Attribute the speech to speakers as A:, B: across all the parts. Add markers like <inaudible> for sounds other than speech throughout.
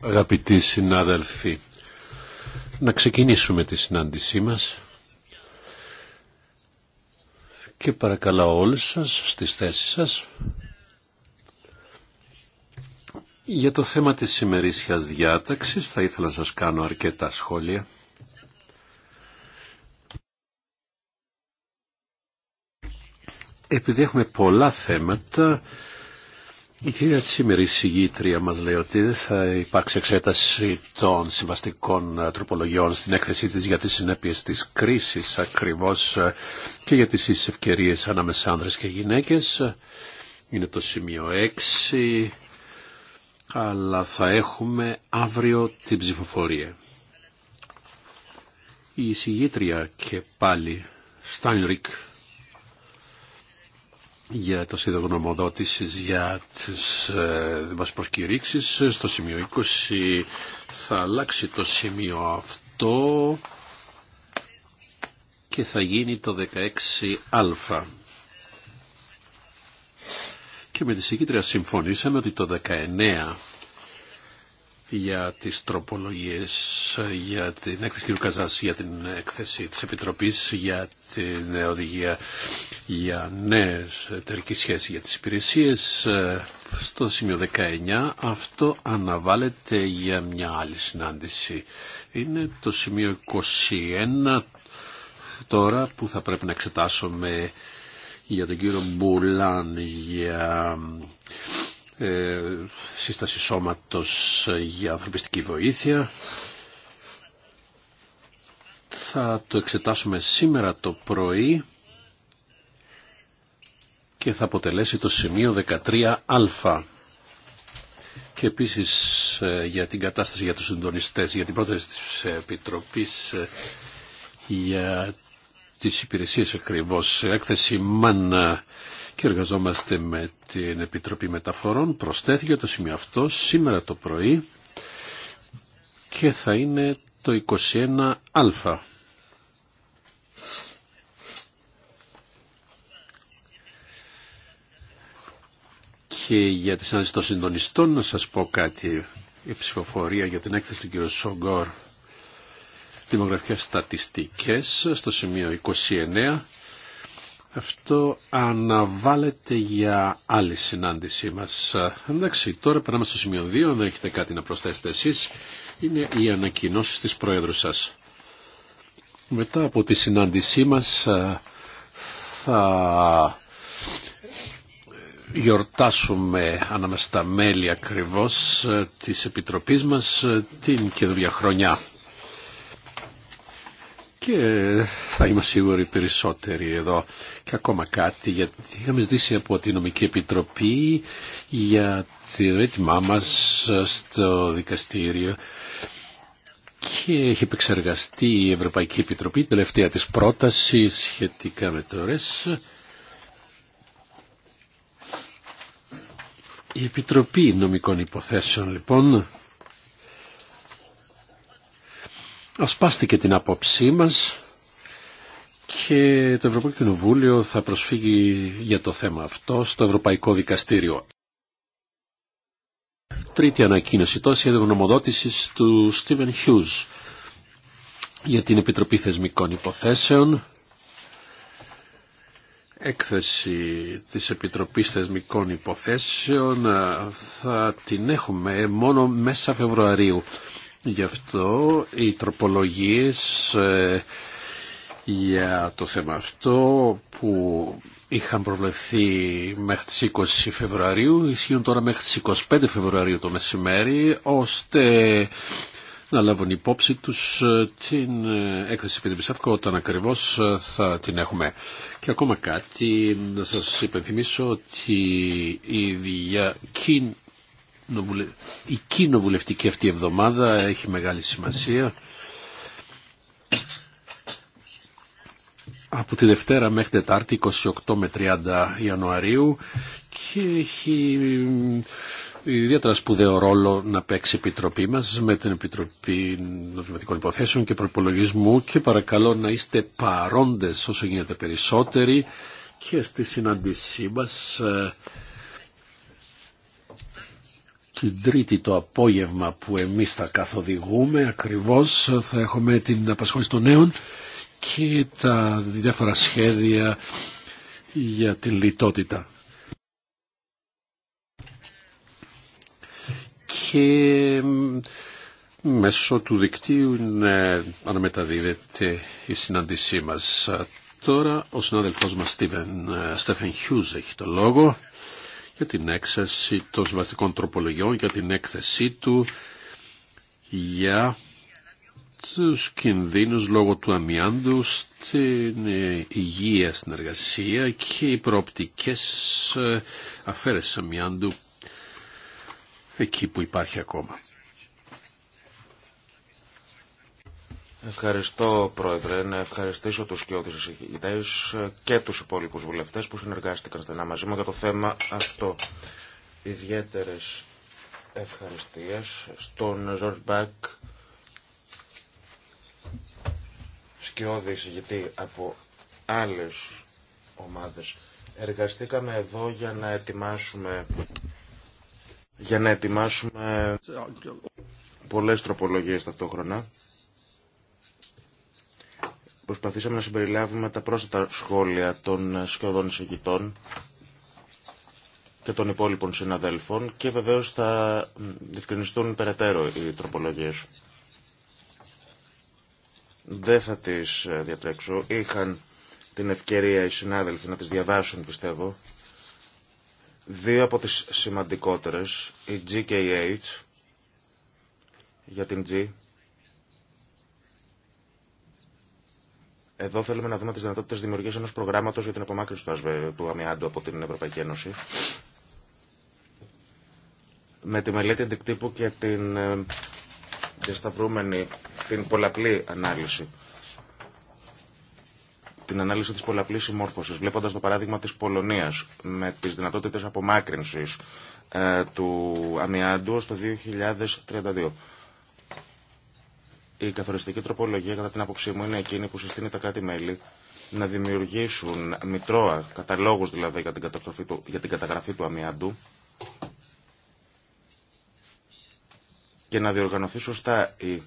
A: Αγαπητοί συνάδελφοι, να ξεκινήσουμε τη συνάντησή μας και παρακαλώ όλους σας στις θέσεις σας για το θέμα της σημερίσιας διάταξης θα ήθελα να σας κάνω αρκετά σχόλια. Επειδή έχουμε πολλά θέματα, η κυρία Τσίμερη, η συγγήτρια, μας λέει ότι θα υπάρξει εξέταση των συμβαστικών ε, τροπολογιών στην έκθεσή της για τις συνέπειες της κρίσης ακριβώς ε, και για τις ίσες ευκαιρίες ανάμεσα άνδρες και γυναίκες. Είναι το σημείο 6, αλλά θα έχουμε αύριο την ψηφοφορία. Η συγγήτρια και πάλι, Σταϊνρίκ για το σιδογνωμοδότησης για τις ε, Στο σημείο 20 θα αλλάξει το σημείο αυτό και θα γίνει το 16α. Και με τη συγκίτρια συμφωνήσαμε ότι το 19 για τις τροπολογίες για την έκθεση κ. Καζάς, για την έκθεση της Επιτροπής, για την οδηγία για νέες εταιρικέ σχέση για τις υπηρεσίες. Ε, στο σημείο 19 αυτό αναβάλλεται για μια άλλη συνάντηση. Είναι το σημείο 21 τώρα που θα πρέπει να εξετάσουμε για τον κύριο Μπουλάν για ε, σύσταση σώματος για ανθρωπιστική βοήθεια. Θα το εξετάσουμε σήμερα το πρωί και θα αποτελέσει το σημείο 13α. Και επίσης ε, για την κατάσταση για τους συντονιστές, για την πρόταση της Επιτροπής ε, για τις υπηρεσίες ακριβώς. Έκθεση ΜΑΝ ε, και εργαζόμαστε με την Επιτροπή Μεταφορών. Προσθέθηκε το σημείο αυτό σήμερα το πρωί και θα είναι το 21α. Και για τις συνάντηση των συντονιστών να σας πω κάτι. Η ψηφοφορία για την έκθεση του κ. Σόγκορ δημογραφικές στατιστικές στο σημείο 29 αυτό αναβάλλεται για άλλη συνάντησή μας. Εντάξει, τώρα περνάμε στο σημείο 2, αν έχετε κάτι να προσθέσετε εσείς, είναι οι ανακοινώσει της Πρόεδρου σας. Μετά από τη συνάντησή μας ε, θα γιορτάσουμε ανάμεσα στα μέλη ακριβώς ε, της Επιτροπής μας ε, την καινούργια χρονιά και θα είμαστε σίγουροι περισσότεροι εδώ. Και ακόμα κάτι, γιατί είχαμε ζητήσει από την Νομική Επιτροπή για τη έτοιμά μας στο δικαστήριο και έχει επεξεργαστεί η Ευρωπαϊκή Επιτροπή τελευταία της πρόταση σχετικά με το ΡΕΣ. Η Επιτροπή Νομικών Υποθέσεων λοιπόν ασπάστηκε την άποψή μας και το Ευρωπαϊκό Κοινοβούλιο θα προσφύγει για το θέμα αυτό στο Ευρωπαϊκό Δικαστήριο. Τρίτη ανακοίνωση, τόση γνωμοδότηση του Στίβεν Hughes για την Επιτροπή Θεσμικών Υποθέσεων. Έκθεση της Επιτροπής Θεσμικών Υποθέσεων ε, θα την έχουμε μόνο μέσα Φεβρουαρίου. Γι' αυτό οι τροπολογίες ε, για το θέμα αυτό που είχαν προβλεφθεί μέχρι τις 20 Φεβρουαρίου ισχύουν τώρα μέχρι τις 25 Φεβρουαρίου το μεσημέρι ώστε να λάβουν υπόψη τους ε, την ε, έκθεση Πεντεμπισεύκο όταν ακριβώς θα την έχουμε. Και ακόμα κάτι να σας υπενθυμίσω ότι η διακίνηση η κοινοβουλευτική αυτή εβδομάδα έχει μεγάλη σημασία. από τη Δευτέρα μέχρι Τετάρτη, 28 με 30 Ιανουαρίου και έχει ε, ιδιαίτερα σπουδαίο ρόλο να παίξει η Επιτροπή μας με την Επιτροπή Νοτιματικών Υποθέσεων και Προπολογισμού και παρακαλώ να είστε παρόντες όσο γίνεται περισσότεροι και στη συνάντησή μας ε, την Τρίτη το απόγευμα που εμείς θα καθοδηγούμε ακριβώς θα έχουμε την απασχόληση των νέων και τα διάφορα σχέδια για την λιτότητα. Και μέσω του δικτύου ναι, αναμεταδίδεται η συνάντησή μας. Τώρα ο συνάδελφός μας Στέφεν Χιούζ έχει το λόγο για την έξαση των συμβαστικών τροπολογιών, για την έκθεσή του, για τους κινδύνους λόγω του αμοιάντου στην ε, υγεία, στην εργασία και οι προοπτικές ε, αφαίρεσης αμοιάντου εκεί που υπάρχει ακόμα. Ευχαριστώ Πρόεδρε, να
B: ευχαριστήσω τους και εισηγητές και τους υπόλοιπους βουλευτές που συνεργάστηκαν στενά μαζί μου για το θέμα αυτό. Ιδιαίτερες ευχαριστίες στον Ζορτ Μπακ σκιώδη εισηγητή από άλλες ομάδες. Εργαστήκαμε εδώ για να ετοιμάσουμε για να ετοιμάσουμε πολλές τροπολογίες ταυτόχρονα Προσπαθήσαμε να συμπεριλάβουμε τα πρόσθετα σχόλια των σχεδόν εισηγητών και των υπόλοιπων συναδέλφων και βεβαίως θα διευκρινιστούν περαιτέρω οι τροπολογίες. Δεν θα τις ε, διατρέξω. Είχαν την ευκαιρία οι συνάδελφοι να τις διαβάσουν πιστεύω. Δύο από τις σημαντικότερες, η GKH για την G Εδώ θέλουμε να δούμε τι δυνατότητε δημιουργία ενό προγράμματο για την απομάκρυνση του αμοιάντου από την Ευρωπαϊκή Ένωση. Με τη μελέτη αντικτύπου και την ε, διασταυρούμενη, την πολλαπλή ανάλυση. Την ανάλυση τη πολλαπλή συμμόρφωση. Βλέποντα το παράδειγμα τη Πολωνία με τι δυνατότητε απομάκρυνση ε, του αμοιάντου στο 2032. Η καθοριστική τροπολογία, κατά την άποψή μου, είναι εκείνη που συστήνει τα κράτη-μέλη να δημιουργήσουν μητρώα, καταλόγους δηλαδή για την, καταγραφή του, για την καταγραφή του αμοιάντου και να διοργανωθεί σωστά η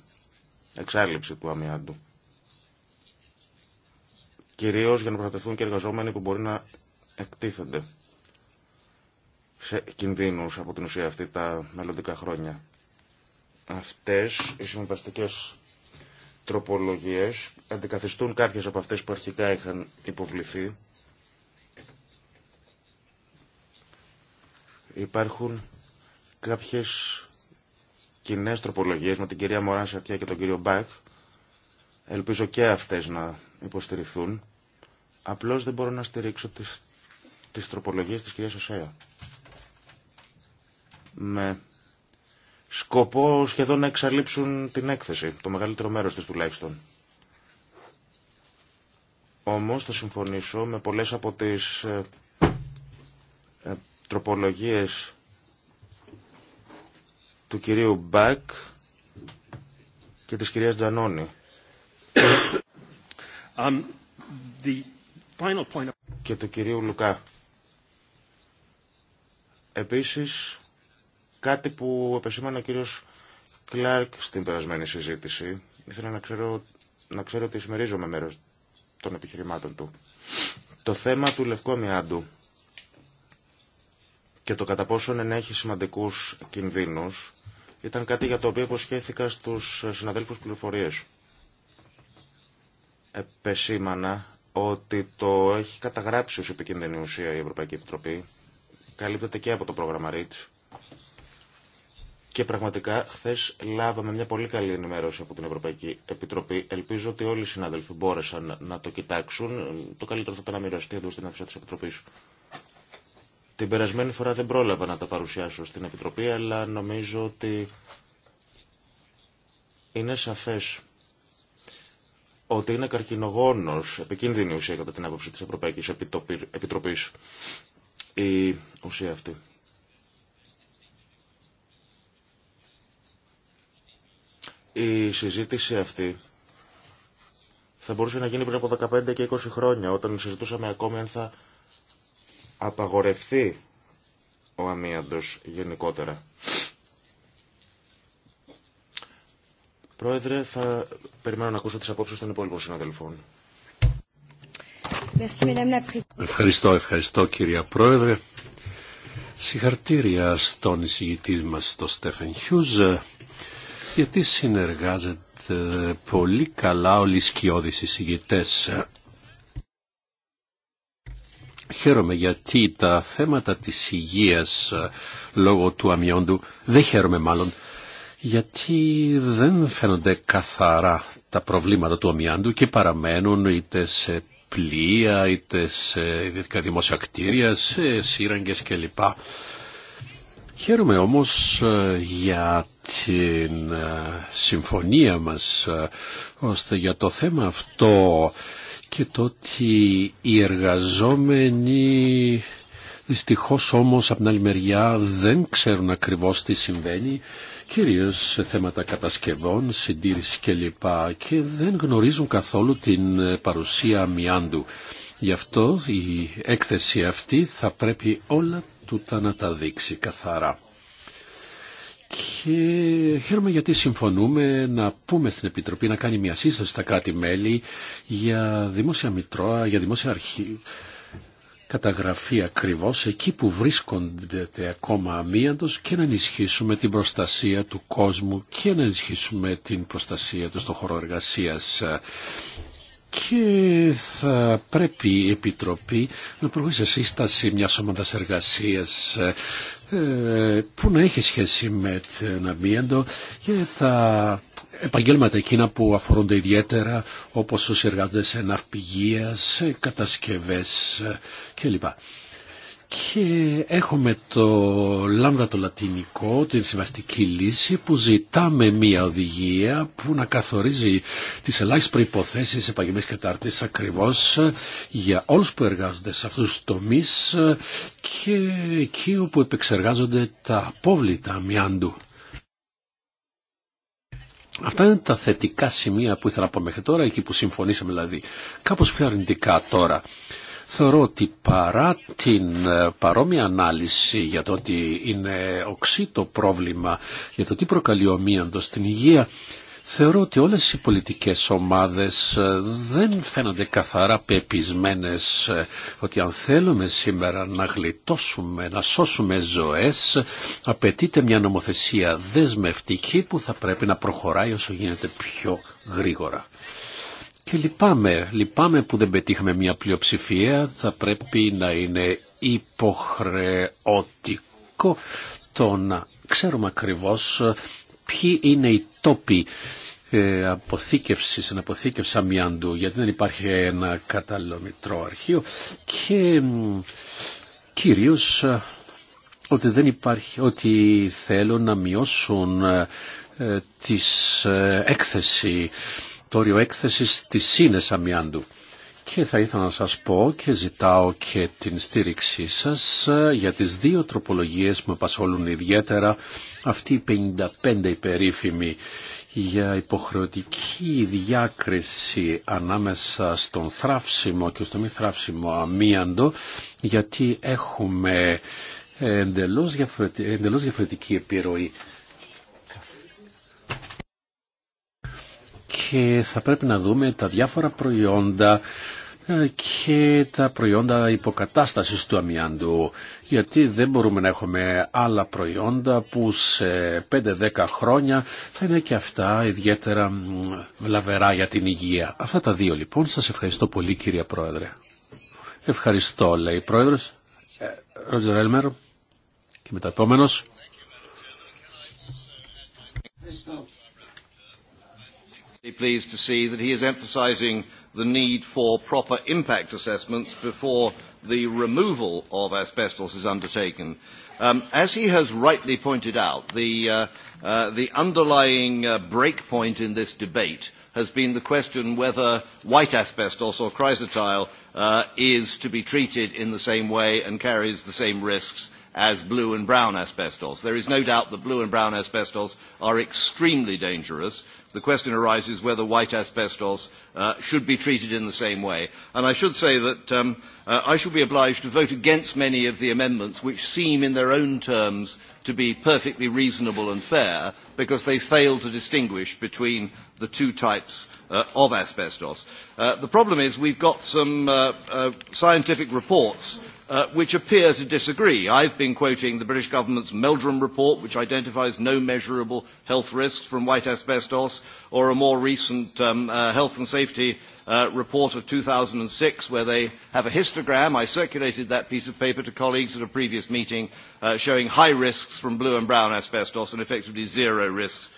B: εξάλληψη του αμοιάντου. Κυρίως για να προστατευτούν και εργαζόμενοι που μπορεί να εκτίθενται σε κινδύνους από την ουσία αυτή τα μελλοντικά χρόνια. Αυτές οι συμβαστικές τροπολογίες αντικαθιστούν κάποιες από αυτές που αρχικά είχαν υποβληθεί. Υπάρχουν κάποιες κοινές τροπολογίες με την κυρία Μωράν Σαρτιά και τον κύριο Μπακ. Ελπίζω και αυτές να υποστηριχθούν. Απλώς δεν μπορώ να στηρίξω τις, τις τροπολογίες της κυρίας Ασέα. Με σκοπό σχεδόν να εξαλείψουν την έκθεση, το μεγαλύτερο μέρος της τουλάχιστον. Όμως θα συμφωνήσω με πολλές από τις ε, ε, τροπολογίες του κυρίου Μπακ και της κυρίας Τζανόνη.
C: Um, the final point...
B: Και του κυρίου Λουκά. Επίσης, Κάτι που επεσήμανε ο κύριος Κλάρκ στην περασμένη συζήτηση. Ήθελα να ξέρω, να ξέρω ότι συμμερίζομαι μέρος των επιχειρημάτων του. Το θέμα του Λευκού Μιάντου και το κατά πόσον ενέχει σημαντικούς κινδύνους ήταν κάτι για το οποίο υποσχέθηκα στους συναδέλφους πληροφορίες. Επεσήμανα ότι το έχει καταγράψει ως επικίνδυνη ουσία η Ευρωπαϊκή Επιτροπή. Καλύπτεται και από το πρόγραμμα REACH. Και πραγματικά χθε λάβαμε μια πολύ καλή ενημέρωση από την Ευρωπαϊκή Επιτροπή. Ελπίζω ότι όλοι οι συνάδελφοι μπόρεσαν να το κοιτάξουν. Το καλύτερο θα ήταν να μοιραστεί εδώ στην αφήσα τη Επιτροπή. Την περασμένη φορά δεν πρόλαβα να τα παρουσιάσω στην Επιτροπή, αλλά νομίζω ότι είναι σαφές ότι είναι καρκίνογόνο επικίνδυνη ουσία κατά την άποψη τη Ευρωπαϊκή Επιτροπής η ουσία αυτή. Η συζήτηση αυτή θα μπορούσε να γίνει πριν από 15 και 20 χρόνια, όταν συζητούσαμε ακόμη αν θα απαγορευτεί ο αμύαντος γενικότερα. Πρόεδρε, θα περιμένω να ακούσω τις απόψεις των υπόλοιπων συναδελφών.
A: Ευχαριστώ, ευχαριστώ κύριε Πρόεδρε. Συγχαρτήρια στον εισηγητή μας, τον Στέφεν Χιούζ, γιατί συνεργάζεται πολύ καλά όλοι οι σκιώδεις εισηγητές. Χαίρομαι γιατί τα θέματα της υγείας ε, λόγω του αμοιόντου, δεν χαίρομαι μάλλον, γιατί δεν φαίνονται καθαρά τα προβλήματα του αμοιάντου και παραμένουν είτε σε πλοία, είτε σε δημόσια κτίρια, σε σύραγγες κλπ. Χαίρομαι όμως ε, για την ε, συμφωνία μας ε, ώστε για το θέμα αυτό και το ότι οι εργαζόμενοι δυστυχώς όμως από την άλλη μεριά δεν ξέρουν ακριβώς τι συμβαίνει κυρίως σε θέματα κατασκευών, συντήρηση κλπ. και δεν γνωρίζουν καθόλου την παρουσία μιάντου. Γι' αυτό η έκθεση αυτή θα πρέπει όλα τούτα να τα δείξει καθαρά. Και χαίρομαι γιατί συμφωνούμε να πούμε στην Επιτροπή να κάνει μια σύσταση στα κράτη-μέλη για δημόσια μητρώα, για δημόσια αρχή, καταγραφή ακριβώς εκεί που βρίσκονται ακόμα αμύαντος και να ενισχύσουμε την προστασία του κόσμου και να ενισχύσουμε την προστασία του στον χώρο εργασίας και θα πρέπει η Επιτροπή να προχωρήσει σε σύσταση μιας εργασία ε, που να έχει σχέση με την αμίαντο και τα επαγγέλματα εκείνα που αφορούνται ιδιαίτερα όπως όσοι εργάζονται σε σε κατασκευές ε, κλπ. Και έχουμε το λάμδα το λατινικό, την συμβαστική λύση που ζητάμε μια οδηγία που να καθορίζει τις ελάχιστες προϋποθέσεις επαγγελματικής κατάρτισης ακριβώς για όλους που εργάζονται σε αυτούς τους τομείς και εκεί όπου επεξεργάζονται τα απόβλητα αμοιάντου. Αυτά είναι τα θετικά σημεία που ήθελα να πω μέχρι τώρα, εκεί που συμφωνήσαμε δηλαδή. Κάπως πιο αρνητικά τώρα. Θεωρώ ότι παρά την ε, παρόμοια ανάλυση για το ότι είναι οξύ το πρόβλημα, για το τι προκαλεί ομοίαντο στην υγεία, Θεωρώ ότι όλες οι πολιτικές ομάδες ε, δεν φαίνονται καθαρά πεπισμένες ε, ότι αν θέλουμε σήμερα να γλιτώσουμε, να σώσουμε ζωές, απαιτείται μια νομοθεσία δεσμευτική που θα πρέπει να προχωράει όσο γίνεται πιο γρήγορα. Και λυπάμαι, λυπάμαι που δεν πετύχαμε μια πλειοψηφία, θα πρέπει να είναι υποχρεωτικό το να ξέρουμε ακριβώς ποιοι είναι οι τόποι ε, αποθήκευσης, αποθήκευση αμοιάντου, γιατί δεν υπάρχει ένα κατάλληλο αρχείο και κυρίως ε, ότι δεν υπάρχει, ότι θέλουν να μειώσουν ε, ε τις ε, έκθεση το όριο έκθεσης της σύνες αμοιάντου. Και θα ήθελα να σας πω και ζητάω και την στήριξή σας ε, για τις δύο τροπολογίες που με απασχολούν ιδιαίτερα, αυτή η 55 η για υποχρεωτική διάκριση ανάμεσα στον θράψιμο και στο μη θράψιμο αμίαντο, γιατί έχουμε ε, εντελώς διαφορετική επιρροή και θα πρέπει να δούμε τα διάφορα προϊόντα ε, και τα προϊόντα υποκατάστασης του αμοιάντου γιατί δεν μπορούμε να έχουμε άλλα προϊόντα που σε 5-10 χρόνια θα είναι και αυτά ιδιαίτερα βλαβερά για την υγεία. Αυτά τα δύο λοιπόν. Σας ευχαριστώ πολύ κύριε Πρόεδρε. Ευχαριστώ λέει η Πρόεδρος. Ε, Ρότζερ Έλμερ και μετά
C: pleased to see that he is emphasising the need for proper impact assessments before the removal of asbestos is undertaken. As he has rightly pointed out, the underlying breakpoint in this debate has been the question whether white asbestos or chrysotile is to be treated in the same way and carries the same risks as blue and brown asbestos. There is no doubt that blue and brown asbestos are extremely dangerous the question arises whether white asbestos should be treated in the same way. And I should say that I shall be obliged to vote against many of the amendments which seem in their own terms to be perfectly reasonable and fair because they fail to distinguish between the two types of asbestos. The problem is we've got some scientific reports which appear to disagree. I have been quoting the British government's Meldrum report, which identifies no measurable health risks from white asbestos, or a more recent health and safety report of 2006, where they have a histogram. I circulated that piece of paper to colleagues at a previous meeting, showing high risks from blue and brown asbestos and effectively zero risks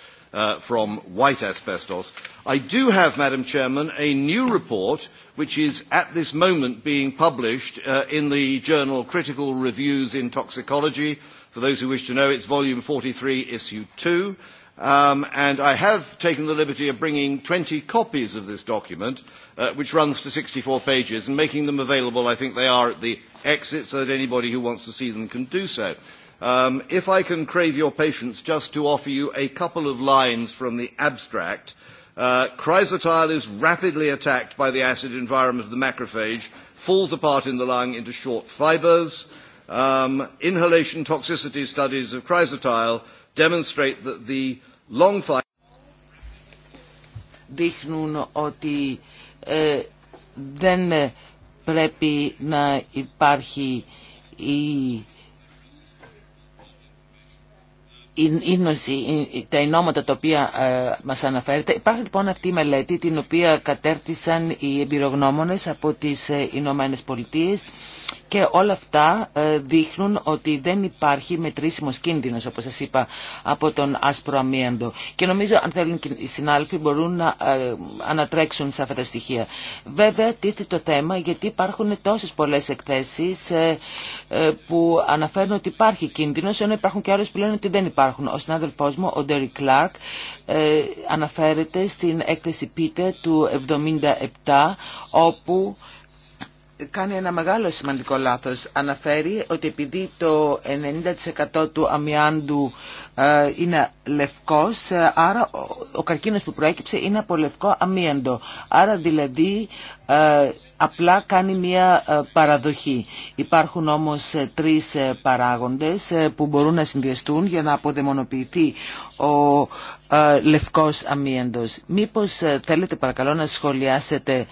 C: from white asbestos. I do have, Madam Chairman, a new report which is at this moment being published in the journal Critical Reviews in Toxicology. For those who wish to know, it's volume 43, issue 2. And I have taken the liberty of bringing 20 copies of this document, which runs to 64 pages, and making them available. I think they are at the exit so that anybody who wants to see them can do so. If I can crave your patience just to offer you a couple of lines from the abstract Chrysotile is rapidly attacked by the acid environment of the macrophage, falls apart in the lung into short fibers. Inhalation toxicity studies of chrysotile demonstrate that the long fibers δείχνουν ότι ε,
D: δεν πρέπει να υπάρχει η τα ενώματα τα οποία ε, μας αναφέρεται, Υπάρχει λοιπόν αυτή η μελέτη την οποία κατέρτισαν οι εμπειρογνώμονες από τις ε, Ηνωμένε Πολιτείες και όλα αυτά ε, δείχνουν ότι δεν υπάρχει μετρήσιμος κίνδυνος, όπως σας είπα, από τον άσπρο αμίαντο. Και νομίζω, αν θέλουν οι συνάδελφοι, μπορούν να ε, ανατρέξουν σε αυτά τα στοιχεία. Βέβαια, τίθεται το θέμα, γιατί υπάρχουν τόσες πολλές εκθέσεις ε, που αναφέρουν ότι υπάρχει κίνδυνος, ενώ υπάρχουν και άλλες που λένε ότι δεν υπάρχουν. Ο συνάδελφός μου, ο Ντέρι Κλάρκ, αναφέρεται στην έκθεση Πίτε του 1977, όπου κάνει ένα μεγάλο σημαντικό λάθος. Αναφέρει ότι επειδή το 90% του αμοιάντου ε, είναι λευκός, ε, άρα ο καρκίνος που προέκυψε είναι από λευκό αμοιάντο. Άρα δηλαδή ε, απλά κάνει μία παραδοχή. Υπάρχουν όμως τρεις παράγοντες που μπορούν να συνδυαστούν για να αποδαιμονοποιηθεί ο λευκός αμοιάντος. Μήπως θέλετε παρακαλώ να σχολιάσετε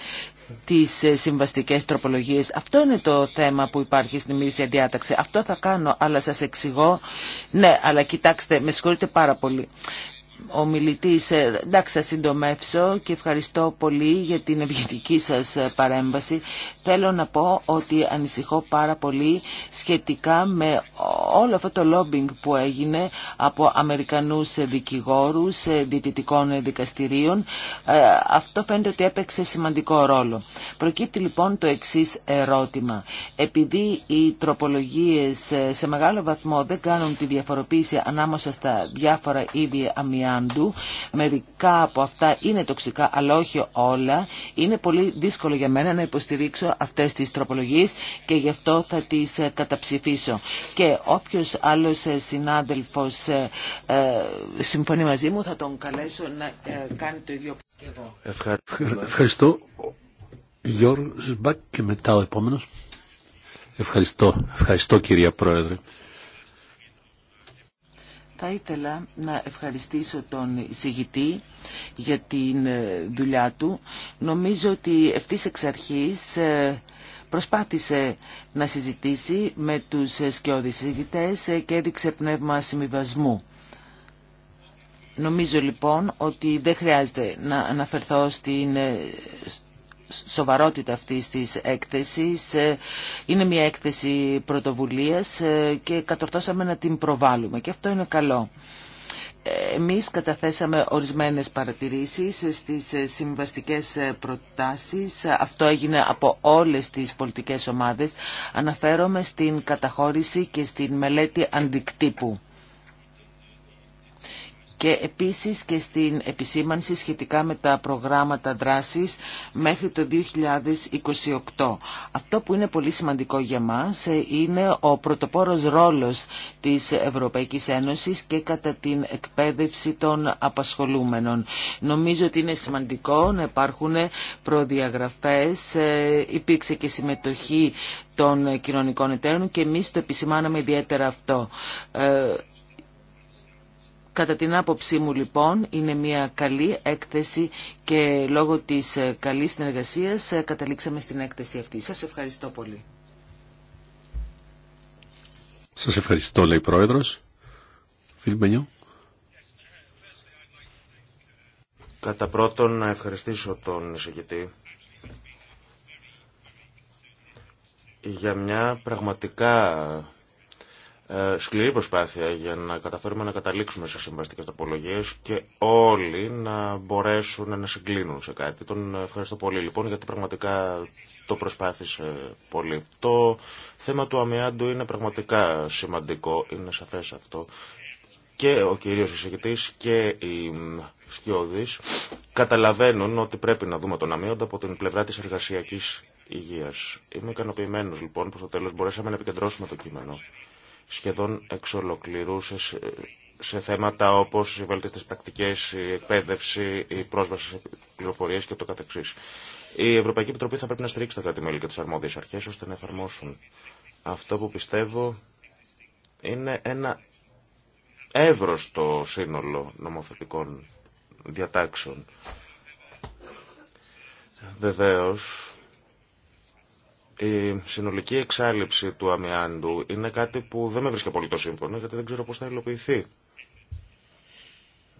D: τις ε, συμβαστικές τροπολογίες. Αυτό είναι το θέμα που υπάρχει στην ημερήσια διάταξη. Αυτό θα κάνω, αλλά σας εξηγώ. Ναι, αλλά κοιτάξτε, με συγχωρείτε πάρα πολύ ομιλητής. Ε, εντάξει, θα συντομεύσω και ευχαριστώ πολύ για την ευγενική σας ε, παρέμβαση. Θέλω να πω ότι ανησυχώ πάρα πολύ σχετικά με όλο αυτό το λόμπινγκ που έγινε από Αμερικανούς δικηγόρους ε, διαιτητικών δικαστηρίων. Αυτό φαίνεται ότι έπαιξε σημαντικό ρόλο. Προκύπτει λοιπόν το εξής ερώτημα. Επειδή οι τροπολογίες σε μεγάλο βαθμό δεν κάνουν τη διαφοροποίηση ανάμεσα στα διάφορα είδη αμία. Μερικά από αυτά είναι τοξικά, αλλά όχι όλα. Είναι πολύ δύσκολο για μένα να υποστηρίξω αυτέ τι τροπολογίε και γι' αυτό θα τι ε, καταψηφίσω. Και οποιο άλλο ε, συνάδελφο ε, συμφωνεί μαζί μου θα τον καλέσω να κάνει το ίδιο και
A: εγώ. Ευχαριστώ. Γιώργος Μπακ και μετά ο επόμενος. Ευχαριστώ. Ευχαριστώ κυρία Πρόεδρε.
D: Θα ήθελα να ευχαριστήσω τον εισηγητή για την ε, δουλειά του. Νομίζω ότι ευθύς εξ αρχής ε, προσπάθησε να συζητήσει με τους σκιώδεις συζητητές ε, και έδειξε πνεύμα συμβιβασμού. Νομίζω λοιπόν ότι δεν χρειάζεται να αναφερθώ στην, σοβαρότητα αυτής της έκθεσης. Ε, είναι μια έκθεση πρωτοβουλίας ε, και κατορθώσαμε να την προβάλλουμε και αυτό είναι καλό. Ε, εμείς καταθέσαμε ορισμένες παρατηρήσεις στις συμβαστικές προτάσεις. Αυτό έγινε από όλες τις πολιτικές ομάδες. Αναφέρομαι στην καταχώρηση και στην μελέτη αντικτύπου και επίσης και στην επισήμανση σχετικά με τα προγράμματα δράσης μέχρι το 2028. Αυτό που είναι πολύ σημαντικό για μας ε, είναι ο πρωτοπόρος ρόλος της Ευρωπαϊκής Ένωσης και κατά την εκπαίδευση των απασχολούμενων. Νομίζω ότι είναι σημαντικό να υπάρχουν προδιαγραφές, ε, υπήρξε και συμμετοχή των κοινωνικών εταίρων και εμείς το επισημάναμε ιδιαίτερα αυτό. Ε, Κατά την άποψή μου λοιπόν είναι μια καλή έκθεση και λόγω της ε, καλής συνεργασίας ε, καταλήξαμε στην έκθεση αυτή. Σας ευχαριστώ πολύ.
A: Σας ευχαριστώ λέει Πρόεδρος.
B: Κατά πρώτον να ευχαριστήσω τον εισηγητή για μια πραγματικά ε, σκληρή προσπάθεια για να καταφέρουμε να καταλήξουμε σε συμβαστικές τοπολογίε και όλοι να μπορέσουν να συγκλίνουν σε κάτι. Τον ευχαριστώ πολύ λοιπόν γιατί πραγματικά το προσπάθησε πολύ. Το θέμα του αμοιάντου είναι πραγματικά σημαντικό, είναι σαφές αυτό. Και ο κυρίως εισηγητής και οι σκιώδεις καταλαβαίνουν ότι πρέπει να δούμε τον αμοιόντα από την πλευρά της εργασιακής υγείας. Είμαι ικανοποιημένος λοιπόν που στο τέλος μπορέσαμε να επικεντρώσουμε το κείμενο σχεδόν εξ ε, σε, θέματα όπως οι βελτίστες πρακτικές, η εκπαίδευση, η πρόσβαση σε πληροφορίες και το καθεξής. Η Ευρωπαϊκή Επιτροπή θα πρέπει να στηρίξει τα κράτη-μέλη και τις αρμόδιες αρχές ώστε να εφαρμόσουν. Αυτό που πιστεύω είναι ένα εύρωστο σύνολο νομοθετικών διατάξεων. Βεβαίως, η συνολική εξάλληψη του αμοιάντου είναι κάτι που δεν με βρίσκει το σύμφωνο γιατί δεν ξέρω πώ θα υλοποιηθεί.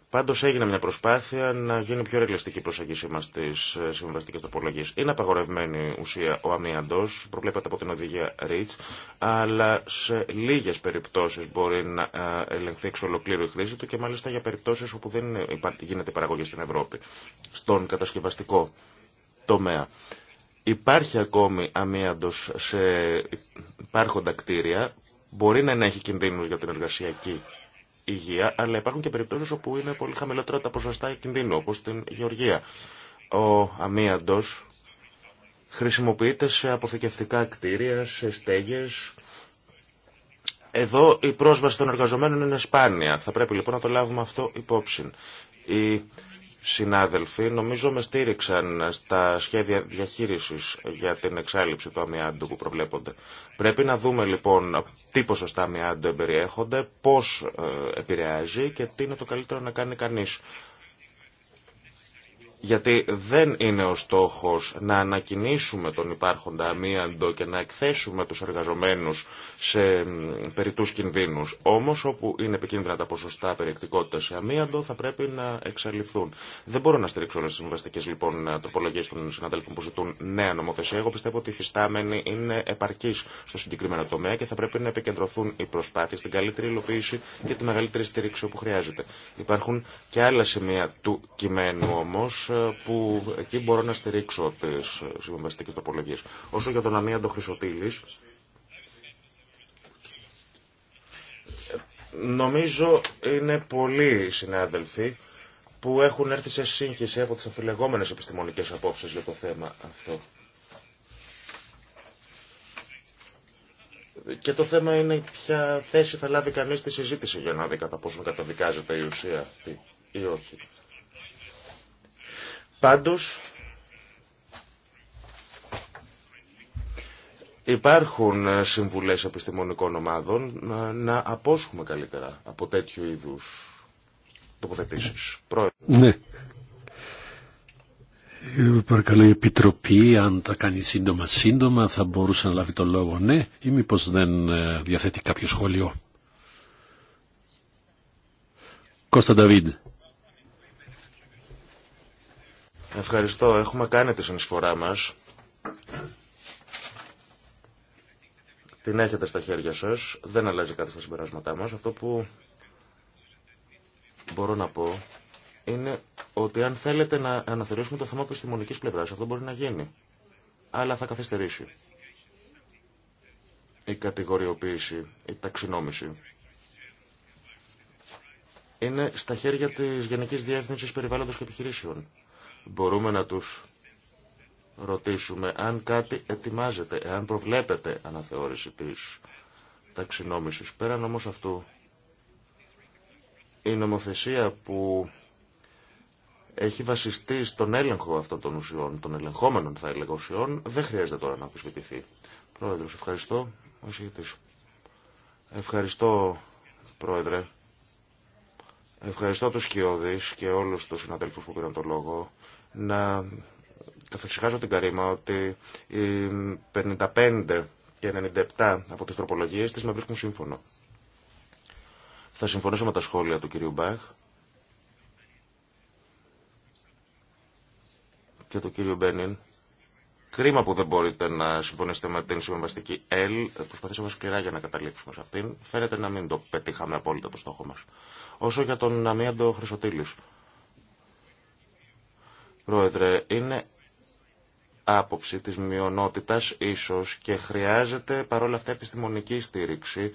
B: Πάντω έγινε μια προσπάθεια να γίνει πιο ρεαλιστική η προσέγγιση μα στι ε, συμβαστικέ τροπολογίε. Είναι απαγορευμένη ουσία ο αμύαντο, προβλέπεται από την οδηγία REACH, αλλά σε λίγε περιπτώσει μπορεί να ε, ελεγχθεί εξ ολοκλήρου η χρήση του και μάλιστα για περιπτώσει όπου δεν γίνεται παραγωγή στην Ευρώπη, στον κατασκευαστικό τομέα υπάρχει ακόμη αμίαντος σε υπάρχοντα κτίρια, μπορεί να έχει κινδύνους για την εργασιακή υγεία, αλλά υπάρχουν και περιπτώσεις όπου είναι πολύ χαμηλότερα τα ποσοστά κινδύνου, όπως στην γεωργία. Ο αμίαντος χρησιμοποιείται σε αποθηκευτικά κτίρια, σε στέγες. Εδώ η πρόσβαση των εργαζομένων είναι σπάνια. Θα πρέπει λοιπόν να το λάβουμε αυτό υπόψη. Η συνάδελφοι νομίζω με στήριξαν στα σχέδια διαχείρισης για την εξάλληψη του αμοιάντου που προβλέπονται. Πρέπει να δούμε λοιπόν τι ποσοστά αμοιάντου εμπεριέχονται, πώς ε, επηρεάζει και τι είναι το καλύτερο να κάνει κανείς γιατί δεν είναι ο στόχος να ανακινήσουμε τον υπάρχοντα αμίαντο και να εκθέσουμε τους εργαζομένους σε περιτούς κινδύνους. Όμως όπου είναι επικίνδυνα τα ποσοστά περιεκτικότητα σε αμίαντο θα πρέπει να εξαλειφθούν. Δεν μπορώ να στηρίξω όλες τις συμβαστικές λοιπόν τροπολογίες των συναδέλφων που ζητούν νέα νομοθεσία. Εγώ πιστεύω ότι οι φυστάμενοι είναι επαρκής στο συγκεκριμένο τομέα και θα πρέπει να επικεντρωθούν οι προσπάθειες στην καλύτερη υλοποίηση και τη μεγαλύτερη στήριξη όπου χρειάζεται. Υπάρχουν και άλλα σημεία του κειμένου όμως ε, που εκεί μπορώ να στηρίξω τις ε, συμβαστικέ τοπολογίε. Όσο για τον Αμίαντο Χρυσοτήλη, νομίζω είναι πολλοί συνάδελφοι που έχουν έρθει σε σύγχυση από τις αφιλεγόμενες επιστημονικές απόψεις για το θέμα αυτό. Και το θέμα είναι ποια θέση θα λάβει κανείς στη συζήτηση για να δει κατά πόσο καταδικάζεται η ουσία αυτή ή όχι. Πάντως, υπάρχουν ε, συμβουλές επιστημονικών ομάδων να απόσχουμε καλύτερα από τέτοιου είδους τοποθετήσεις.
A: Ναι. Ε, παρακαλώ η Επιτροπή, αν τα κάνει σύντομα σύντομα θα μπορούσε να λάβει το λόγο ναι ή μήπω δεν ε, διαθέτει κάποιο σχόλιο. Κώστα Νταβίδ.
B: Ευχαριστώ. Έχουμε κάνει τη συνεισφορά μας. Την έχετε στα χέρια σας. Δεν αλλάζει κάτι στα συμπεράσματά μας. Αυτό που μπορώ να πω είναι ότι αν θέλετε να αναθεωρήσουμε το θέμα επιστημονικής πλευράς, αυτό μπορεί να γίνει. Αλλά θα καθυστερήσει. Η κατηγοριοποίηση, η ταξινόμηση είναι στα χέρια της Γενικής Διεύθυνσης Περιβάλλοντος και Επιχειρήσεων. Μπορούμε να τους ρωτήσουμε αν κάτι ετοιμάζεται, αν προβλέπεται αναθεώρηση της ταξινόμησης. Πέραν όμως αυτού, η νομοθεσία που έχει βασιστεί στον έλεγχο αυτών των ουσιών, των ελεγχόμενων θα έλεγα ουσιών, δεν χρειάζεται τώρα να αμφισβητηθεί. Πρόεδρος, ευχαριστώ. Ευχαριστώ, Πρόεδρε. Ευχαριστώ τους Σκιώδης και όλους τους συναδέλφους που πήραν το λόγο να καθυσυχάζω την καρήμα ότι οι 55 και 97 από τις τροπολογίες της με βρίσκουν σύμφωνο. Θα συμφωνήσω με τα σχόλια του κυρίου Μπάχ και του κυρίου Μπένιν. Κρίμα που δεν μπορείτε να συμφωνήσετε με την συμβαστική ΕΛ. Προσπαθήσαμε σκληρά για να καταλήξουμε σε αυτήν. Φαίνεται να μην το πετύχαμε απόλυτα το στόχο μας. Όσο για τον Αμίαντο Χρυσοτήλης. Πρόεδρε, είναι άποψη της μειονότητας ίσως και χρειάζεται παρόλα αυτά επιστημονική στήριξη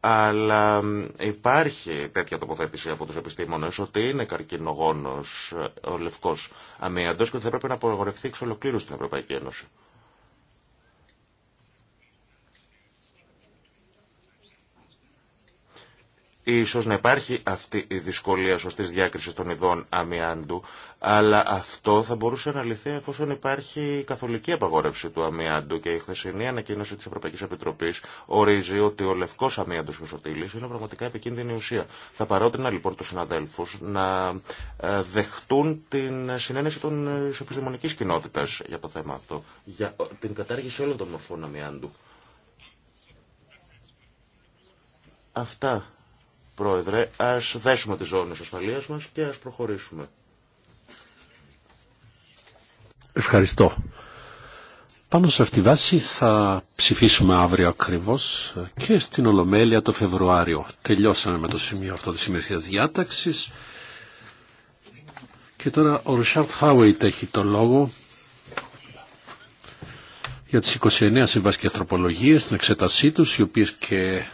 B: αλλά υπάρχει τέτοια τοποθέτηση από τους επιστήμονες ότι είναι καρκινογόνος ε, ο λευκός αμύαντος και ότι θα πρέπει να απογορευτεί εξ ολοκλήρου στην Ευρωπαϊκή Ένωση. Ίσως να υπάρχει αυτή η δυσκολία σωστή διάκριση των ειδών αμοιάντου, αλλά αυτό θα μπορούσε να λυθεί εφόσον υπάρχει καθολική απαγόρευση του αμοιάντου και η χθεσινή ανακοίνωση τη Ευρωπαϊκή Επιτροπή ορίζει ότι ο λευκό αμοιάντος Χρυσοτήλη είναι πραγματικά επικίνδυνη ουσία. Θα παρότρινα λοιπόν του συναδέλφου να ε, δεχτούν την συνένεση ε, τη επιστημονική κοινότητα για το θέμα αυτό, για την κατάργηση όλων των μορφών αμοιάντου. Αυτά Πρόεδρε, ας δέσουμε τις ζώνες ασφαλείας μας και ας προχωρήσουμε.
A: Ευχαριστώ. Πάνω σε αυτή τη βάση θα ψηφίσουμε αύριο ακριβώς και στην Ολομέλεια το Φεβρουάριο. Τελειώσαμε με το σημείο αυτό της ημερική διάταξης. Και τώρα ο Ρουσάρτ Φάουιτ έχει το λόγο για τις 29 και τροπολογίες, την εξέτασή τους, οι οποίες και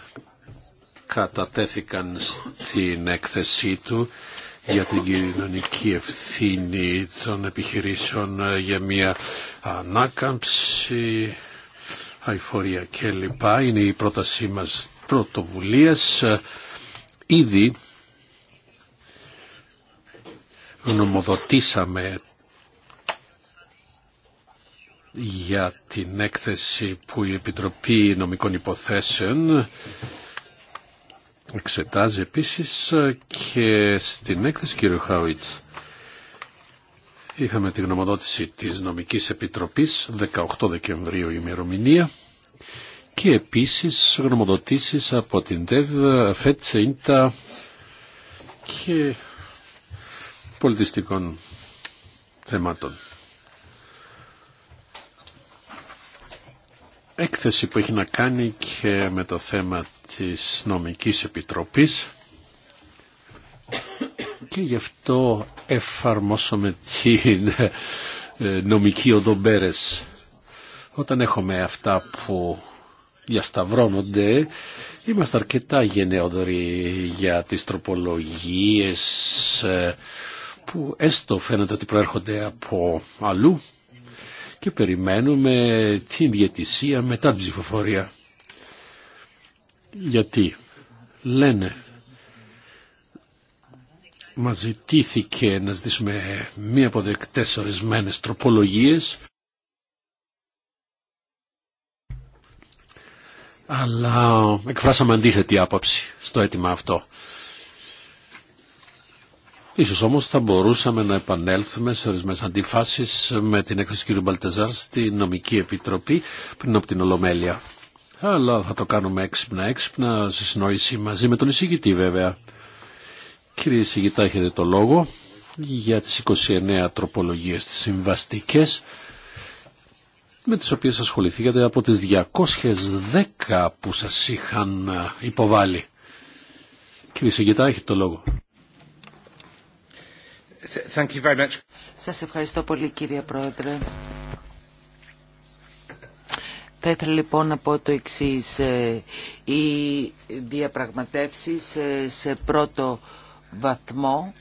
A: κατατέθηκαν στην έκθεσή του για την κοινωνική ευθύνη των επιχειρήσεων ε, για μια ανάκαμψη, αηφορία κλπ. Είναι η πρότασή μας πρωτοβουλίας. Ήδη νομοδοτήσαμε για την έκθεση που η Επιτροπή Νομικών Υποθέσεων εξετάζει επίσης ε, και στην έκθεση κύριο Χάουιτ. Είχαμε τη γνωμοδότηση της Νομικής Επιτροπής 18 Δεκεμβρίου ημερομηνία και επίσης γνωμοδοτήσεις από την ΔΕΒ, ΦΕΤΣΕΙΝΤΑ και πολιτιστικών θεμάτων. Έκθεση που έχει να κάνει και με το θέμα της νομικής επιτροπής και γι' αυτό εφαρμόσουμε την ε, νομική οδομπέρες. Όταν έχουμε αυτά που διασταυρώνονται, είμαστε αρκετά γενναιόδοροι για τις τροπολογίες ε, που έστω φαίνεται ότι προέρχονται από αλλού και περιμένουμε την διατησία μετά την ψηφοφορία. Γιατί λένε μα ζητήθηκε να ζητήσουμε από αποδεκτές ορισμένες τροπολογίες αλλά εκφράσαμε αντίθετη άποψη στο αίτημα αυτό. Ίσως όμως θα μπορούσαμε να επανέλθουμε σε ορισμένες αντιφάσεις με την έκθεση του κ. Μπαλτεζάρ στη Νομική Επιτροπή πριν από την Ολομέλεια. Αλλά θα το κάνουμε έξυπνα, έξυπνα, σε συνόηση μαζί με τον εισηγητή βέβαια. Κύριε εισηγητά, έχετε το λόγο για τις 29 τροπολογίες, τις συμβαστικές, με τις οποίες ασχοληθήκατε από τις 210 που σας είχαν ε, υποβάλει. Κύριε εισηγητά, έχετε το λόγο.
D: Thank Σας ευχαριστώ πολύ κύριε Πρόεδρε. Θα ήθελα λοιπόν να πω το εξή. Ε, οι διαπραγματεύσεις ε, σε πρώτο βαθμό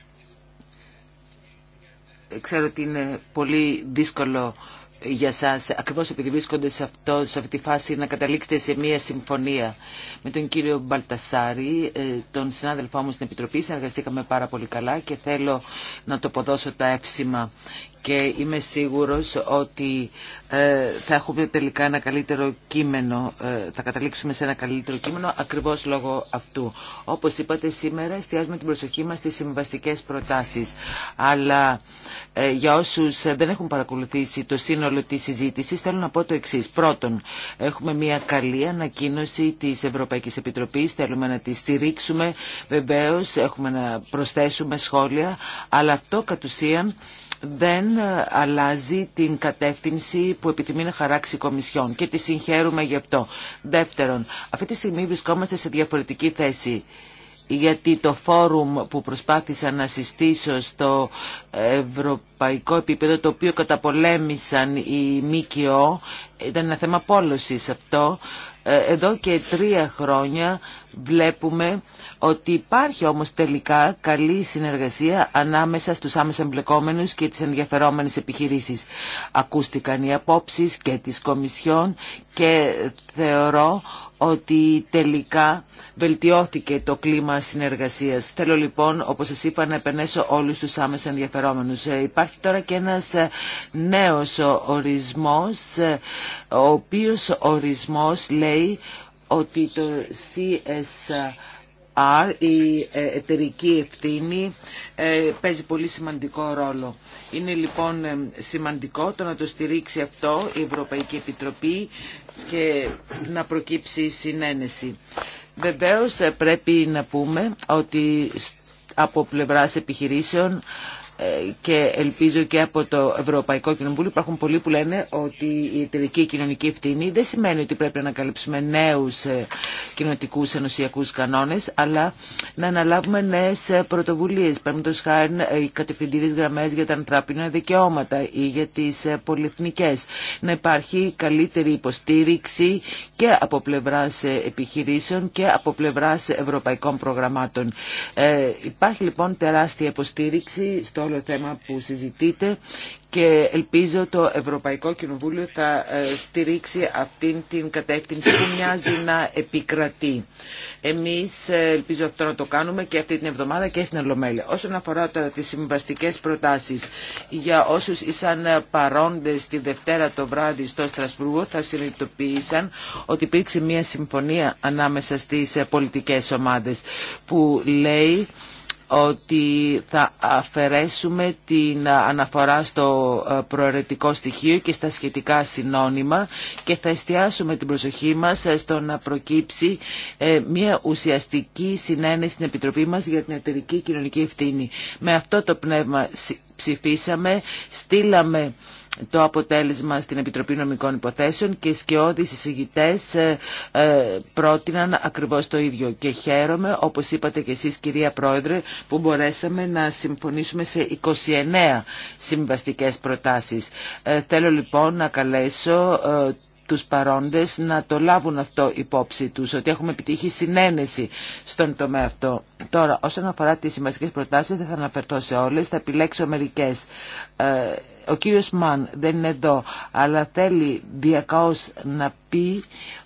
D: ξέρω ότι είναι πολύ δύσκολο για σας, ακριβώς επειδή βρίσκονται σε, αυτό, σε αυτή τη φάση, να καταλήξετε σε μία συμφωνία με τον κύριο Μπαλτασάρη, ε, τον συνάδελφό μου στην Επιτροπή. Συνεργαστήκαμε πάρα πολύ καλά και θέλω να τοποδώσω τα εύσημα και είμαι σίγουρος ότι ε, θα έχουμε τελικά ένα καλύτερο κείμενο, ε, θα καταλήξουμε σε ένα καλύτερο κείμενο ακριβώς λόγω αυτού. Όπως είπατε σήμερα εστιάζουμε την προσοχή μας στις συμβαστικές προτάσεις, αλλά ε, για όσους δεν έχουν παρακολουθήσει το σύνολο της συζήτησης θέλω να πω το εξή. Πρώτον, έχουμε μια καλή ανακοίνωση της Ευρωπαϊκής Επιτροπής, θέλουμε να τη στηρίξουμε, βεβαίως έχουμε να προσθέσουμε σχόλια, αλλά αυτό κατ' ουσίαν δεν ε, αλλάζει την κατεύθυνση που επιθυμεί να χαράξει η Κομισιόν και τη συγχαίρουμε γι' αυτό. Δεύτερον, αυτή τη στιγμή βρισκόμαστε σε διαφορετική θέση γιατί το φόρουμ που προσπάθησα να συστήσω στο ευρωπαϊκό επίπεδο, το οποίο καταπολέμησαν οι ΜΚΟ, ήταν ένα θέμα πόλωσης αυτό. Ε, εδώ και τρία χρόνια βλέπουμε ότι υπάρχει όμως τελικά καλή συνεργασία ανάμεσα στους άμεσα εμπλεκόμενους και τις ενδιαφερόμενες επιχειρήσεις. Ακούστηκαν οι απόψεις και της Κομισιόν και θεωρώ ότι τελικά βελτιώθηκε το κλίμα συνεργασίας. Θέλω λοιπόν, όπως σας είπα, να επενέσω όλους τους άμεσα ενδιαφερόμενους. Ε, υπάρχει τώρα και ένας ε, νέος ορισμός, ε, ο οποίος ορισμός λέει ότι το CSR Άρα η ε, εταιρική ευθύνη, ε, παίζει πολύ σημαντικό ρόλο. Είναι λοιπόν ε, σημαντικό το να το στηρίξει αυτό η Ευρωπαϊκή Επιτροπή και να προκύψει συνένεση. Βεβαίως πρέπει να πούμε ότι από πλευράς επιχειρήσεων ε, και ελπίζω και από το Ευρωπαϊκό Κοινοβούλιο υπάρχουν πολλοί που λένε ότι η εταιρική κοινωνική ευθύνη δεν σημαίνει ότι πρέπει να ανακαλύψουμε νέους ε, κοινοτικούς ενωσιακούς κανόνες αλλά να αναλάβουμε νέες ε, πρωτοβουλίες παραδείγματος χάρη οι κατευθυντήριε γραμμές για τα ανθρώπινα δικαιώματα ή για τις πολυεθνικές να υπάρχει καλύτερη υποστήριξη και από πλευράς επιχειρήσεων και από πλευράς ευρωπαϊκών προγραμμάτων υπάρχει λοιπόν τεράστια υποστήριξη στο όλο το θέμα που συζητείτε και ελπίζω το Ευρωπαϊκό Κοινοβούλιο θα ε, στηρίξει αυτήν την κατεύθυνση που μοιάζει να επικρατεί. Εμείς ε, ελπίζω αυτό να το κάνουμε και αυτή την εβδομάδα και στην Ελλομέλεια. Όσον αφορά τώρα τις συμβαστικές προτάσεις για όσους ήσαν παρόντες τη Δευτέρα το βράδυ στο Στρασβούργο θα συνειδητοποίησαν ότι υπήρξε μια συμφωνία ανάμεσα στις ε, πολιτικές ομάδες που λέει ότι θα αφαιρέσουμε την αναφορά στο ε, προαιρετικό στοιχείο και στα σχετικά συνώνυμα και θα εστιάσουμε την προσοχή μας ε, στο να προκύψει ε, μια ουσιαστική συνένεση στην Επιτροπή μας για την εταιρική κοινωνική ευθύνη. Με αυτό το πνεύμα ψηφίσαμε, στείλαμε το αποτέλεσμα στην Επιτροπή Νομικών Υποθέσεων και οι σκιώδεις εισηγητές ε, ε, πρότειναν ακριβώς το ίδιο. Και χαίρομαι, όπως είπατε και εσείς κυρία Πρόεδρε, που μπορέσαμε να συμφωνήσουμε σε 29 συμβαστικές προτάσεις. Ε, θέλω λοιπόν να καλέσω τους παρόντες να το λάβουν αυτό υπόψη τους, ότι έχουμε επιτύχει συνένεση στον τομέα αυτό. Τώρα, όσον αφορά τις σημαντικές προτάσεις, δεν θα αναφερθώ σε όλες, θα επιλέξω μερικές. Ο κύριος Μαν δεν είναι εδώ, αλλά θέλει διακάως να πει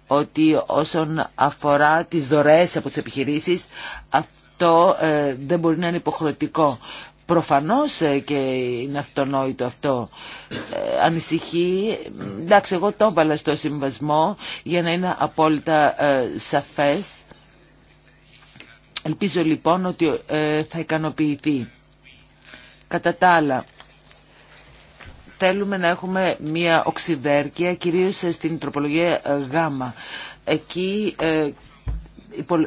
D: ότι όσον αφορά τις δωρεές από τις επιχειρήσεις, αυτό ε, δεν μπορεί να είναι υποχρεωτικό. Προφανώς ε, και είναι αυτονόητο αυτό. Ε, ανησυχεί, εντάξει εγώ το έβαλα στο συμβασμό για να είναι απόλυτα ε, σαφές. Ελπίζω λοιπόν ότι θα ικανοποιηθεί. Κατά τα άλλα, θέλουμε να έχουμε μια οξυδέρκεια, κυρίως στην τροπολογία ΓΑΜΑ. Εκεί ε,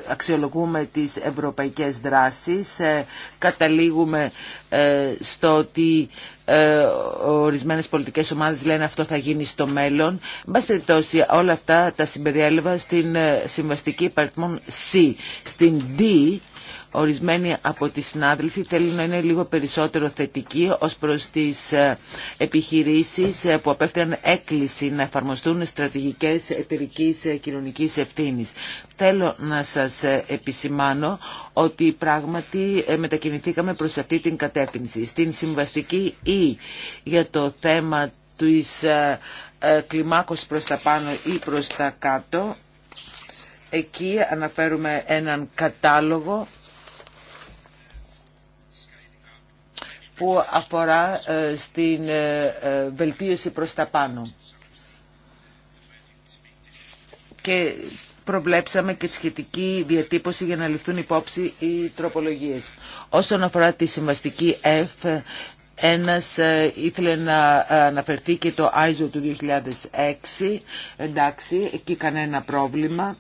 D: αξιολογούμε τις ευρωπαϊκές δράσεις, ε, καταλήγουμε ε, στο ότι ορισμένες πολιτικές ομάδες λένε αυτό θα γίνει στο μέλλον. Εν περιπτώσει όλα αυτά τα συμπεριέλευα στην συμβαστική υπαρτιμόν C. Στην D Ορισμένοι από τις συνάδελφοι θέλουν να είναι λίγο περισσότερο θετικοί ως προς τις ε, επιχειρήσεις ε, που απέφτιαν έκκληση να εφαρμοστούν στρατηγικές εταιρικής ε, κοινωνικής ευθύνης. Θέλω να σας επισημάνω ότι πράγματι μετακινηθήκαμε προς αυτή την κατεύθυνση. Στην συμβαστική ή e για το θέμα της κλιμάκωσης προς τα πάνω ή προς τα κάτω, εκεί αναφέρουμε έναν κατάλογο που αφορά ε, στην ε, ε, βελτίωση προς τα πάνω. Και προβλέψαμε και τη σχετική διατύπωση για να ληφθούν υπόψη οι τροπολογίες. Όσον αφορά τη συμβαστική F, ένας ήθελε να αναφερθεί και το ISO του 2006. Εντάξει, εκεί κανένα πρόβλημα.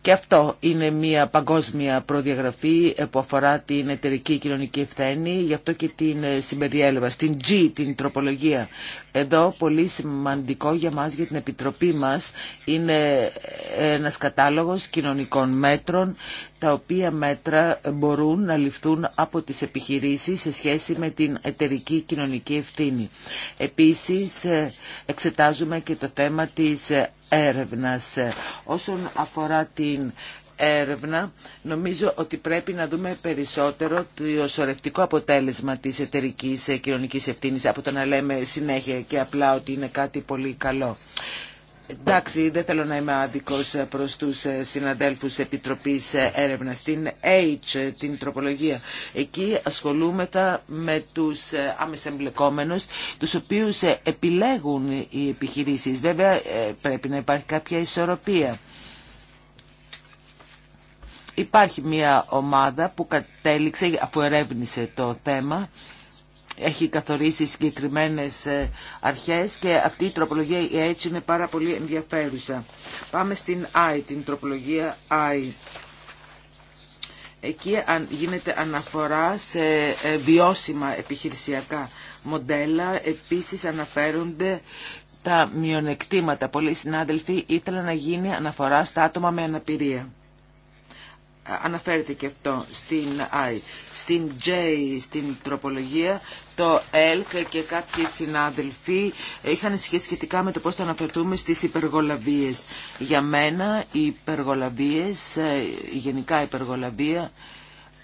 D: Και αυτό είναι μια παγκόσμια προδιαγραφή ε, που αφορά την εταιρική κοινωνική ευθένη, γι' αυτό και την ε, συμπεριέλευα. Στην G, την τροπολογία εδώ πολύ σημαντικό για μας, για την Επιτροπή μας, είναι ένας κατάλογος κοινωνικών μέτρων, τα οποία μέτρα μπορούν να ληφθούν από τις επιχειρήσεις σε σχέση με την εταιρική κοινωνική ευθύνη. Επίσης, εξετάζουμε και το θέμα της έρευνας. Όσον αφορά την έρευνα νομίζω ότι πρέπει να δούμε περισσότερο το σωρευτικό αποτέλεσμα της εταιρική ε, κοινωνικής ευθύνης από το να λέμε συνέχεια και απλά ότι είναι κάτι πολύ καλό. Εντάξει, δεν θέλω να είμαι άδικος ε, προς τους ε, συναδέλφους Επιτροπής Έρευνας. Την H, την τροπολογία, εκεί ασχολούμεθα με τους άμεσα εμπλεκόμενους, τους οποίους επιλέγουν οι επιχειρήσεις. Βέβαια, πρέπει να υπάρχει κάποια ισορροπία. Υπάρχει μια ομάδα που κατέληξε, αφού ερεύνησε το θέμα, έχει καθορίσει συγκεκριμένες ε, αρχές και αυτή η τροπολογία έτσι είναι πάρα πολύ ενδιαφέρουσα. Πάμε στην I, την τροπολογία I. Εκεί γίνεται αναφορά σε ε, βιώσιμα επιχειρησιακά μοντέλα. Επίσης αναφέρονται τα μειονεκτήματα. Πολλοί συνάδελφοι ήθελαν να γίνει αναφορά στα άτομα με αναπηρία αναφέρεται και αυτό στην I. Στην J, στην τροπολογία, το ΕΛΚ και κάποιοι συνάδελφοι είχαν σχέση σχετικά με το πώς θα αναφερθούμε στις υπεργολαβίες. Για μένα οι υπεργολαβίες, ε, η γενικά υπεργολαβία,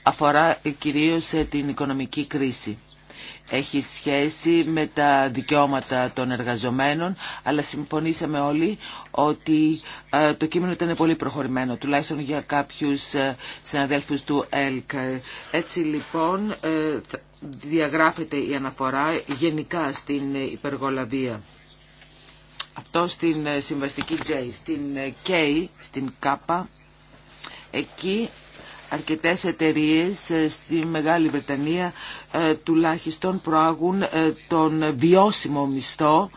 D: αφορά κυρίως ε, την οικονομική κρίση έχει σχέση με τα δικαιώματα των εργαζομένων, αλλά συμφωνήσαμε όλοι ότι ε, το κείμενο ήταν πολύ προχωρημένο, τουλάχιστον για κάποιους ε, συναδέλφους του ΕΛΚ. Έτσι λοιπόν ε, διαγράφεται η αναφορά γενικά στην υπεργολαβία. Αυτό στην συμβαστική J, στην K, στην K, εκεί αρκετές εταιρείες ε, στη Μεγάλη Βρετανία ε, τουλάχιστον προάγουν ε, τον βιώσιμο μισθό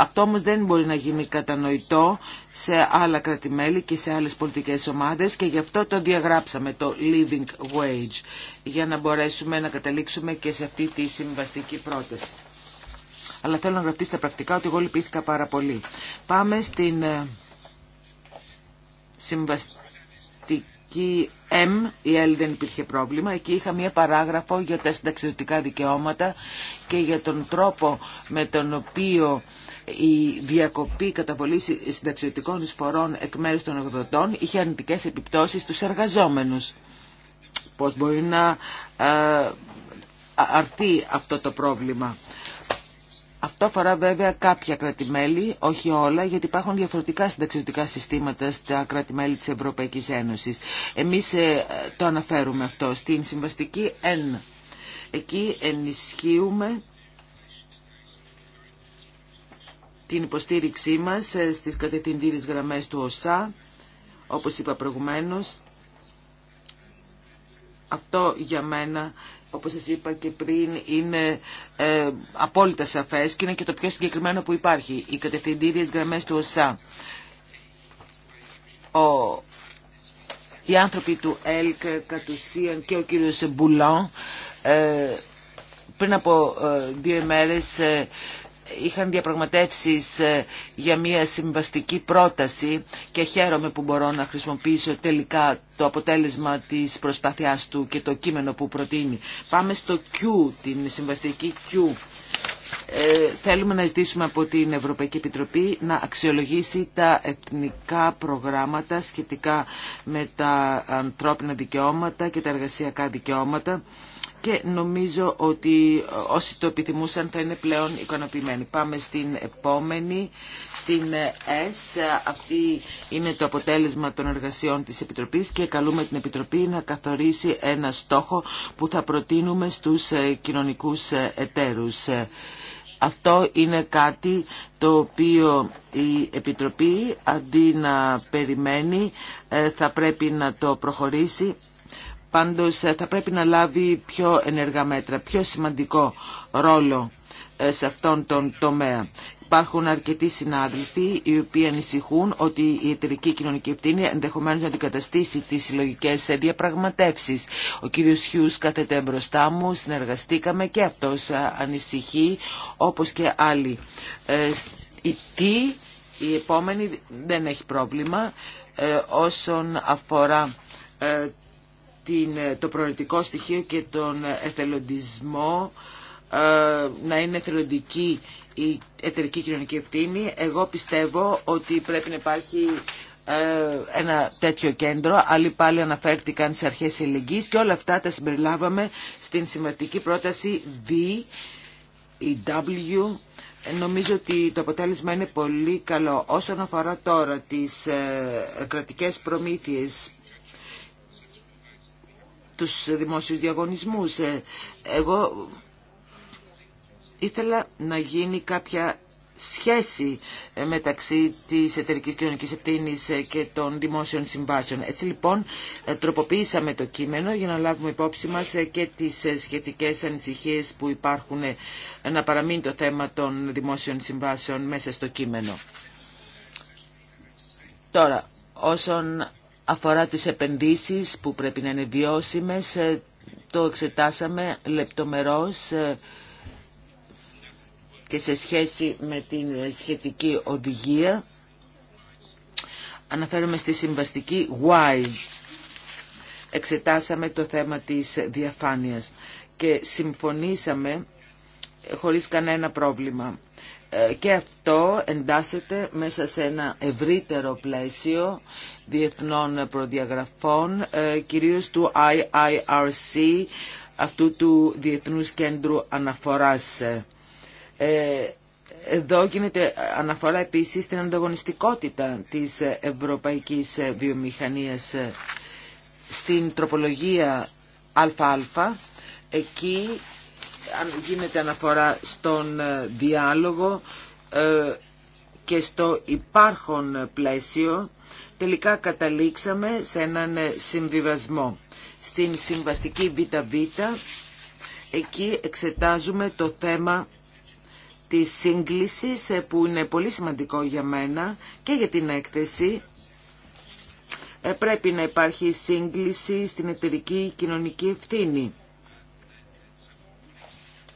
D: αυτό όμω δεν μπορεί να γίνει κατανοητό σε άλλα κρατημέλη και σε άλλες πολιτικές ομάδες και γι' αυτό το διαγράψαμε το living wage για να μπορέσουμε να καταλήξουμε και σε αυτή τη συμβαστική πρόταση. Αλλά θέλω να γραφτεί τα πρακτικά ότι εγώ λυπήθηκα πάρα πολύ. Πάμε στην συμβαστική εκεί M, η L δεν υπήρχε πρόβλημα, εκεί είχα μία παράγραφο για τα συνταξιδοτικά δικαιώματα και για τον τρόπο με τον οποίο η διακοπή καταβολή συνταξιδοτικών εισφορών εκ μέρους των εκδοτών είχε αρνητικές επιπτώσεις στους εργαζόμενους. Πώς μπορεί να ε, αρθεί αυτό το πρόβλημα. Αυτό αφορά βέβαια κάποια κρατημέλη, όχι όλα, γιατί υπάρχουν διαφορετικά συνταξιωτικά συστήματα στα κρατημέλη της Ευρωπαϊκής Ένωσης. Εμείς ε, το αναφέρουμε αυτό στην συμβαστική N. Εκεί ενισχύουμε την υποστήριξή μας ε, στις κατευθυντήριες γραμμές του ΟΣΑ, όπως είπα προηγουμένως. Αυτό για μένα όπως σας είπα και πριν, είναι ε, απόλυτα σαφές και είναι και το πιο συγκεκριμένο που υπάρχει. Οι κατευθυντήριες γραμμές του ΟΣΑ. οι άνθρωποι του ΕΛΚ, κατ' ουσίαν και ο κύριος Μπουλάν, ε, πριν από ε, δύο ημέρες ε, είχαν διαπραγματεύσεις ε, για μια συμβαστική πρόταση και χαίρομαι που μπορώ να χρησιμοποιήσω τελικά το αποτέλεσμα της προσπάθειάς του και το κείμενο που προτείνει. Πάμε στο Q, την συμβαστική Q. Ε, θέλουμε να ζητήσουμε από την Ευρωπαϊκή Επιτροπή να αξιολογήσει τα εθνικά προγράμματα σχετικά με τα ανθρώπινα δικαιώματα και τα εργασιακά δικαιώματα και νομίζω ότι όσοι το επιθυμούσαν θα είναι πλέον ικανοποιημένοι. Πάμε στην επόμενη, στην S. Αυτή είναι το αποτέλεσμα των εργασιών της Επιτροπής και καλούμε την Επιτροπή να καθορίσει ένα στόχο που θα προτείνουμε στους κοινωνικούς εταίρους. Αυτό είναι κάτι το οποίο η Επιτροπή αντί να περιμένει ε, θα πρέπει να το προχωρήσει Πάντως ε, θα πρέπει να λάβει πιο ενεργά μέτρα, πιο σημαντικό ρόλο ε, σε αυτόν τον τομέα. Υπάρχουν αρκετοί συνάδελφοι οι οποίοι ανησυχούν ότι η εταιρική κοινωνική ευθύνη ενδεχομένω να αντικαταστήσει τι συλλογικέ ε, διαπραγματεύσει. Ο κ. Χιού κάθεται μπροστά μου, συνεργαστήκαμε και αυτό ανησυχεί όπω και άλλοι. Η τι, η επόμενη δεν έχει πρόβλημα όσον αφορά το προαιρετικό στοιχείο και τον εθελοντισμό, ε, να είναι εθελοντική η εταιρική κοινωνική ευθύνη. Εγώ πιστεύω ότι πρέπει να υπάρχει ε, ένα τέτοιο κέντρο, άλλοι πάλι αναφέρθηκαν σε αρχές ελληνικής και όλα αυτά τα συμπεριλάβαμε στην σημαντική πρόταση D, η W. Νομίζω ότι το αποτέλεσμα είναι πολύ καλό. Όσον αφορά τώρα τις ε, κρατικές προμήθειες τους δημόσιους διαγωνισμούς. Ε, εγώ ήθελα να γίνει κάποια σχέση ε, μεταξύ της εταιρικής κοινωνικής ευθύνης ε, και των δημόσιων συμβάσεων. Έτσι λοιπόν τροποποιήσαμε το κείμενο για να λάβουμε υπόψη μας και τις σχετικές ανησυχίες που υπάρχουν να παραμείνει το θέμα των δημόσιων συμβάσεων μέσα στο κείμενο. Τώρα, όσον αφορά τις επενδύσεις που πρέπει να είναι βιώσιμες. Ε, το εξετάσαμε λεπτομερώς ε, και σε σχέση με την σχετική οδηγία. Αναφέρομαι στη συμβαστική Y. Εξετάσαμε το θέμα της διαφάνειας και συμφωνήσαμε ε, χωρίς κανένα πρόβλημα και αυτό εντάσσεται μέσα σε ένα ευρύτερο πλαίσιο διεθνών προδιαγραφών, ε, κυρίως του IIRC, αυτού του Διεθνούς Κέντρου Αναφοράς. Ε, εδώ γίνεται αναφορά επίσης στην ανταγωνιστικότητα της ευρωπαϊκής βιομηχανίας στην τροπολογία ΑΑ. Εκεί αν γίνεται αναφορά στον ε, διάλογο ε, και στο υπάρχον πλαίσιο τελικά καταλήξαμε σε έναν ε, συμβιβασμό. Στην συμβαστική ΒΒ εκεί εξετάζουμε το θέμα της σύγκλησης που είναι πολύ σημαντικό για μένα και για την έκθεση. Πρέπει να υπάρχει σύγκληση στην εταιρική κοινωνική ευθύνη.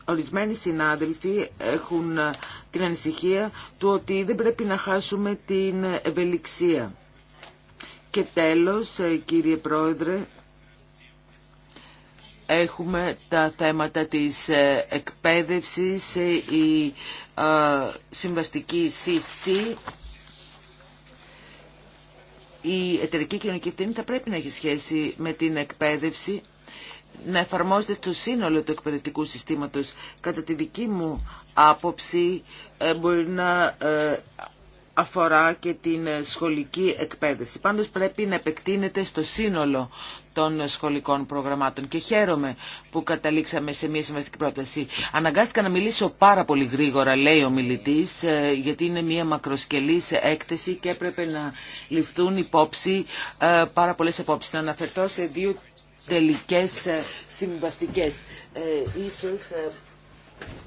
D: Ορισμένοι συνάδελφοι έχουν ε, την ανησυχία του ότι δεν πρέπει να χάσουμε την ευελιξία. Και τέλος, ε, κύριε Πρόεδρε, έχουμε τα θέματα της ε, εκπαίδευσης, η συμβαστική CC, η εταιρική κοινωνική ευθύνη θα πρέπει να έχει σχέση με την εκπαίδευση να εφαρμόζεται στο σύνολο του εκπαιδευτικού συστήματος. Κατά τη δική μου άποψη ε, μπορεί να ε, αφορά και την ε, σχολική εκπαίδευση. Πάντως πρέπει να επεκτείνεται στο σύνολο των σχολικών προγραμμάτων και χαίρομαι που καταλήξαμε σε μια συμβαστική πρόταση. Αναγκάστηκα να μιλήσω πάρα πολύ γρήγορα, λέει ο μιλητής, γιατί είναι μια μακροσκελής έκθεση και έπρεπε να ληφθούν υπόψη πάρα πολλές απόψεις. Να αναφερθώ σε δύο τελικές ε, συμβαστικές. Ε, ίσως ε,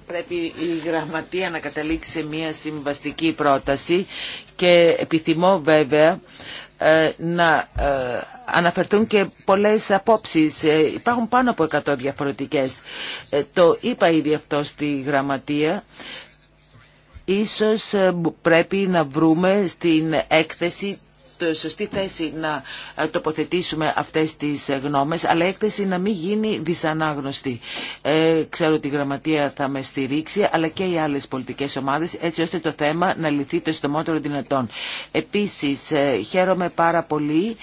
D: πρέπει η γραμματεία να καταλήξει σε μια συμβαστική πρόταση και επιθυμώ βέβαια να αναφερθούν και πολλές απόψεις. Υπάρχουν πάνω από 100 διαφορετικές. Το είπα ήδη αυτό στη γραμματεία. Ίσως πρέπει να βρούμε στην έκθεση σωστή θέση να ε, τοποθετήσουμε αυτές τις ε, γνώμες, αλλά η έκθεση να μην γίνει δυσανάγνωστη. Ε, ξέρω ότι η Γραμματεία θα με στηρίξει, αλλά και οι άλλες πολιτικές ομάδες, έτσι ώστε το θέμα να λυθεί το στομότερο δυνατόν. Επίσης, χαίρομαι πάρα πολύ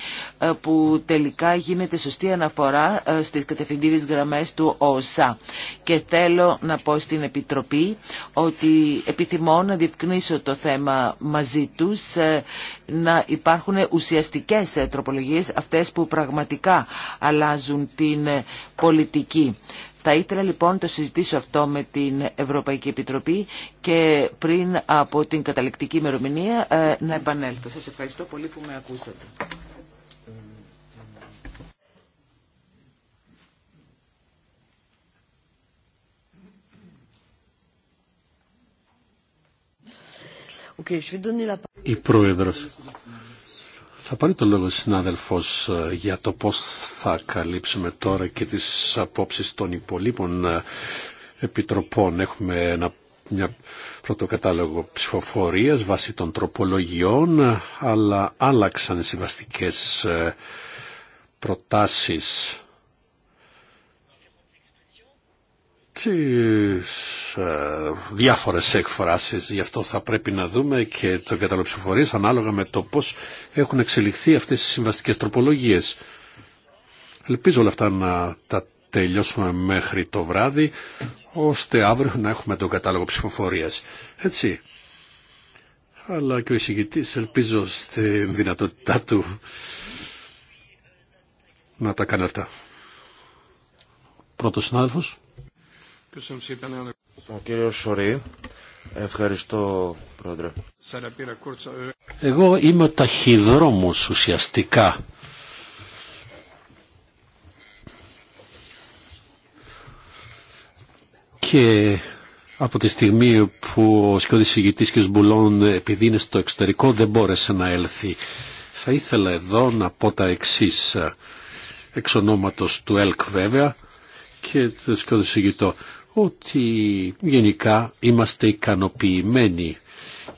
D: που τελικά γίνεται σωστή αναφορά στις κατευθυντήριε γραμμές του ΟΣΑ. Και θέλω να πω στην Επιτροπή ότι επιθυμώ να διευκνήσω το θέμα μαζί τους να υπάρχουν ουσιαστικές ε, τροπολογίες, αυτές που πραγματικά αλλάζουν την ε, πολιτική. Θα ήθελα λοιπόν το συζητήσω αυτό με την Ευρωπαϊκή Επιτροπή και πριν από την καταληκτική ημερομηνία ε, να επανέλθω. Σας ευχαριστώ πολύ που με ακούσατε.
A: Η Πρόεδρος. Θα πάρει το λόγο συνάδελφος ε, για το πώς θα καλύψουμε τώρα και τις απόψεις των υπολείπων ε, επιτροπών. Έχουμε ένα, μια πρωτοκατάλογο ψηφοφορίας βάσει των τροπολογιών, ε, αλλά άλλαξαν οι συμβαστικές προτάσεις τις ε, διάφορες εκφράσεις. Γι' αυτό θα πρέπει να δούμε και το κατάλογο ανάλογα με το πώς έχουν εξελιχθεί αυτές οι συμβαστικές τροπολογίες. Ελπίζω όλα αυτά να τα τελειώσουμε μέχρι το βράδυ, ώστε αύριο να έχουμε τον κατάλογο ψηφοφορίας. Έτσι. Αλλά και ο εισηγητής ελπίζω στη δυνατότητά του να τα κάνει αυτά. Πρώτος συνάδελφος ευχαριστώ πρόεδρε. Εγώ είμαι ταχυδρόμος ουσιαστικά. Και από τη στιγμή που ο σκιώδης ηγητής ο Σμπουλών επειδή είναι στο εξωτερικό δεν μπόρεσε να έλθει. Θα ήθελα εδώ να πω τα εξής εξ του ΕΛΚ βέβαια και του σκιώδης ηγητό ότι γενικά είμαστε ικανοποιημένοι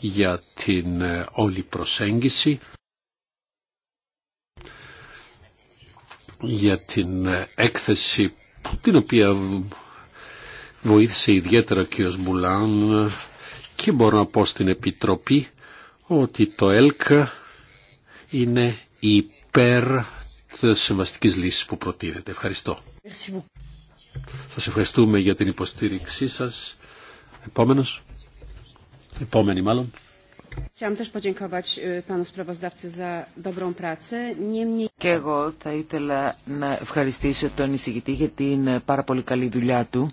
A: για την ε, όλη προσέγγιση, για την ε, έκθεση την οποία βοήθησε ιδιαίτερα ο κ. Μπουλάν και μπορώ να πω στην Επιτροπή ότι το ΕΛΚ είναι υπέρ της συμβαστικής λύσης που προτείνεται. Ευχαριστώ. Σας ευχαριστούμε για την υποστήριξή σας. Επόμενος. Επόμενη μάλλον. Και
D: εγώ θα ήθελα να ευχαριστήσω τον εισηγητή για την ε, πάρα πολύ καλή δουλειά του.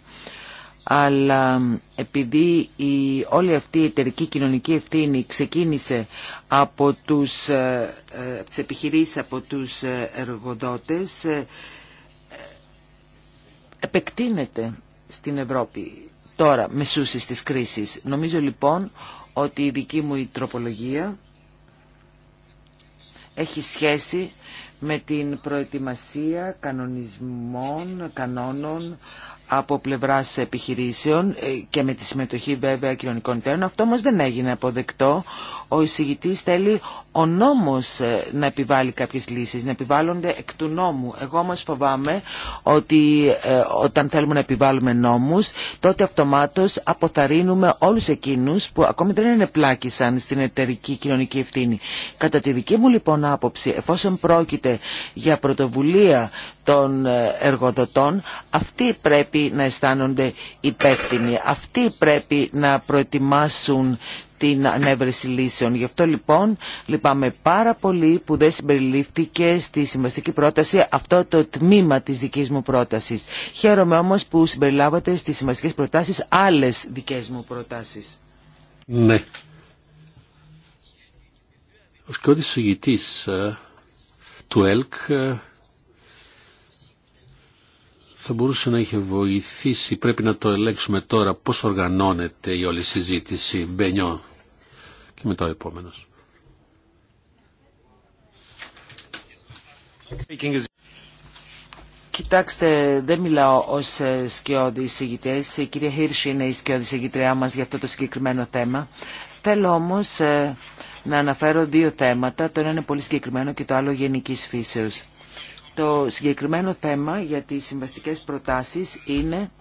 D: Αλλά επειδή όλη αυτή η εταιρική κοινωνική ευθύνη ξεκίνησε από τους, ε, ε, τις επιχειρήσεις, από τους εργοδότες, επεκτείνεται στην Ευρώπη τώρα σούσεις της κρίσης. Νομίζω λοιπόν ότι η δική μου η τροπολογία έχει σχέση με την προετοιμασία κανονισμών, κανόνων από πλευράς επιχειρήσεων ε, και με τη συμμετοχή βέβαια κοινωνικών εταίρων. Αυτό όμως δεν έγινε αποδεκτό. Ο εισηγητής θέλει ο νόμος ε, να επιβάλλει κάποιες λύσεις, να επιβάλλονται εκ του νόμου. Εγώ όμως φοβάμαι ότι ε, όταν θέλουμε να επιβάλλουμε νόμους, τότε αυτομάτως αποθαρρύνουμε όλους εκείνους που ακόμη δεν είναι πλάκησαν στην εταιρική κοινωνική ευθύνη. Κατά τη δική μου λοιπόν άποψη, εφόσον πρόκειται για πρωτοβουλία των ε, εργοδοτών, αυτοί πρέπει να αισθάνονται υπεύθυνοι, αυτοί πρέπει να προετοιμάσουν την ανέβρεση λύσεων. Γι' αυτό λοιπόν λυπάμαι πάρα πολύ που δεν συμπεριλήφθηκε στη συμβαστική πρόταση αυτό το τμήμα της δικής μου πρότασης. Χαίρομαι όμως που συμπεριλάβατε στις συμβαστικές προτάσεις άλλες δικές μου προτάσεις.
A: Ναι. Ο σκότης ε, του ΕΛΚ ε, θα μπορούσε να είχε βοηθήσει, πρέπει να το ελέγξουμε τώρα πώς οργανώνεται η όλη συζήτηση, Μπενιό και μετά ο επόμενος.
D: Κοιτάξτε, δεν μιλάω ως ε, σκιώδη εισηγητές. Η κυρία Χίρση είναι η σκιώδη εισηγητριά μας για αυτό το συγκεκριμένο θέμα. Θέλω όμως ε, να αναφέρω δύο θέματα. Το ένα είναι πολύ συγκεκριμένο και το άλλο γενικής φύσεως. Το συγκεκριμένο θέμα για τις συμβαστικές προτάσεις είναι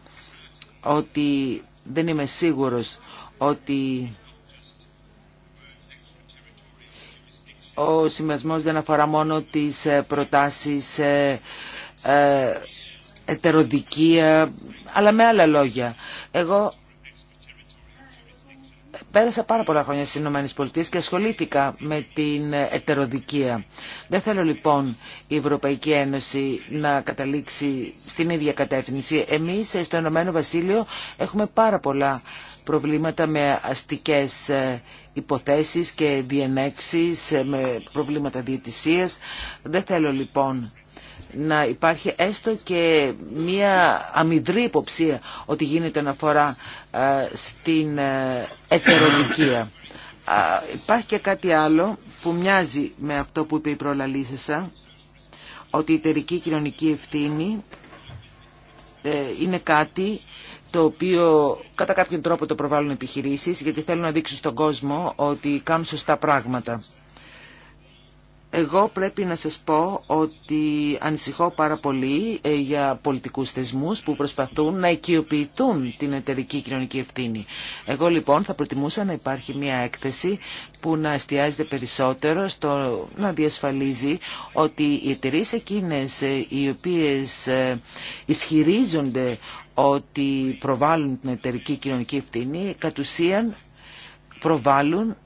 D: ότι δεν είμαι σίγουρος ότι ο συμβασμός δεν αφορά μόνο τις ε, προτάσεις ε, ε, ετεροδικία, αλλά με άλλα λόγια. Εγώ Πέρασα πάρα πολλά χρόνια στι ΗΠΑ και ασχολήθηκα με την ετεροδικία. Δεν θέλω λοιπόν η Ευρωπαϊκή Ένωση να καταλήξει στην ίδια κατεύθυνση. Εμεί ε, στο Ηνωμένο Βασίλειο έχουμε πάρα πολλά προβλήματα με αστικές ε, υποθέσεις και διενέξει ε, με προβλήματα διαιτησία. Δεν θέλω λοιπόν να υπάρχει έστω και μία αμυδρή υποψία ότι γίνεται αναφορά ε, στην ε, Α, Υπάρχει και κάτι άλλο που μοιάζει με αυτό που είπε η προλαλήσεσα, ότι η εταιρική κοινωνική ευθύνη ε, είναι κάτι το οποίο κατά κάποιον τρόπο το προβάλλουν επιχειρήσεις γιατί θέλουν να δείξουν στον κόσμο ότι κάνουν σωστά πράγματα. Εγώ πρέπει να σας πω ότι ανησυχώ πάρα πολύ ε, για πολιτικούς θεσμούς που προσπαθούν να οικειοποιηθούν την εταιρική κοινωνική ευθύνη. Εγώ λοιπόν θα προτιμούσα να υπάρχει μια έκθεση που να εστιάζεται περισσότερο στο να διασφαλίζει ότι οι εταιρείε εκείνες ε, οι οποίες ε, ισχυρίζονται ότι προβάλλουν την εταιρική κοινωνική ευθύνη κατ' ουσίαν προβάλλουν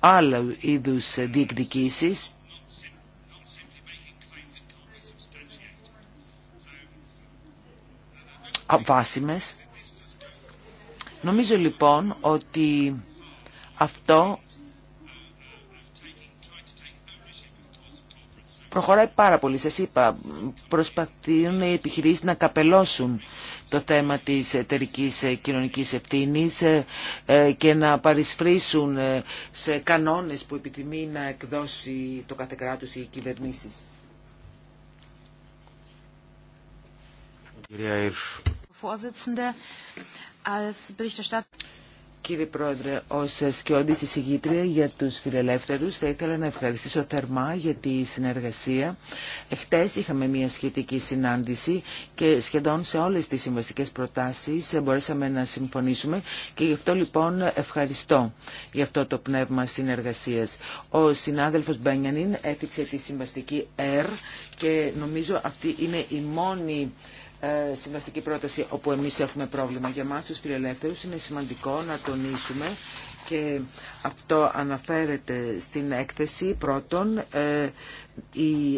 D: άλλου είδους διεκδικήσεις βάσιμες. Νομίζω λοιπόν ότι αυτό προχωράει πάρα πολύ. Σας είπα, προσπαθούν οι επιχειρήσεις να καπελώσουν το θέμα της εταιρική ε, κοινωνικής ευθύνης ε, ε, και να παρισφρήσουν σε κανόνες που επιθυμεί να εκδώσει το κάθε κράτος οι κυβερνήσεις. Κύριε Πρόεδρε, ως Σκιώδη εισηγήτρια για τους φιλελεύθερου, θα ήθελα να ευχαριστήσω θερμά για τη συνεργασία. Εχθέ είχαμε μια σχετική συνάντηση και σχεδόν σε όλες τις συμβαστικέ προτάσεις μπορέσαμε να συμφωνήσουμε και γι' αυτό λοιπόν ευχαριστώ για αυτό το πνεύμα συνεργασία. Ο συνάδελφο Μπένιανιν έφυξε τη συμβαστική ΕΡ και νομίζω αυτή είναι η μόνη ε, πρόταση όπου εμείς έχουμε πρόβλημα. Για μας τους φιλελεύθερους είναι σημαντικό να τονίσουμε και αυτό αναφέρεται στην έκθεση πρώτον ε, η,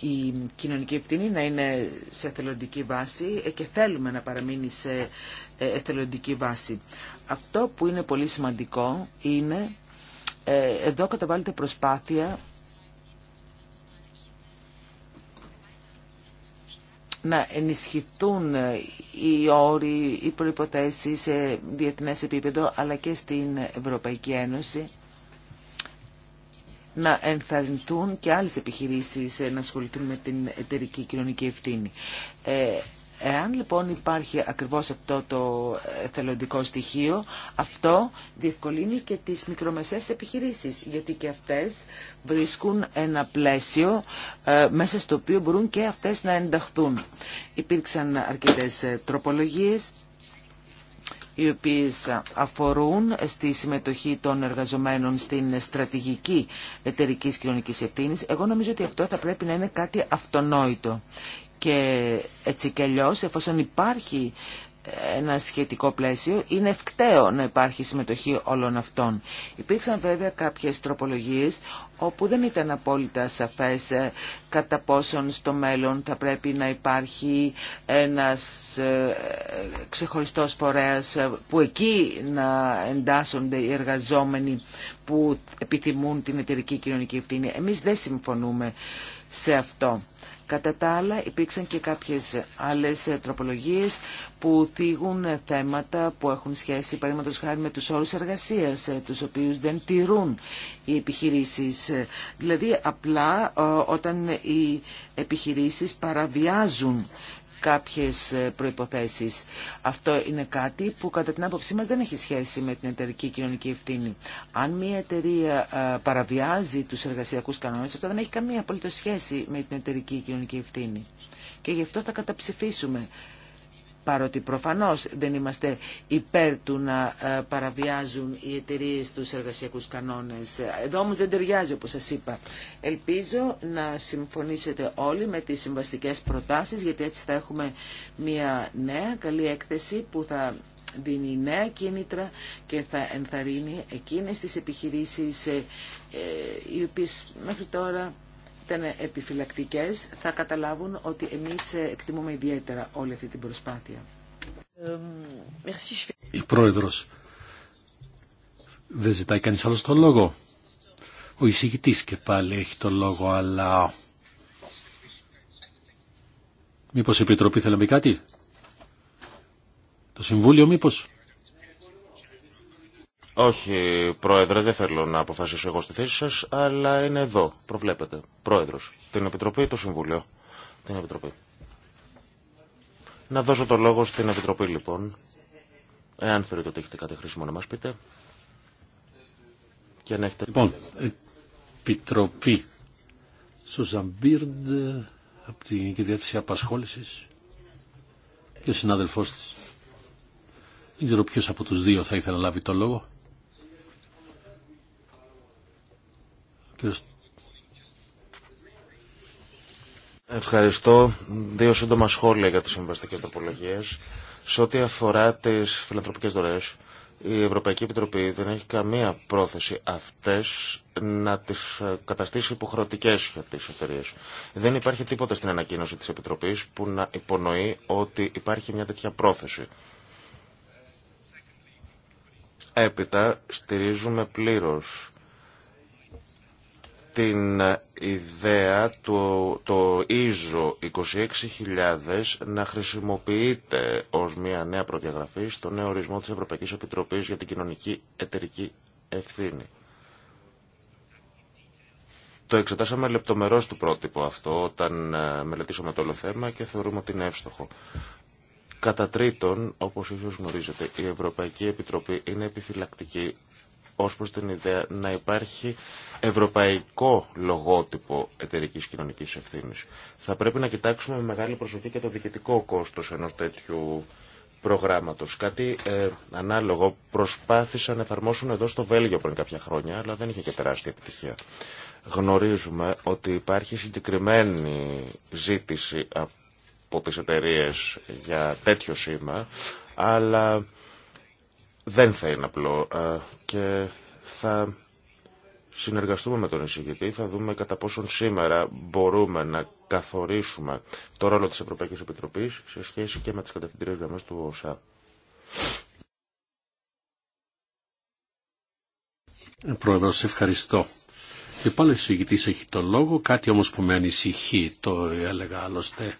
D: η κοινωνική ευθύνη να είναι σε εθελοντική βάση ε, και θέλουμε να παραμείνει σε ε, εθελοντική βάση. Αυτό που είναι πολύ σημαντικό είναι εδώ καταβάλλεται προσπάθεια να ενισχυθούν ε, οι όροι, οι προϋποθέσεις σε διεθνές επίπεδο αλλά και στην Ευρωπαϊκή Ένωση να ενθαρρυνθούν και άλλες επιχειρήσεις ε, να ασχοληθούν με την εταιρική κοινωνική ευθύνη. Ε, Εάν λοιπόν υπάρχει ακριβώς αυτό το θελοντικό στοιχείο, αυτό διευκολύνει και τις μικρομεσαίες επιχειρήσεις, γιατί και αυτές βρίσκουν ένα πλαίσιο ε, μέσα στο οποίο μπορούν και αυτές να ενταχθούν. Υπήρξαν αρκετές ε, τροπολογίες οι οποίες αφορούν στη συμμετοχή των εργαζομένων στην στρατηγική εταιρικής κοινωνικής ευθύνης. Εγώ νομίζω ότι αυτό θα πρέπει να είναι κάτι αυτονόητο και έτσι και εφόσον υπάρχει ένα σχετικό πλαίσιο, είναι ευκταίο να υπάρχει συμμετοχή όλων αυτών. Υπήρξαν βέβαια κάποιες τροπολογίες όπου δεν ήταν απόλυτα σαφές ε, κατά πόσον στο μέλλον θα πρέπει να υπάρχει ένας ε, ξεχωριστός φορέας ε, που εκεί να εντάσσονται οι εργαζόμενοι που επιθυμούν την εταιρική κοινωνική ευθύνη. Εμείς δεν συμφωνούμε σε αυτό. Κατά τα άλλα υπήρξαν και κάποιες άλλες τροπολογίες που θίγουν θέματα που έχουν σχέση παραδείγματος χάρη με τους όρους εργασίας, ε, τους οποίους δεν τηρούν οι επιχειρήσεις. Ε, δηλαδή απλά ε, όταν οι επιχειρήσεις παραβιάζουν κάποιες ε, προϋποθέσεις. Αυτό είναι κάτι που κατά την άποψή μας δεν έχει σχέση με την εταιρική κοινωνική ευθύνη. Αν μια εταιρεία ε, παραβιάζει τους εργασιακούς κανόνες, αυτό δεν έχει καμία απολύτως σχέση με την εταιρική κοινωνική ευθύνη. Και γι' αυτό θα καταψηφίσουμε παρότι προφανώς δεν είμαστε υπέρ του να ε, παραβιάζουν οι εταιρείε τους εργασιακούς κανόνες. Εδώ όμως δεν ταιριάζει όπως σας είπα. Ελπίζω να συμφωνήσετε όλοι με τις συμβαστικές προτάσεις γιατί έτσι θα έχουμε μια νέα καλή έκθεση που θα δίνει νέα κίνητρα και θα ενθαρρύνει εκείνες τις επιχειρήσεις ε, ε, οι οποίες μέχρι τώρα ήταν επιφυλακτικές θα καταλάβουν ότι εμείς εκτιμούμε ιδιαίτερα όλη αυτή την προσπάθεια.
A: Η Πρόεδρος δεν ζητάει κανείς άλλος το λόγο. Ο εισηγητής και πάλι έχει το λόγο, αλλά... Μήπως η Επιτροπή θέλει να κάτι? Το Συμβούλιο μήπως?
B: Όχι, Πρόεδρε, δεν θέλω να αποφασίσω εγώ στη θέση σας, αλλά είναι εδώ, προβλέπετε. Πρόεδρος, την Επιτροπή ή το Συμβουλίο. Την Επιτροπή. Να δώσω το λόγο στην Επιτροπή, λοιπόν.
A: Εάν θεωρείτε ότι έχετε κάτι χρήσιμο να μας πείτε. Και αν έχετε... Λοιπόν, Επιτροπή. Σουζαμπίρντ από την Γενική Διεύθυνση Απασχόλησης και ο συνάδελφός της. Δεν ξέρω ποιος από τους δύο θα ήθελε να λάβει το λόγο. Ευχαριστώ.
B: Δύο σύντομα σχόλια για τις συμβαστικές τοπολογίες. Σε ό,τι αφορά τις φιλανθρωπικές δωρεές, η Ευρωπαϊκή Επιτροπή δεν έχει καμία πρόθεση αυτές να τις καταστήσει υποχρεωτικές για τις εταιρείε. Δεν υπάρχει τίποτα στην ανακοίνωση της Επιτροπής που να υπονοεί ότι υπάρχει μια τέτοια πρόθεση. Έπειτα στηρίζουμε πλήρως την ιδέα του το ISO 26.000 να χρησιμοποιείται ως μια νέα προδιαγραφή στο νέο ορισμό της Ευρωπαϊκής Επιτροπής για την κοινωνική εταιρική ευθύνη. Το εξετάσαμε λεπτομερώς του πρότυπο αυτό όταν ε, μελετήσαμε το όλο θέμα και θεωρούμε ότι είναι εύστοχο. Κατά τρίτον, όπως ίσως γνωρίζετε, η Ευρωπαϊκή Επιτροπή είναι επιφυλακτική ως προς την ιδέα να υπάρχει ευρωπαϊκό λογότυπο εταιρικής κοινωνικής ευθύνης. Θα πρέπει να κοιτάξουμε με μεγάλη προσοχή και το διοικητικό κόστος ενός τέτοιου προγράμματος. Κάτι ε, ανάλογο προσπάθησαν να εφαρμόσουν εδώ στο Βέλγιο πριν κάποια χρόνια, αλλά δεν είχε και τεράστια επιτυχία. Γνωρίζουμε ότι υπάρχει συγκεκριμένη ζήτηση από τις εταιρείε για τέτοιο σήμα, αλλά δεν θα είναι απλό ε, και θα συνεργαστούμε με τον εισηγητή, θα δούμε κατά πόσον σήμερα μπορούμε να καθορίσουμε το ρόλο της Ευρωπαϊκής Επιτροπής σε σχέση και με τις κατευθυντήριες γραμμές του ΩΣΑ.
A: Πρόεδρος, ευχαριστώ. Και πάλι ο εισηγητής έχει το λόγο, κάτι όμως που με ανησυχεί, το έλεγα άλλωστε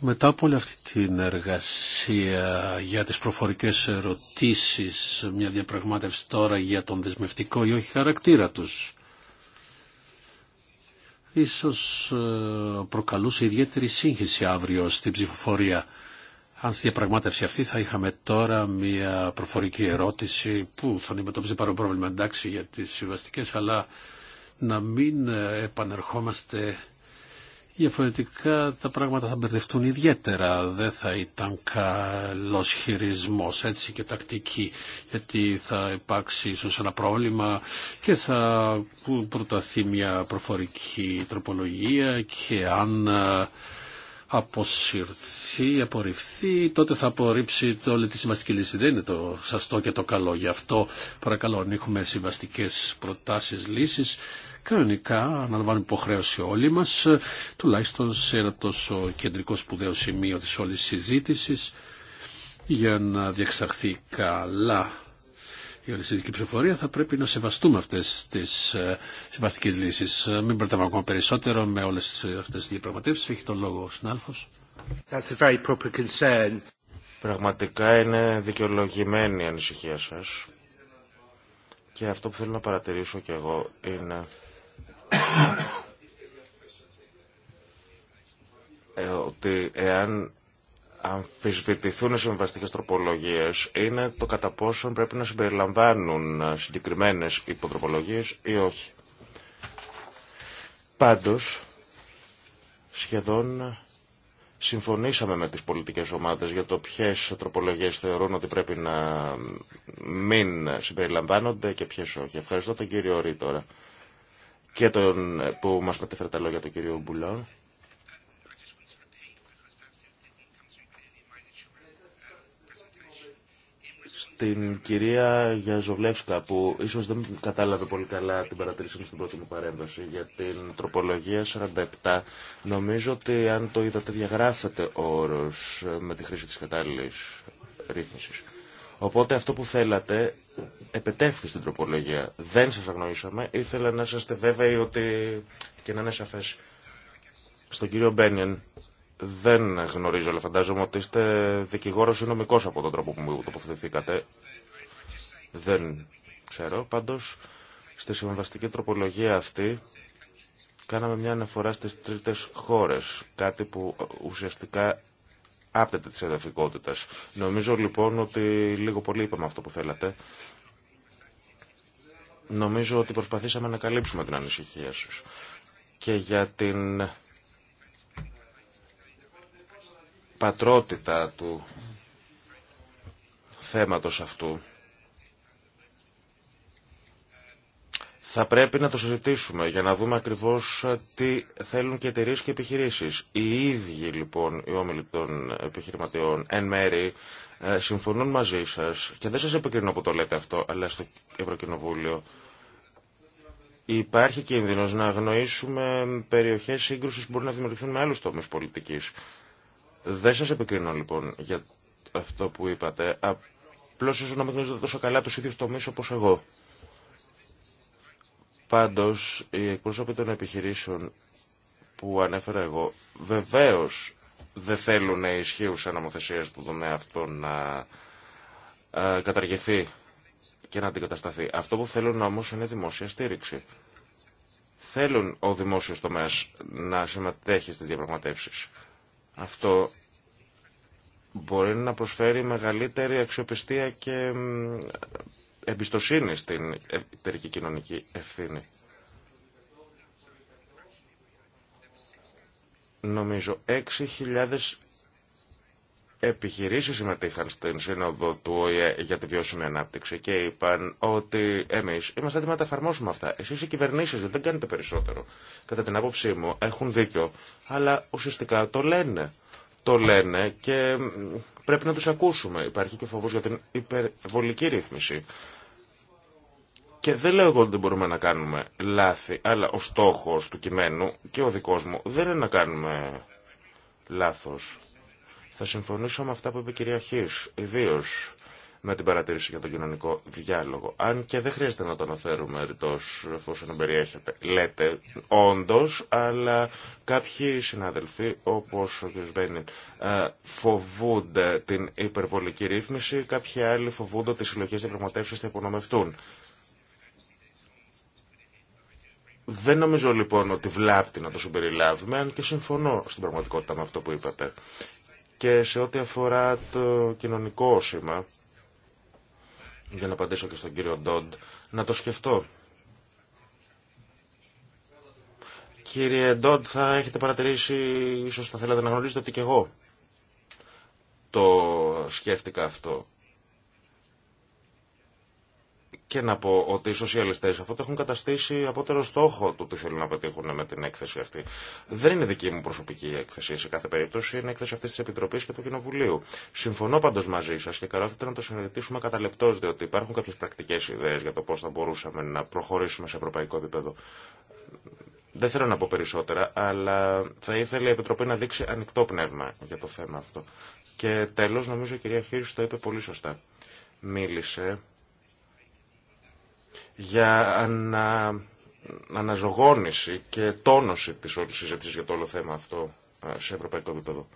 A: Μετά από όλη αυτή την εργασία για τις προφορικές ερωτήσεις, μια διαπραγμάτευση τώρα για τον δεσμευτικό ή όχι χαρακτήρα τους, ίσως ε, προκαλούσε ιδιαίτερη σύγχυση αύριο στην ψηφοφορία. Αν στη διαπραγμάτευση αυτή θα είχαμε τώρα μια προφορική ερώτηση που θα αντιμετώπιζε πάρα πρόβλημα εντάξει για τις συμβαστικές, αλλά να μην ε, επανερχόμαστε Διαφορετικά τα πράγματα θα μπερδευτούν ιδιαίτερα. Δεν θα ήταν καλό χειρισμό έτσι και τακτική. Γιατί θα υπάρξει ίσω ένα πρόβλημα και θα προταθεί μια προφορική τροπολογία και αν ε, αποσυρθεί, απορριφθεί, τότε θα απορρίψει το όλη τη συμβαστική λύση. Δεν είναι το σαστό και το καλό. Γι' αυτό παρακαλώ αν έχουμε συμβαστικέ προτάσει Κανονικά αναλαμβάνουμε υποχρέωση όλοι μας, ε, τουλάχιστον σε ένα τόσο κεντρικό σπουδαίο σημείο της όλης συζήτησης, για να διεξαχθεί καλά η οριστική ψηφοφορία θα πρέπει να σεβαστούμε αυτές τις ε, συμβαστικέ λύσει. Ε, μην περτάμε ακόμα περισσότερο με όλε αυτέ τι διαπραγματεύσει. Έχει τον λόγο ο συνάλφο. Πραγματικά είναι δικαιολογημένη η ανησυχία σα.
B: Και αυτό που θέλω να παρατηρήσω κι εγώ είναι ε, ότι εάν αμφισβητηθούν οι συμβαστικές τροπολογίες είναι το κατά πόσον πρέπει να συμπεριλαμβάνουν συγκεκριμένες υποτροπολογίες ή όχι. Πάντως, σχεδόν συμφωνήσαμε με τις πολιτικές ομάδες για το ποιες τροπολογίες θεωρούν ότι πρέπει να μην συμπεριλαμβάνονται και ποιες όχι. Ευχαριστώ τον κύριο Ρή τώρα και τον που μας μετέφερε τα λόγια του κύριο Μπουλόν. Την κυρία Γιαζοβλεύσκα που ίσως δεν κατάλαβε πολύ καλά την παρατηρήση μου στην πρώτη μου παρέμβαση για την τροπολογία 47. Νομίζω ότι αν το είδατε διαγράφεται ο όρος με τη χρήση της κατάλληλης ρύθμισης. Οπότε αυτό που θέλατε επετέφθη στην τροπολογία. Δεν σας αγνοήσαμε. Ήθελα να είστε βέβαιοι ότι και να είναι σαφές. Στον κύριο Μπένιεν δεν γνωρίζω, αλλά φαντάζομαι ότι είστε δικηγόρος ή νομικός από τον τρόπο που μου τοποθετηθήκατε. Δεν ξέρω. Πάντως, στη συμβαστική τροπολογία αυτή κάναμε μια αναφορά στις τρίτες χώρες. Κάτι που ουσιαστικά άπτεται τη εδαφικότητας. Νομίζω λοιπόν ότι λίγο πολύ είπαμε αυτό που θέλατε. Νομίζω ότι προσπαθήσαμε να καλύψουμε την ανησυχία σας. Και για την πατρότητα του θέματος αυτού, Θα πρέπει να το συζητήσουμε για να δούμε ακριβώς ε, τι θέλουν και εταιρείε και επιχειρήσεις. Οι ίδιοι λοιπόν οι όμιλοι των επιχειρηματιών εν μέρη ε, συμφωνούν μαζί σας και δεν σας επικρίνω που το λέτε αυτό, αλλά στο Ευρωκοινοβούλιο υπάρχει κίνδυνος να αγνοήσουμε περιοχές σύγκρουσης που μπορούν να δημιουργηθούν με άλλους τομείς πολιτικής. Δεν σας επικρίνω λοιπόν για αυτό που είπατε, απλώς ίσως να μην γνωρίζετε τόσο καλά τους ίδιους τομείς όπω εγώ. Πάντως, οι εκπρόσωποι των επιχειρήσεων που ανέφερα εγώ, βεβαίως δεν θέλουν ισχύουν ισχύουσα του τομέα αυτό να ε, καταργηθεί και να αντικατασταθεί. Αυτό που θέλουν όμως είναι δημόσια στήριξη. Θέλουν ο δημόσιος τομέας να συμμετέχει στις διαπραγματεύσεις. Αυτό μπορεί να προσφέρει μεγαλύτερη αξιοπιστία και εμπιστοσύνη στην εταιρική κοινωνική ευθύνη. Νομίζω 6.000 επιχειρήσεις συμμετείχαν στην σύνοδο του ΟΗΕ για τη βιώσιμη ανάπτυξη και είπαν ότι εμείς είμαστε έτοιμοι να τα εφαρμόσουμε αυτά. Εσείς οι κυβερνήσεις δεν κάνετε περισσότερο. Κατά την άποψή μου έχουν δίκιο, αλλά ουσιαστικά το λένε. Το λένε και πρέπει να τους ακούσουμε. Υπάρχει και φοβός για την υπερβολική ρύθμιση. Και δεν λέω εγώ ότι δεν μπορούμε να κάνουμε λάθη, αλλά ο στόχος του κειμένου και ο δικός μου δεν είναι να κάνουμε λάθος. Θα συμφωνήσω με αυτά που είπε η κυρία Χίρς, ιδίω με την παρατήρηση για τον κοινωνικό διάλογο. Αν και δεν χρειάζεται να το αναφέρουμε ρητός, εφόσον περιέχεται. Λέτε, όντω, αλλά κάποιοι συναδελφοί, όπω ο κ. Μπένιν, ε, φοβούνται την υπερβολική ρύθμιση, κάποιοι άλλοι φοβούνται ότι οι συλλογικέ διαπραγματεύσεις θα υπονομευτούν. Δεν νομίζω λοιπόν ότι βλάπτει να το συμπεριλάβουμε, αν και συμφωνώ στην πραγματικότητα με αυτό που είπατε. Και σε ό,τι αφορά το κοινωνικό όσημα, για να απαντήσω και στον κύριο Ντόντ, να το σκεφτώ. Κύριε Ντόντ, θα έχετε παρατηρήσει, ίσως θα θέλατε να γνωρίζετε ότι και εγώ το σκέφτηκα αυτό και να πω ότι οι σοσιαλιστέ αυτό το έχουν καταστήσει απότερο στόχο του τι θέλουν να πετύχουν με την έκθεση αυτή. Δεν είναι δική μου προσωπική έκθεση σε κάθε περίπτωση, είναι έκθεση αυτή τη Επιτροπή και του Κοινοβουλίου. Συμφωνώ πάντω μαζί σα και καλό θα ήταν να το συζητήσουμε κατά λεπτό, διότι υπάρχουν κάποιε πρακτικέ ιδέε για το πώ θα μπορούσαμε να προχωρήσουμε σε ευρωπαϊκό επίπεδο. Δεν θέλω να πω περισσότερα, αλλά θα ήθελε η Επιτροπή να δείξει ανοιχτό πνεύμα για το θέμα αυτό. Και τέλο, νομίζω η κυρία Χίρι το είπε πολύ σωστά. Μίλησε για ανα, αναζωγόνηση και τόνωση της όλης συζήτηση για το όλο θέμα αυτό ε, σε ευρωπαϊκό επίπεδο.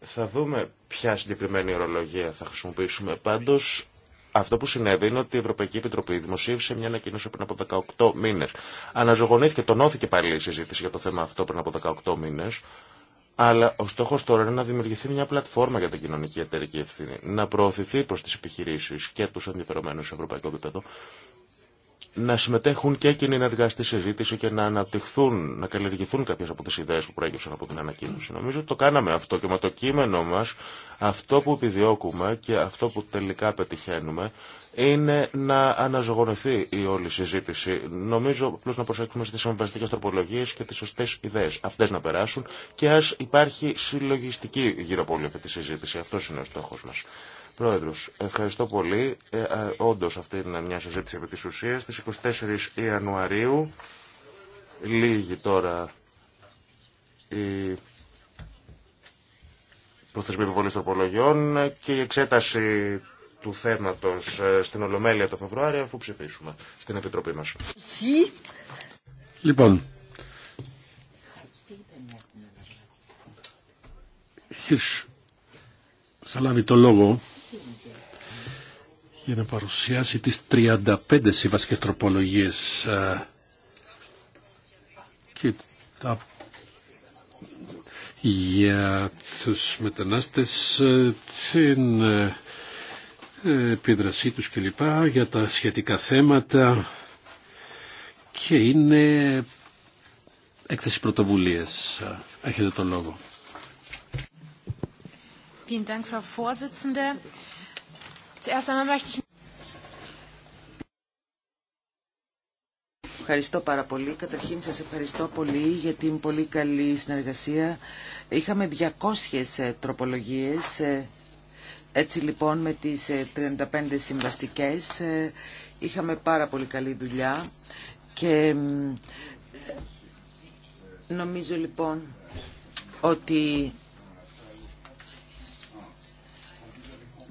B: Θα δούμε ποια συγκεκριμένη ορολογία θα χρησιμοποιήσουμε. Πάντως, αυτό που συνέβη είναι ότι η Ευρωπαϊκή Επιτροπή δημοσίευσε μια ανακοίνωση πριν από 18 μήνες. Αναζωογονήθηκε, τονώθηκε πάλι η συζήτηση για το θέμα αυτό πριν από 18 μήνες. Αλλά ο στόχος τώρα είναι να δημιουργηθεί μια πλατφόρμα για την κοινωνική εταιρική ευθύνη, να προωθηθεί προ τι επιχειρήσει και του ενδιαφερομένου σε ευρωπαϊκό επίπεδο να συμμετέχουν και εκείνοι ενεργά στη συζήτηση και να αναπτυχθούν, να καλλιεργηθούν κάποιε από τι ιδέε που προέκυψαν από την ανακοίνωση. Νομίζω ότι το κάναμε αυτό και με το κείμενο μα, αυτό που επιδιώκουμε και αυτό που τελικά πετυχαίνουμε είναι να αναζωογονηθεί η όλη συζήτηση. Νομίζω απλώ να προσέξουμε στι συμβαστικέ τροπολογίε και τι σωστέ ιδέε. Αυτέ να περάσουν και α υπάρχει συλλογιστική γύρω από όλη αυτή τη συζήτηση. Αυτό είναι ο στόχο μα. Πρόεδρος, ευχαριστώ πολύ. Ε, όντως αυτή είναι μια συζήτηση επί της ουσίας. στι 24 Ιανουαρίου λίγη τώρα η προθεσμή επιβολής τροπολογιών και η εξέταση του θέματος ε, στην Ολομέλεια το Φεβρουάριο αφού ψηφίσουμε στην Επιτροπή μας.
A: Λοιπόν, θα λάβει το λόγο για να παρουσιάσει τις 35 συμβασικές τροπολογίες ε, και για τους μετανάστες ε, την ε, επίδρασή τους κλπ. για τα σχετικά θέματα και είναι έκθεση πρωτοβουλίας. Έχετε τον λόγο.
D: Zuerst einmal möchte ich Ευχαριστώ πάρα πολύ. Καταρχήν σας ευχαριστώ πολύ για την πολύ καλή συνεργασία. Είχαμε 200 ε, τροπολογίες, ε, έτσι λοιπόν με τις 35 ε, συμβαστικές. Είχαμε πάρα πολύ καλή δουλειά και νομίζω λοιπόν ότι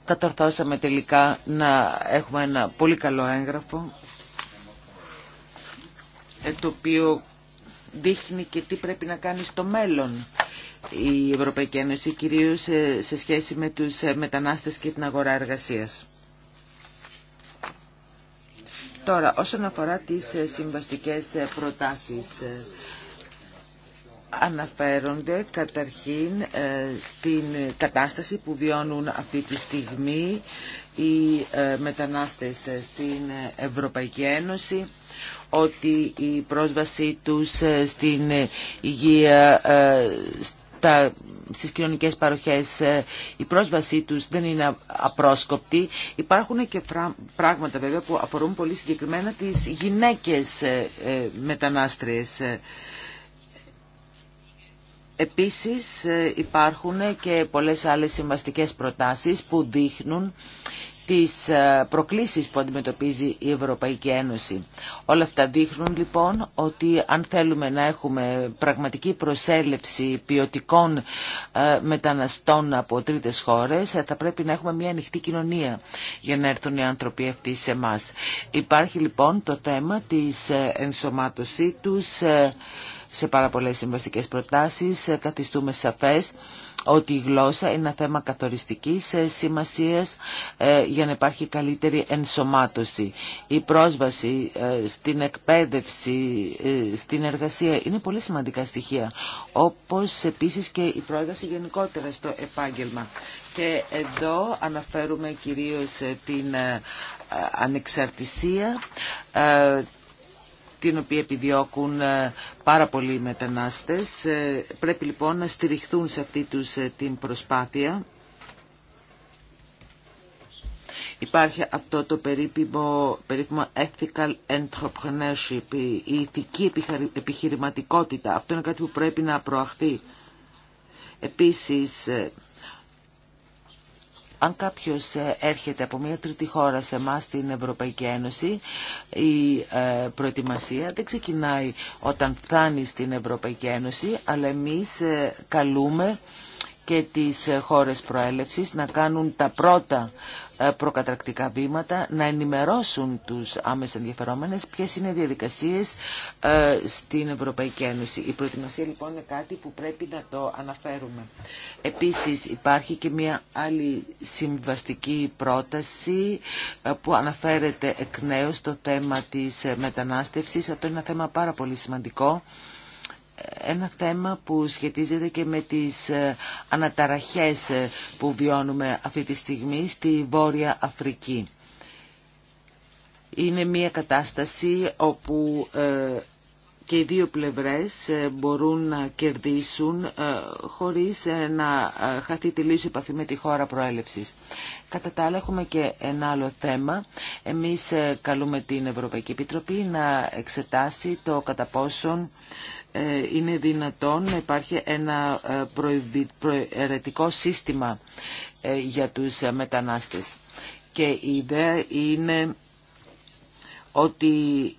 D: κατορθώσαμε τελικά να έχουμε ένα πολύ καλό έγγραφο ε, το οποίο δείχνει και τι πρέπει να κάνει στο μέλλον η Ευρωπαϊκή Ένωση κυρίως ε, σε σχέση με τους ε, μετανάστες και την αγορά εργασίας. Τώρα, όσον αφορά τις συμβαστικές προτάσεις, αναφέρονται καταρχήν ε, στην κατάσταση που βιώνουν αυτή τη στιγμή οι ε, μετανάστες ε, στην Ευρωπαϊκή Ένωση ότι η πρόσβασή τους στην υγεία, τα στις κοινωνικές παροχές, η πρόσβασή τους δεν είναι απρόσκοπτη. Υπάρχουν και πράγματα βέβαια που αφορούν πολύ συγκεκριμένα τις γυναίκες μετανάστριες. Επίσης ε, υπάρχουν και πολλές άλλες συμβαστικές προτάσεις που δείχνουν τις ε, προκλήσεις που αντιμετωπίζει η Ευρωπαϊκή Ένωση. Όλα αυτά δείχνουν λοιπόν ότι αν θέλουμε να έχουμε πραγματική προσέλευση ποιοτικών ε, μεταναστών από τρίτες χώρες θα πρέπει να έχουμε μια ανοιχτή κοινωνία για να έρθουν οι άνθρωποι αυτοί σε εμά. Υπάρχει λοιπόν το θέμα της ενσωμάτωσή τους σε πάρα πολλές συμβαστικές προτάσεις. Ε, καθιστούμε σαφές ότι η γλώσσα είναι ένα θέμα καθοριστικής ε, σημασίας ε, για να υπάρχει καλύτερη ενσωμάτωση. Η πρόσβαση στην εκπαίδευση, στην εργασία είναι πολύ σημαντικά στοιχεία, όπως επίσης και η πρόσβαση γενικότερα στο επάγγελμα. Και εδώ αναφέρουμε κυρίως την ανεξαρτησία, την οποία επιδιώκουν ε, πάρα πολλοί μετανάστες. Ε, πρέπει λοιπόν να στηριχθούν σε αυτή τους ε, την προσπάθεια. Υπάρχει αυτό το περίπημο, περίπημο ethical entrepreneurship, η ηθική επιχειρηματικότητα. Αυτό είναι κάτι που πρέπει να προαχθεί. Επίσης, αν κάποιος ε, έρχεται από μια τρίτη χώρα σε εμά στην Ευρωπαϊκή Ένωση, η ε, προετοιμασία δεν ξεκινάει όταν φτάνει στην Ευρωπαϊκή Ένωση, αλλά εμείς ε, καλούμε και τις χώρες προέλευσης να κάνουν τα πρώτα ε, προκατρακτικά βήματα, να ενημερώσουν τους άμεσα ενδιαφερόμενες ποιες είναι οι διαδικασίες ε, στην Ευρωπαϊκή Ένωση. Η προετοιμασία λοιπόν είναι κάτι που πρέπει να το αναφέρουμε. Επίσης υπάρχει και μια άλλη συμβαστική πρόταση ε, που αναφέρεται εκ νέου στο θέμα της μετανάστευσης. Αυτό είναι ένα θέμα πάρα πολύ σημαντικό ένα θέμα που σχετίζεται και με τις ε, αναταραχές ε, που βιώνουμε αυτή τη στιγμή στη Βόρεια Αφρική. Είναι μια κατάσταση όπου ε, και οι δύο πλευρές ε, μπορούν να κερδίσουν ε, χωρίς ε, να χαθεί τη λύση επαφή με τη χώρα προέλευσης. Κατά τα άλλα έχουμε και ένα άλλο θέμα. Εμείς καλούμε την Ευρωπαϊκή Επιτροπή να εξετάσει το κατά πόσον είναι δυνατόν να υπάρχει ένα προαιρετικό σύστημα για τους μετανάστες. Και η ιδέα είναι ότι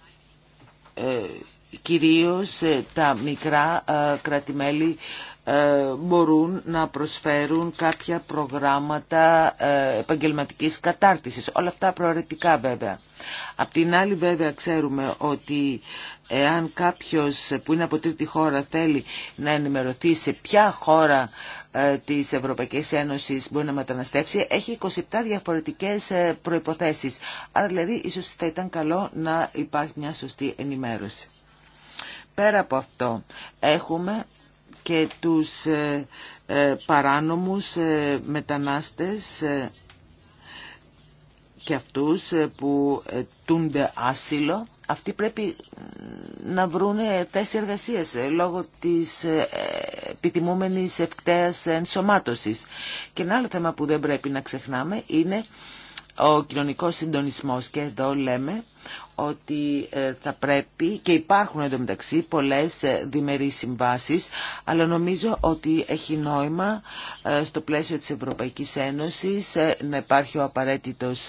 D: κυρίως ε, τα μικρά ε, κρατημέλη ε, μπορούν να προσφέρουν κάποια προγράμματα επαγγελματικής κατάρτισης. Όλα αυτά προαιρετικά βέβαια. Απ' την άλλη βέβαια ξέρουμε ότι εάν κάποιος που είναι από τρίτη χώρα θέλει να ενημερωθεί σε ποια χώρα της Ευρωπαϊκής Ένωσης μπορεί να μεταναστεύσει έχει 27 διαφορετικές προϋποθέσεις. Άρα δηλαδή ίσως θα ήταν καλό να υπάρχει μια σωστή ενημέρωση. Πέρα από αυτό, έχουμε και τους ε, ε, παράνομους ε, μετανάστες και αυτούς που τούνται άσυλο. Αυτοί πρέπει να βρουν θέση εργασίας λόγω της επιθυμούμενης ευκταίας ενσωμάτωσης. Και ένα άλλο θέμα που δεν πρέπει να ξεχνάμε είναι ο κοινωνικός συντονισμός και εδώ λέμε ότι ε, θα πρέπει και υπάρχουν εντωμεταξύ πολλές ε, διμερείς συμβάσεις αλλά νομίζω ότι έχει νόημα ε, στο πλαίσιο της Ευρωπαϊκής Ένωσης να υπάρχει ο απαραίτητος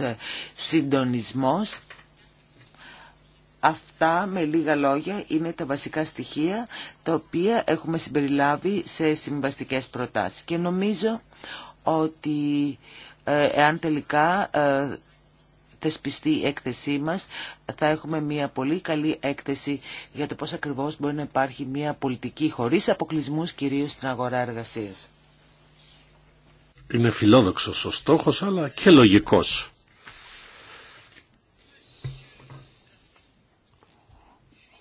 D: συντονισμός Αυτά με λίγα λόγια είναι τα βασικά στοιχεία τα οποία έχουμε συμπεριλάβει σε συμβαστικές προτάσεις και νομίζω ότι ε, εάν τελικά ε, θεσπιστεί η έκθεσή μας, θα έχουμε μια πολύ καλή έκθεση για το πώς ακριβώς μπορεί να υπάρχει μια πολιτική χωρίς αποκλεισμούς κυρίως στην αγορά εργασίας.
A: Είναι φιλόδοξος ο στόχος αλλά και λογικός.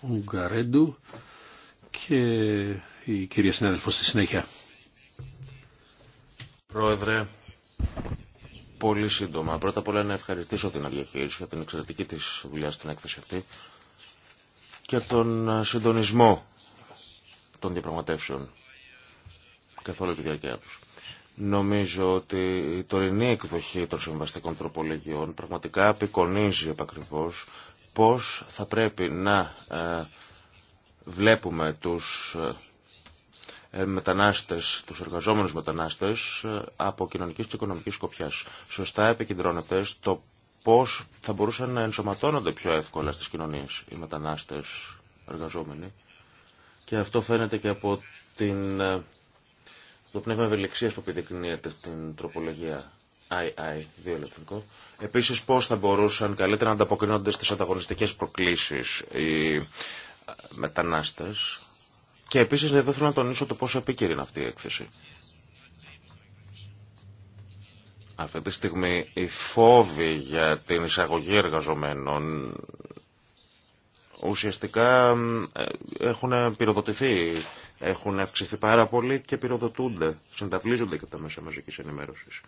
A: Ουγγαρέντου και η κυρία στη συνέχεια.
B: Πρόεδρε, Πολύ σύντομα. Πρώτα απ' όλα να ευχαριστήσω την Αγία για την εξαιρετική της δουλειά στην έκθεση αυτή και τον συντονισμό των διαπραγματεύσεων καθ' όλη τη διάρκεια τους. Νομίζω ότι η τωρινή εκδοχή των συμβαστικών τροπολογιών πραγματικά απεικονίζει επακριβώς πώς θα πρέπει να ε, βλέπουμε τους ε, ε, μετανάστες, τους εργαζόμενους μετανάστες ε, από κοινωνικής και οικονομικής σκοπιάς. Σωστά επικεντρώνεται στο πώς θα μπορούσαν να ενσωματώνονται πιο εύκολα στις κοινωνίες οι μετανάστες εργαζόμενοι. Και αυτό φαίνεται και από την, ε, το πνεύμα ευελιξίας που επιδεικνύεται στην τροπολογία II, δύο ηλεκτρικό. Επίσης πώς θα μπορούσαν καλύτερα να ανταποκρίνονται στις ανταγωνιστικές προκλήσεις οι μετανάστες και επίσης δεν θέλω να τονίσω το πόσο επίκαιρη είναι αυτή η έκθεση. Αυτή τη στιγμή οι φόβοι για την εισαγωγή εργαζομένων ουσιαστικά ε, έχουν πυροδοτηθεί, έχουν αυξηθεί πάρα πολύ και πυροδοτούνται, συνταυλίζονται και από τα μέσα μαζικής ενημέρωσης.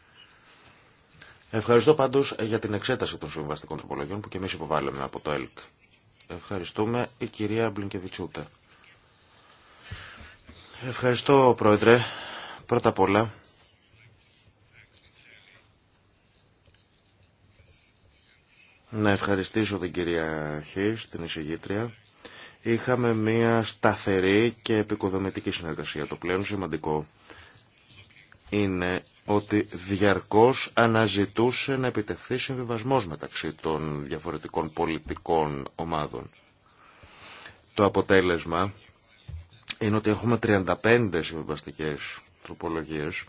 B: Ευχαριστώ πάντως για την εξέταση των συμβαστικών τροπολογιών που και εμείς υποβάλαμε από το ΕΛΚ. Ευχαριστούμε η κυρία Μπλινκεβιτσούτα. Ευχαριστώ, Πρόεδρε. Πρώτα απ' όλα, να ευχαριστήσω την κυρία Χίρς, την εισηγήτρια. Είχαμε μία σταθερή και επικοδομητική συνεργασία. Το πλέον σημαντικό είναι ότι διαρκώς αναζητούσε να επιτευχθεί συμβιβασμός μεταξύ των διαφορετικών πολιτικών ομάδων. Το αποτέλεσμα είναι ότι έχουμε 35 συμβιβαστικές τροπολογίες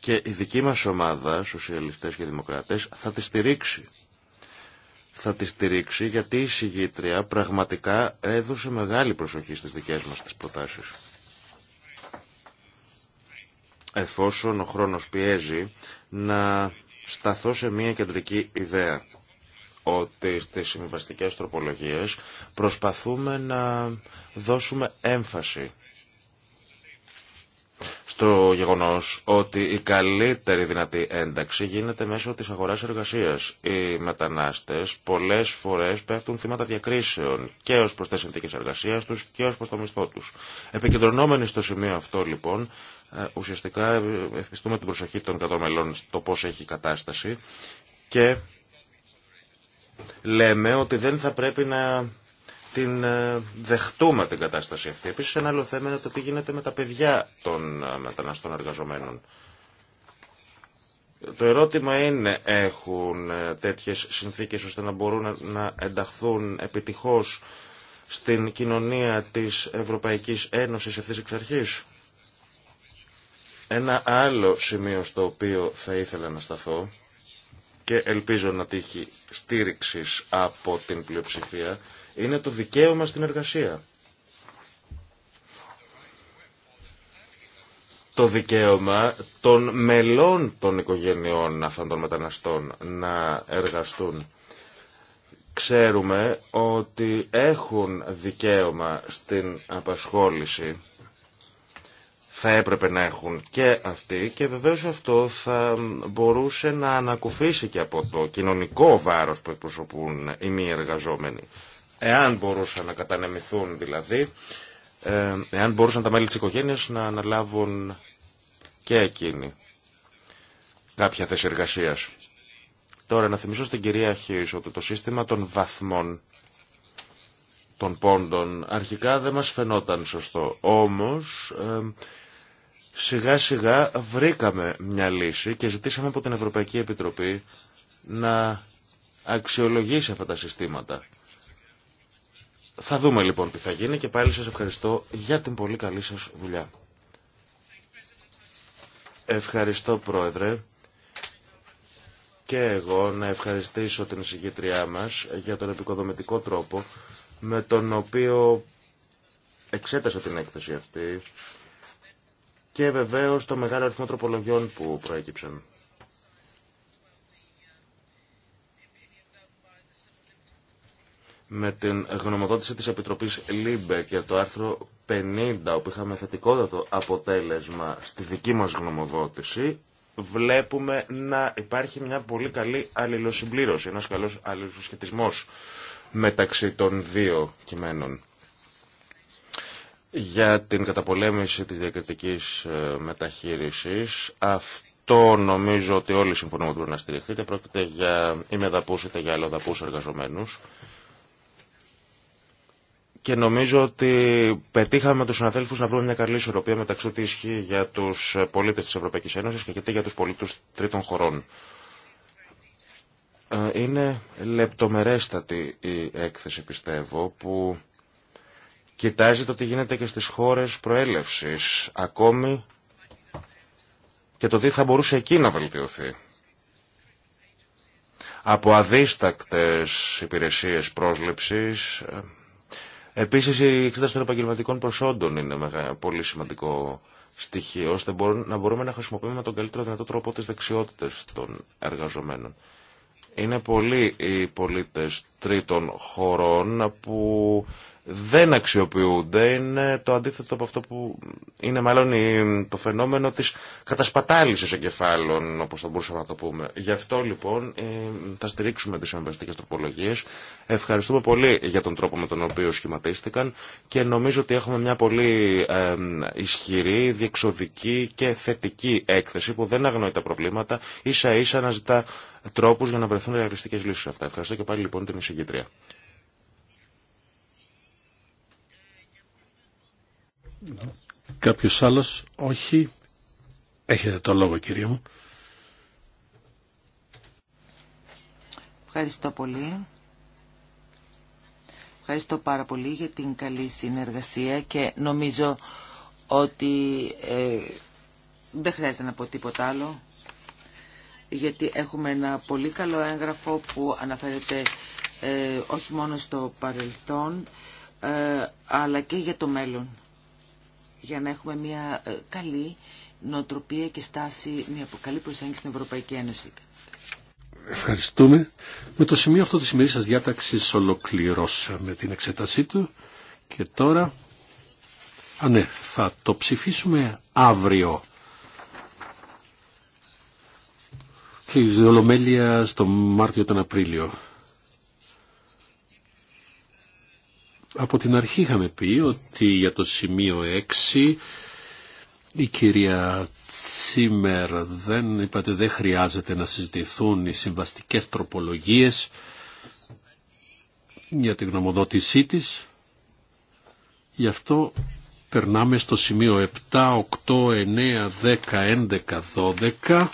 B: και η δική μας ομάδα, σοσιαλιστές και δημοκράτες, θα τη στηρίξει. Θα τη στηρίξει γιατί η συγγήτρια πραγματικά έδωσε μεγάλη προσοχή στις δικές μας τις προτάσεις. Εφόσον ο χρόνος πιέζει να σταθώ σε μια κεντρική ιδέα ότι στις συμβαστικές τροπολογίες προσπαθούμε να δώσουμε έμφαση στο γεγονός ότι η καλύτερη δυνατή ένταξη γίνεται μέσω της αγοράς εργασίας. Οι μετανάστες πολλές φορές πέφτουν θύματα διακρίσεων και ως προς τις συνθήκες εργασίας τους και ως προς το μισθό τους. Επικεντρωνόμενοι στο σημείο αυτό λοιπόν, ε, ουσιαστικά ε, ε, ευχαριστούμε την προσοχή των κατωμελών στο πώς έχει η κατάσταση και λέμε ότι δεν θα πρέπει να την ε, δεχτούμε την κατάσταση αυτή. Επίσης ένα άλλο θέμα είναι το τι γίνεται με τα παιδιά των ε, μεταναστών εργαζομένων. Το ερώτημα είναι, έχουν ε, τέτοιες συνθήκες ώστε να μπορούν να ενταχθούν επιτυχώς στην κοινωνία της Ευρωπαϊκής Ένωσης αυτής εξ αρχής. Ένα άλλο σημείο στο οποίο θα ήθελα να σταθώ και ελπίζω να τύχει στήριξη από την πλειοψηφία είναι το δικαίωμα στην εργασία. Το δικαίωμα των μελών των οικογενειών αυτών των μεταναστών να εργαστούν. Ξέρουμε ότι έχουν δικαίωμα στην απασχόληση θα έπρεπε να έχουν και αυτοί και βεβαίως αυτό θα μπορούσε να ανακουφίσει και από το κοινωνικό βάρος που εκπροσωπούν οι μη εργαζόμενοι. Εάν μπορούσαν να κατανεμηθούν δηλαδή, ε, εάν μπορούσαν τα μέλη της οικογένειας να αναλάβουν και εκείνοι κάποια θέση εργασία. Τώρα να θυμίσω στην κυρία Χίσο ότι το σύστημα των βαθμών των πόντων αρχικά δεν μας φαινόταν σωστό. Όμως ε, Σιγά σιγά βρήκαμε μια λύση και ζητήσαμε από την Ευρωπαϊκή Επιτροπή να αξιολογήσει αυτά τα συστήματα. Θα δούμε λοιπόν τι θα γίνει και πάλι σας ευχαριστώ για την πολύ καλή σας δουλειά. Ευχαριστώ Πρόεδρε και εγώ να ευχαριστήσω την συγκήτριά μας για τον επικοδομητικό τρόπο με τον οποίο εξέτασα την έκθεση αυτή και βεβαίως το μεγάλο αριθμό τροπολογιών που προέκυψαν. με την γνωμοδότηση της Επιτροπής ΛΥΜΠΕ και το άρθρο 50, όπου είχαμε θετικότατο αποτέλεσμα στη δική μας γνωμοδότηση, βλέπουμε να υπάρχει μια πολύ καλή αλληλοσυμπλήρωση, ένας καλός αλληλοσχετισμός μεταξύ των δύο κειμένων για την καταπολέμηση της διακριτικής ε, μεταχείρισης. Αυτό νομίζω ότι όλοι συμφωνούμε ότι μπορεί να στηριχθείτε. πρόκειται για ημεδαπούς είτε για αλλοδαπούς εργαζομένους. Και νομίζω ότι πετύχαμε τους συναδέλφου να βρούμε μια καλή ισορροπία μεταξύ του τι ισχύει για τους πολίτες της Ευρωπαϊκής Ένωσης και τι για τους πολίτες τρίτων χωρών. Ε, είναι λεπτομερέστατη η έκθεση, πιστεύω, που Κοιτάζει το τι γίνεται και στις χώρες προέλευσης, ακόμη και το τι θα μπορούσε εκεί να βελτιωθεί. Από αδίστακτες υπηρεσίες πρόσληψης, ε, επίσης η εξέταση των επαγγελματικών προσόντων είναι πολύ σημαντικό στοιχείο, ώστε να μπορούμε να χρησιμοποιούμε με τον καλύτερο δυνατό τρόπο τις δεξιότητες των εργαζομένων. Είναι πολλοί οι πολίτες τρίτων χωρών που δεν αξιοποιούνται είναι το αντίθετο από αυτό που είναι μάλλον το φαινόμενο της κατασπατάλησης εγκεφάλων όπως θα μπορούσαμε να το πούμε. Γι' αυτό λοιπόν ε, θα στηρίξουμε τις συμβαστικές τροπολογίες. Ευχαριστούμε πολύ για τον τρόπο με τον οποίο σχηματίστηκαν και νομίζω ότι έχουμε μια πολύ ε, ισχυρή, διεξοδική και θετική έκθεση που δεν αγνοεί τα προβλήματα ίσα ίσα να ζητά τρόπους για να βρεθούν ρεαλιστικές λύσεις αυτά. Ευχαριστώ και πάλι λοιπόν την
A: Κάποιος άλλος, όχι. Έχετε το λόγο κύριε μου.
D: Ευχαριστώ πολύ. Ευχαριστώ πάρα πολύ για την καλή συνεργασία και νομίζω ότι ε, δεν χρειάζεται να πω τίποτα άλλο γιατί έχουμε ένα πολύ καλό έγγραφο που αναφέρεται ε, όχι μόνο στο παρελθόν ε, αλλά και για το μέλλον για να έχουμε μια ε, καλή νοοτροπία και στάση, μια καλή προσέγγιση στην Ευρωπαϊκή Ένωση.
A: Ευχαριστούμε. Με το σημείο αυτό της ημερής σας διάταξης ολοκληρώσαμε την εξέτασή του και τώρα α, ναι, θα το ψηφίσουμε αύριο. Και η στο Μάρτιο τον Απρίλιο. Από την αρχή είχαμε πει ότι για το σημείο 6 η κυρία Τσίμερ δεν είπατε δεν χρειάζεται να συζητηθούν οι συμβαστικές τροπολογίες για την γνωμοδότησή της. Γι' αυτό περνάμε στο σημείο 7, 8, 9, 10, 11, 12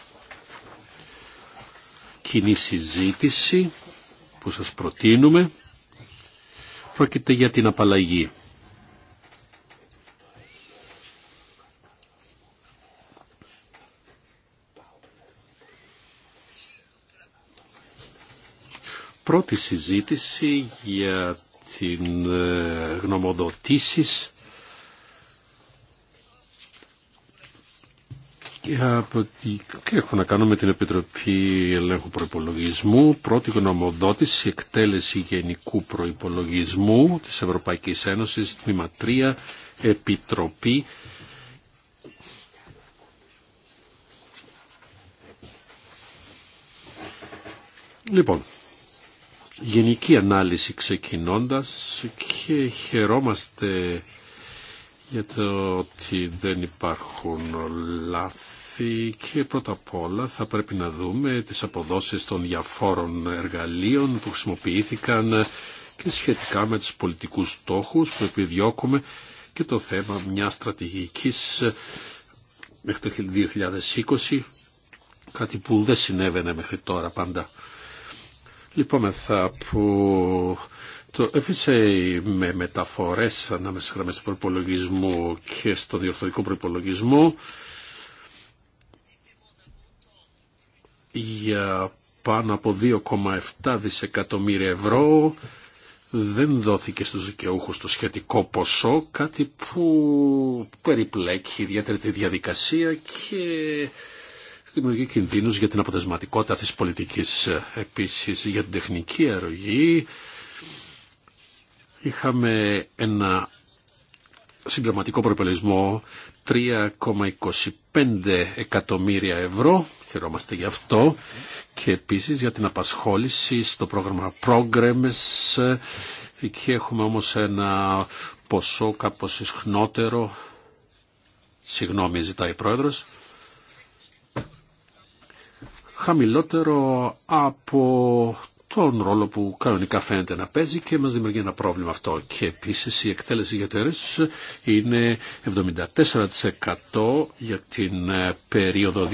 A: κοινή συζήτηση που σας προτείνουμε Πρόκειται για την απαλλαγή. Πρώτη συζήτηση για την ε, γνωμοδοτήσεις και, από, και να κάνω με την Επιτροπή Ελέγχου Προϋπολογισμού, πρώτη γνωμοδότηση, εκτέλεση γενικού προϋπολογισμού της Ευρωπαϊκής Ένωσης, τμήμα 3, Επιτροπή. Λοιπόν, γενική ανάλυση ξεκινώντας και χαιρόμαστε για το ότι δεν υπάρχουν λάθη και πρώτα απ' όλα θα πρέπει να δούμε τις αποδόσεις των διαφόρων εργαλείων που χρησιμοποιήθηκαν και σχετικά με τους πολιτικούς στόχους που επιδιώκουμε και το θέμα μιας στρατηγικής μέχρι το 2020, κάτι που δεν συνέβαινε μέχρι τώρα πάντα. Λοιπόν, θα που το FSA με μεταφορές ανάμεσα στις γραμμές του προπολογισμού και στον διορθωτικό προπολογισμό για πάνω από 2,7 δισεκατομμύρια ευρώ δεν δόθηκε στους δικαιούχους το σχετικό ποσό, κάτι που περιπλέκει ιδιαίτερη τη διαδικασία και δημιουργεί κινδύνους για την αποτελεσματικότητα της πολιτικής. Επίσης για την τεχνική αρρωγή είχαμε ένα συμπληρωματικό προπολογισμό 3,25 εκατομμύρια ευρώ, χαιρόμαστε γι' αυτό, και επίσης για την απασχόληση στο πρόγραμμα Programs. Εκεί έχουμε όμως ένα ποσό κάπως ισχνότερο, συγγνώμη ζητάει η Πρόεδρος, χαμηλότερο από τον ρόλο που κανονικά φαίνεται να παίζει και μας δημιουργεί ένα πρόβλημα αυτό. Και επίσης η εκτέλεση για τέρες είναι 74% για την ε, περίοδο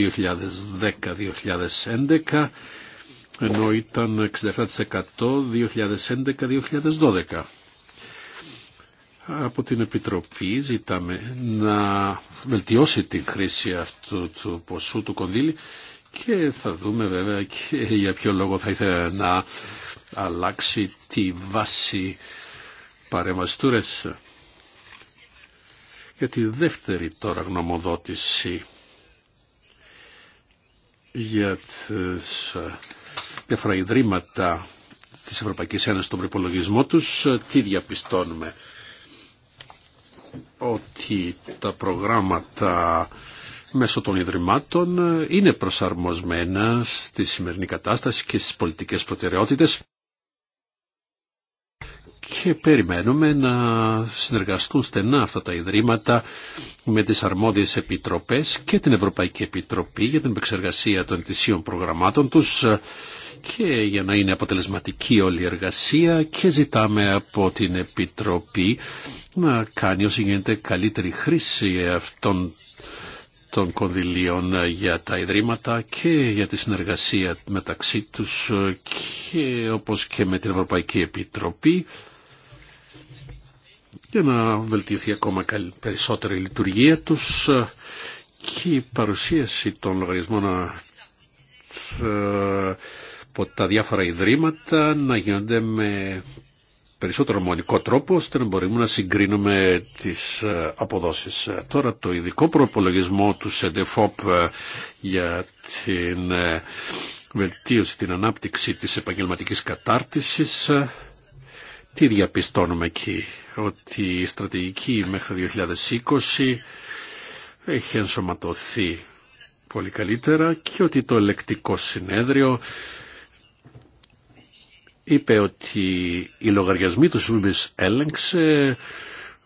A: 2010-2011 ενώ ήταν 67% 2011-2012. Από την Επιτροπή ζητάμε να βελτιώσει την χρήση αυτού του ποσού του κονδύλι και θα δούμε βέβαια και για ποιο λόγο θα ήθελα να αλλάξει τη βάση παρεμβαστούρες. Για τη δεύτερη τώρα γνωμοδότηση για τις ε, διάφορα ιδρύματα της Ευρωπαϊκής Ένωσης στον προπολογισμό τους, ε, τι διαπιστώνουμε ότι τα προγράμματα μέσω των Ιδρυμάτων ε, είναι προσαρμοσμένα στη σημερινή κατάσταση και στις πολιτικές προτεραιότητες και περιμένουμε να συνεργαστούν στενά αυτά τα Ιδρύματα με τις αρμόδιες επιτροπές και την Ευρωπαϊκή Επιτροπή για την επεξεργασία των ετησίων προγραμμάτων τους ε, και για να είναι αποτελεσματική όλη η εργασία και ζητάμε από την Επιτροπή να κάνει όσο γίνεται καλύτερη χρήση αυτών των κονδυλίων ε, για τα ιδρύματα και για τη συνεργασία μεταξύ τους ε, και όπως και με την Ευρωπαϊκή Επιτροπή για να βελτιωθεί ακόμα περισσότερη η λειτουργία τους ε, και η παρουσίαση των λογαριασμών από τα διάφορα ιδρύματα να γίνονται με περισσότερο μονικό τρόπο ώστε να μπορούμε να συγκρίνουμε τις ε, αποδόσεις. Ε, τώρα το ειδικό προπολογισμό του ΣΕΝΤΕΦΟΠ ε, για την βελτίωση, την ανάπτυξη της επαγγελματικής κατάρτισης τι διαπιστώνουμε εκεί, ότι η στρατηγική μέχρι το 2020 έχει ενσωματωθεί πολύ καλύτερα και ότι το ελεκτικό συνέδριο είπε ότι οι λογαριασμοί του Σούμπης έλεγξε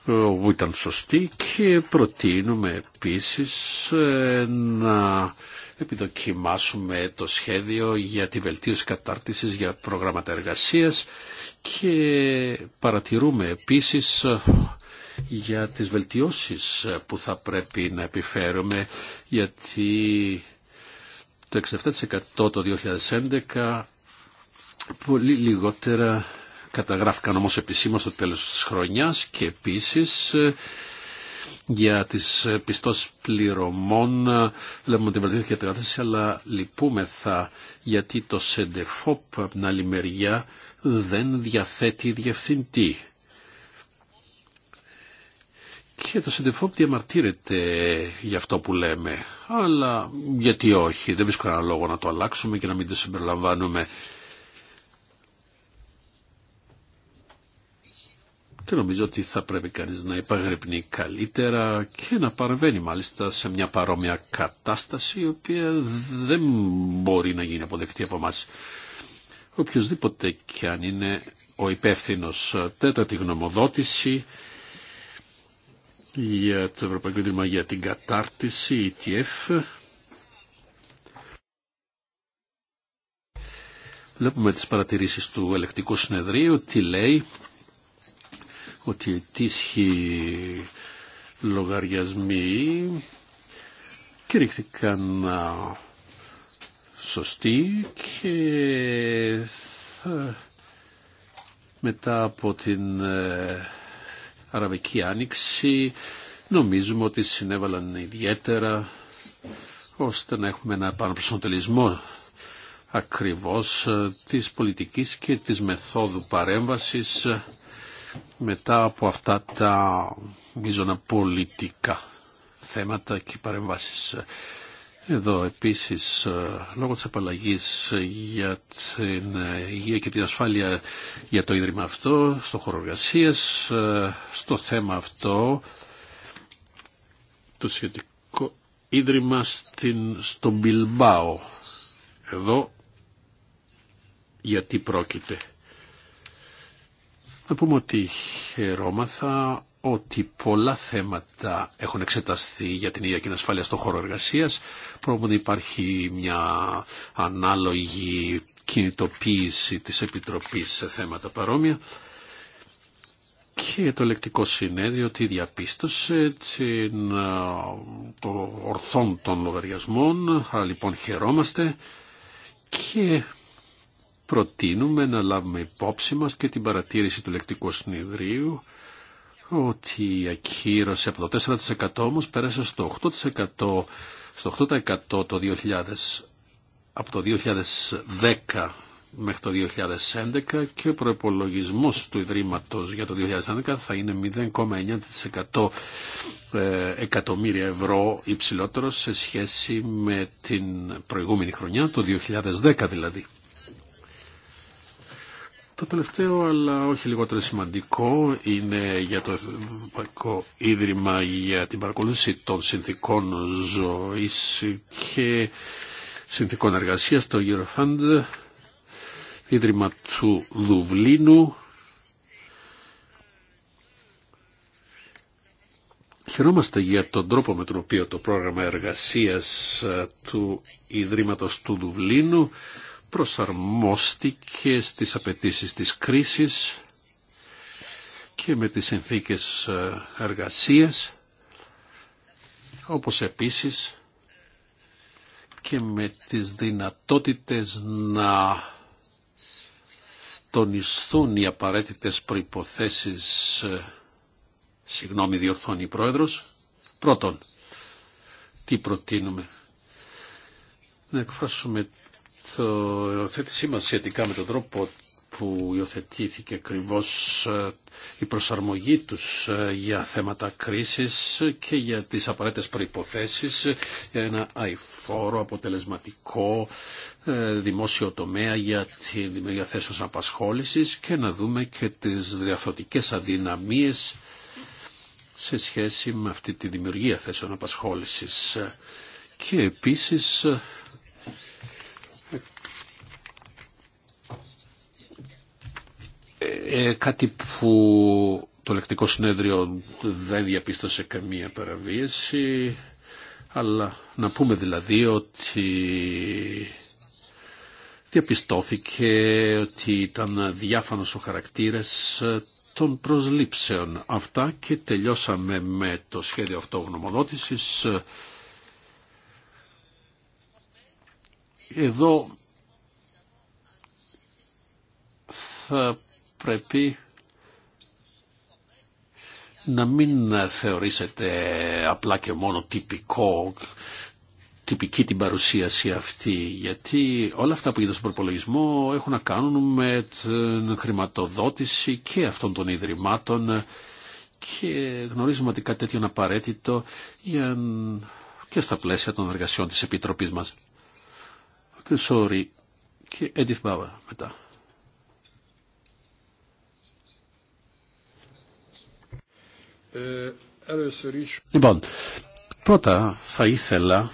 A: που ήταν σωστοί και προτείνουμε επίσης ε, να επιδοκιμάσουμε το σχέδιο για τη βελτίωση κατάρτισης για προγράμματα εργασίας και παρατηρούμε επίσης ε, για τις βελτιώσεις ε, που θα πρέπει να επιφέρουμε γιατί το 67% το 2011 Πολύ λιγότερα καταγράφηκαν όμως επισήμως στο τέλος της χρονιάς και επίσης ε, για τις πιστώσεις πληρωμών ε, λέμε ότι βελτιώθηκε η κατάσταση αλλά λυπούμεθα γιατί το ΣΕΝΤΕΦΟΠ από την άλλη μεριά δεν διαθέτει διευθυντή. Και το ΣΕΝΤΕΦΟΠ διαμαρτύρεται για αυτό που λέμε αλλά γιατί όχι, δεν βρίσκω κανένα λόγο να το αλλάξουμε και να μην το συμπεριλαμβάνουμε και νομίζω ότι θα πρέπει κανείς να υπαγρυπνεί καλύτερα και να παρεμβαίνει μάλιστα σε μια παρόμοια κατάσταση η οποία δεν μπορεί να γίνει αποδεκτή από μας. Οποιοςδήποτε κι αν είναι ο υπεύθυνο τέταρτη γνωμοδότηση για το Ευρωπαϊκό για την κατάρτιση ETF Βλέπουμε τις παρατηρήσεις του ελεκτικού συνεδρίου, τι λέει, ότι οι τίσχοι λογαριασμοί κηρύχθηκαν σωστοί και μετά από την ε, Αραβική Άνοιξη νομίζουμε ότι συνέβαλαν ιδιαίτερα ώστε να έχουμε ένα επαναπροσανατολισμό ακριβώς ε, της πολιτικής και της μεθόδου παρέμβασης μετά από αυτά τα μίζωνα πολιτικά θέματα και παρεμβάσεις. Εδώ επίσης ε, λόγω της απαλλαγής για την ε, υγεία και την ασφάλεια για το Ίδρυμα αυτό, στο χώρο εργασία, ε, στο θέμα αυτό, το σχετικό Ίδρυμα στην, στο Μπιλμπάο. Εδώ γιατί πρόκειται να πούμε ότι χαιρόμαθα ότι πολλά θέματα έχουν εξεταστεί για την ίδια και την ασφάλεια στον χώρο εργασία. Πρόβλημα υπάρχει μια ανάλογη κινητοποίηση της Επιτροπής σε θέματα παρόμοια και το ελεκτικό συνέδριο ότι διαπίστωσε την, το ορθόν των λογαριασμών, άρα λοιπόν χαιρόμαστε και προτείνουμε να λάβουμε υπόψη μας και την παρατήρηση του λεκτικού συνεδρίου ότι η ακύρωση από το 4% όμως πέρασε στο 8%, στο 8% το 2000, από το 2010 μέχρι το 2011 και ο προπολογισμό του Ιδρύματος για το 2011 θα είναι 0,9% ε, εκατομμύρια ευρώ υψηλότερο σε σχέση με την προηγούμενη χρονιά, το 2010 δηλαδή. Το τελευταίο, αλλά όχι λιγότερο σημαντικό, είναι για το Ευρωπαϊκό Ίδρυμα για την παρακολούθηση των συνθήκων ζωής και συνθήκων εργασίας, το Eurofund, Ίδρυμα του Δουβλίνου. Χαιρόμαστε για τον τρόπο με τον οποίο το πρόγραμμα εργασίας του Ιδρύματος του Δουβλίνου προσαρμόστηκε στις απαιτήσεις της κρίσης και με τις συνθήκες ε, εργασίας, όπως επίσης και με τις δυνατότητες να τονισθούν οι απαραίτητες προϋποθέσεις, ε, συγγνώμη διορθώνει η Πρόεδρος, πρώτον, τι προτείνουμε, να εκφράσουμε το υιοθέτησή μας σχετικά με τον τρόπο που υιοθετήθηκε ακριβώ ε, η προσαρμογή τους ε, για θέματα κρίσης και για τις απαραίτητες προϋποθέσεις για ένα αηφόρο, αποτελεσματικό ε, δημόσιο τομέα για τη δημιουργία θέσεων απασχόλησης και να δούμε και τις διαθωτικές αδυναμίες σε σχέση με αυτή τη δημιουργία θέσεων απασχόλησης. Και επίσης ε, κάτι που το λεκτικό συνέδριο δεν διαπίστωσε καμία παραβίαση, αλλά να πούμε δηλαδή ότι διαπιστώθηκε ότι ήταν διάφανος ο χαρακτήρας των προσλήψεων. Αυτά και τελειώσαμε με το σχέδιο αυτό γνωμοδότησης. Εδώ θα πρέπει να μην θεωρήσετε απλά και μόνο τυπικό, τυπική την παρουσίαση αυτή, γιατί όλα αυτά που γίνονται στον προπολογισμό έχουν να κάνουν με την χρηματοδότηση και αυτών των ιδρυμάτων και γνωρίζουμε ότι κάτι τέτοιο είναι απαραίτητο για... και στα πλαίσια των εργασιών της Επιτροπής μας. Και sorry, και Edith μετά. Λοιπόν, πρώτα θα ήθελα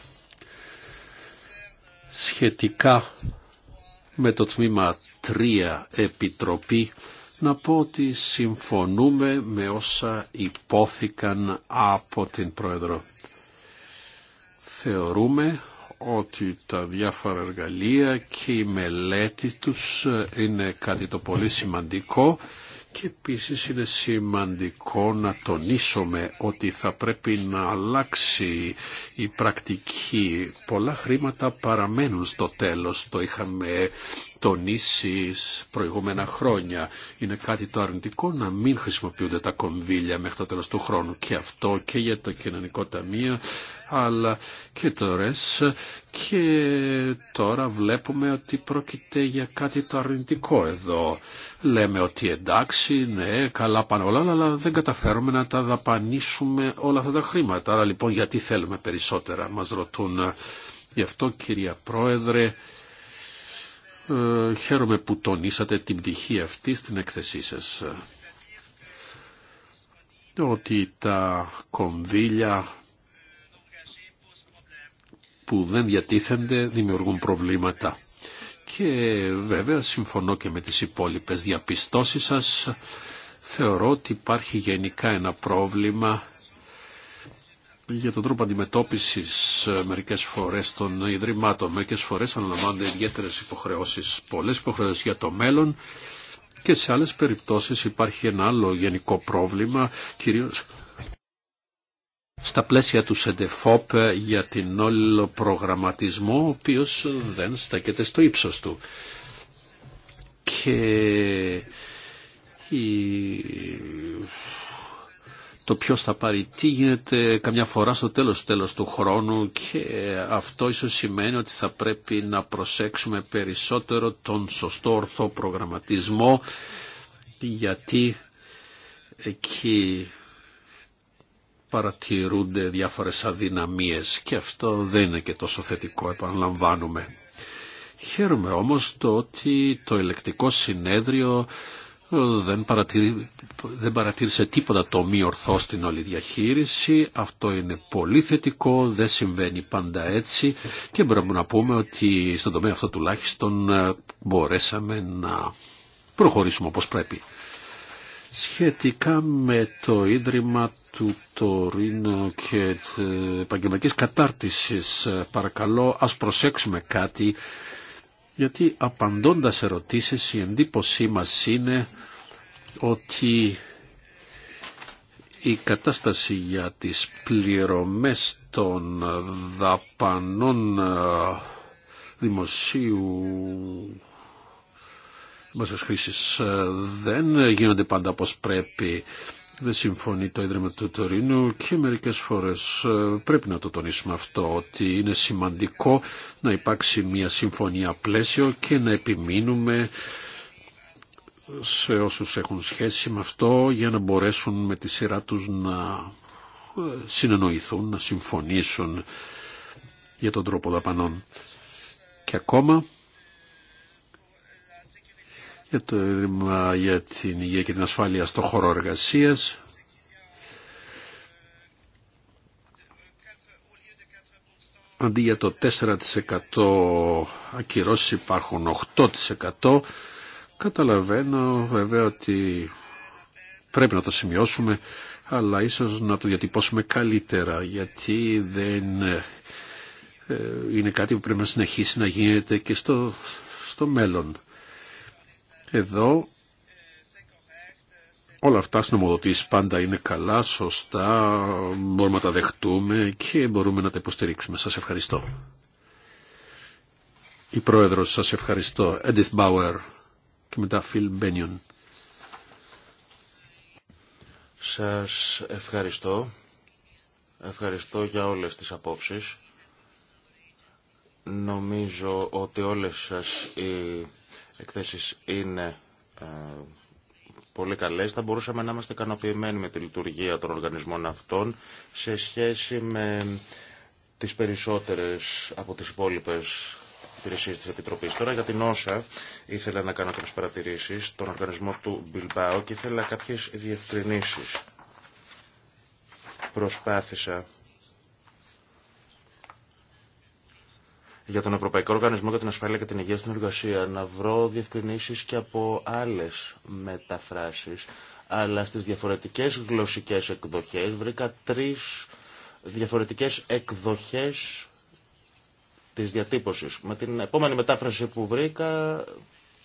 A: σχετικά με το τμήμα 3 Επιτροπή να πω ότι συμφωνούμε με όσα υπόθηκαν από την Πρόεδρο. Θεωρούμε ότι τα διάφορα εργαλεία και η μελέτη τους είναι κάτι το πολύ σημαντικό και επίση είναι σημαντικό να τονίσουμε ότι θα πρέπει να αλλάξει η πρακτική. Πολλά χρήματα παραμένουν στο τέλος. Το είχαμε τονίσει προηγούμενα χρόνια. Είναι κάτι το αρνητικό να μην χρησιμοποιούνται τα κονδύλια μέχρι το τέλος του χρόνου και αυτό και για το κοινωνικό ταμείο αλλά και το και τώρα βλέπουμε ότι πρόκειται για κάτι το αρνητικό εδώ. Λέμε ότι εντάξει, ναι, καλά πάνε όλα, αλλά δεν καταφέρουμε να τα δαπανίσουμε όλα αυτά τα χρήματα. Άρα λοιπόν γιατί θέλουμε περισσότερα, μας ρωτούν. Γι' αυτό κυρία Πρόεδρε, ε, χαίρομαι που τονίσατε την πτυχή αυτή στην έκθεσή σας. Ότι τα κονδύλια που δεν διατίθενται δημιουργούν προβλήματα. Και βέβαια συμφωνώ και με τις υπόλοιπες διαπιστώσεις σας. Θεωρώ ότι υπάρχει γενικά ένα πρόβλημα για τον τρόπο αντιμετώπιση ε, μερικέ φορέ των Ιδρυμάτων. Μερικές φορές αναλαμβάνονται ιδιαίτερε υποχρεώσει πολλέ υποχρεώσει για το μέλλον και σε άλλε περιπτώσει υπάρχει ένα άλλο γενικό πρόβλημα, κυρίω στα πλαίσια του ΣΕΝΤΕΦΟΠ για την όλο προγραμματισμό, ο οποίο δεν στέκεται στο ύψο του. Και η το ποιο θα πάρει τι γίνεται καμιά φορά στο τέλος, τέλος του χρόνου και αυτό ίσως σημαίνει ότι θα πρέπει να προσέξουμε περισσότερο τον σωστό ορθό προγραμματισμό γιατί εκεί παρατηρούνται διάφορες αδυναμίες και αυτό δεν είναι και τόσο θετικό επαναλαμβάνουμε. Χαίρομαι όμως το ότι το ελεκτικό συνέδριο δεν, δεν παρατήρησε τίποτα το μη ορθό στην όλη διαχείριση. Αυτό είναι πολύ θετικό, δεν συμβαίνει πάντα έτσι και μπορούμε να πούμε ότι στον τομέα αυτό τουλάχιστον ε, μπορέσαμε να προχωρήσουμε όπως πρέπει. Σχετικά με το Ίδρυμα του Τωρίνου και ε, επαγγελματική κατάρτισης, ε, παρακαλώ ας προσέξουμε κάτι γιατί απαντώντας ερωτήσεις η εντύπωσή μας είναι ότι η κατάσταση για τις πληρωμές των δαπανών ε, δημοσίου μας χρήσης ε, δεν γίνονται πάντα όπως πρέπει δεν συμφωνεί το Ίδρυμα του Τωρίνου και μερικές φορές ε, πρέπει να το τονίσουμε αυτό ότι είναι σημαντικό να υπάρξει μια συμφωνία πλαίσιο και να επιμείνουμε σε όσους έχουν σχέση με αυτό για να μπορέσουν με τη σειρά τους να ε, συνεννοηθούν, να συμφωνήσουν για τον τρόπο δαπανών. Και ακόμα για το Ίδρυμα για την Υγεία και την Ασφάλεια στο χώρο εργασία. Αντί για το 4% ακυρώσεις υπάρχουν 8%. Καταλαβαίνω βέβαια ότι πρέπει να το σημειώσουμε, αλλά ίσως να το διατυπώσουμε καλύτερα, γιατί δεν ε, είναι κάτι που πρέπει να συνεχίσει να γίνεται και στο, στο μέλλον. Εδώ όλα αυτά συνομοδοτήσεις πάντα είναι καλά, σωστά, μπορούμε να τα δεχτούμε και μπορούμε να τα υποστηρίξουμε. Σας ευχαριστώ. Η Πρόεδρος, σας ευχαριστώ. Edith Bauer και μετά Phil Bennion. Σας ευχαριστώ.
B: Ευχαριστώ για όλες τις απόψεις. Νομίζω ότι όλες σας οι εκθέσεις είναι ε, πολύ καλές. Θα μπορούσαμε να είμαστε ικανοποιημένοι με τη λειτουργία των οργανισμών αυτών σε σχέση με τις περισσότερες από τις υπόλοιπες υπηρεσίες της Επιτροπής. Τώρα για την όσα ήθελα να κάνω κάποιες παρατηρήσεις στον οργανισμό του Bilbao και ήθελα κάποιες διευκρινήσεις. Προσπάθησα για τον Ευρωπαϊκό Οργανισμό για την Ασφάλεια και την Υγεία στην Εργασία να βρω διευκρινήσει και από άλλε μεταφράσεις, αλλά στις διαφορετικές γλωσσικές εκδοχές βρήκα τρεις διαφορετικές εκδοχές της διατύπωσης. Με την επόμενη μετάφραση που βρήκα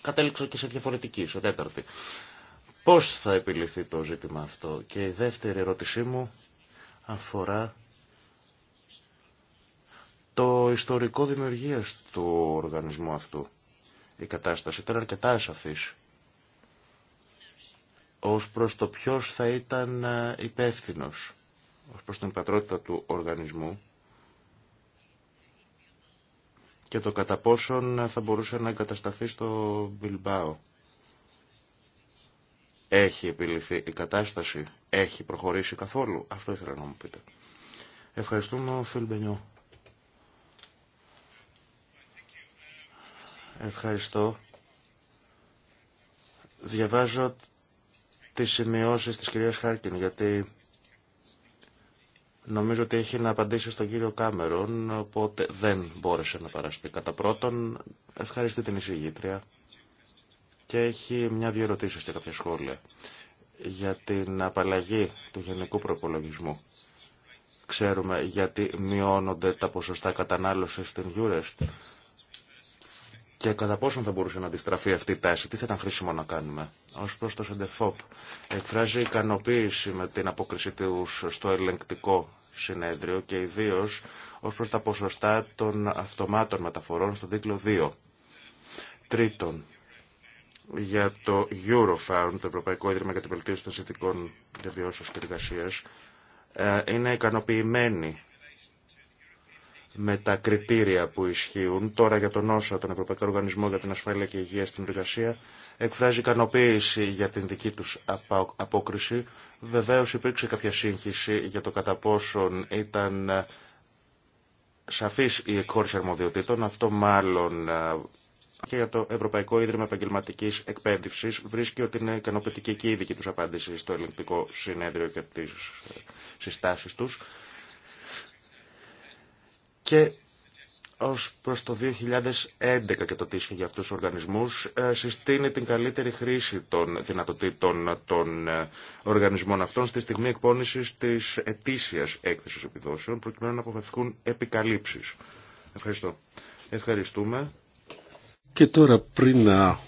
B: κατέληξα και σε διαφορετική, σε τέταρτη. Πώς θα επιληθεί το ζήτημα αυτό. Και η δεύτερη ερώτησή μου αφορά το ιστορικό δημιουργίας του οργανισμού αυτού. Η κατάσταση ήταν αρκετά ασαφής ως προς το ποιος θα ήταν ε, υπεύθυνο ως προς την πατρότητα του οργανισμού και το κατά πόσον θα μπορούσε να εγκατασταθεί στο Μπιλμπάο. Έχει επιληθεί η κατάσταση, έχει προχωρήσει καθόλου. Αυτό ήθελα να μου πείτε. Ευχαριστούμε, Φιλμπενιό. Ευχαριστώ. Διαβάζω τις σημειώσεις της κυρίας Χάρκιν, γιατί νομίζω ότι έχει να απαντήσει στον κύριο Κάμερον, οπότε δεν μπόρεσε να παραστεί. Κατά πρώτον, ευχαριστεί την εισηγήτρια και έχει μια-δυο ερωτήσεις και κάποια σχόλια για την απαλλαγή του γενικού προπολογισμού. Ξέρουμε γιατί μειώνονται τα ποσοστά κατανάλωσης στην Eurest και κατά πόσον θα μπορούσε να αντιστραφεί αυτή η τάση, τι θα ήταν χρήσιμο να κάνουμε. Ω προ το ΣΕΝΤΕΦΟΠ, εκφράζει ικανοποίηση με την απόκριση του στο ελεγκτικό συνέδριο και ιδίω ω προ τα ποσοστά των αυτομάτων μεταφορών στον τίτλο 2. Τρίτον, για το Eurofound, το Ευρωπαϊκό Ίδρυμα για την Βελτίωση των Συνθηκών Διαβιώσεω και Εργασία, ε, είναι ικανοποιημένη με τα κριτήρια που ισχύουν. Τώρα για τον όσο τον Ευρωπαϊκό Οργανισμό για την Ασφάλεια και Υγεία στην Εργασία, εκφράζει ικανοποίηση για την δική τους απόκριση. Βεβαίως υπήρξε κάποια σύγχυση για το κατά πόσον ήταν ε, σαφής η εκχώρηση αρμοδιοτήτων. Αυτό μάλλον ε, και για το Ευρωπαϊκό Ίδρυμα Επαγγελματική Εκπαίδευση βρίσκει ότι είναι ικανοποιητική και η δική του απάντηση στο ελληνικό συνέδριο και τι ε, συστάσει του. Και ως προς το 2011 και το τι για αυτούς τους οργανισμούς ε, συστήνει την καλύτερη χρήση των δυνατοτήτων των ε, οργανισμών αυτών στη στιγμή εκπόνησης της ετήσιας έκθεσης επιδόσεων προκειμένου να αποφευθούν επικαλύψεις. Ευχαριστώ. Ευχαριστούμε.
A: Και τώρα πριν να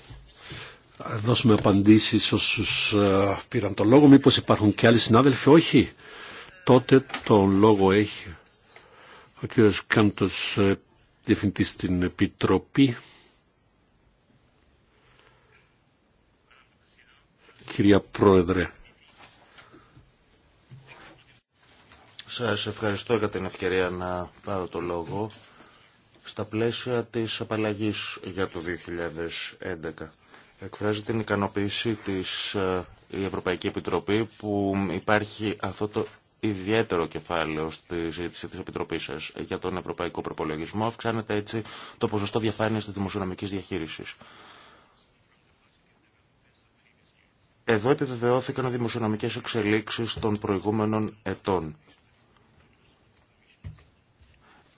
A: δώσουμε απαντήσεις όσους ε, πήραν το λόγο, μήπως υπάρχουν και άλλοι συνάδελφοι, όχι. Τότε το λόγο έχει ο κ. Κάντος, ε, διευθυντής στην Επιτροπή. Κυρία Πρόεδρε.
B: Σας ευχαριστώ για την ευκαιρία να πάρω το λόγο στα πλαίσια της απαλλαγής για το 2011. Εκφράζει την ικανοποίηση της ε, η Ευρωπαϊκή Επιτροπή που υπάρχει αυτό το ιδιαίτερο κεφάλαιο στη συζήτηση τη Επιτροπή σα για τον Ευρωπαϊκό Προπολογισμό. Αυξάνεται έτσι το ποσοστό διαφάνειας τη δημοσιονομικής διαχείρισης. Εδώ επιβεβαιώθηκαν οι δημοσιονομικές εξελίξεις των προηγούμενων ετών.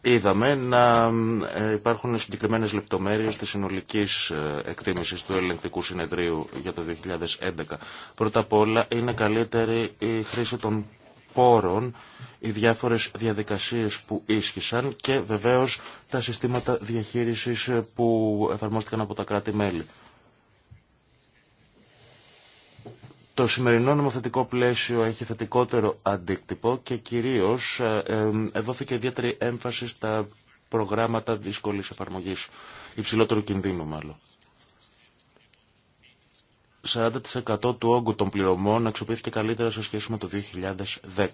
B: Είδαμε να ε, υπάρχουν συγκεκριμένες λεπτομέρειες της συνολικής ε, εκτίμησης του ελεγκτικού συνεδρίου για το 2011. Πρώτα απ' όλα είναι καλύτερη η χρήση των πόρων, οι διάφορες διαδικασίες που ίσχυσαν και βεβαίως τα συστήματα διαχείρισης που εφαρμόστηκαν από τα κράτη-μέλη. Το σημερινό νομοθετικό πλαίσιο έχει θετικότερο αντίκτυπο και κυρίως ε, ε, δόθηκε ιδιαίτερη έμφαση στα προγράμματα δύσκολης εφαρμογής, υψηλότερου κινδύνου μάλλον. 40% του όγκου των πληρωμών αξιοποιήθηκε καλύτερα σε σχέση με το 2010.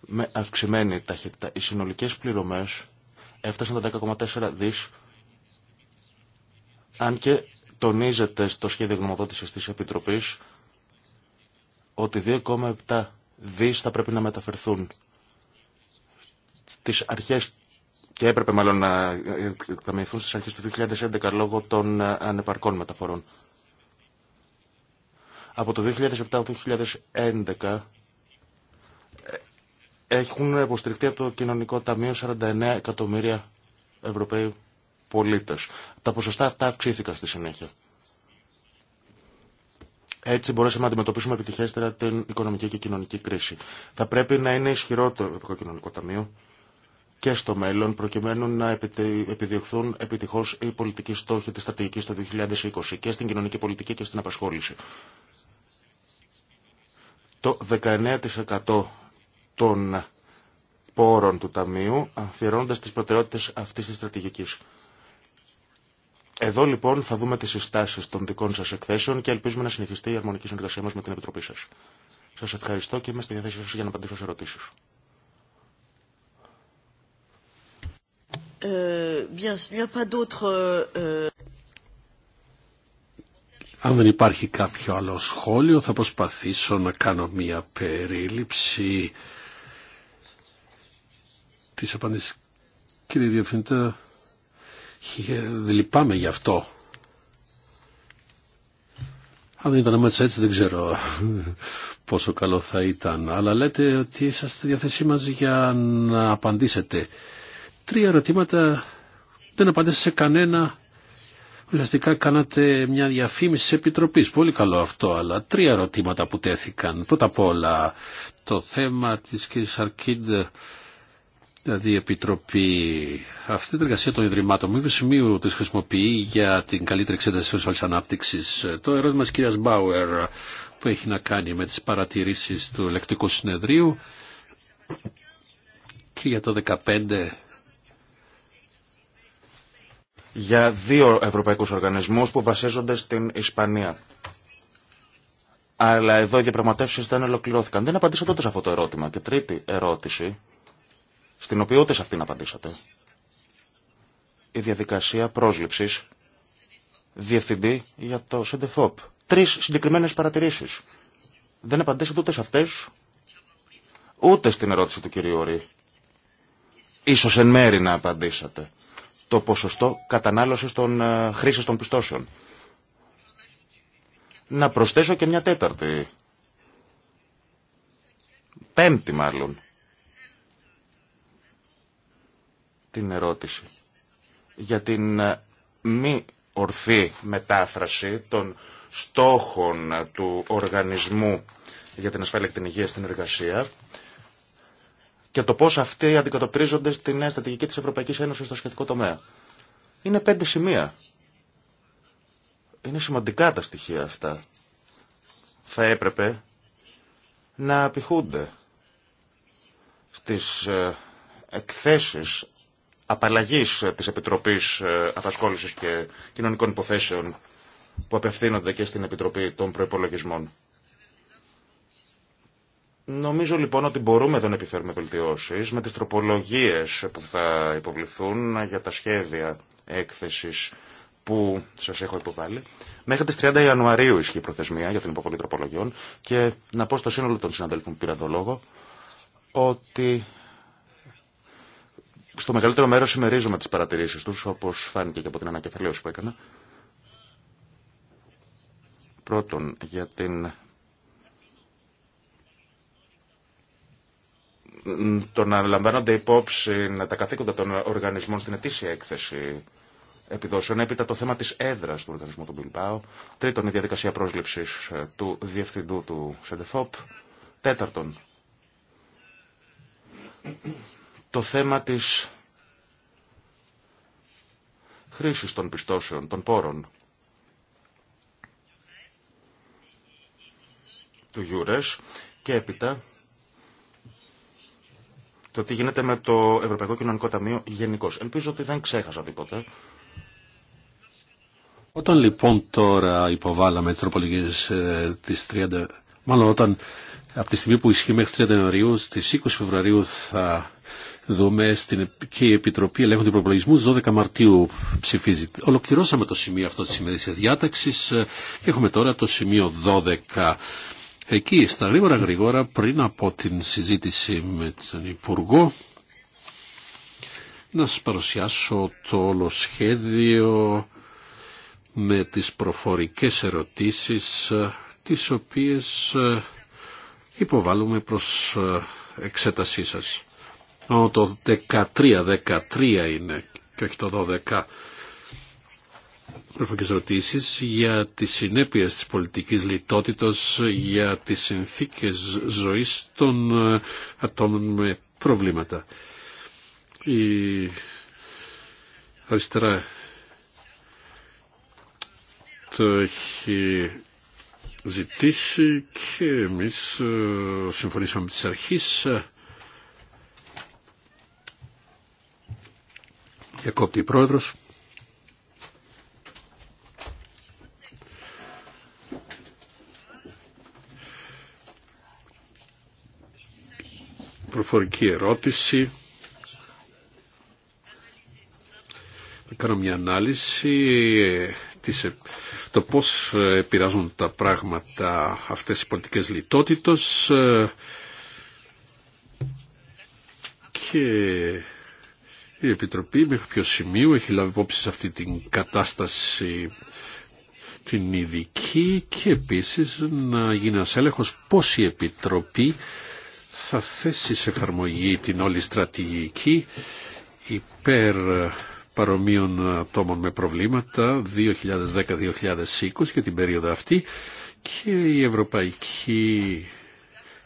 B: Με αυξημένη ταχύτητα. Οι συνολικές πληρωμές έφτασαν τα 10,4 δις, αν και τονίζεται στο σχέδιο γνωμοδότησης της Επιτροπής ότι 2,7 δις θα πρέπει να μεταφερθούν στις αρχές και έπρεπε μάλλον να εκταμιευθούν ε, στις αρχές του 2011 λόγω των ε, ανεπαρκών μεταφορών από το 2007-2011 ε, έχουν υποστηριχθεί από το Κοινωνικό Ταμείο 49 εκατομμύρια Ευρωπαίοι πολίτες. Τα ποσοστά αυτά αυξήθηκαν στη συνέχεια. Έτσι μπορέσαμε να αντιμετωπίσουμε επιτυχέστερα την οικονομική και κοινωνική κρίση. Θα πρέπει να είναι ισχυρό το Ευρωπαϊκό Κοινωνικό Ταμείο και στο μέλλον, προκειμένου να επιδιωχθούν επιτυχώς οι πολιτικοί στόχοι της στρατηγικής το 2020 και στην κοινωνική πολιτική και στην απασχόληση το 19% των πόρων του Ταμείου αφιερώνοντας στις προτεραιότητες αυτής της στρατηγικής. Εδώ λοιπόν θα δούμε τις συστάσεις των δικών σας εκθέσεων και ελπίζουμε να συνεχιστεί η αρμονική συνεργασία μας με την Επιτροπή σας. Σας ευχαριστώ και είμαι στη διαθέσή σας για να απαντήσω σε ερωτήσεις.
D: Ε, bien,
A: αν δεν υπάρχει κάποιο άλλο σχόλιο θα προσπαθήσω να κάνω μία περίληψη της απάντησης. Κύριε δεν ε, λυπάμαι γι' αυτό. Αν δεν ήταν μέσα έτσι δεν ξέρω <laughs> πόσο καλό θα ήταν. Αλλά λέτε ότι είσαστε διαθέσή μας για να απαντήσετε. Τρία ερωτήματα δεν απαντήσατε σε κανένα ουσιαστικά κάνατε μια διαφήμιση τη Επιτροπής. Πολύ καλό αυτό, αλλά τρία ερωτήματα που τέθηκαν. Πρώτα απ' όλα το θέμα της κ. Αρκίντ, δηλαδή η Επιτροπή, αυτή την εργασία των Ιδρυμάτων, μήπως σημείου τις χρησιμοποιεί για την καλύτερη εξέταση της όλης ανάπτυξης. Το ερώτημα της κυρίας Μπάουερ που έχει να κάνει με τις παρατηρήσεις του ελεκτικού συνεδρίου και για το 15
B: για δύο ευρωπαϊκούς οργανισμούς που βασίζονται στην Ισπανία. Αλλά εδώ οι διαπραγματεύσει δεν ολοκληρώθηκαν. Δεν απαντήσατε τότε σε αυτό το ερώτημα. Και τρίτη ερώτηση, στην οποία ούτε σε αυτήν απαντήσατε. Η διαδικασία πρόσληψης διευθυντή για το ΣΕΝΤΕΦΟΠ. Τρεις συγκεκριμένες παρατηρήσεις. Δεν απαντήσατε ούτε σε αυτές, ούτε στην ερώτηση του κυρίου Ρή. Ίσως εν μέρη να απαντήσατε το ποσοστό κατανάλωσης των ε, χρήσεων των πιστώσεων. Να προσθέσω και μια τέταρτη, πέμπτη μάλλον, την ερώτηση για την ε, μη ορθή μετάφραση των στόχων ε, του Οργανισμού για την Ασφάλεια και την Υγεία στην Εργασία και το πώς αυτοί αντικατοπτρίζονται στη νέα στρατηγική της Ευρωπαϊκής Ένωσης στο σχετικό τομέα. Είναι πέντε σημεία. Είναι σημαντικά τα στοιχεία αυτά. Θα έπρεπε να απηχούνται στις ε, εκθέσεις απαλλαγής ε, της Επιτροπής ε, απασχόληση και Κοινωνικών Υποθέσεων που απευθύνονται και στην Επιτροπή των Προϋπολογισμών. Νομίζω λοιπόν ότι μπορούμε εδώ να επιφέρουμε βελτιώσεις με τι τροπολογίες που θα υποβληθούν για τα σχέδια έκθεσης που σας έχω υποβάλει. Μέχρι τις 30 Ιανουαρίου ισχύει η προθεσμία για την υποβολή τροπολογιών και να πω στο σύνολο των συναδέλφων που πήραν το λόγο ότι στο μεγαλύτερο μέρος συμμερίζομαι τις παρατηρήσει του, όπω φάνηκε και από την ανακεφαλαίωση που έκανα. Πρώτον, για την το να λαμβάνονται υπόψη τα καθήκοντα των οργανισμών στην ετήσια έκθεση επιδόσεων, έπειτα το θέμα της έδρας του οργανισμού του Μπιλμπάου, τρίτον η διαδικασία πρόσληψης ε, του διευθυντού του ΣΕΝΤΕΦΟΠ, τέταρτον το θέμα της χρήσης των πιστώσεων, των πόρων του Γιούρες και έπειτα το τι γίνεται με το Ευρωπαϊκό Κοινωνικό Ταμείο γενικώ. Ελπίζω ότι δεν ξέχασα τίποτα.
A: Όταν λοιπόν τώρα υποβάλαμε τροπολογίες ε, της 30, μάλλον όταν από τη στιγμή που ισχύει μέχρι 30 Ιανουαρίου, στι 20 Φεβρουαρίου θα δούμε στην και η Επιτροπή Ελέγχου του Προπολογισμού 12 Μαρτίου ψηφίζει. Ολοκληρώσαμε το σημείο αυτό τη ημερήσιας διάταξη ε, και έχουμε τώρα το σημείο 12 Εκεί στα γρήγορα γρήγορα πριν από την συζήτηση με τον Υπουργό να σας παρουσιάσω το όλο σχέδιο με τις προφορικές ερωτήσεις τις οποίες ε, υποβάλλουμε προς ε, εξέτασή σας. Το 13-13 είναι και όχι το 12 για τις συνέπειες της πολιτικής λιτότητα για τις συνθήκες ζωής των ε, ατόμων με προβλήματα. Η αριστερά το έχει ζητήσει και εμείς ε, συμφωνήσαμε με τις αρχής διακόπτει η πρόεδρος. προφορική ερώτηση. Θα κάνω μια ανάλυση ε, ε, το πώς ε, επηρεάζουν τα πράγματα αυτές οι πολιτικές λιτότητες και η Επιτροπή με ποιο σημείο έχει λάβει υπόψη σε αυτή την κατάσταση την ειδική και επίσης να γίνει ένας έλεγχος πώς η Επιτροπή θα θέσει σε εφαρμογή την όλη στρατηγική υπέρ παρομοίων ατόμων με προβλήματα 2010-2020 για την περίοδο αυτή και η Ευρωπαϊκή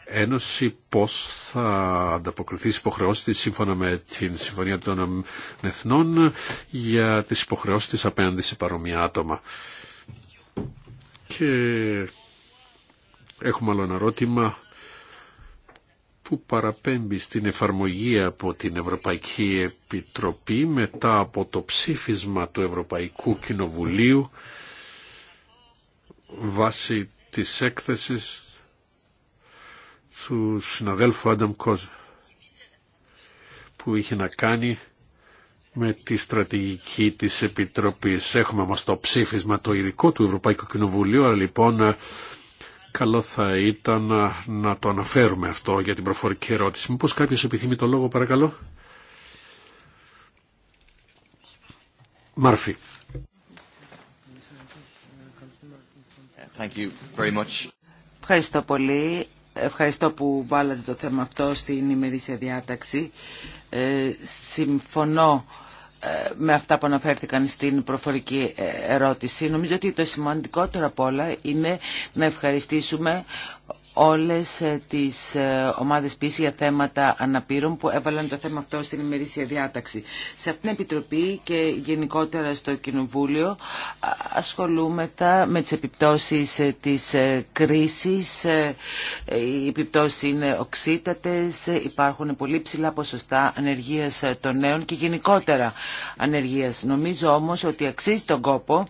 A: Ένωση πώς θα ανταποκριθεί στις υποχρεώσεις της σύμφωνα με την Συμφωνία των Εθνών για τις υποχρεώσεις της απέναντι σε παρομοιά άτομα. Και έχουμε άλλο ένα ερώτημα που παραπέμπει στην εφαρμογή από την Ευρωπαϊκή Επιτροπή μετά από το ψήφισμα του Ευρωπαϊκού Κοινοβουλίου βάσει της έκθεσης του συναδέλφου Άνταμ Κόζα που είχε να κάνει με τη στρατηγική της Επιτροπής. Έχουμε όμως το ψήφισμα το ειδικό του Ευρωπαϊκού Κοινοβουλίου, αλλά λοιπόν Καλό θα ήταν να το αναφέρουμε αυτό για την προφορική ερώτηση. Μήπω κάποιο επιθυμεί το λόγο παρακαλώ.
C: Μάρφη.
D: Ευχαριστώ πολύ. Ευχαριστώ που βάλατε το θέμα αυτό στην ημερήσια διάταξη. Ε, συμφωνώ με αυτά που αναφέρθηκαν στην προφορική ε, ερώτηση. Νομίζω ότι το σημαντικότερο απ' όλα είναι να ευχαριστήσουμε όλες ε, τις ε, ομάδες πίσω για θέματα αναπήρων που έβαλαν το θέμα αυτό στην ημερήσια διάταξη. Σε αυτήν την Επιτροπή και γενικότερα στο Κοινοβούλιο ασχολούμεθα με τις επιπτώσεις ε, της κρίσης. Οι επιπτώσεις είναι οξύτατες, υπάρχουν πολύ ψηλά ποσοστά ανεργίας των νέων και γενικότερα ανεργίας. Νομίζω όμως ότι αξίζει τον κόπο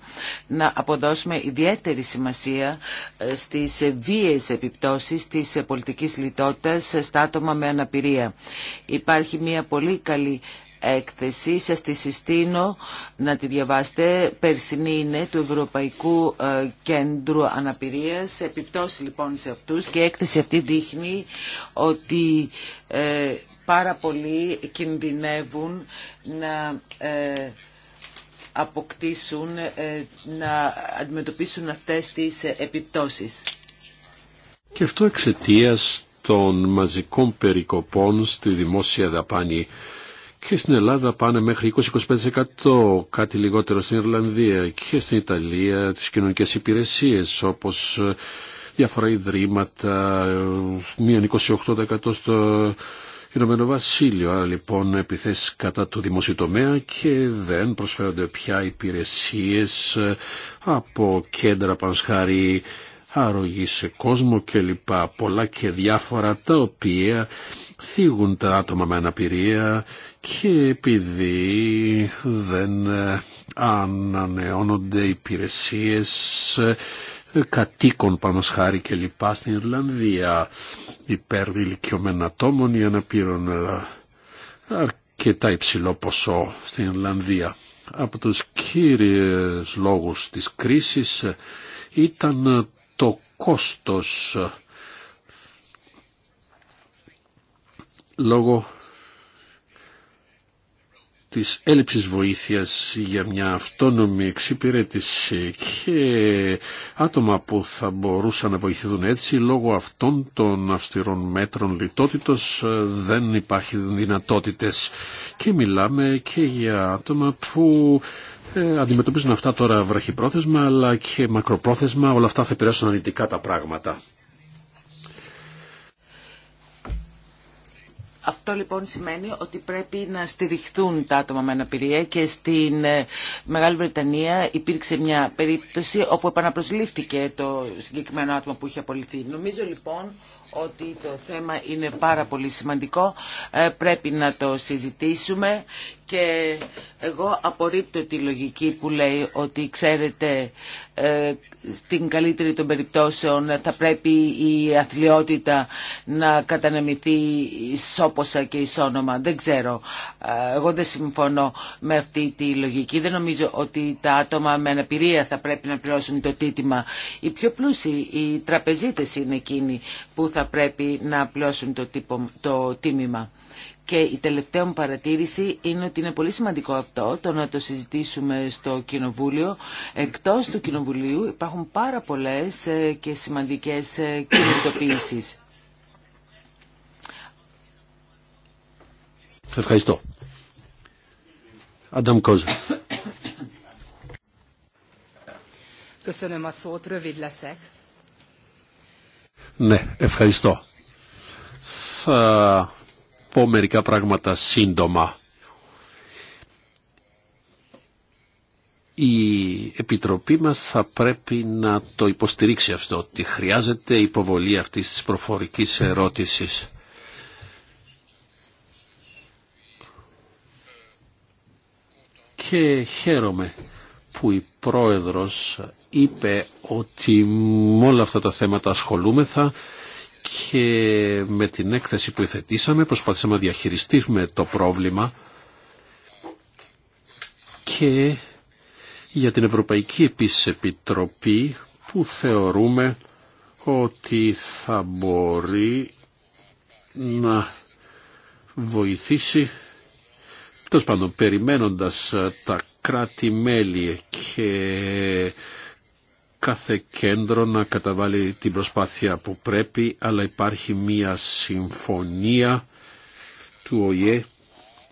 D: να αποδώσουμε ιδιαίτερη σημασία στις βίαιες επιπτώσεις της πολιτικής λιτότητας στα άτομα με αναπηρία. Υπάρχει μια πολύ καλή έκθεση, σας τη συστήνω να τη διαβάσετε. Περσινή είναι του Ευρωπαϊκού ε, Κέντρου Αναπηρίας. Επιπτώσει λοιπόν σε αυτούς και η έκθεση αυτή δείχνει ότι ε, πάρα πολλοί κινδυνεύουν να... Ε, αποκτήσουν, ε, να αντιμετωπίσουν αυτές τις επιπτώσεις.
A: Και αυτό εξαιτία των μαζικών περικοπών στη δημόσια δαπάνη. Και στην Ελλάδα πάνε μέχρι 20-25%, κάτι λιγότερο στην Ιρλανδία και στην Ιταλία, τις κοινωνικές υπηρεσίες όπως ε, διάφορα ιδρύματα, ε, μείον 28% στο Ηνωμένο Βασίλειο. Άρα λοιπόν επιθέσεις κατά του δημοσιοτομέα και δεν προσφέρονται πια υπηρεσίες ε, από κέντρα πανσχάρη αρρωγή σε κόσμο κλπ. Πολλά και διάφορα τα οποία θίγουν τα άτομα με αναπηρία και επειδή δεν ε, ανανεώνονται υπηρεσίες ε, κατοίκων πάνω χάρη και λοιπά στην Ιρλανδία υπέρ ηλικιωμένα ατόμων ή αναπήρων ε, αρκετά υψηλό ποσό στην Ιρλανδία. Από τους κύριες λόγους της κρίσης ήταν το κόστος λόγω της έλλειψης βοήθειας για μια αυτόνομη εξυπηρέτηση και άτομα που θα μπορούσαν να βοηθηθούν έτσι λόγω αυτών των αυστηρών μέτρων λιτότητος δεν υπάρχει δυνατότητες και μιλάμε και για άτομα που ε, αντιμετωπίζουν αυτά τώρα βραχυπρόθεσμα αλλά και μακροπρόθεσμα. Όλα αυτά θα επηρεάσουν αρνητικά τα πράγματα.
D: Αυτό λοιπόν σημαίνει ότι πρέπει να στηριχθούν τα άτομα με αναπηρία και στην ε, Μεγάλη Βρετανία υπήρξε μια περίπτωση όπου επαναπροσλήφθηκε το συγκεκριμένο άτομο που είχε απολυθεί. Νομίζω λοιπόν ότι το θέμα είναι πάρα πολύ σημαντικό, ε, πρέπει να το συζητήσουμε και εγώ απορρίπτω τη λογική που λέει ότι ξέρετε ε, στην καλύτερη των περιπτώσεων θα πρέπει η αθλειότητα να κατανεμηθεί σώποσα και ισόνομα. Δεν ξέρω. Ε, εγώ δεν συμφωνώ με αυτή τη λογική. Δεν νομίζω ότι τα άτομα με αναπηρία θα πρέπει να πληρώσουν το τίτημα. Οι πιο πλούσιοι, οι τραπεζίτες είναι εκείνοι που θα πρέπει να πληρώσουν το τίμημα. Και η τελευταία μου παρατήρηση είναι ότι είναι πολύ σημαντικό αυτό το να το συζητήσουμε στο Κοινοβούλιο. Εκτός του Κοινοβουλίου υπάρχουν πάρα πολλές ε, και σημαντικές ε, κινητοποιήσει.
A: Ευχαριστώ. Adam Ναι, ευχαριστώ πω μερικά πράγματα σύντομα. η Επιτροπή μας θα πρέπει να το υποστηρίξει αυτό, ότι χρειάζεται υποβολή αυτής της προφορικής ερώτησης. Και χαίρομαι που η Πρόεδρος είπε ότι με όλα αυτά τα θέματα ασχολούμεθα και με την έκθεση που υθετήσαμε προσπαθήσαμε να διαχειριστήσουμε το πρόβλημα και για την Ευρωπαϊκή επίσης Επιτροπή που θεωρούμε ότι θα μπορεί να βοηθήσει τόσο πάντων περιμένοντας τα κράτη-μέλη και κάθε κέντρο να καταβάλει την προσπάθεια που πρέπει, αλλά υπάρχει μία συμφωνία του ΟΙΕ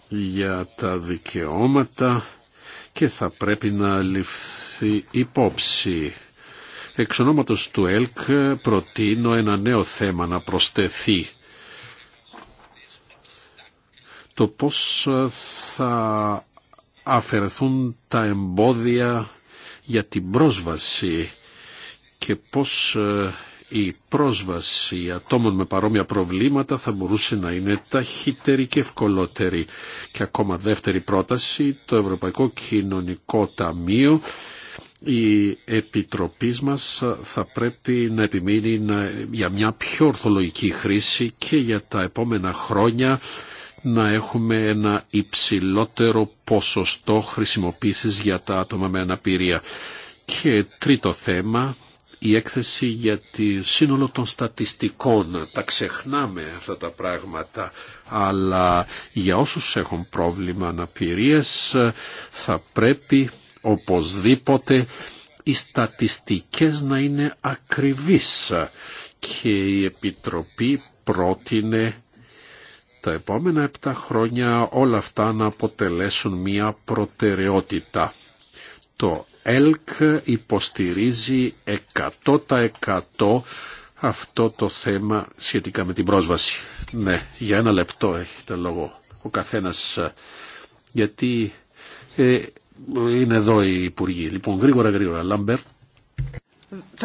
A: για τα δικαιώματα και θα πρέπει να ληφθεί υπόψη. Εξ του ΕΛΚ προτείνω ένα νέο θέμα να προσθεθεί. Το πώς θα αφαιρεθούν τα εμπόδια για την πρόσβαση και πώς ε, η πρόσβαση ατόμων με παρόμοια προβλήματα θα μπορούσε να είναι ταχύτερη και ευκολότερη. Και ακόμα δεύτερη πρόταση, το Ευρωπαϊκό Κοινωνικό Ταμείο η Επιτροπή μας θα πρέπει να επιμείνει για μια πιο ορθολογική χρήση και για τα επόμενα χρόνια να έχουμε ένα υψηλότερο ποσοστό χρησιμοποίησης για τα άτομα με αναπηρία. Και τρίτο θέμα, η έκθεση για τη σύνολο των στατιστικών. Τα ξεχνάμε αυτά τα πράγματα, αλλά για όσους έχουν πρόβλημα αναπηρίες θα πρέπει οπωσδήποτε οι στατιστικές να είναι ακριβείς και η Επιτροπή πρότεινε τα επόμενα 7 χρόνια όλα αυτά να αποτελέσουν μία προτεραιότητα. Το ΕΛΚ υποστηρίζει 100% αυτό το θέμα σχετικά με την πρόσβαση. Ναι, για ένα λεπτό έχει το λόγο ο καθένας, γιατί ε, είναι εδώ οι υπουργοί. Λοιπόν, γρήγορα, γρήγορα. Λάμπερ.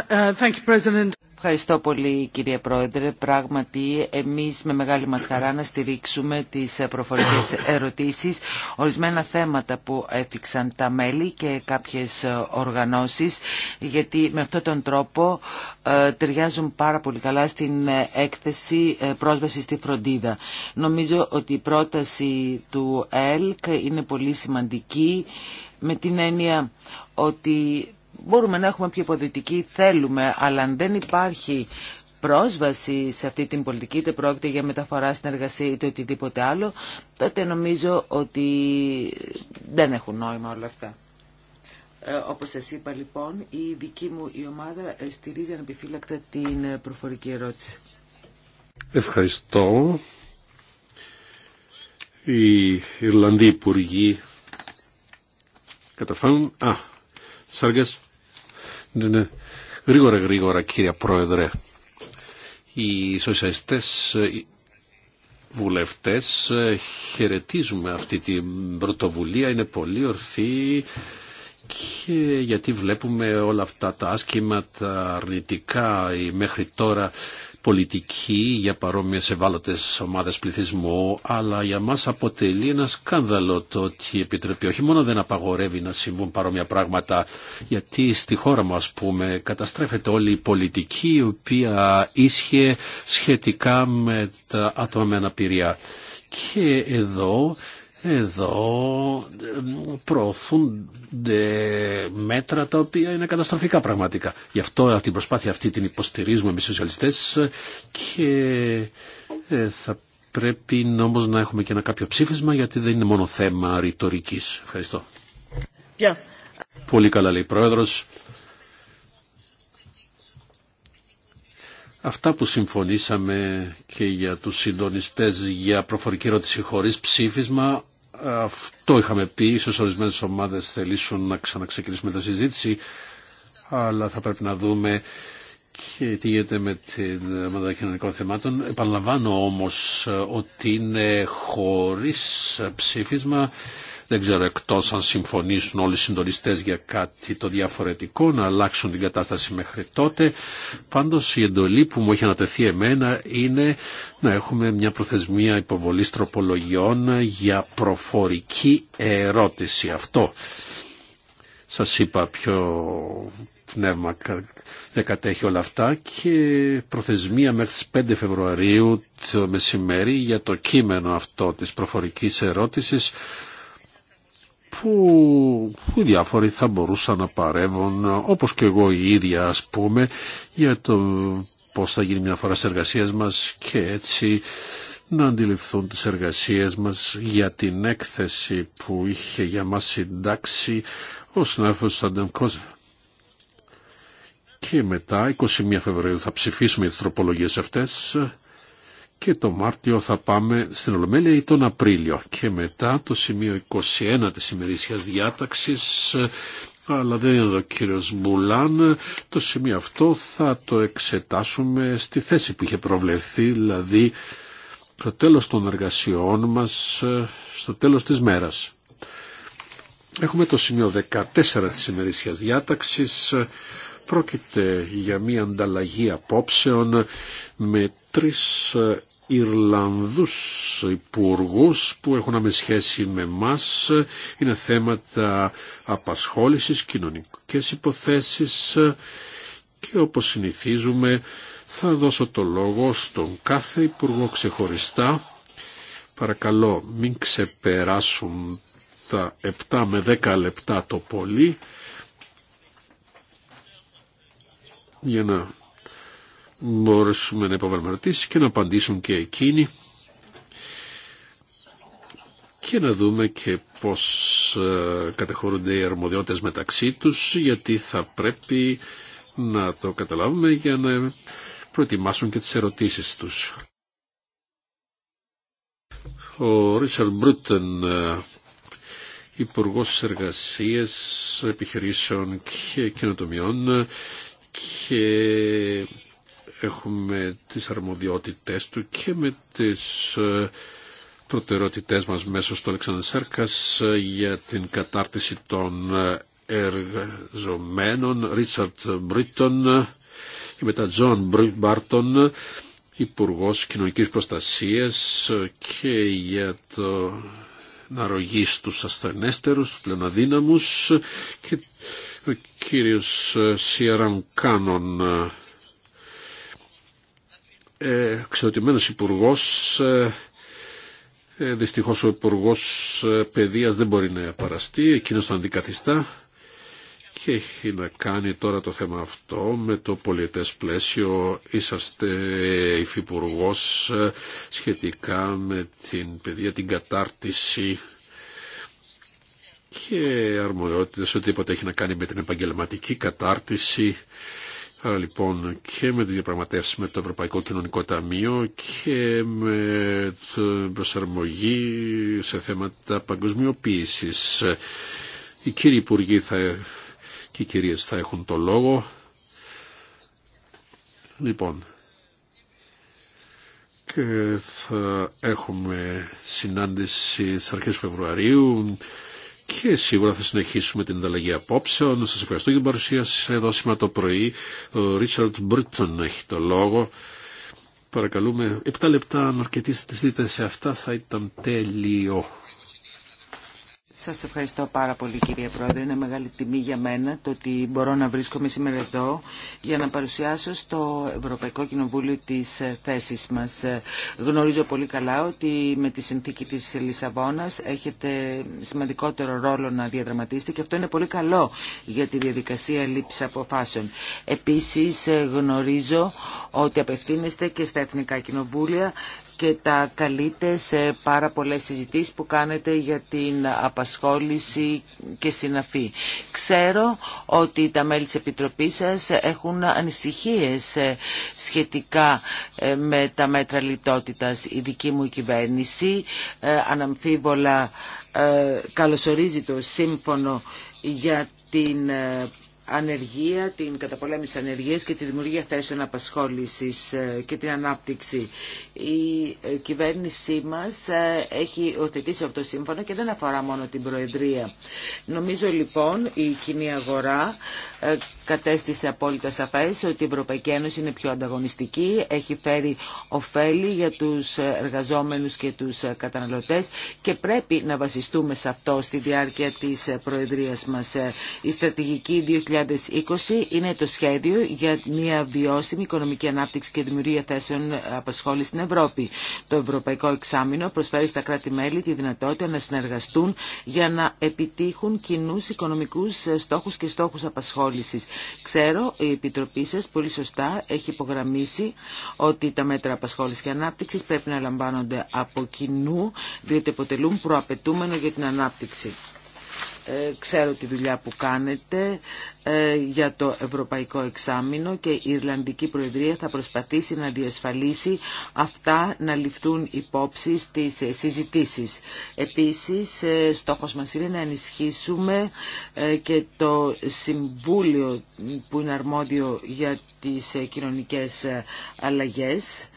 D: Ε, thank you, Ευχαριστώ πολύ κύριε Πρόεδρε. Πράγματι εμείς με μεγάλη μας χαρά να στηρίξουμε τις προφορικές ερωτήσεις, ορισμένα θέματα που έφυξαν τα μέλη και κάποιες οργανώσεις, γιατί με αυτόν τον τρόπο ε, ταιριάζουν πάρα πολύ καλά στην έκθεση ε, πρόσβαση στη φροντίδα. Νομίζω ότι η πρόταση του ΕΛΚ είναι πολύ σημαντική με την έννοια ότι μπορούμε να έχουμε πιο υποδυτική θέλουμε, αλλά αν δεν υπάρχει πρόσβαση σε αυτή την πολιτική, είτε πρόκειται για μεταφορά στην εργασία είτε οτιδήποτε άλλο, τότε νομίζω ότι δεν έχουν νόημα όλα αυτά. Ε, όπως σας είπα λοιπόν, η δική μου η ομάδα στηρίζει ανεπιφύλακτα την ε, προφορική ερώτηση.
A: Ευχαριστώ. Οι Ιρλανδοί Υπουργοί καταφάνουν... Α, Σάργας ναι, ναι, Γρήγορα, γρήγορα, κύριε Πρόεδρε. Οι σοσιαλιστές βουλευτές χαιρετίζουμε αυτή την πρωτοβουλία. Είναι πολύ ορθή και γιατί βλέπουμε όλα αυτά τα άσκημα, τα αρνητικά ή μέχρι τώρα πολιτική για παρόμοιε ευάλωτες ομάδες πληθυσμού, αλλά για μας αποτελεί ένα σκάνδαλο το ότι η Επιτροπή όχι μόνο δεν απαγορεύει να συμβούν παρόμοια πράγματα, γιατί στη χώρα μας, α πούμε, καταστρέφεται όλη η πολιτική η οποία ίσχυε σχετικά με τα άτομα με αναπηρία. Και εδώ εδώ προωθούνται μέτρα τα οποία είναι καταστροφικά πραγματικά. Γι' αυτό την προσπάθεια αυτή την υποστηρίζουμε εμείς σοσιαλιστές και ε, θα πρέπει όμως να έχουμε και ένα κάποιο ψήφισμα γιατί δεν είναι μόνο θέμα ρητορική. Ευχαριστώ. Πολύ καλά λέει η Πρόεδρος. Αυτά που συμφωνήσαμε και για τους συντονιστές για προφορική ερώτηση χωρίς ψήφισμα αυτό είχαμε πει, ίσως ορισμένες ομάδες θελήσουν να ξαναξεκινήσουμε τη συζήτηση, αλλά θα πρέπει να δούμε και τι γίνεται με την ομάδα κοινωνικών θεμάτων. Επαναλαμβάνω όμως ότι είναι χωρίς ψήφισμα δεν ξέρω εκτό αν συμφωνήσουν όλοι οι συντονιστέ για κάτι το διαφορετικό, να αλλάξουν την κατάσταση μέχρι τότε. Πάντως η εντολή που μου έχει ανατεθεί εμένα είναι να έχουμε μια προθεσμία υποβολής τροπολογιών για προφορική ερώτηση. Αυτό σα είπα πιο πνεύμα κατέχει όλα αυτά και προθεσμία μέχρι τις 5 Φεβρουαρίου το μεσημέρι για το κείμενο αυτό της προφορικής ερώτησης που οι διάφοροι θα μπορούσαν να παρεύουν, όπως και εγώ η ίδια ας πούμε, για το πώς θα γίνει μια φορά στις εργασίες μας και έτσι να αντιληφθούν τις εργασίες μας για την έκθεση που είχε για μας συντάξει ο συνάδελφος Κόζε. Και μετά, 21 Φεβρουαρίου, θα ψηφίσουμε τις τροπολογίες αυτές και το Μάρτιο θα πάμε στην Ολομέλεια ή τον Απρίλιο και μετά το σημείο 21 της ημερήσιας διάταξης αλλά δεν είναι εδώ κύριος Το σημείο αυτό θα το εξετάσουμε στη θέση που είχε προβλεφθεί, δηλαδή το τέλος των εργασιών μας, στο τέλος της μέρας. Έχουμε το σημείο 14 της ημερήσιας διάταξης. Πρόκειται για μια ανταλλαγή απόψεων με τρεις ε, Ιρλανδούς υπουργού που έχουν με σχέση με μας είναι θέματα απασχόλησης, κοινωνικές υποθέσεις και όπως συνηθίζουμε θα δώσω το λόγο στον κάθε υπουργό ξεχωριστά. Παρακαλώ μην ξεπεράσουν τα 7 με 10 λεπτά το πολύ για να μπορέσουμε να υποβάλουμε και να απαντήσουν και εκείνοι και να δούμε και πώς ε, κατεχωρούνται οι αρμοδιότητες μεταξύ τους γιατί θα πρέπει να το καταλάβουμε για να προετοιμάσουν και τις ερωτήσεις τους. Ο Ρίτσαρντ Μπρούτεν, ε, Υπουργό Εργασία Επιχειρήσεων και Καινοτομιών και έχουμε τις αρμοδιότητες του και με τις ε, προτεραιότητές μας μέσω στο Αλεξάνδρου Σέρκας ε, για την κατάρτιση των ε, εργαζομένων Ρίτσαρτ Μπρίτον και μετά Τζον Μπάρτον Υπουργό Κοινωνική Προστασίας και για το να στους ασθενέστερους, του αδύναμους και ο κύριος Σιαράμ Κάνον, ε, εξωτημένος υπουργός, ε, ε, δυστυχώς ο υπουργός παιδείας δεν μπορεί να παραστεί, εκείνος τον αντικαθιστά και έχει να κάνει τώρα το θέμα αυτό με το πολιτές πλαίσιο. Είσαστε υφυπουργός σχετικά με την παιδεία, την κατάρτιση και αρμοδιότητες οτιδήποτε έχει να κάνει με την επαγγελματική κατάρτιση Άρα λοιπόν και με τις διαπραγματεύσεις με το Ευρωπαϊκό Κοινωνικό Ταμείο και με την προσαρμογή σε θέματα παγκοσμιοποίησης. Οι κύριοι υπουργοί θα, και οι κυρίες θα έχουν το λόγο. Λοιπόν, και θα έχουμε συνάντηση στις αρχές Φεβρουαρίου και σίγουρα θα συνεχίσουμε την ανταλλαγή απόψεων. Σας ευχαριστώ για την παρουσία σας εδώ σήμερα το πρωί. Ο Ρίτσαρντ Μπρίτον έχει το λόγο. Παρακαλούμε, 7 λεπτά αν αρκετήσετε σε αυτά θα ήταν τέλειο.
D: Σας ευχαριστώ πάρα πολύ κυρία Πρόεδρε. Είναι μεγάλη τιμή για μένα το ότι μπορώ να βρίσκομαι σήμερα εδώ για να παρουσιάσω στο Ευρωπαϊκό Κοινοβούλιο τις ε, θέσεις μας. Ε, γνωρίζω πολύ καλά ότι με τη συνθήκη της Λισαβόνας έχετε σημαντικότερο ρόλο να διαδραματίσετε και αυτό είναι πολύ καλό για τη διαδικασία λήψη αποφάσεων. Επίσης ε, γνωρίζω ότι απευθύνεστε και στα Εθνικά Κοινοβούλια και τα καλείτε σε πάρα πολλές συζητήσεις που κάνετε για την απασχόληση και συναφή. Ξέρω ότι τα μέλη της Επιτροπής σας έχουν ανησυχίες ε, σχετικά ε, με τα μέτρα λιτότητας. Η δική μου κυβέρνηση ε, αναμφίβολα καλωσορίζει το σύμφωνο για την ανεργία, την καταπολέμηση ανεργίας και τη δημιουργία θέσεων απασχόλησης ε, και την ανάπτυξη. Η ε, κυβέρνησή μας ε, έχει οθετήσει αυτό το σύμφωνο και δεν αφορά μόνο την Προεδρία. Νομίζω λοιπόν η κοινή αγορά ε, κατέστησε απόλυτα σαφές ότι η Ευρωπαϊκή Ένωση είναι πιο ανταγωνιστική, έχει φέρει ωφέλη για τους εργαζόμενους και τους καταναλωτές και πρέπει να βασιστούμε σε αυτό στη διάρκεια της Προεδρίας μας. Ε, η στρατηγική 2020 είναι το σχέδιο για μια βιώσιμη οικονομική ανάπτυξη και δημιουργία θέσεων απασχόλησης στην Ευρώπη. Το Ευρωπαϊκό Εξάμεινο προσφέρει στα κράτη-μέλη τη δυνατότητα να συνεργαστούν για να επιτύχουν κοινού οικονομικούς στόχους και στόχους απασχόλησης Ξέρω, η Επιτροπή σα πολύ σωστά έχει υπογραμμίσει ότι τα μέτρα απασχόληση και ανάπτυξης πρέπει να λαμβάνονται από κοινού, διότι αποτελούν προαπαιτούμενο για την ανάπτυξη. Ε, ξέρω τη δουλειά που κάνετε ε, για το Ευρωπαϊκό Εξάμεινο και η Ιρλανδική Προεδρία θα προσπαθήσει να διασφαλίσει αυτά να ληφθούν υπόψη στις συζητήσεις. Επίσης, ε, στόχος μας είναι να ενισχύσουμε και το Συμβούλιο που είναι αρμόδιο για τις κοινωνικές αλλαγές